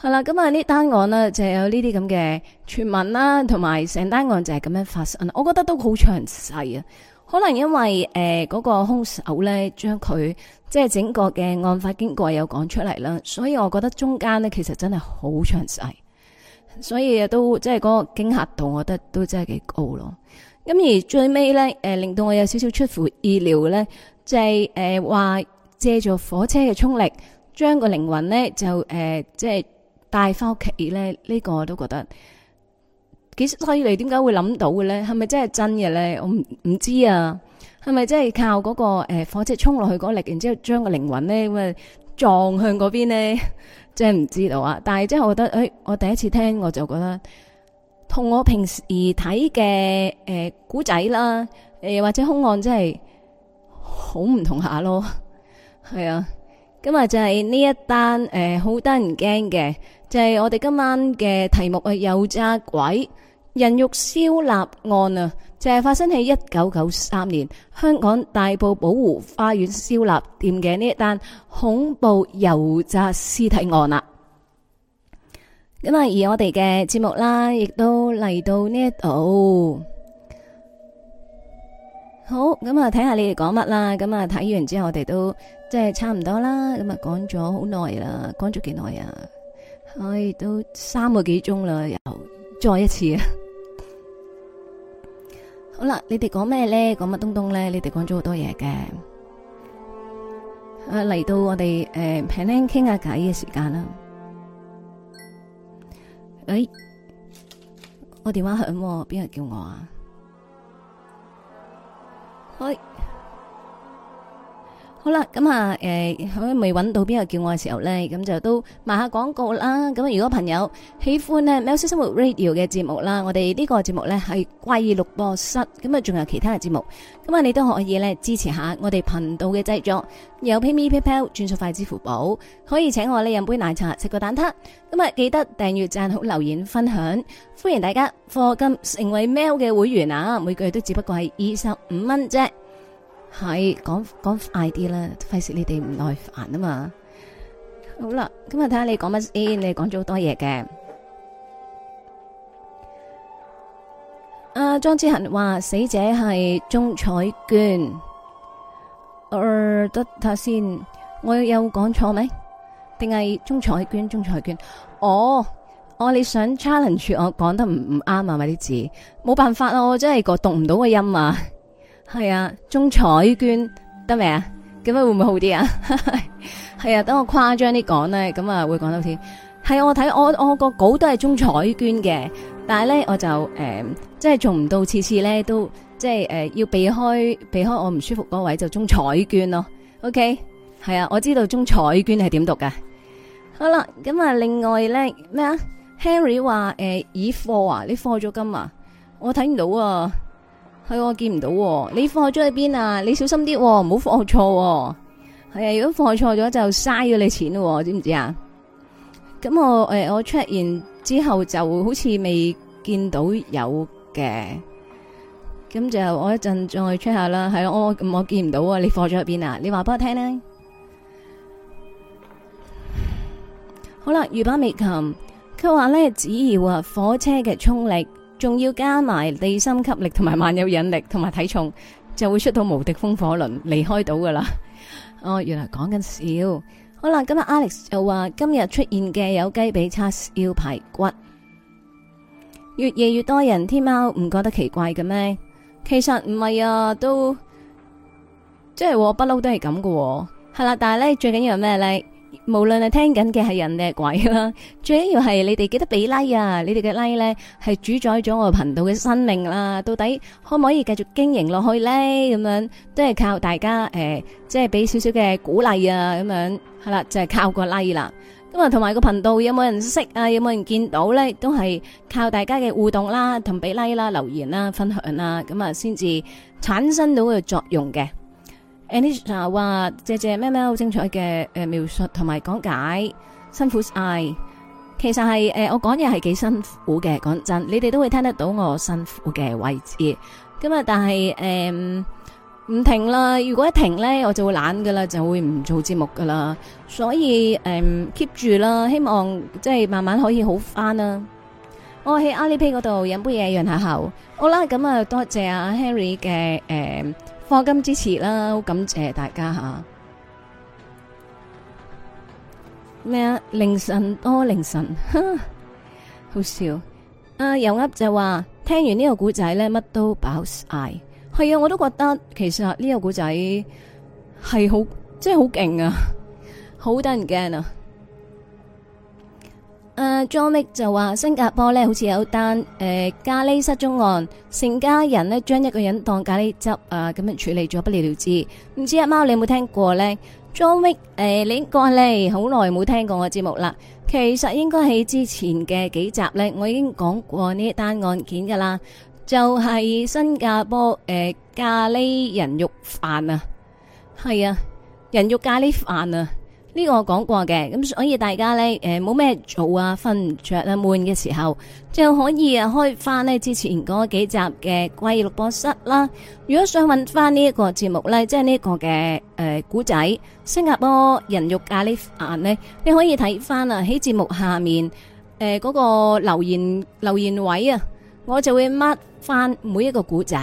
係啦，咁啊呢單案呢，就有呢啲咁嘅傳聞啦，同埋成單案就係咁樣發生，我覺得都好詳細啊。可能因為誒嗰、呃嗰個凶手呢，將佢即係整個嘅案發經過有講出嚟啦，所以我覺得中間呢，其實真係好詳細，所以都即係嗰個驚嚇度，我覺得都真係幾高咯。咁而最尾呢，誒、呃、令到我有少少出乎意料呢，就係誒話借助火車嘅衝力，將個靈魂呢，就誒、呃、即係。帶翻屋企咧，呢、這個我都覺得幾犀利，你點解會諗到嘅咧？係咪真係真嘅咧？我唔唔知啊。係咪真係靠嗰個誒火車衝落去嗰力，然之後將個靈魂咧，咁啊撞向嗰邊咧？ 真係唔知道啊。但係即係我覺得，誒、哎，我第一次聽我就覺得，同我平時睇嘅誒古仔啦，誒、呃、或者凶案真係好唔同下咯。係 啊，今日就係呢一單誒、呃、好得人驚嘅。就係我哋今晚嘅題目係油炸鬼人肉燒臘案啊，就係發生喺一九九三年香港大埔寶湖花園燒臘店嘅呢一單恐怖油炸屍體案啦。咁啊，而我哋嘅節目啦，亦都嚟到呢一度。好，咁啊，睇下你哋講乜啦。咁啊，睇完之後我哋都即係差唔多啦。咁啊，講咗好耐啦，講咗幾耐啊？我哋都三個幾鐘啦，又再一次啊！好啦，你哋講咩咧？講乜東東咧？你哋講咗好多嘢嘅。誒，嚟到我哋誒平靚傾下偈嘅時間啦。誒，我電話響，邊人叫我啊？喂。好啦，咁、嗯、啊，誒，咪未揾到邊個叫我嘅時候呢？咁就都賣下廣告啦。咁啊，如果朋友喜歡呢喵式生活 radio 嘅節目啦，我哋呢個節目呢係怪異錄播室，咁啊，仲有其他嘅節目，咁啊，你都可以呢支持下我哋頻道嘅製作，有 PayMePayPal 轉數快支付寶，可以請我呢飲杯奶茶，食個蛋撻。咁啊，記得訂閱、讚好、留言、分享，歡迎大家課金成為喵嘅會員啊！每個月都只不過係二十五蚊啫。係講講快啲啦，費事你哋唔耐煩啊嘛。好啦，今日睇下你講乜先，你講咗好多嘢嘅。阿、啊、莊之恒話死者係鍾彩娟。誒、呃，得睇下先，我有講錯咩？定係鍾彩娟？鍾彩娟？哦，我、哦、你想 challenge 我講得唔唔啱啊？咪啲字，冇辦法啊！我真係個讀唔到個音啊！係啊，中彩娟得未 啊？咁樣會唔會好啲啊？係啊，等我誇張啲講咧，咁啊會講得好啲。係啊，我睇我我個稿都係中彩娟嘅，但係咧我就誒、嗯，即係做唔到次次咧都即係誒、呃、要避開避開我唔舒服嗰位就中彩娟咯。OK，係啊，我知道中彩娟係點讀噶。好啦，咁啊，另外咧咩啊？Harry 話誒，已、呃、貨啊，你貨咗金啊？我睇唔到啊。係、啊、我見唔到、啊，你放咗喺邊啊？你小心啲、啊，唔好放錯、啊。係啊，如果放錯咗就嘥咗你錢咯、啊，知唔知啊？咁我誒，我 check 完之後就好似未見到有嘅，咁就我一陣再 check 下啦。係、啊、我我，我見唔到啊。你放咗喺邊啊？你話俾我聽呢。好啦，御板美琴佢話咧，只要啊火車嘅衝力。仲要加埋地心吸力同埋萬有引力同埋體重，就會出到無敵風火輪，離開到噶啦。哦，原來講緊笑。好啦，就 今日 Alex 又話今日出現嘅有雞髀叉燒排骨，越夜越多人，天貓唔覺得奇怪嘅咩？其實唔係啊，都即係、就是、我不嬲都係咁噶。係啦， 但係咧最緊要係咩咧？無論係聽緊嘅係人定係鬼啦，最緊要係你哋記得俾 like 啊！你哋嘅 like 咧係主宰咗我頻道嘅生命啦。到底可唔可以繼續經營落去咧？咁樣都係靠大家誒、呃，即係俾少少嘅鼓勵啊！咁樣係啦，就係、是、靠個 like 啦。咁啊，同埋個頻道有冇人識啊？有冇人見到咧？都係靠大家嘅互動啦、同俾 like 啦、留言啦、分享啦，咁啊先至產生到嘅作用嘅。Anish 啊，話謝謝咩咩好精彩嘅誒描述同埋講解，辛苦晒。其實係誒我講嘢係幾辛苦嘅，講真，你哋都會聽得到我辛苦嘅位置。咁啊，但係誒唔停啦，如果一停咧，我就會懶噶啦，就會唔做節目噶啦。所以誒 keep、嗯、住啦，希望即係慢慢可以好返啦。我喺 Alipay 嗰度飲杯嘢潤下喉。好啦，咁啊多謝阿 Harry 嘅誒。嗯放金支持啦，好感謝大家吓。咩啊什麼？凌晨多、哦、凌晨呵呵，好笑。啊，油鴨就話聽完呢個故仔咧，乜都飽晒。係啊，我都覺得其實呢個故仔係好，真係好勁啊，好得人驚啊！誒、uh,，Joey 就話新加坡呢好似有單誒、呃、咖喱失蹤案，成家人呢將一個人當咖喱汁啊咁樣處理咗不了了之。唔知阿貓、啊、你有冇聽過呢 Joey，誒，你應該咧好耐冇聽過我節目啦。其實應該喺之前嘅幾集呢我已經講過呢一單案件噶啦，就係、是、新加坡誒、呃、咖喱人肉飯啊，係啊，人肉咖喱飯啊。呢個我講過嘅。咁，所以大家咧誒，冇咩做啊，瞓唔著啊，悶嘅時候，就可以啊開翻咧之前講咗幾集嘅《怪異錄播室》啦。如果想揾翻呢一個節目咧，即係呢個嘅誒古仔，新加坡人肉咖喱飯咧，你可以睇翻啊喺節目下面誒嗰個留言留言位啊，我就會 mark 翻每一個古仔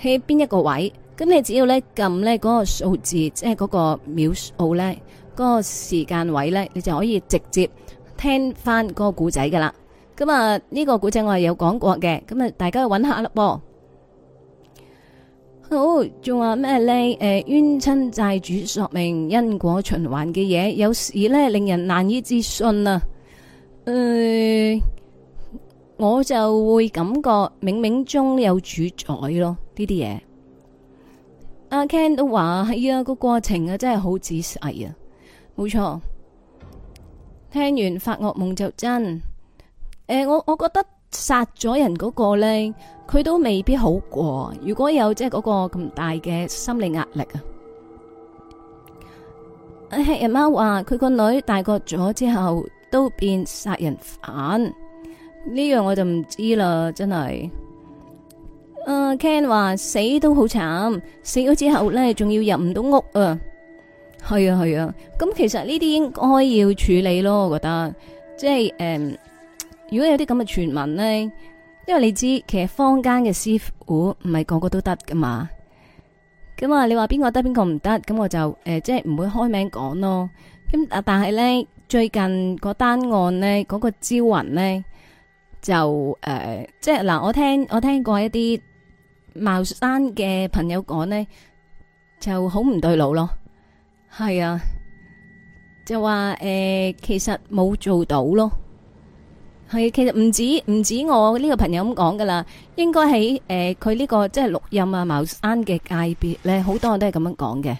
喺邊一個位。咁你只要咧撳咧嗰個數字，即係嗰個秒數咧。嗰個時間位呢，你就可以直接聽翻嗰個故仔噶啦。咁、嗯、啊，呢、這個故仔我係有講過嘅，咁、嗯、啊，大家去揾下咯噃。好，仲話咩呢、呃？冤親債主，索命因果循環嘅嘢，有時呢令人難以置信啊。誒、呃，我就會感覺冥冥中有主宰咯，呢啲嘢。阿、啊、Ken 都話係啊，呀嗰個過程啊真係好仔細啊。冇錯，聽完發惡夢就真。誒，我我覺得殺咗人嗰個呢，佢都未必好過。如果有即係嗰個咁大嘅心理壓力啊！黑人貓話佢個女大個咗之後都變殺人犯，呢樣我就唔知啦，真係。啊，Ken 話死都好慘，死咗之後呢，仲要入唔到屋啊！係啊，係啊。咁其實呢啲應該要處理咯。我覺得即係誒、呃，如果有啲咁嘅傳聞咧，因為你知其實坊間嘅師傅唔係、哦、個個都得噶嘛。咁、嗯、啊，你話邊個得邊個唔得，咁我就誒、呃、即係唔會開名講咯。咁但係咧最近呢，嗰單案咧，嗰個招魂咧就誒、呃，即係嗱、呃，我聽我聽過一啲茅山嘅朋友講咧，就好唔對路咯。係啊，就話誒，其實冇做到咯。係其實唔止唔止我呢個朋友咁講噶啦，應該喺誒佢呢個即係六壬啊茅山嘅界別咧，好多人都係咁樣講嘅。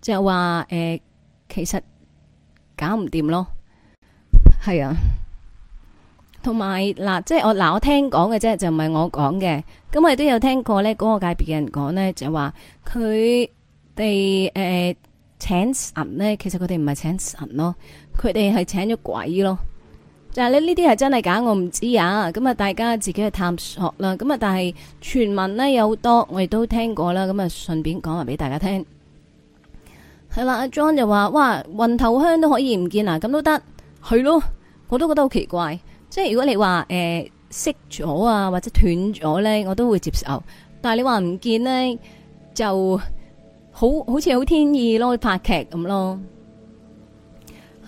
就係話誒，其實搞唔掂咯。係啊，同埋嗱，即係我嗱，我聽講嘅啫，就唔係我講嘅。咁我亦都有聽過咧，嗰個界別嘅人講咧，就係話佢哋誒。請神呢，其實佢哋唔係請神咯，佢哋係請咗鬼咯。就係你呢啲係真係假，我唔知啊。咁啊，大家自己去探索啦。咁啊，但係傳聞呢有好多，我亦都聽過啦。咁、嗯、啊，順便講話俾大家聽。係啦，阿 John 就話，哇，雲頭香都可以唔見啊，咁都得，係咯。我都覺得好奇怪。即係如果你話誒熄咗啊，或者斷咗呢，我都會接受。但係你話唔見呢，就。好好似好天意咯，拍劇咁咯，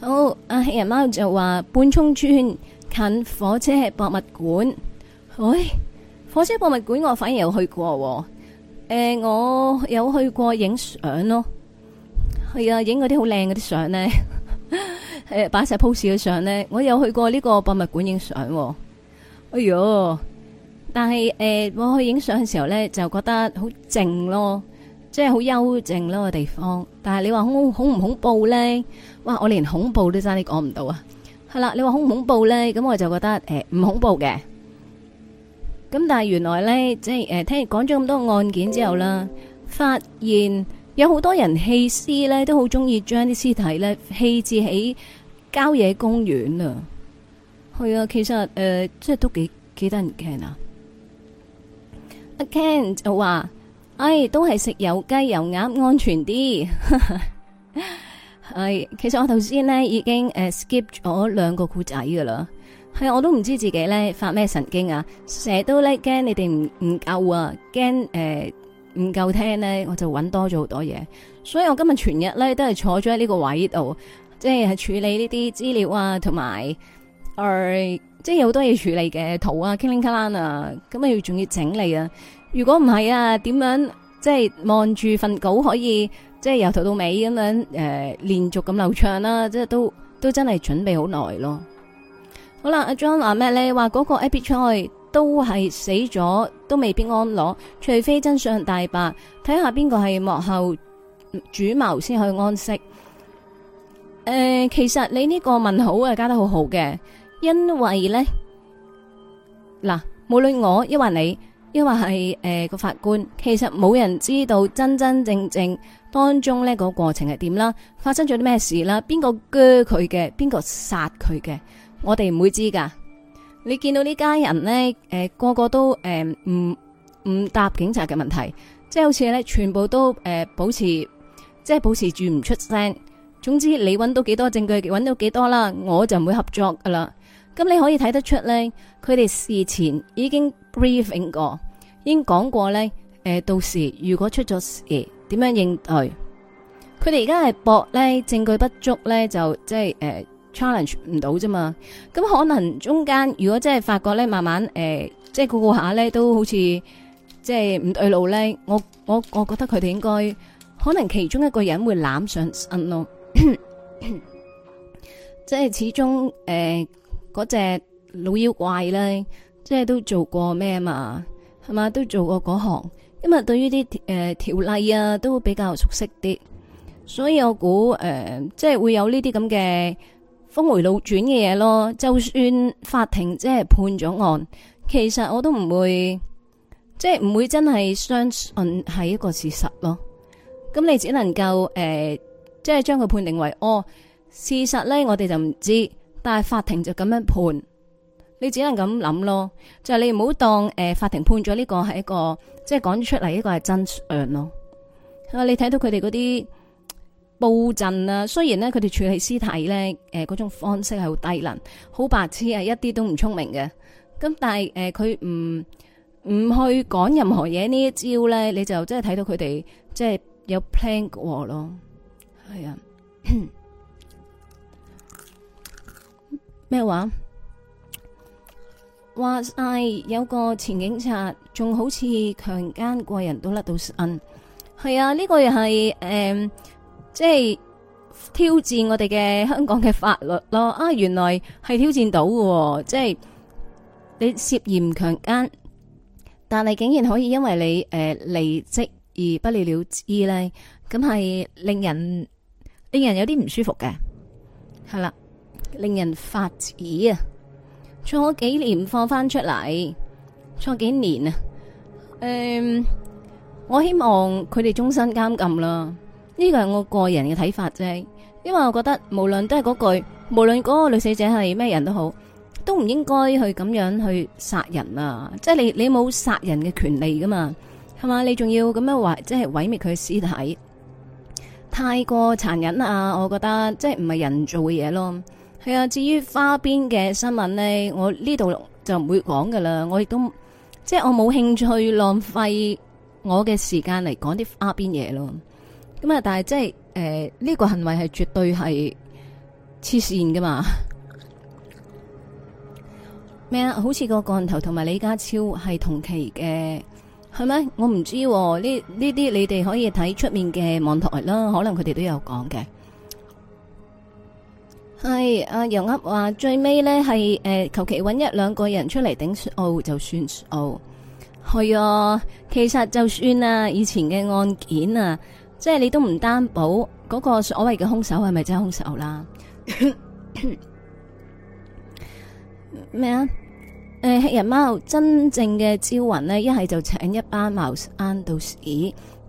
咯。好，阿、啊、黑人貓就話半涌村近火車博物館。喂、哎，火車博物館我反而有去過。誒、呃，我有去過影相咯。係、哎、 啊，影嗰啲好靚嗰啲相咧。誒，擺晒 pose 嘅相咧，我有去過呢個博物館影相。哎喲，但係誒、呃，我去影相嘅時候咧，就覺得好靜咯。即係好幽靜咯個地方，但係你話恐恐唔恐怖咧？哇！我連恐怖都差啲講唔到啊！係啦，你話恐唔恐怖咧？咁我就覺得誒唔恐怖嘅。咁但係原來咧，即係誒，聽講咗咁多案件之後啦，發現有好多人棄屍咧，都好中意將啲屍體咧棄置喺郊野公園啊。係啊，其實誒，即係都幾幾得人驚啊。阿 Ken 就話。哎，都係食有雞有鴨安全啲。係，其實我頭先咧已經誒 skip 咗兩個故仔噶啦。係、哎，我都唔知自己咧發咩神經啊，成日都咧驚你哋唔唔夠啊，驚誒唔夠聽咧，我就揾多咗好多嘢。所以我今日全日咧都係坐咗喺呢個位度，即係處理呢啲資料啊，同埋誒，即係有好多嘢處理嘅圖啊 klingklang 啊，咁啊要仲要整理啊。如果唔係啊，點樣即係望住份稿可以即係由頭到尾咁樣誒、呃、連續咁流暢啦、啊，即係都都真係準備好耐咯。好啦，阿 John 話咩，你話嗰個 A B 出都係死咗，都未必安樂，除非真相大白，睇下邊個係幕後主謀先可以安息。誒、呃、其實你呢個問號啊加得好好嘅，因為呢，嗱，無論我抑或你。因為誒個法官其實冇人知道真真正正當中呢個過程係點啦，發生咗啲咩事啦，邊個鋸佢嘅，邊個殺佢嘅，我哋唔會知噶。你見到呢家人呢，誒、呃、個個都誒唔唔答警察嘅問題，即係好似全部都誒、呃、保持，即係保持住唔出聲。總之你搵到幾多證據，搵到幾多啦，我就唔會合作噶啦。咁你可以睇得出呢，佢哋事前已經 briefing 過。已講過咧，誒，到時如果出咗事，點樣應對？佢哋而家係搏咧，證據不足咧，就即係誒 challenge 唔到啫嘛。咁可能中間如果真係發覺咧，慢慢誒，即係個個下咧都好似即係唔對路咧。我我我覺得佢哋應該可能其中一個人會攬上身咯。即係始終誒，嗰隻老妖怪咧，即係都做過咩嘛？係嘛，都做過嗰行，因為對於啲誒條例啊都比較熟悉啲，所以我估誒、呃，即係會有呢啲咁嘅峰回路轉嘅嘢咯。就算法庭即係判咗案，其實我都唔會，即係唔會真係相信係一個事實咯。咁你只能夠誒、呃，即係將佢判定為哦，事實咧我哋就唔知，但係法庭就咁樣判。你只能咁諗咯，就係、是、你唔好當誒法庭判咗呢個係一個，即係講出嚟，呢個係真相咯。啊，你睇到佢哋嗰啲布陣啊，雖然咧佢哋處理屍體咧，誒嗰種方式係好低能，好白痴啊，一啲都唔聰明嘅。咁但係誒佢唔唔去講任何嘢呢一招咧，你就真係睇到佢哋即係有 plan 過咯。係啊，咩 話？話晒有個前警察，仲好似強姦過人都甩到身。係啊，呢個又係誒，即係挑戰我哋嘅香港嘅法律咯。啊，原來係挑戰到嘅，即係你涉嫌強姦，但係竟然可以因為你誒離職而不了了之咧，咁係令人令人有啲唔舒服嘅，係啦，令人髮指啊！坐幾年放翻出嚟，坐幾年啊？誒、嗯，我希望佢哋終身監禁啦。呢個係我個人嘅睇法啫，因為我覺得無論都係嗰句，無論嗰個女死者係咩人都好，都唔應該去咁樣去殺人啊！即係你你冇殺人嘅權利噶嘛，係嘛？你仲要咁樣話，即係毀滅佢嘅屍體，太過殘忍啊，我覺得即係唔係人做嘅嘢咯。係啊，至於花邊嘅新聞呢，我呢度就唔會講噶啦。我亦都即係我冇興趣浪費我嘅時間嚟講啲花邊嘢咯。咁啊，但係即係誒呢個行為係絕對係黐線噶嘛？咩啊？好似個鋼頭同埋李家超係同期嘅，係咪？我唔知呢呢啲，這些你哋可以睇出面嘅網台啦，可能佢哋都有講嘅。係阿油鴨話最尾呢係誒，求其搵一兩個人出嚟頂數就算數，係、哦、啊、哦。其實就算啊，以前嘅案件啊，即係你都唔擔保嗰個所謂嘅凶手係咪真係凶手啦。咩 啊？誒、呃，黑人貓真正嘅招魂呢，一係就請一班茅山道士。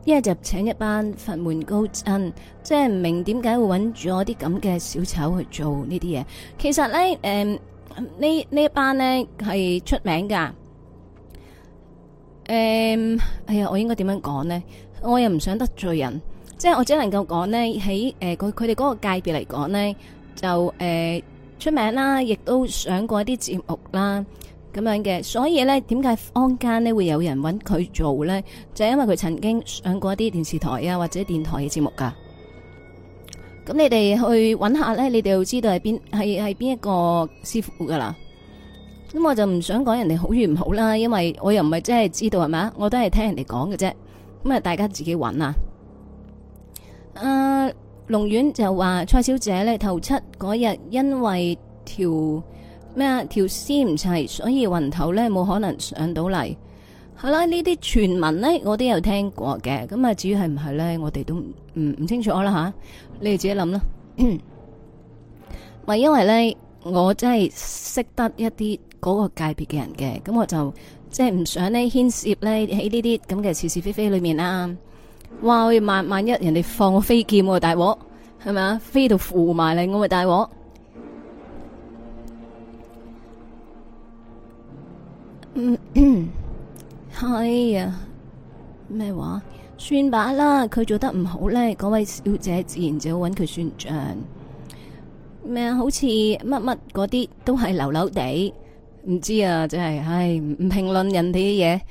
一係就請一班佛門高僧，即係唔明點解會搵咗啲咁嘅小丑去做呢啲嘢。其實咧，誒、嗯，呢呢一,一班呢係出名噶。誒、嗯，係、哎、啊，我應該點樣講呢？我又唔想得罪人，即係我只能夠講呢。喺誒佢佢哋嗰個界別嚟講呢，就誒、呃、出名啦，亦都上過一啲節目啦。咁樣嘅，所以呢點解坊間呢會有人揾佢做呢？就係、是、因為佢曾經上過一啲電視台啊或者電台嘅節目噶。咁你哋去揾下呢，你哋就知道係邊係係邊一個師傅噶啦。咁我就唔想講人哋好與唔好啦，因為我又唔係真係知道係咪？我都係聽人哋講嘅啫。咁啊，大家自己揾啦。誒、啊，龍苑就話蔡小姐呢頭七嗰日，因為條。咩啊？條線唔齊，所以雲頭咧冇可能上到嚟。係啦，呢啲傳聞呢，我都有聽過嘅。咁啊，至於係唔係呢？我哋都唔唔清楚啦吓。你哋自己諗啦。咪 因為呢，我真係識得一啲嗰個界別嘅人嘅，咁我就即係唔想呢牽涉呢喺呢啲咁嘅是是非非裏面啊。哇，萬萬一人哋放我飛劍，大鑊係咪啊？飛到扶埋你，我咪大鑊。嗯，係啊，咩 話？算罷啦，佢做得唔好咧，嗰位小姐自然就揾佢算賬。咩啊？好似乜乜嗰啲都係流流地，唔知啊！真係，唉，唔評論人哋嘅嘢。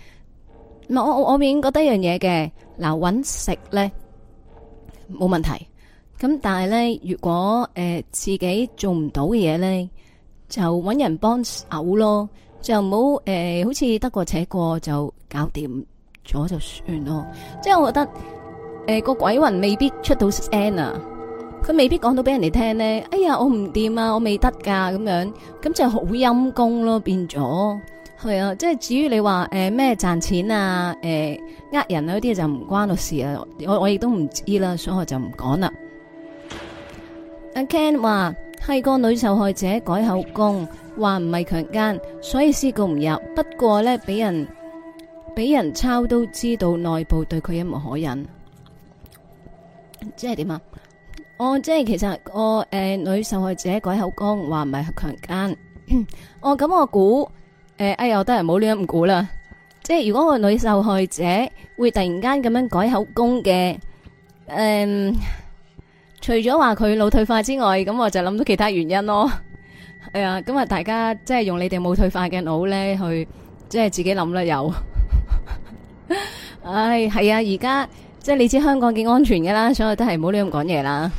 嗱，我我我已經覺得一樣嘢嘅，嗱，揾食咧冇問題。咁但係咧，如果誒、呃、自己做唔到嘅嘢咧，就揾人幫手咯。就唔好誒，好似得過且過就搞掂咗就算咯。即係我覺得誒個鬼魂未必出到聲啊，佢未必講到俾人哋聽咧。哎呀，我唔掂啊，我未得噶咁樣，咁就好陰功咯，變咗係啊。即係至於你話誒咩賺錢啊，誒呃人啊嗰啲嘢，就唔關我事啊。我我亦都唔知啦，所以我就唔講啦。阿 Ken 話。係個女受害者改口供，話唔係強姦，所以告唔入。不過咧，俾人俾人抄，都知道內部對佢一無可忍。即係點啊？我、哦、即係其實個誒、呃、女受害者改口供，話唔係強姦。我咁我估誒，哎呀，我都係冇亂咁估啦。即係如果個女受害者會突然間咁樣改口供嘅誒。呃除咗話佢腦退化之外，咁我就諗到其他原因咯、 哎呀。係、 哎、啊，咁啊，大家即係用你哋冇退化嘅腦咧，去即係自己諗啦。又，唉，係啊。而家即係你知香港幾安全噶啦，所以都係唔好亂咁講嘢啦。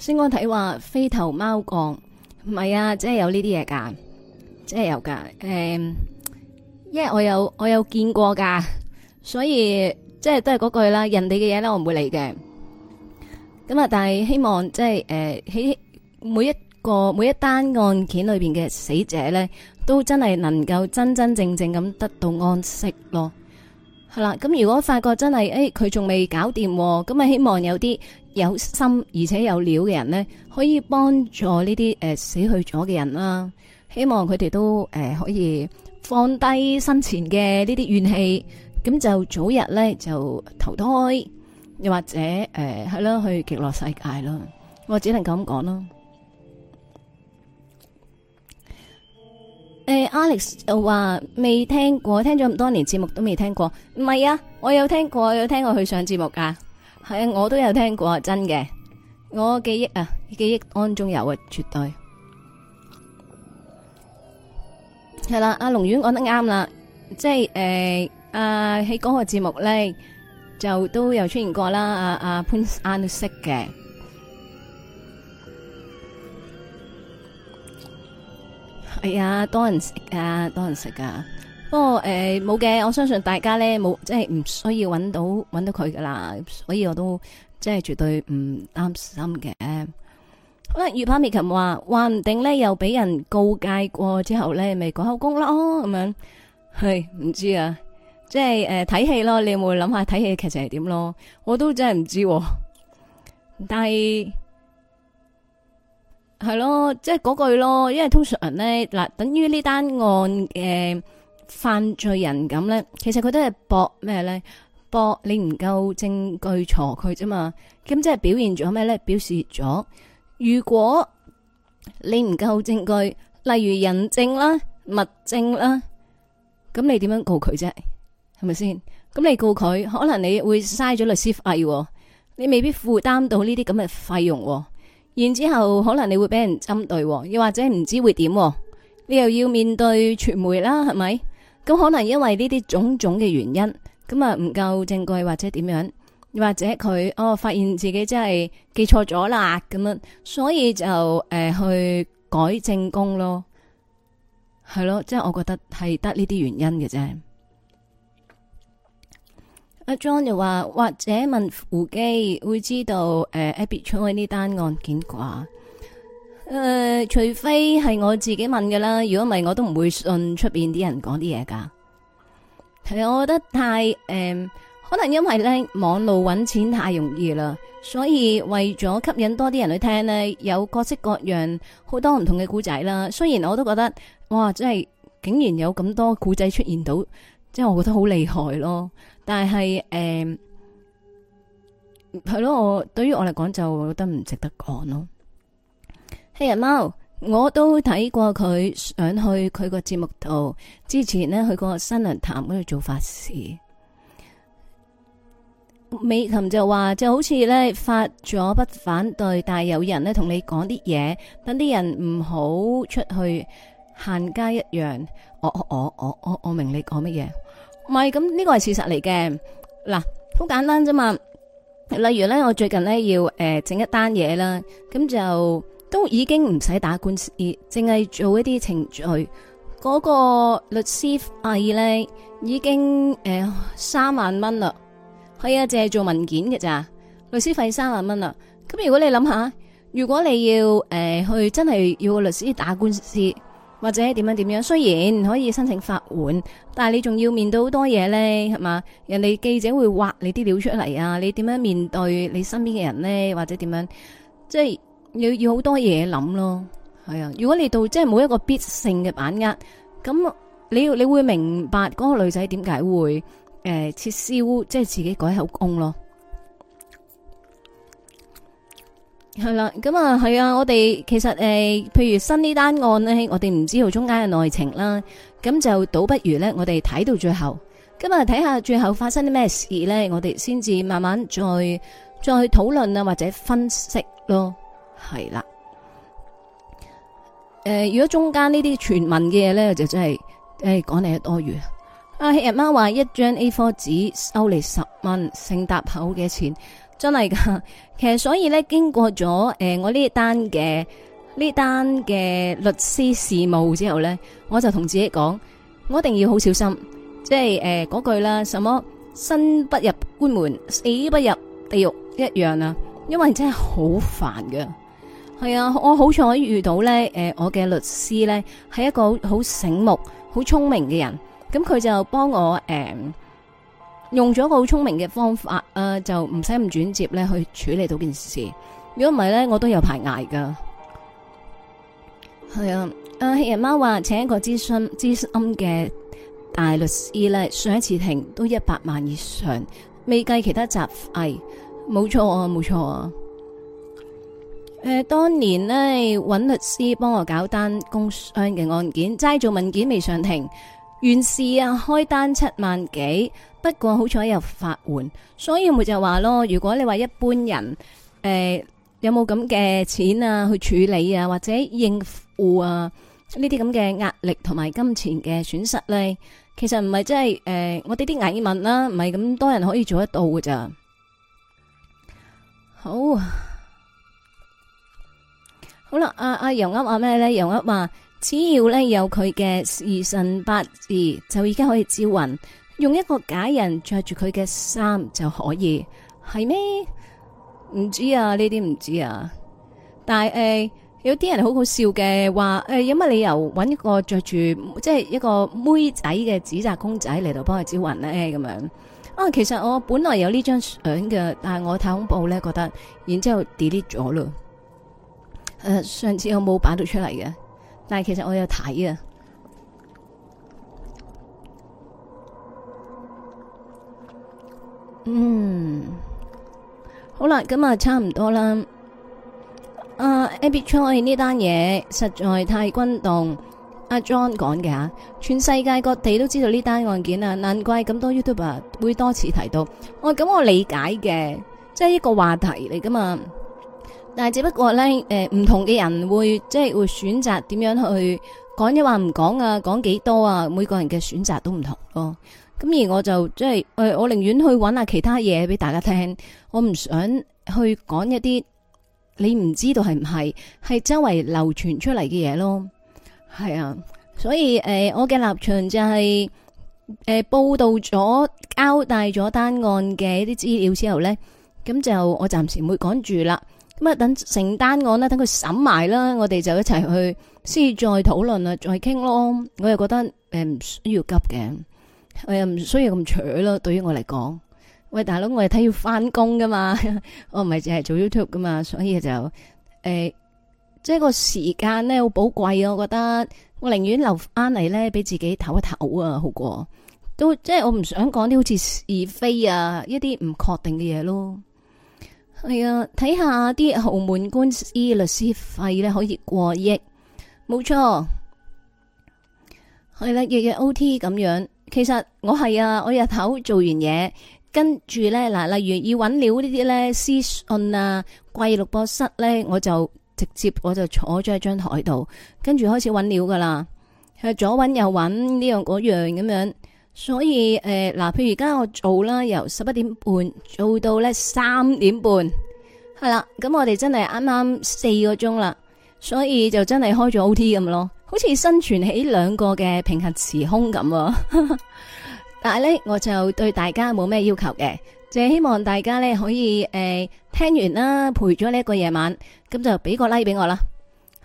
先哥睇話飛頭貓降唔係啊，即係有呢啲嘢噶，即係有噶。誒、嗯，因、yeah, 為我有我有見過噶，所以即係都係嗰句啦。人哋嘅嘢咧，我唔會理嘅。咁啊！但係希望即係誒，喺每一個每一單案件裏邊嘅死者咧，都真係能夠真真正正咁得到安息咯。係啦，咁如果發覺真係誒，佢仲未搞掂，咁啊，希望有啲有心而且有料嘅人咧，可以幫助呢啲誒死去咗嘅人啦。希望佢哋都誒可以放低生前嘅呢啲怨氣，咁就早日咧就投胎。又或者誒，係、呃、咯去極樂世界咯，我只能咁講咯。誒、欸、，Alex 就話未聽過，聽咗咁多年節目都未聽過，唔係啊，我有聽過，有聽過佢上節目噶、啊，係啊，我都有聽過，真嘅，我記憶啊，記憶當中有啊，絕對係啦，阿龍院講得啱啦，即係誒、呃、啊喺嗰個節目咧。就都有出現過啦，阿、啊、阿、啊、潘安識嘅，係、哎、啊，多人識啊，多人識噶。不過誒，冇、欸、嘅，我相信大家咧冇，即係唔需要揾到揾到佢噶啦，所以我都即係絕對唔擔心嘅。好啦，月拋滅琴話，話唔定咧又俾人告誡過之後咧，咪改口供囉，咁樣，係、哎、唔知啊。即係誒，睇、呃、戲咯，你有冇諗下睇戲劇情係點咯？我都真係唔知道 但，但係係咯，即係嗰句咯。因為通常人咧嗱，等於呢單案嘅、呃、犯罪人咁咧，其實佢都係博咩咧？博你唔夠證據鋤佢啫嘛？咁即係表現咗咩咧？表示咗，如果你唔夠證據，例如人證啦、物證啦，咁你點樣告佢啫？係咪先？咁你告佢，可能你會嘥咗律師費，你未必負擔到呢啲咁嘅費用。然之後可能你會俾人針對，又或者唔知會點，你又要面對傳媒啦，係咪？咁可能因為呢啲種種嘅原因，咁啊唔夠證據或者點樣，又或者佢哦發現自己真係記錯咗啦，咁樣，所以就誒、呃、去改正宮咯，係咯，即係我覺得係得呢啲原因嘅啫。阿 John 又話，或者問胡姬會知道誒，Abby 出開呢單案件啩？誒、呃，除非係我自己問㗎啦。如果唔係，我都唔會信出邊啲人講啲嘢噶。係啊，我覺得太誒、呃，可能因為咧網絡搵錢太容易啦，所以為咗吸引多啲人去聽咧，有各式各樣好多唔同嘅故仔啦。雖然我都覺得哇，真係竟然有咁多故仔出現到，即係我覺得好厲害咯。但係誒，係、嗯、咯，我對於我嚟講就覺得唔值得講咯。嘿啊貓，我都睇過佢想去佢個節目度，之前呢，去過新娘潭嗰度做法事。美琴就話就好似咧發咗不反對，但係有人咧同你講啲嘢，等啲人唔好出去行街一樣我。我我我我我我明你講乜嘢。唔係，咁呢個係事實嚟嘅。嗱、啊，好簡單啫嘛。例如咧，我最近咧要誒整、呃、一單嘢啦，咁就都已經唔使打官司，淨係做一啲程序。嗰、那個律師費咧已經誒、呃、三萬蚊啦。係啊，淨係做文件嘅咋？律師費三萬蚊啦。咁如果你諗下，如果你要誒、呃、去真係要個律師打官司。或者點樣點樣，雖然可以申請法援，但係你仲要面對好多嘢呢，係咪？人哋記者會挖你啲料出嚟啊！你點樣面對你身邊嘅人呢？或者點樣？即係要要好多嘢諗咯，係啊！如果你到即係冇一個必勝嘅把握，咁你你會明白嗰個女仔點解會誒撤銷，即係自己改口供咯。係啦，咁啊係啊，我哋其實誒，譬如新呢單案呢，我哋唔知道中間嘅內情啦，咁就倒不如呢，我哋睇到最後，今日睇下最後發生啲咩事呢，我哋先至慢慢再再去討論啊，或者分析咯，係啦。誒、嗯，如果中間呢啲傳聞嘅嘢呢，就真係誒講嚟多餘。阿喜人媽話一張 A4 紙收你十蚊，聖搭口嘅錢。真係噶，其實所以咧，經過咗誒我呢一單嘅呢單嘅律師事務之後咧，我就同自己講，我一定要好小心，即係誒嗰句啦，什麼生不入官門，死不入地獄，一樣啦。因為真係好煩噶，係啊，我好彩遇到咧誒我嘅律師咧，係一個好醒目、好聰明嘅人，咁佢就幫我誒。用咗個好聰明嘅方法，誒、呃，就唔使唔轉接咧，去處理到件事。如果唔係咧，我都有排捱噶。係啊，阿棄人貓話，請一個資深資深嘅大律師咧，上一次庭都一百萬以上，未計其他雜費。冇、哎、錯啊，冇錯啊。誒、呃，當年呢，揾律師幫我搞單工傷嘅案件，齋做文件未上庭，原事啊開單七萬幾。不過好彩有發援，所以咪就話咯。如果你話一般人，誒、欸、有冇咁嘅錢啊去處理啊，或者應付啊呢啲咁嘅壓力同埋金錢嘅損失咧？其實唔係，即係誒我哋啲蟻民啦，唔係咁多人可以做得到噶咋。好，好啦，阿阿楊旭話咩咧？楊旭話只要咧有佢嘅時辰八字，就已經可以招魂。用一個假人着住佢嘅衫就可以，係咩？唔知啊，呢啲唔知啊。但係誒、呃，有啲人好好笑嘅，話誒、呃、有乜理由搵一個着住，即係一個妹仔嘅紙紮公仔嚟到幫佢招魂咧？咁樣啊，其實我本來有呢張相嘅，但係我太恐怖咧，覺得然了，然之後 delete 咗咯。誒，上次我冇擺到出嚟嘅，但係其實我有睇啊。嗯，好啦，咁、嗯、啊，差唔多啦。阿 Abby Choi 呢單嘢實在太轟動，阿、啊、John 講嘅吓，全世界各地都知道呢單案件啊，難怪咁多 YouTuber 會多次提到。我、哦、咁、嗯嗯、我理解嘅，即係一個話題嚟噶嘛。但係只不過呢，誒、呃，唔同嘅人會即係會選擇點樣去講一話唔講啊，講幾多啊，每個人嘅選擇都唔同咯。咁而我就即係誒，我寧願去揾下其他嘢俾大家聽，我唔想去講一啲你唔知道係唔係係周圍流傳出嚟嘅嘢咯。係啊，所以誒、呃，我嘅立場就係、是、誒、呃、報道咗交代咗單案嘅一啲資料之後咧，咁就我暫時唔會講住啦。咁啊，等成單案啦等佢審埋啦，我哋就一齊去先再討論啊，再傾咯。我又覺得誒唔、呃、需要急嘅。我又唔需要咁扯咯，對於我嚟講，喂大佬，我係睇要翻工噶嘛， 我唔係淨係做 YouTube 噶嘛，所以就誒、欸，即係個時間咧好寶貴啊，我覺得我寧願留翻嚟咧俾自己唞一唞啊，好過都即係我唔想講啲好似是非啊，一啲唔確定嘅嘢咯。係啊，睇下啲豪門官司律師費咧可以過億，冇錯，係啦、啊，日日 OT 咁樣。其實我係啊，我日頭做完嘢，跟住咧嗱，例如要揾料呢啲咧私信啊、怪錄播室咧，我就直接我就坐咗喺張台度，跟住開始揾料噶啦，係左揾右揾呢樣嗰樣咁樣，所以誒嗱，譬如而家我做啦，由十一點半做到咧三點半，係啦，咁我哋真係啱啱四個鐘啦，所以就真係開咗 OT 咁咯。好似生存起兩個嘅平衡時空咁， 但係呢，我就對大家冇咩要求嘅，就希望大家呢可以誒、呃、聽完啦，陪咗你一個夜晚，咁就俾個 like 俾我啦，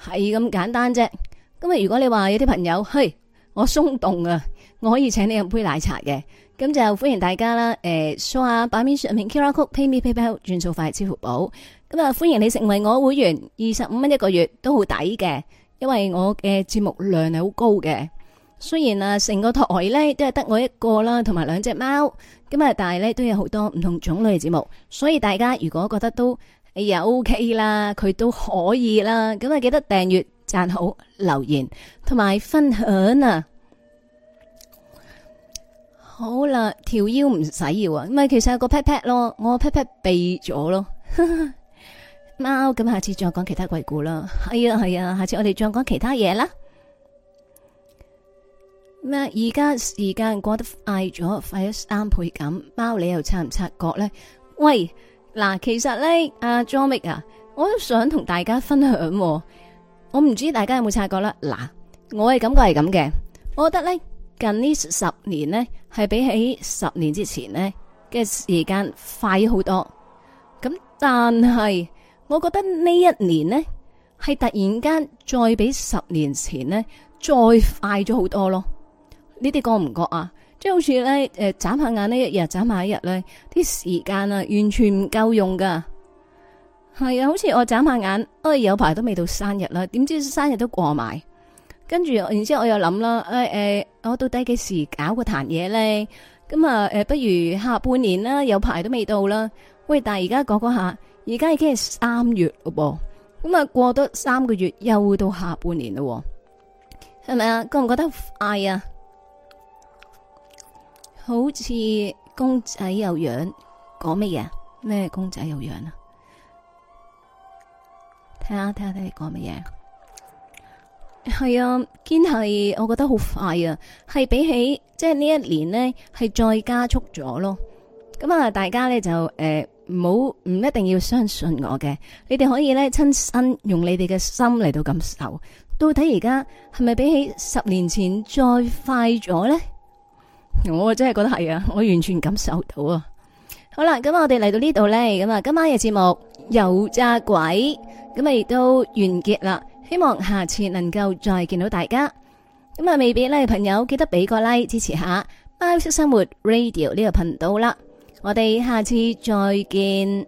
係咁簡單啫。咁啊，如果你話有啲朋友嘿，我鬆動啊，我可以請你飲杯奶茶嘅，咁就歡迎大家啦。誒、呃，掃下版面上面 QR code PayMe PayPal 轉數快支付寶，咁啊，歡迎你成為我會員，二十五蚊一個月都好抵嘅。因為我嘅節目量係好高嘅，雖然啊，成個台咧都係得我一個啦，同埋兩隻貓，咁啊，但係咧都有好多唔同種類嘅節目，所以大家如果覺得都，哎呀，OK 啦，佢都可以啦，咁啊記得訂閱、讚好、留言同埋分享啊！好啦，條腰唔使要啊，咪其實有個 pat pat 咯，我 pat pat 避咗咯。貓咁，下次再講其他鬼故啦。係啊，係啊，下次我哋再講其他嘢啦。咩？而家時間過得快咗，快咗三倍咁。貓，你又察唔察覺咧？喂，嗱，其實咧，阿 Joey 啊，我都想同大家分享。我唔知大家有冇察覺啦。嗱，我嘅感覺係咁嘅，我覺得咧，近呢十年咧，係比起十年之前咧嘅時間快咗好多。咁但係。我覺得呢一年呢，係突然間再比十年前呢，再快咗好多咯。你哋覺唔覺啊？即係好似咧，誒眨下眼咧一日眨下一日咧，啲時間啊完全唔夠用噶。係啊，好似我眨下眼，哎有排都未到生日啦，點知生日都過埋，跟住然之後我又諗啦，哎誒，哎，我到底幾時搞個壇嘢咧？咁啊，誒，不如下半年啦，有排都未到啦。喂，但係而家講講下。而家已經係三月咯噃，咁啊過多三個月又到下半年咯，係咪啊？覺唔覺得快啊？好似公仔有樣，講乜嘢？咩公仔有樣啊？睇下睇下睇你講乜嘢？係啊，堅係我覺得好快啊，係比起即係呢一年呢，係再加速咗咯。咁啊，大家呢就誒。呃唔好唔一定要相信我嘅，你哋可以咧，親身用你哋嘅心嚟到感受，到底而家係咪比起十年前再快咗呢？我真係覺得係啊，我完全感受到啊！好啦，咁我哋嚟到呢度呢。咁啊，今晚嘅節目油炸鬼，咁啊亦都完結啦。希望下次能夠再見到大家，咁啊，未必呢。朋友記得俾個 like 支持下喵式生活 radio 呢個頻道啦。我哋下次再見。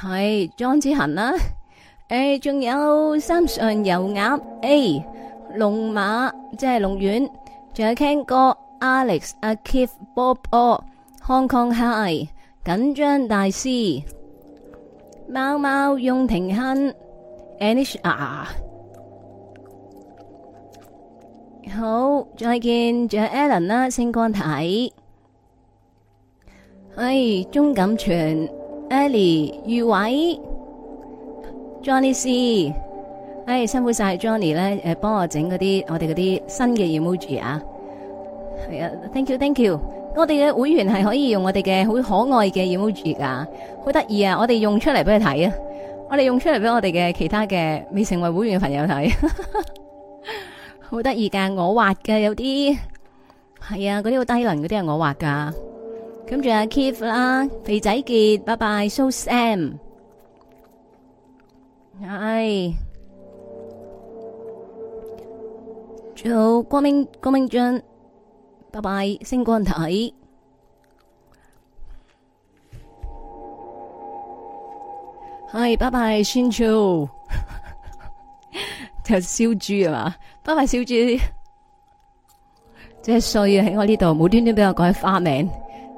係莊子恒啦、誒，仲、啊呃、有三上油鴨，a 龍馬即係龍丸，仲有 Ken 哥，Alex、Akif、Bobo、Hong Kong High、緊張大師、貓貓用停亨、a n i s h R。好，再見，仲有 Alan 啦、啊，星光體，誒，鍾錦泉。Ellie、余偉、Johnny C，誒，辛苦晒 Johnny 咧，誒，幫我整嗰啲我哋嗰啲新嘅 emoji 啊，係、yeah, 啊，thank you，thank you，我哋嘅會員係可以用我哋嘅好可愛嘅 emoji 噶，好得意啊，我哋用出嚟俾佢睇啊，我哋用出嚟俾我哋嘅其他嘅未成為會員嘅朋友睇，好得意噶，我畫噶有啲係啊，嗰啲好低能嗰啲係我畫噶。跟住阿 Kif 啦，肥仔杰，拜拜。蘇 Sam，係，仲有郭明郭明章，拜拜。星光體，係，拜拜。孫超，就燒豬係嘛？拜拜，燒豬，真係衰啊！喺我呢度，無端端俾我改花名。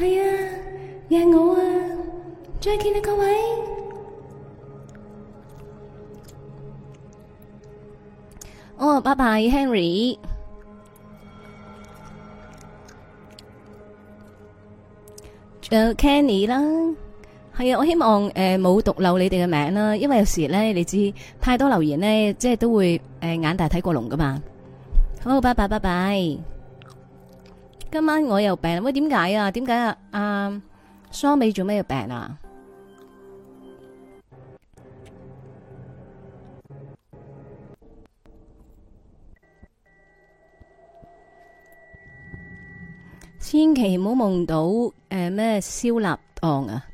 係啊，贏我啊！再見啦，各位。哦，拜拜，Henry。誒，Kenny 啦，係啊，我希望誒冇讀漏你哋嘅名啦，因為有時咧，你知太多留言咧，即係都會誒眼大睇過龍噶嘛。好，拜拜，拜拜。今晚我又病喂，點解啊？點解啊？啊，梳尾做咩又病啊？ 千祈唔好夢到誒咩燒臘檔啊！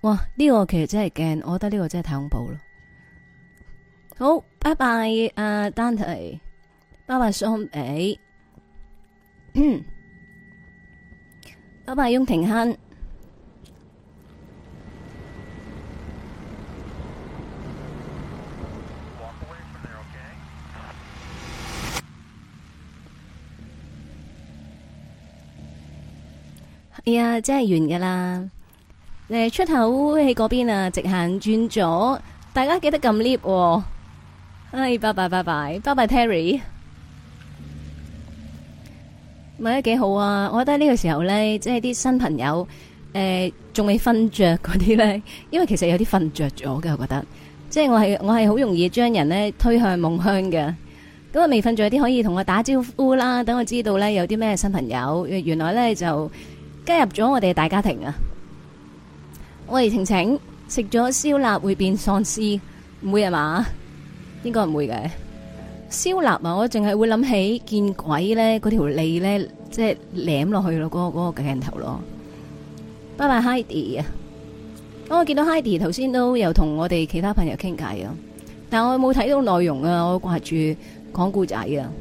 哇，呢個其實真係驚，我覺得呢個真係太恐怖咯。好，拜拜，阿丹提，Dante, 拜拜，雙美。 拜拜，翁庭亨。哎呀，真係完噶啦。誒，出口喺嗰邊啊，直行轉左。大家記得撳 lift。哎，拜拜，拜拜，拜拜，Terry。唔係幾好啊！我覺得呢個時候呢，即係啲新朋友，誒、欸，仲未瞓着嗰啲呢，因為其實有啲瞓着咗嘅，我覺得，即係我係我係好容易將人咧推向夢鄉嘅。咁啊，未瞓着啲可以同我打招呼啦，等我知道呢，有啲咩新朋友，原來呢就加入咗我哋大家庭啊！喂，晴晴，食咗燒臘會變喪屍，唔會啊嘛？應該唔會嘅。燒臘啊！我淨係會諗起見鬼咧，嗰條脷咧，即係舐落去咯，嗰、嗰個嗰個鏡頭咯。拜拜，Heidi 啊！我、哦、見到 Heidi 頭先都有同我哋其他朋友傾偈啊，但係我冇睇到內容啊，我掛住講故仔啊。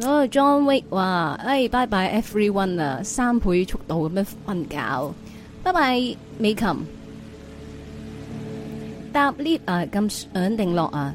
我、哦、John Wick 話，哎，拜拜，everyone 啊，三倍速度咁樣瞓覺。拜拜，美琴。搭 lift 啊，咁穩定落啊！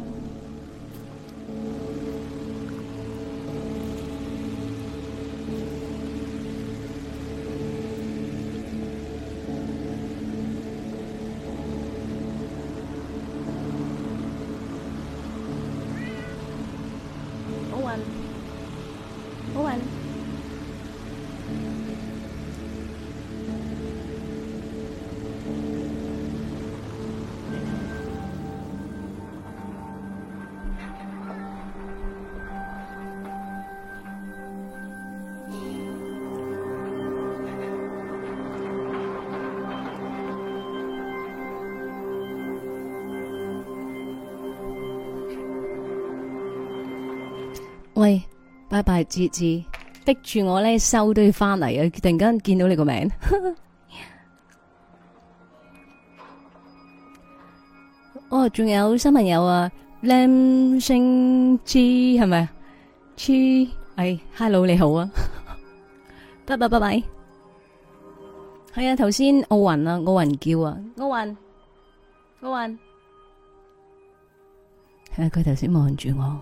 拜拜，芝芝，逼住我咧收都要翻嚟啊！突然間見到你個名字， Yeah. 哦，仲有新朋友啊，l a 梁星芝係咪？芝， 係、哎、，hello 你好啊，拜拜拜拜，係啊，頭先奧運啊，奧運叫啊，奧運，奧運，係啊，佢頭先望住我。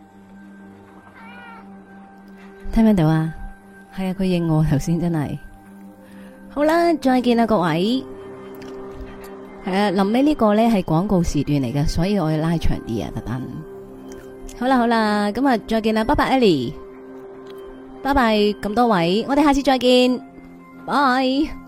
聽唔聽到啊？係啊，佢應我頭先真係。好啦，再見啦各位。係啊，臨尾呢個咧係廣告時段嚟㗎，所以我要拉長啲啊，特登。好啦好啦，咁啊再見啦，拜拜 Ellie，拜拜咁多位，我哋下次再見，bye。